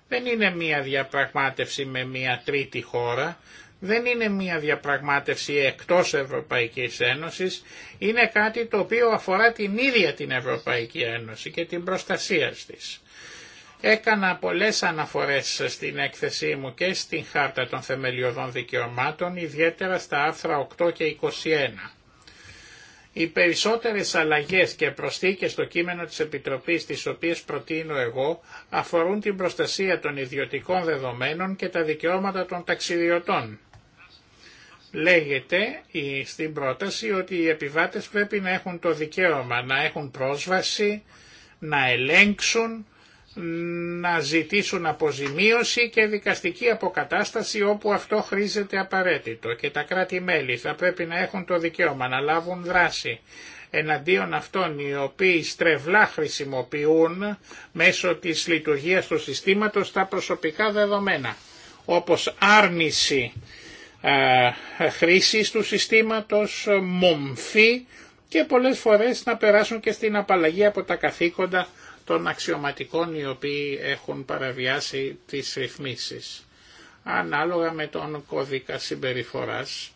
Δεν είναι μία διαπραγμάτευση με μία τρίτη χώρα, δεν είναι μία διαπραγμάτευση εκτός Ευρωπαϊκής Ένωσης, είναι κάτι το οποίο αφορά την ίδια την Ευρωπαϊκή Ένωση και την προστασία της. Έκανα πολλές αναφορές στην έκθεσή μου και στην Χάρτα των Θεμελιωδών Δικαιωμάτων, ιδιαίτερα στα άρθρα 8 και 21. Οι περισσότερες αλλαγές και προσθήκες στο κείμενο της Επιτροπής, τις οποίες προτείνω εγώ, αφορούν την προστασία των ιδιωτικών δεδομένων και τα δικαιώματα των ταξιδιωτών. Λέγεται στην πρόταση ότι οι επιβάτες πρέπει να έχουν το δικαίωμα να έχουν πρόσβαση, να ελέγξουν να ζητήσουν αποζημίωση και δικαστική αποκατάσταση όπου αυτό χρήζεται απαραίτητο και τα κράτη-μέλη θα πρέπει να έχουν το δικαίωμα να λάβουν δράση εναντίον αυτών οι οποίοι στρεβλά χρησιμοποιούν μέσω της λειτουργίας του συστήματος τα προσωπικά δεδομένα όπως άρνηση ε, χρήσης του συστήματος, μομφή και πολλές φορές να περάσουν και στην απαλλαγή από τα καθήκοντα των αξιωματικών οι οποίοι έχουν παραβιάσει τις ρυθμίσεις. Ανάλογα με τον κώδικα συμπεριφοράς,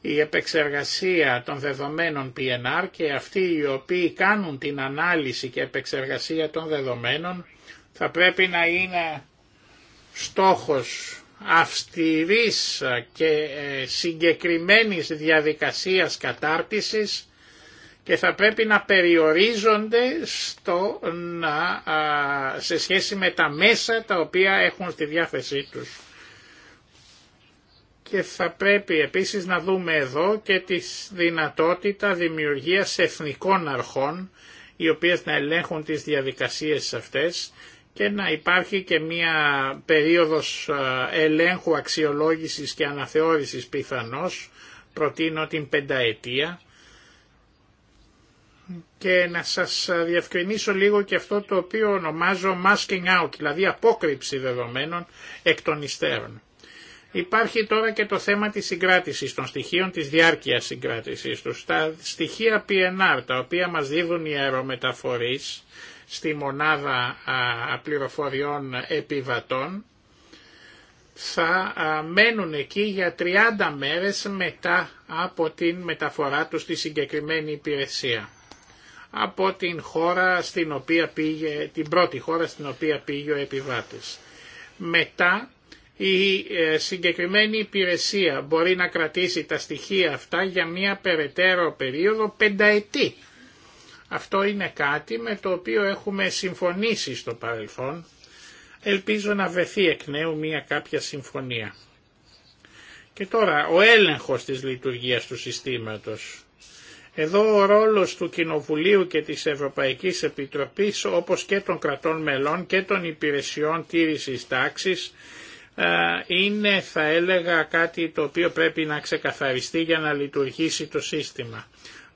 η επεξεργασία των δεδομένων PNR και αυτοί οι οποίοι κάνουν την ανάλυση και επεξεργασία των δεδομένων θα πρέπει να είναι στόχος αυστηρής και ε, συγκεκριμένης διαδικασίας κατάρτισης και θα πρέπει να περιορίζονται στο να, σε σχέση με τα μέσα τα οποία έχουν στη διάθεσή τους. Και θα πρέπει επίσης να δούμε εδώ και τη δυνατότητα δημιουργίας εθνικών αρχών οι οποίες να ελέγχουν τις διαδικασίες αυτές και να υπάρχει και μία περίοδος ελέγχου αξιολόγησης και αναθεώρησης πιθανώς, προτείνω την πενταετία, και να σας διευκρινίσω λίγο και αυτό το οποίο ονομάζω masking out, δηλαδή απόκρυψη δεδομένων εκ των υστέρων. Υπάρχει τώρα και το θέμα της συγκράτησης των στοιχείων, της διάρκειας συγκράτησης τους. Τα στοιχεία PNR, τα οποία μας δίδουν οι αερομεταφορείς στη μονάδα πληροφοριών επιβατών, θα μένουν εκεί για 30 μέρες μετά από την μεταφορά τους στη συγκεκριμένη υπηρεσία από την χώρα στην οποία πήγε, την πρώτη χώρα στην οποία πήγε ο επιβάτης. Μετά η ε, συγκεκριμένη υπηρεσία μπορεί να κρατήσει τα στοιχεία αυτά για μια περαιτέρω περίοδο πενταετή. Αυτό είναι κάτι με το οποίο έχουμε συμφωνήσει στο παρελθόν. Ελπίζω να βρεθεί εκ νέου μια κάποια συμφωνία. Και τώρα ο έλεγχος της λειτουργίας του συστήματος. Εδώ ο ρόλος του Κοινοβουλίου και της Ευρωπαϊκής Επιτροπής όπως και των κρατών μελών και των υπηρεσιών τήρησης τάξης ε, είναι θα έλεγα κάτι το οποίο πρέπει να ξεκαθαριστεί για να λειτουργήσει το σύστημα.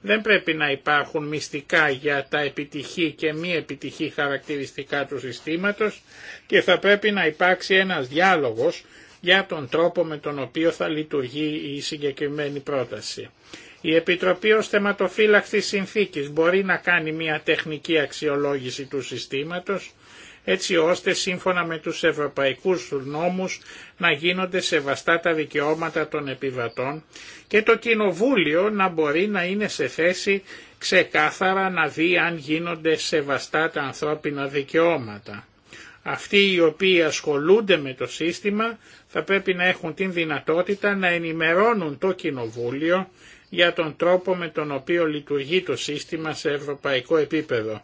Δεν πρέπει να υπάρχουν μυστικά για τα επιτυχή και μη επιτυχή χαρακτηριστικά του συστήματος και θα πρέπει να υπάρξει ένας διάλογος για τον τρόπο με τον οποίο θα λειτουργεί η συγκεκριμένη πρόταση. Η Επιτροπή ως θεματοφύλακτη συνθήκης μπορεί να κάνει μια τεχνική αξιολόγηση του συστήματος έτσι ώστε σύμφωνα με τους ευρωπαϊκούς νόμους να γίνονται σεβαστά τα δικαιώματα των επιβατών και το Κοινοβούλιο να μπορεί να είναι σε θέση ξεκάθαρα να δει αν γίνονται σεβαστά τα ανθρώπινα δικαιώματα. Αυτοί οι οποίοι ασχολούνται με το σύστημα θα πρέπει να έχουν την δυνατότητα να ενημερώνουν το Κοινοβούλιο για τον τρόπο με τον οποίο λειτουργεί το σύστημα σε ευρωπαϊκό επίπεδο.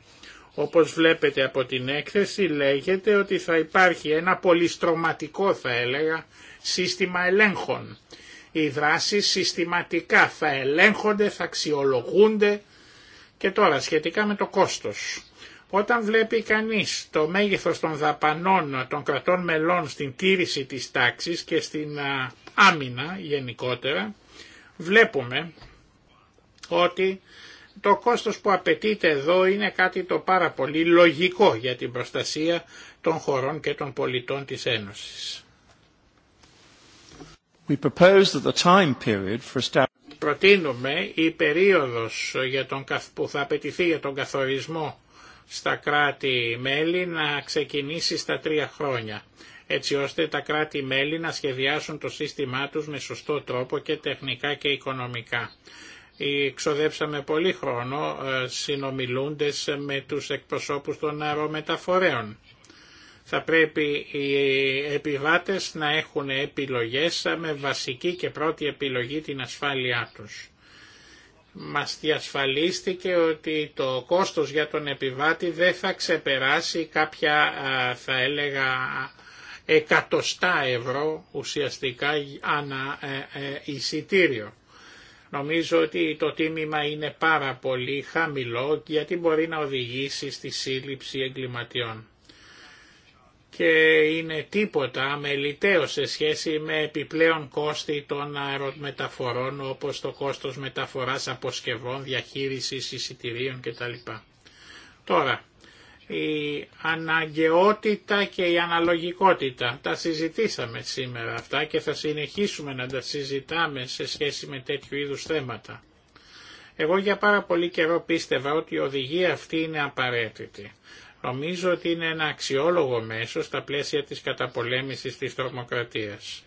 Όπως βλέπετε από την έκθεση λέγεται ότι θα υπάρχει ένα πολυστρωματικό θα έλεγα σύστημα ελέγχων. Οι δράσεις συστηματικά θα ελέγχονται, θα αξιολογούνται και τώρα σχετικά με το κόστος. Όταν βλέπει κανείς το μέγεθος των δαπανών των κρατών μελών στην τήρηση της τάξης και στην άμυνα γενικότερα, βλέπουμε ότι το κόστος που απαιτείται εδώ είναι κάτι το πάρα πολύ λογικό για την προστασία των χωρών και των πολιτών της Ένωσης. We that the Προτείνουμε η περίοδος για τον, που θα απαιτηθεί για τον καθορισμό στα κράτη-μέλη να ξεκινήσει στα τρία χρόνια έτσι ώστε τα κράτη-μέλη να σχεδιάσουν το σύστημά τους με σωστό τρόπο και τεχνικά και οικονομικά. Ξοδέψαμε πολύ χρόνο ε, συνομιλούντες με τους εκπροσώπους των αερομεταφορέων. Θα πρέπει οι επιβάτες να έχουν επιλογές με βασική και πρώτη επιλογή την ασφάλειά τους. Μας διασφαλίστηκε ότι το κόστος για τον επιβάτη δεν θα ξεπεράσει κάποια ε, θα έλεγα εκατοστά ευρώ ουσιαστικά ανά ε, ε, εισιτήριο. Νομίζω ότι το τίμημα είναι πάρα πολύ χαμηλό γιατί μπορεί να οδηγήσει στη σύλληψη εγκληματιών και είναι τίποτα αμεληταίο σε σχέση με επιπλέον κόστη των αερομεταφορών όπως το κόστος μεταφοράς αποσκευών, διαχείρισης εισιτηρίων κτλ. Τώρα, η αναγκαιότητα και η αναλογικότητα. Τα συζητήσαμε σήμερα αυτά και θα συνεχίσουμε να τα συζητάμε σε σχέση με τέτοιου είδους θέματα. Εγώ για πάρα πολύ καιρό πίστευα ότι η οδηγία αυτή είναι απαραίτητη. Νομίζω ότι είναι ένα αξιόλογο μέσο στα πλαίσια της καταπολέμησης της τρομοκρατίας.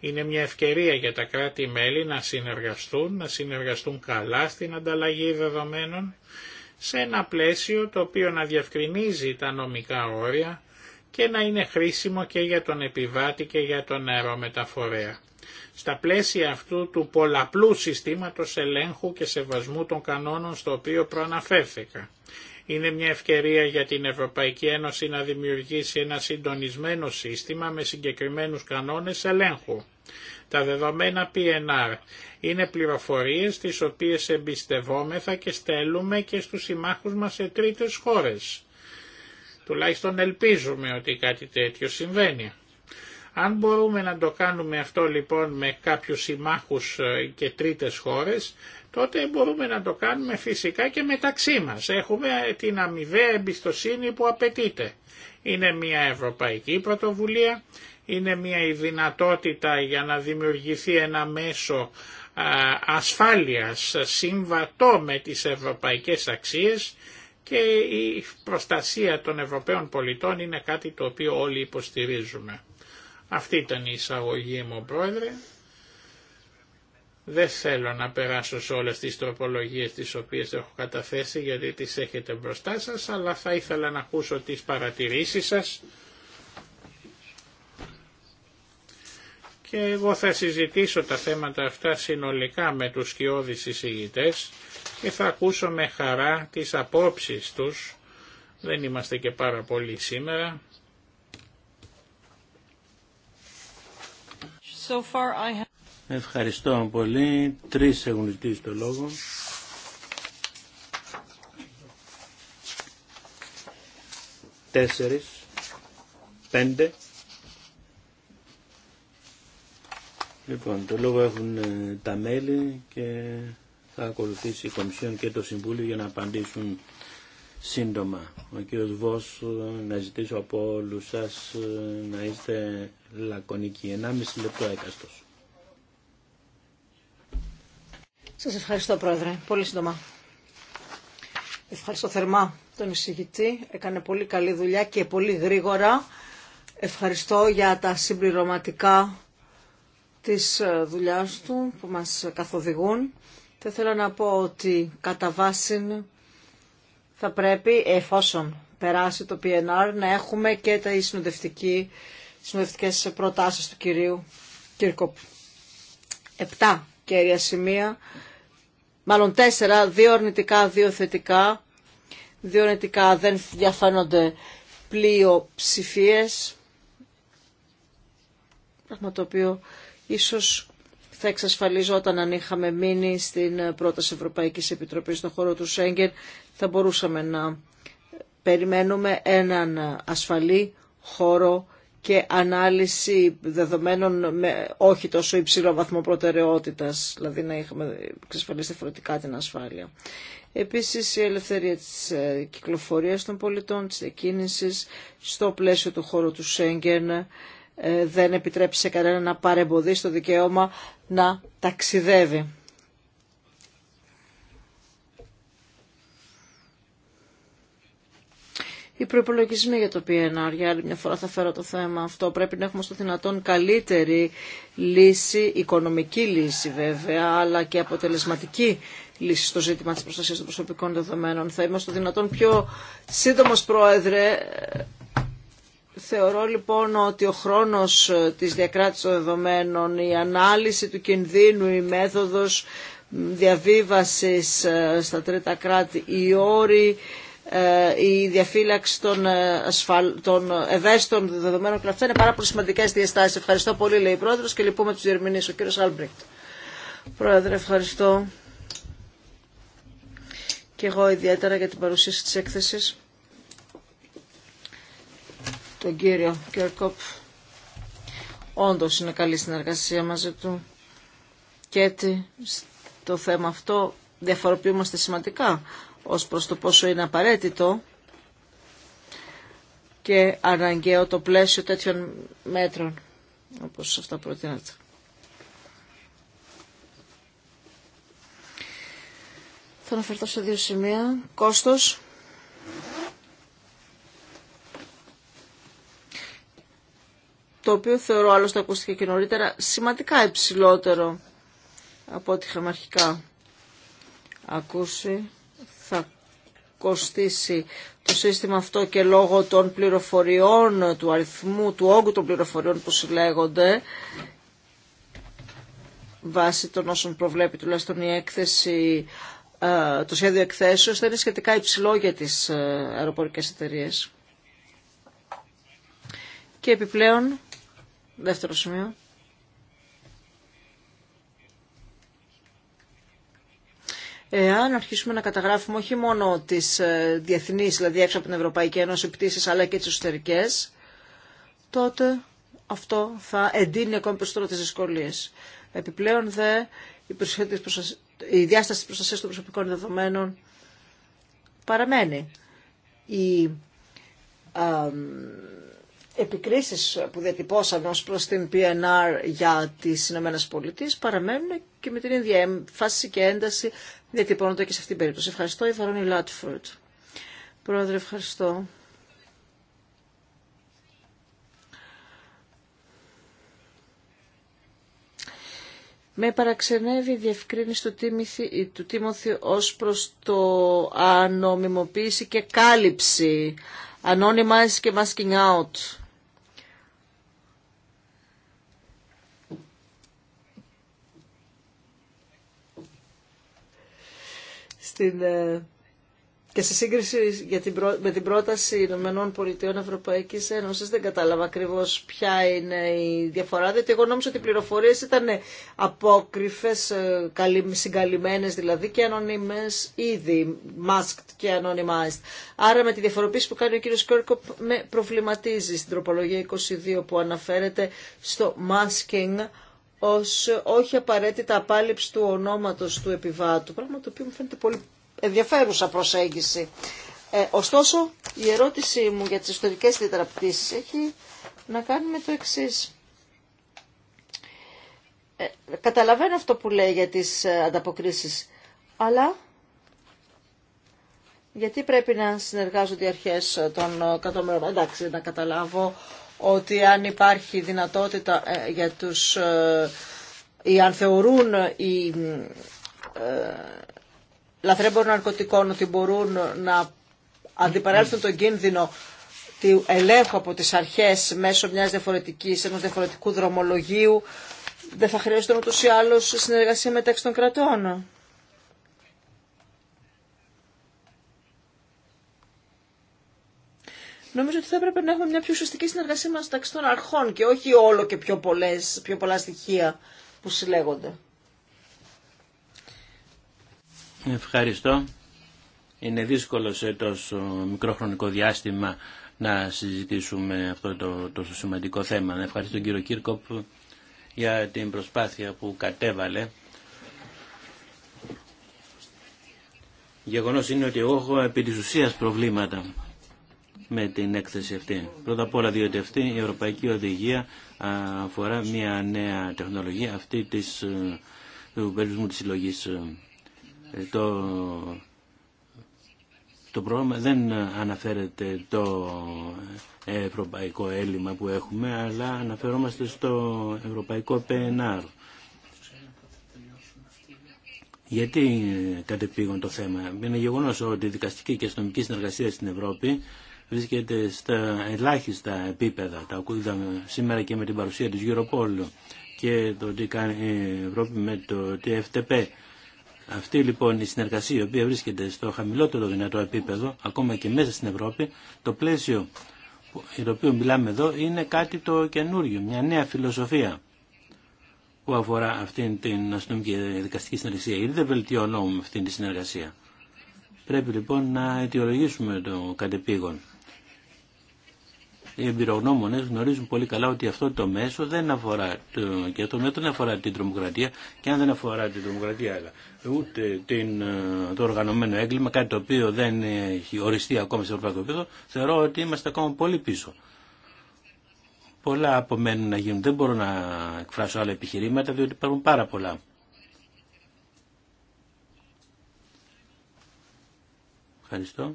Είναι μια ευκαιρία για τα κράτη-μέλη να συνεργαστούν, να συνεργαστούν καλά στην ανταλλαγή δεδομένων σε ένα πλαίσιο το οποίο να διευκρινίζει τα νομικά όρια και να είναι χρήσιμο και για τον επιβάτη και για τον αερομεταφορέα. Στα πλαίσια αυτού του πολλαπλού συστήματος ελέγχου και σεβασμού των κανόνων στο οποίο προαναφέρθηκα. Είναι μια ευκαιρία για την Ευρωπαϊκή Ένωση να δημιουργήσει ένα συντονισμένο σύστημα με συγκεκριμένους κανόνες ελέγχου. Τα δεδομένα PNR είναι πληροφορίες τις οποίες εμπιστευόμεθα και στέλνουμε και στους συμμάχους μας σε τρίτες χώρες. Τουλάχιστον ελπίζουμε ότι κάτι τέτοιο συμβαίνει. Αν μπορούμε να το κάνουμε αυτό λοιπόν με κάποιους συμμάχους ε, και τρίτες χώρες, τότε μπορούμε να το κάνουμε φυσικά και μεταξύ μας. Έχουμε την αμοιβαία εμπιστοσύνη που απαιτείται. Είναι μια ευρωπαϊκή πρωτοβουλία είναι μια η δυνατότητα για να δημιουργηθεί ένα μέσο ασφάλειας συμβατό με τις ευρωπαϊκές αξίες και η προστασία των Ευρωπαίων πολιτών είναι κάτι το οποίο όλοι υποστηρίζουμε. Αυτή ήταν η εισαγωγή μου, Πρόεδρε. Δεν θέλω να περάσω σε όλες τις τροπολογίες τις οποίες έχω καταθέσει γιατί τις έχετε μπροστά σας, αλλά θα ήθελα να ακούσω τις παρατηρήσεις σας και εγώ θα συζητήσω τα θέματα αυτά συνολικά με τους σκιώδεις εισηγητές και θα ακούσω με χαρά τις απόψεις τους. Δεν είμαστε και πάρα πολύ σήμερα. Ευχαριστώ πολύ. Τρεις έχουν ζητήσει το λόγο. Τέσσερις. Πέντε. Λοιπόν, το λόγο έχουν ε, τα μέλη και θα ακολουθήσει η Κομισιόν και το Συμβούλιο για να απαντήσουν σύντομα. Ο κύριος Βος, ε, να ζητήσω από όλους σας ε, να είστε λακωνικοί. 1,5 λεπτό έκαστος. Σας ευχαριστώ Πρόεδρε. Πολύ σύντομα. Ευχαριστώ θερμά τον εισηγητή. Έκανε πολύ καλή δουλειά και πολύ γρήγορα. Ευχαριστώ για τα συμπληρωματικά της ε, δουλειάς του που μας καθοδηγούν. Θα ήθελα να πω ότι κατά βάση θα πρέπει, εφόσον περάσει το PNR, να έχουμε και τα συνοδευτικές προτάσεις του κυρίου Κύρκοπ. Επτά κέρια σημεία, μάλλον τέσσερα, δύο αρνητικά, δύο θετικά. Δύο αρνητικά δεν διαφαίνονται πλοίο ψηφίες, πράγμα το οποίο Ίσως θα εξασφαλίζονταν αν είχαμε μείνει στην πρόταση Ευρωπαϊκής Επιτροπής στον χώρο του Σέγγεν, θα μπορούσαμε να περιμένουμε έναν ασφαλή χώρο και ανάλυση δεδομένων με όχι τόσο υψηλό βαθμό προτεραιότητας, δηλαδή να είχαμε εξασφαλίσει διαφορετικά την ασφάλεια. Επίσης η ελευθερία της ε, κυκλοφορίας των πολιτών, της εκκίνησης στο πλαίσιο του χώρου του Σέγγεν, ε, δεν επιτρέψει σε κανένα να παρεμποδίσει το δικαίωμα να ταξιδεύει. Οι προπολογισμοί για το PNR, για άλλη μια φορά θα φέρω το θέμα αυτό, πρέπει να έχουμε στο δυνατόν καλύτερη λύση, οικονομική λύση βέβαια, αλλά και αποτελεσματική λύση στο ζήτημα της προστασίας των προσωπικών δεδομένων. Θα είμαστε στο δυνατόν πιο σύντομος πρόεδρε, Θεωρώ λοιπόν ότι ο χρόνος ε, της διακράτησης των δεδομένων, η ανάλυση του κινδύνου, η μέθοδος διαβίβασης ε, στα τρίτα κράτη, οι όροι, ε, η διαφύλαξη των, ασφαλ... των ευαίσθητων δεδομένων και αυτά είναι πάρα πολύ σημαντικέ διαστάσεις. Ευχαριστώ πολύ λέει η Πρόεδρος και λυπούμε τους διερμηνείς, ο κύριος Άλμπρικτ. Πρόεδρε, ευχαριστώ και εγώ ιδιαίτερα για την παρουσίαση της έκθεσης τον κύριο Κέρκοπ. Όντως είναι καλή συνεργασία μαζί του και έτσι στο θέμα αυτό διαφοροποιούμαστε σημαντικά ως προς το πόσο είναι απαραίτητο και αναγκαίο το πλαίσιο τέτοιων μέτρων όπως αυτά προτείνατε. Θα αναφερθώ σε δύο σημεία. Κόστος το οποίο θεωρώ άλλωστε ακούστηκε και νωρίτερα σημαντικά υψηλότερο από ό,τι είχαμε αρχικά ακούσει. Θα κοστίσει το σύστημα αυτό και λόγω των πληροφοριών, του αριθμού, του όγκου των πληροφοριών που συλλέγονται, βάσει των όσων προβλέπει τουλάχιστον η έκθεση, ε, το σχέδιο εκθέσεως, θα είναι σχετικά υψηλό για τις ε, αεροπορικές εταιρείες. Και επιπλέον Δεύτερο σημείο. Εάν αρχίσουμε να καταγράφουμε όχι μόνο τις ε, διεθνείς, δηλαδή έξω από την Ευρωπαϊκή Ένωση πτήσεις, αλλά και τις εσωτερικές, τότε αυτό θα εντείνει ακόμη περισσότερο τις δυσκολίες. Επιπλέον δε η, διάσταση της προστασίας των προσωπικών δεδομένων παραμένει. Η α, επικρίσεις που διατυπώσαν ως προς την PNR για τις Ηνωμένες Πολιτείες παραμένουν και με την ίδια έμφαση και ένταση διατυπώνονται και σε αυτήν την περίπτωση. Ευχαριστώ, η Βαρόνι Λάτφορντ. Πρόεδρε, ευχαριστώ. Με παραξενεύει η διευκρίνηση του Τίμωθη ως προς το ανομιμοποίηση και κάλυψη, Anonymize και masking out. Ε, και σε σύγκριση για την με την πρόταση Ηνωμένων Πολιτειών Ευρωπαϊκής Ένωσης δεν κατάλαβα ακριβώς ποια είναι η διαφορά, διότι εγώ νόμιζα ότι οι πληροφορίες ήταν απόκριφες, ε, συγκαλυμμένες δηλαδή και ανώνυμες ήδη, masked και anonymized. Άρα με τη διαφοροποίηση που κάνει ο κύριος Κέρκοπ με προβληματίζει στην τροπολογία 22 που αναφέρεται στο masking, ως όχι απαραίτητα απάλληψη του ονόματος του επιβάτου, πράγμα το οποίο μου φαίνεται πολύ ενδιαφέρουσα προσέγγιση. Ε, ωστόσο, η ερώτησή μου για τις ιστορικές τετραπτήσεις έχει να κάνει με το εξής. Ε, καταλαβαίνω αυτό που λέει για τις ε, ανταποκρίσεις, αλλά γιατί πρέπει να συνεργάζονται οι αρχές των κατώμερων. Εντάξει, να καταλάβω ότι αν υπάρχει δυνατότητα ε, για τους... Ε, ή αν θεωρούν οι ε, λαθρέμποροι ναρκωτικών ότι μπορούν να αντιπαρέλθουν τον κίνδυνο του ελέγχου από τις αρχές μέσω μιας διαφορετικής, ενός διαφορετικού δρομολογίου, δεν θα χρειάζεται ούτως ή άλλως συνεργασία μεταξύ των κρατών. Νομίζω ότι θα έπρεπε να έχουμε μια πιο ουσιαστική συνεργασία μας μεταξύ των αρχών και όχι όλο και πιο, πολλές, πιο πολλά στοιχεία που συλλέγονται. Ευχαριστώ. Είναι δύσκολο σε τόσο μικρό χρονικό διάστημα να συζητήσουμε αυτό το τόσο σημαντικό θέμα. ευχαριστώ τον κύριο Κίρκοπ για την προσπάθεια που κατέβαλε. Γεγονός είναι ότι εγώ έχω επί της ουσίας προβλήματα με την έκθεση αυτή. Πρώτα απ' όλα διότι αυτή η Ευρωπαϊκή Οδηγία αφορά μια νέα τεχνολογία αυτή της, του περιορισμού της συλλογή. Ε, το, το πρόγραμμα δεν αναφέρεται το ευρωπαϊκό έλλειμμα που έχουμε, αλλά αναφερόμαστε στο ευρωπαϊκό PNR. Γιατί κατεπήγον το θέμα. Είναι γεγονό ότι η δικαστική και αστυνομική συνεργασία στην Ευρώπη βρίσκεται στα ελάχιστα επίπεδα. Τα ακούγαμε σήμερα και με την παρουσία της Europol και το τι κάνει η Ευρώπη με το TFTP. Αυτή λοιπόν η συνεργασία η οποία βρίσκεται στο χαμηλότερο δυνατό επίπεδο, ακόμα και μέσα στην Ευρώπη, το πλαίσιο για το οποίο μιλάμε εδώ είναι κάτι το καινούριο, μια νέα φιλοσοφία που αφορά αυτήν την αστυνομική δικαστική συνεργασία. Ήδη δεν βελτιώνουμε αυτήν τη συνεργασία. Πρέπει λοιπόν να αιτιολογήσουμε το κατεπήγον οι εμπειρογνώμονε γνωρίζουν πολύ καλά ότι αυτό το μέσο δεν αφορά το, και το μέτρο δεν αφορά την τρομοκρατία και αν δεν αφορά την τρομοκρατία αλλά ούτε την, ε, το οργανωμένο έγκλημα, κάτι το οποίο δεν έχει οριστεί ακόμα σε ευρωπαϊκό επίπεδο, θεωρώ ότι είμαστε ακόμα πολύ πίσω. Πολλά απομένουν να γίνουν. Δεν μπορώ να εκφράσω άλλα επιχειρήματα διότι υπάρχουν πάρα πολλά. Ευχαριστώ.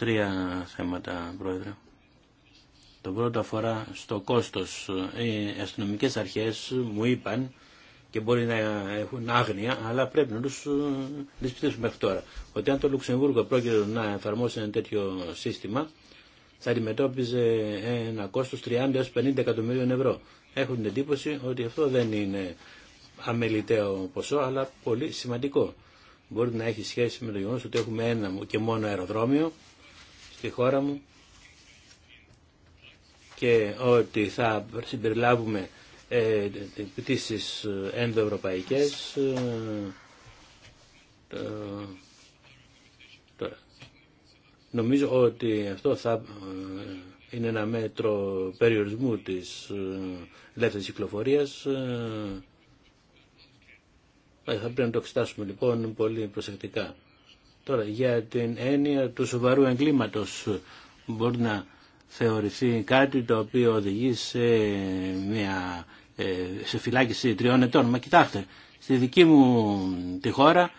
Τρία θέματα, Πρόεδρε. Το πρώτο αφορά στο κόστος. Οι αστυνομικές αρχές μου είπαν και μπορεί να έχουν άγνοια, αλλά πρέπει να τους δυσπιστήσουμε ε, μέχρι τώρα. Ότι αν το Λουξεμβούργο πρόκειται να εφαρμόσει ένα τέτοιο σύστημα, θα αντιμετώπιζε ένα κόστος 30 50 εκατομμυρίων ευρώ. Έχουν την εντύπωση ότι αυτό δεν είναι αμεληταίο ποσό, αλλά πολύ σημαντικό. Μπορεί να έχει σχέση με το γεγονό ότι έχουμε ένα και μόνο αεροδρόμιο στη χώρα μου και ότι θα συμπεριλάβουμε ε, πτήσεις ενδοευρωπαϊκές ε, νομίζω ότι αυτό θα ε, είναι ένα μέτρο περιορισμού της ε, ελεύθερης κυκλοφορίας θα πρέπει να το εξετάσουμε λοιπόν πολύ προσεκτικά Τώρα, για την έννοια του σοβαρού εγκλήματος μπορεί να θεωρηθεί κάτι το οποίο οδηγεί σε, μια, ε, σε φυλάκιση τριών ετών. Μα κοιτάξτε, στη δική μου τη χώρα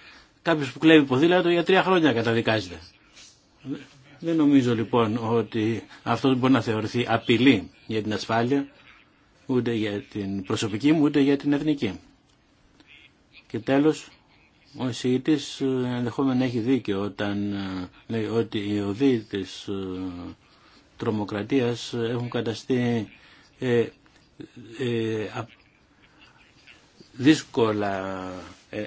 κάποιος που κλέβει ποδήλατο για τρία χρόνια καταδικάζεται. Δεν νομίζω λοιπόν ότι αυτό μπορεί να θεωρηθεί απειλή για την ασφάλεια, ούτε για την προσωπική μου, ούτε για την εθνική. Και τέλος, ο εισηγητής ε, ενδεχόμενα έχει δίκιο όταν ε, λέει ότι οι οδοί της ε, τρομοκρατίας έχουν καταστεί δύσκολα ε,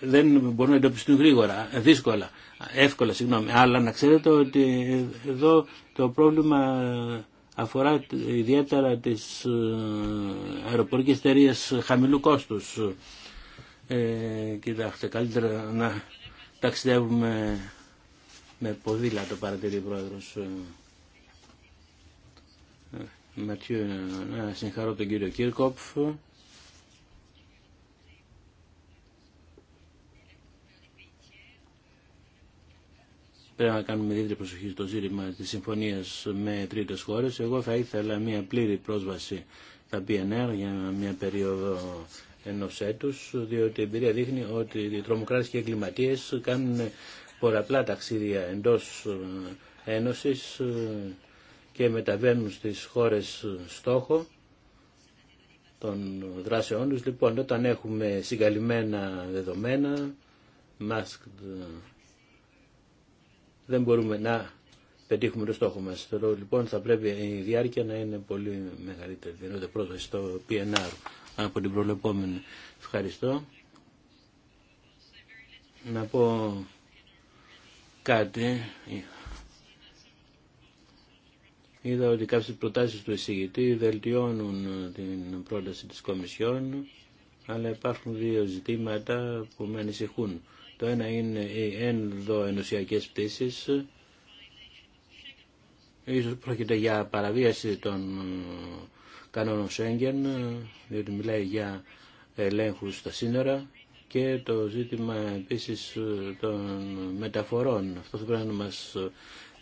δεν μπορούν να εντοπιστούν γρήγορα, δύσκολα, εύκολα συγγνώμη. Αλλά να ξέρετε ότι εδώ το πρόβλημα αφορά ιδιαίτερα τις αεροπορικές εταιρείε χαμηλού κόστους ε, κοιτάξτε, καλύτερα να ταξιδεύουμε με ποδήλατο παρατηρεί ο πρόεδρος. Ε, ε, Ματιού, να συγχαρώ τον κύριο Κίρκοπφ. Πρέπει να κάνουμε ιδιαίτερη προσοχή στο ζήτημα τη συμφωνίας με τρίτες χώρες. Εγώ θα ήθελα μια πλήρη πρόσβαση στα PNR για μια περίοδο ενός έτους, διότι η εμπειρία δείχνει ότι οι τρομοκράτες και οι εγκληματίες κάνουν πολλαπλά ταξίδια εντός ε, Ένωσης ε, και μεταβαίνουν στις χώρες ε, στόχο των δράσεών τους. Λοιπόν, όταν έχουμε συγκαλυμμένα δεδομένα, δεν μπορούμε να πετύχουμε το στόχο μας. λοιπόν θα πρέπει η διάρκεια να είναι πολύ μεγαλύτερη, είναι πρόσβαση στο PNR από την προλεπόμενη. Ευχαριστώ. Να πω κάτι. Είδα ότι κάποιες προτάσεις του εισηγητή βελτιώνουν την πρόταση της Κομισιόν, αλλά υπάρχουν δύο ζητήματα που με ανησυχούν. Το ένα είναι οι ενδοενωσιακές πτήσεις. Ίσως πρόκειται για παραβίαση των κανόνων Σέγγεν, ε, διότι μιλάει για ελέγχους στα σύνορα και το ζήτημα επίσης ε, των μεταφορών. Αυτό θα πρέπει να μας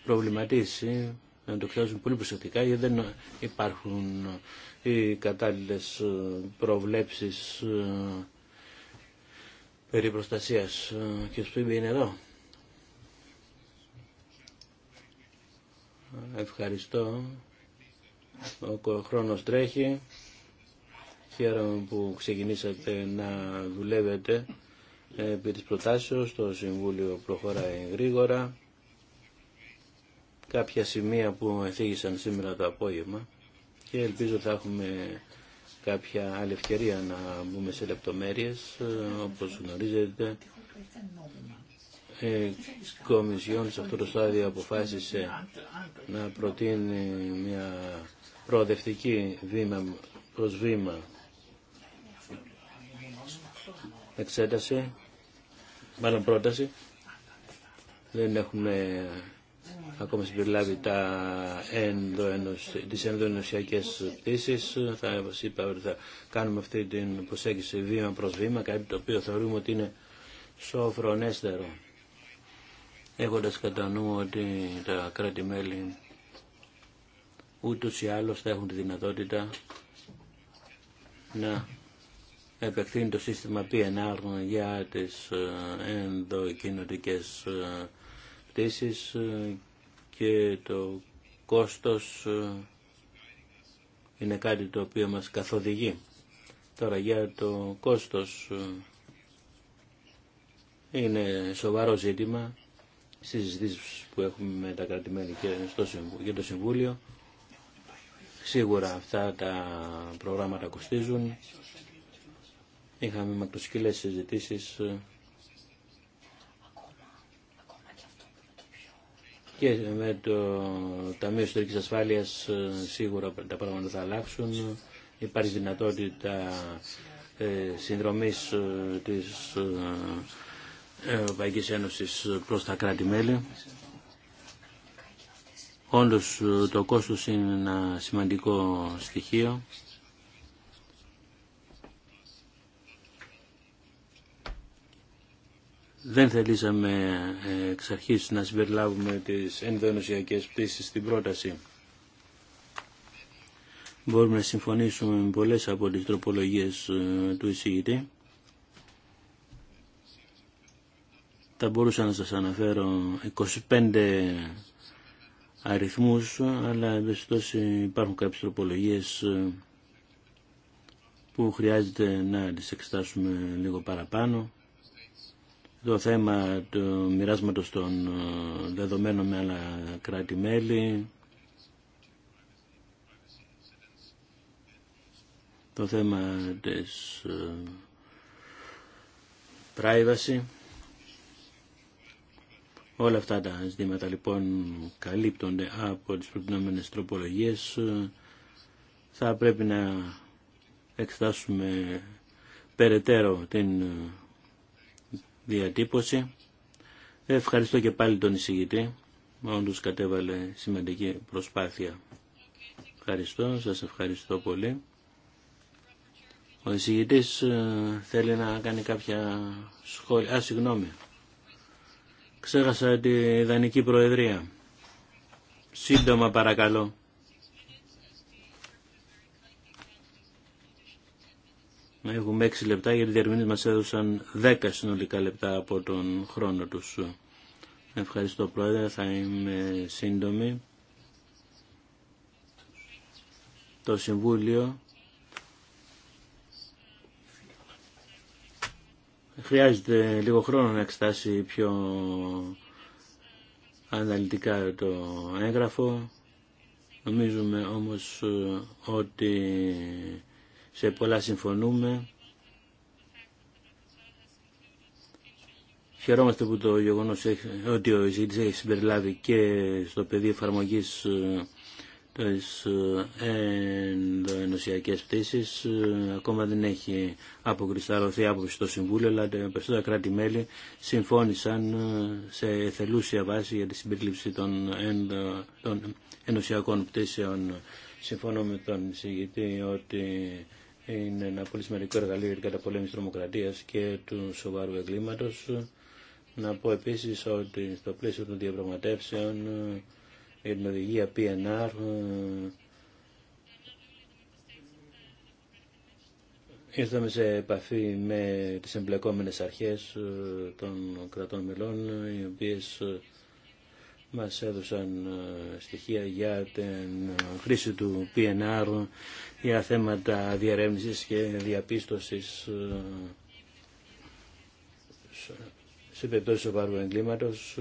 προβληματίσει, να το ξέρουμε πολύ προσεκτικά, γιατί δεν υπάρχουν ε, οι κατάλληλες προβλέψεις περί προστασίας. Και Σπίμπη είναι εδώ. Ευχαριστώ. Ο χρόνος τρέχει. Χαίρομαι που ξεκινήσατε να δουλεύετε επί της προτάσεως. Το Συμβούλιο προχωράει γρήγορα. Κάποια σημεία που εθίγησαν σήμερα το απόγευμα και ελπίζω θα έχουμε κάποια άλλη ευκαιρία να μπούμε σε λεπτομέρειες ε, όπως γνωρίζετε η ε, Κομισιόν σε αυτό το στάδιο αποφάσισε να προτείνει μια προοδευτική βήμα προς βήμα εξέταση, μάλλον πρόταση. Δεν έχουμε ακόμα συμπεριλάβει τα ενδοενωσ... τις ενδοενωσιακές πτήσεις. Θα είπα ότι θα κάνουμε αυτή την προσέγγιση βήμα προς βήμα, κάτι το οποίο θεωρούμε ότι είναι σοφρονέστερο έχοντας κατά νου ότι τα κράτη-μέλη ούτως ή άλλως θα έχουν τη δυνατότητα να επεκτείνει το σύστημα PNR για τις ε, ενδοκοινωτικές ε, πτήσεις ε, και το κόστος είναι κάτι το οποίο μας καθοδηγεί. Τώρα για το κόστος είναι σοβαρό ζήτημα συζητήσεις που έχουμε με τα κρατημέλη και στο για το Συμβούλιο. Σίγουρα αυτά τα προγράμματα κοστίζουν. Είχαμε μακροσκύλες συζητήσεις και με το Ταμείο Ιστορικής Ασφάλειας ε, σίγουρα τα πράγματα θα αλλάξουν. Υπάρχει δυνατότητα ε, συνδρομής ε, της Ευρωπαϊκή Ένωσης προς τα κράτη-μέλη. Όντω το κόστος είναι ένα σημαντικό στοιχείο. Δεν θελήσαμε ε, εξ αρχής να συμπεριλάβουμε τις ενδονοσιακές πτήσεις στην πρόταση. Μπορούμε να συμφωνήσουμε με πολλές από τις τροπολογίες ε, του εισηγητή. Θα μπορούσα να σας αναφέρω 25 αριθμούς, αλλά εμπεστώσει υπάρχουν κάποιες τροπολογίες ε, που χρειάζεται να τις εξετάσουμε λίγο παραπάνω. Το θέμα του μοιράσματος των ε, δεδομένων με άλλα κράτη-μέλη, το θέμα της ε, privacy, Όλα αυτά τα ζητήματα λοιπόν καλύπτονται από τις προτινόμενες τροπολογίες. Θα πρέπει να εξετάσουμε περαιτέρω την διατύπωση. Ευχαριστώ και πάλι τον εισηγητή. Όντως κατέβαλε σημαντική προσπάθεια. Ευχαριστώ, σας ευχαριστώ πολύ. Ο εισηγητής ε, θέλει να κάνει κάποια σχόλια. Α, συγγνώμη. Ξέχασα τη Δανική Προεδρία. Σύντομα παρακαλώ. Έχουμε έξι λεπτά γιατί οι διερμηνείς μας έδωσαν 10 συνολικά λεπτά από τον χρόνο τους. Ευχαριστώ Πρόεδρε, θα είμαι σύντομη. Το Συμβούλιο Χρειάζεται λίγο χρόνο να εξετάσει πιο αναλυτικά το έγγραφο. Νομίζουμε όμως ε, ότι σε πολλά συμφωνούμε. Χαιρόμαστε που το γεγονός ότι ο Ιζήτης έχει συμπεριλάβει και στο πεδίο εφαρμογής ε, τις ε, ενδοενωσιακές πτήσεις ε, ακόμα δεν έχει αποκρισταλωθεί άποψη στο Συμβούλιο αλλά τα περισσότερα κράτη-μέλη συμφώνησαν ε, σε εθελούσια βάση για τη συμπερίληψη των, ενδο, πτήσεων. Συμφωνώ με τον εισηγητή ότι είναι ένα πολύ σημαντικό εργαλείο για την καταπολέμηση και του σοβαρού εγκλήματος. Να πω επίσης ότι στο πλαίσιο των διαπραγματεύσεων για την οδηγία PNR ε, Ήρθαμε σε επαφή με τις εμπλεκόμενες αρχές ε, των κρατών μελών, οι οποίες ε, μας έδωσαν στοιχεία για την χρήση του PNR για θέματα διαρεύνησης και διαπίστωσης σε περιπτώσεις σοβαρού εγκλήματος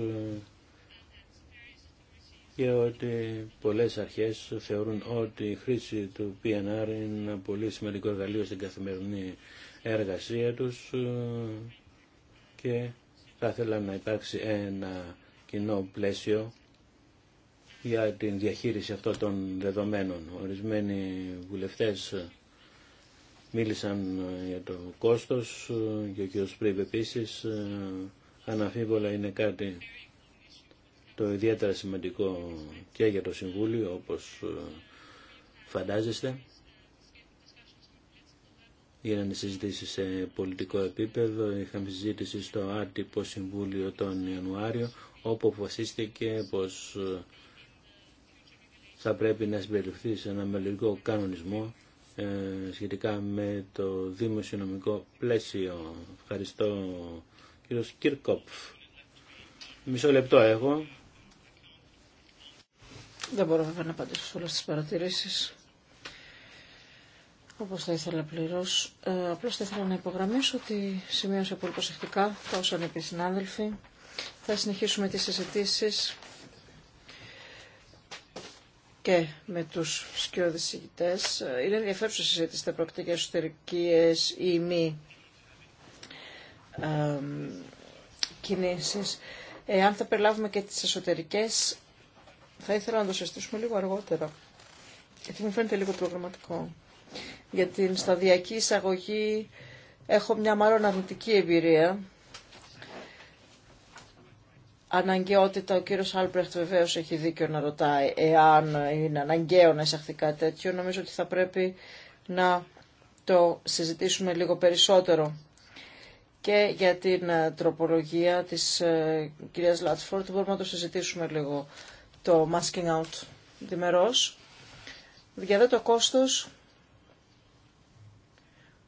και ότι πολλές αρχές θεωρούν ότι η χρήση του PNR είναι ένα πολύ σημαντικό εργαλείο στην καθημερινή εργασία τους και θα ήθελα να υπάρξει ένα κοινό πλαίσιο για την διαχείριση αυτών των δεδομένων. Ορισμένοι βουλευτές μίλησαν για το κόστος και ο κ. Σπρίβ επίσης αναφίβολα είναι κάτι το ιδιαίτερα σημαντικό και για το Συμβούλιο, όπως ε, φαντάζεστε. Γίνανε συζητήσει σε πολιτικό επίπεδο. Είχαμε συζήτηση στο άτυπο Συμβούλιο τον Ιανουάριο, όπου αποφασίστηκε πως ε, θα πρέπει να συμπεριληφθεί σε ένα μελλοντικό κανονισμό ε, σχετικά με το δημοσιονομικό πλαίσιο. Ευχαριστώ κύριος Κίρκοπφ. Μισό λεπτό έχω. Δεν μπορώ βέβαια να απαντήσω σε όλες τις παρατηρήσεις όπως θα ήθελα πληρώς. Ε, απλώς θα ήθελα να υπογραμμίσω ότι σημείωσα πολύ προσεκτικά τα όσα είναι συνάδελφοι. Θα συνεχίσουμε τις συζητήσει και με τους σκιώδης συγκητές. Είναι ενδιαφέρουσα συζήτηση τα πρόκειται για εσωτερικίες ή μη ε, κινήσεις. Εάν θα περιλάβουμε και τις εσωτερικές θα ήθελα να το συζητήσουμε λίγο αργότερα, γιατί μου φαίνεται λίγο προγραμματικό. Για την σταδιακή εισαγωγή έχω μια μάλλον αρνητική εμπειρία. Αναγκαιότητα, ο κύριος Άλπρεχτ βεβαίω έχει δίκιο να ρωτάει εάν είναι αναγκαίο να εισαχθεί κάτι τέτοιο. Νομίζω ότι θα πρέπει να το συζητήσουμε λίγο περισσότερο και για την τροπολογία της ε, κυρίας Λάτσφορτ μπορούμε να το συζητήσουμε λίγο το masking out διμερός. Για δε το κόστος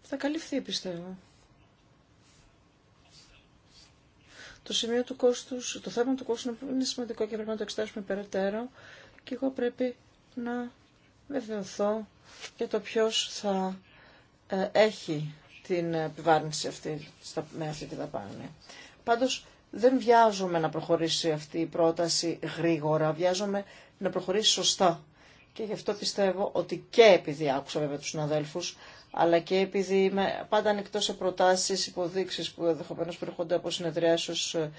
θα καλυφθεί πιστεύω. Το σημείο του κόστους, το θέμα του κόστου είναι σημαντικό και πρέπει να το εξετάσουμε περαιτέρω και εγώ πρέπει να βεβαιωθώ για το ποιος θα ε, έχει την επιβάρυνση αυτή με αυτή τη δαπάνη. Πάντως δεν βιάζομαι να προχωρήσει αυτή η πρόταση γρήγορα, βιάζομαι να προχωρήσει σωστά. Και γι' αυτό πιστεύω ότι και επειδή άκουσα βέβαια τους συναδέλφους, αλλά και επειδή είμαι πάντα ανοιχτό σε προτάσεις, υποδείξεις που ενδεχομένω προηγούνται από συνεδριάσεις ε,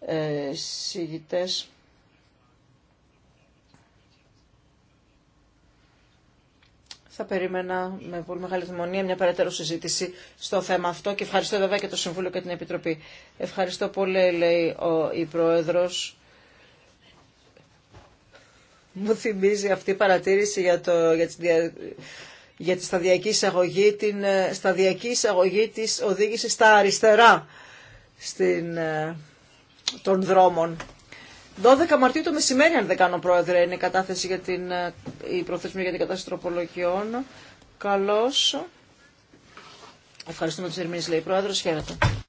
ε συγητές, θα περίμενα με πολύ μεγάλη δημονία μια περαιτέρω συζήτηση στο θέμα αυτό και ευχαριστώ βέβαια και το Συμβούλιο και την Επιτροπή. Ευχαριστώ πολύ, λέει ο, η Πρόεδρος. Μου θυμίζει αυτή η παρατήρηση για, το, για, τη, για σταδιακή εισαγωγή, την ε, σταδιακή εισαγωγή της οδήγησης στα αριστερά στην, ε, των δρόμων. 12 Μαρτίου το μεσημέρι, αν δεν κάνω πρόεδρε, είναι η κατάθεση για την, ε, η προθεσμία για την κατάσταση τροπολογιών. Καλώς. Ευχαριστούμε τους Ερμήνες, λέει η Πρόεδρος. Χαίρετε.